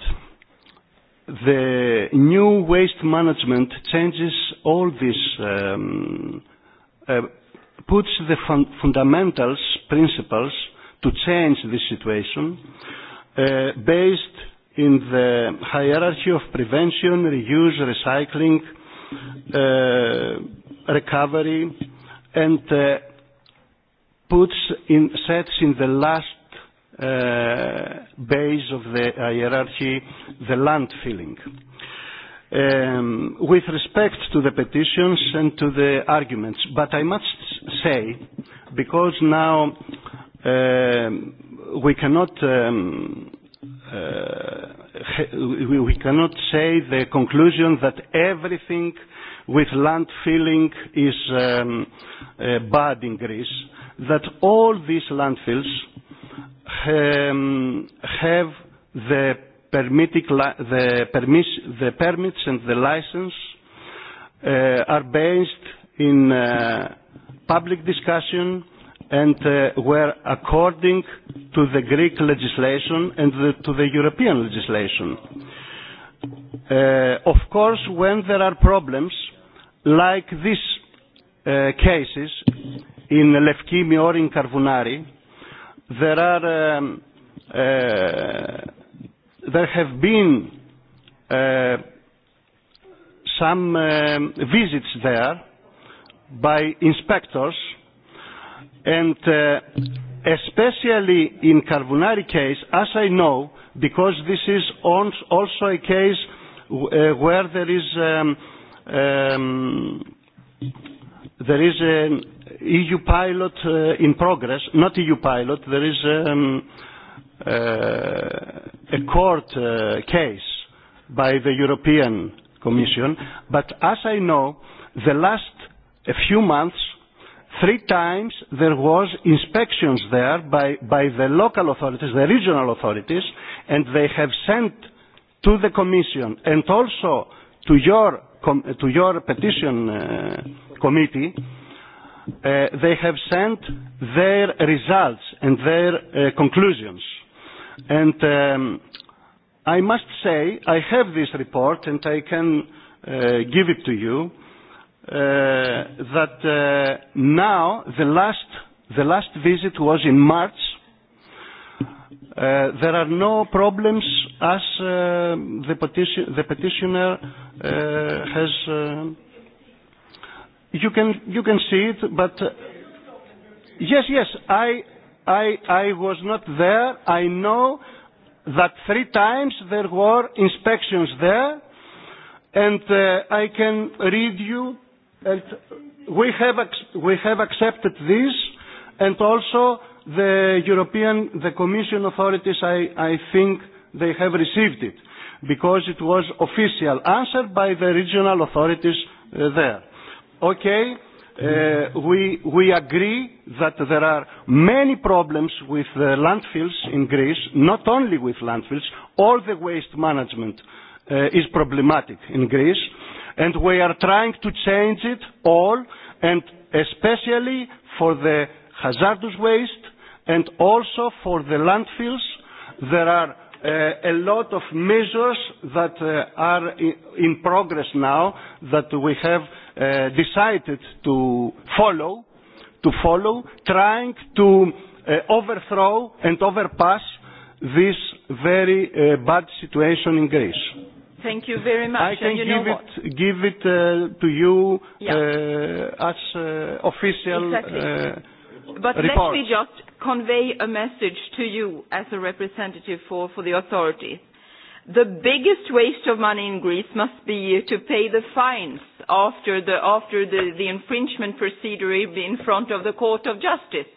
[SPEAKER 6] the new waste management changes all this, um, uh, puts the fun fundamentals, principles to change this situation uh, based in the hierarchy of prevention, reuse, recycling, uh, recovery, and uh, puts in, sets in the last uh, base of the hierarchy the land filling. Um, with respect to the petitions and to the arguments, but I must say, because now uh, we cannot um, uh, we cannot say the conclusion that everything with land filling is um, uh, bad in Greece, that all these landfills um, have the, permitting the, permis the permits and the license uh, are based in uh, public discussion and uh, were according to the Greek legislation and the, to the European legislation. Uh, of course, when there are problems like these uh, cases in Lefkimi or in Carvunari, there are um, uh, there have been uh, some um, visits there by inspectors And uh, especially in Carbonari case, as I know, because this is also a case uh, where there is, um, um, there is an EU pilot uh, in progress, not EU pilot, there is um, uh, a court uh, case by the European Commission, but as I know, the last few months Three times there was inspections there by, by the local authorities, the regional authorities, and they have sent to the Commission and also to your, com to your petition uh, committee, uh, they have sent their results and their uh, conclusions. And um, I must say, I have this report and I can uh, give it to you uh, that uh, now the last, the last visit was in March. Uh, there are no problems as uh, the, petition, the petitioner uh, has. Uh, you can you can see it, but uh, yes, yes, I I I was not there. I know that three times there were inspections there, and uh, I can read you And we have, we have accepted this and also the European, the Commission authorities, I, I think they have received it because it was official answer by the regional authorities uh, there. Okay, uh, we, we agree that there are many problems with the landfills in Greece, not only with landfills, all the waste management uh, is problematic in Greece and we are trying to change it all and especially for the hazardous waste and also for the landfills there are uh, a lot of measures that uh, are in progress now that we have uh, decided to follow to follow trying to uh, overthrow and overpass this very uh, bad situation in Greece.
[SPEAKER 1] Thank you very much. I can and you give, know it,
[SPEAKER 6] what? give it uh, to you yeah. uh, as uh, official exactly. uh,
[SPEAKER 1] But report. let me just convey a message to you as a representative for, for the authorities. The biggest waste of money in Greece must be to pay the fines after the, after the, the infringement procedure in front of the Court of Justice.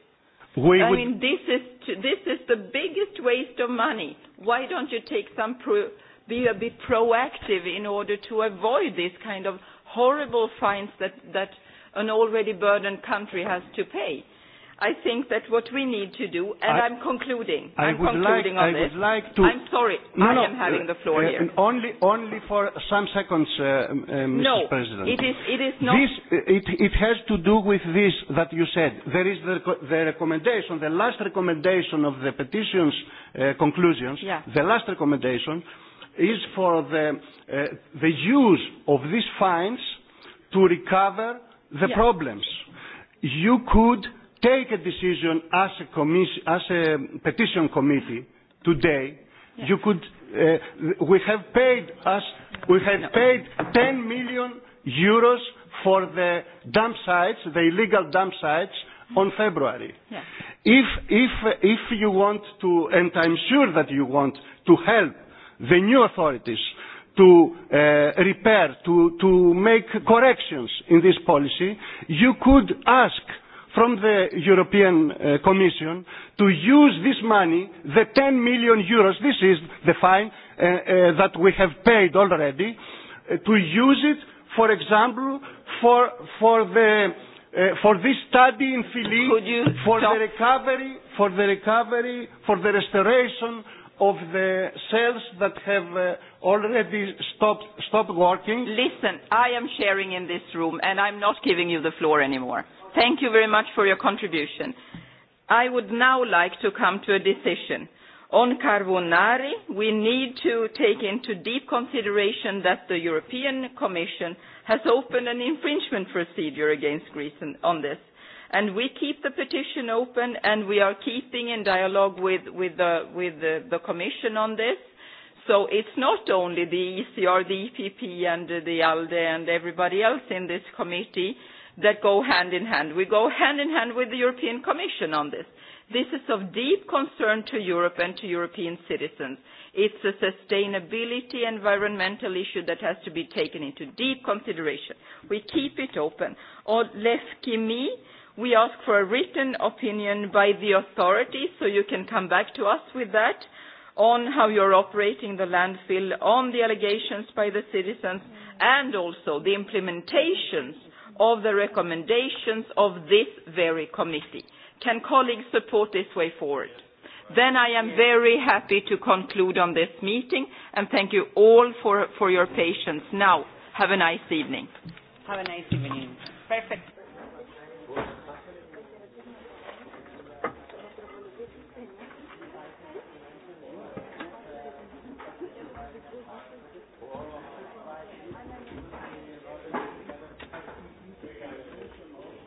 [SPEAKER 1] We I would... mean, this is, this is the biggest waste of money. Why don't you take some... Pro- be a bit proactive in order to avoid this kind of horrible fines that, that an already burdened country has to pay. I think that what we need to do, and I, I'm concluding, I I'm would concluding like, on I this. Would like to, I'm sorry, no, I no, am having uh, the floor uh, here.
[SPEAKER 6] Uh, only, only for some seconds, uh, uh, Mr. No, President. It
[SPEAKER 1] is, it is
[SPEAKER 8] not. This,
[SPEAKER 6] uh, it, it has to do with this that you said. There is the, the recommendation, the last recommendation of the petition's uh, conclusions, yeah. the last recommendation is for the, uh, the use of these fines to recover the yeah. problems. You could take a decision as a, commission, as a petition committee today. Yeah. You could, uh, we have paid us, we have no. paid 10 million euros for the dump sites, the illegal dump sites, on February. Yeah. If, if, if you want to, and I'm sure that you want to help the new authorities to uh, repair, to, to make corrections in this policy, you could ask from the European uh, Commission to use this money, the 10 million euros, this is the fine uh, uh, that we have paid already, uh, to use it, for example, for, for the uh, for this study in Philly, for stop? the recovery, for the recovery, for the restoration of the cells that have uh, already stopped, stopped working.
[SPEAKER 1] Listen, I am sharing in this room and I'm not giving you the floor anymore. Thank you very much for your contribution. I would now like to come to a decision. On Carbonari, we need to take into deep consideration that the European Commission has opened an infringement procedure against Greece on this and we keep the petition open and we are keeping in dialogue with, with, the, with the, the Commission on this. So it's not only the ECR, the EPP and the ALDE and everybody else in this committee that go hand in hand. We go hand in hand with the European Commission on this. This is of deep concern to Europe and to European citizens. It's a sustainability environmental issue that has to be taken into deep consideration. We keep it open. Or lefkimi, We ask for a written opinion by the authorities, so you can come back to us with that, on how you're operating the landfill, on the allegations by the citizens, and also the implementations of the recommendations of this very committee. Can colleagues support this way forward? Then I am very happy to conclude on this meeting, and thank you all for, for your patience. Now, have a nice evening.
[SPEAKER 11] Have a nice
[SPEAKER 8] evening. Perfect.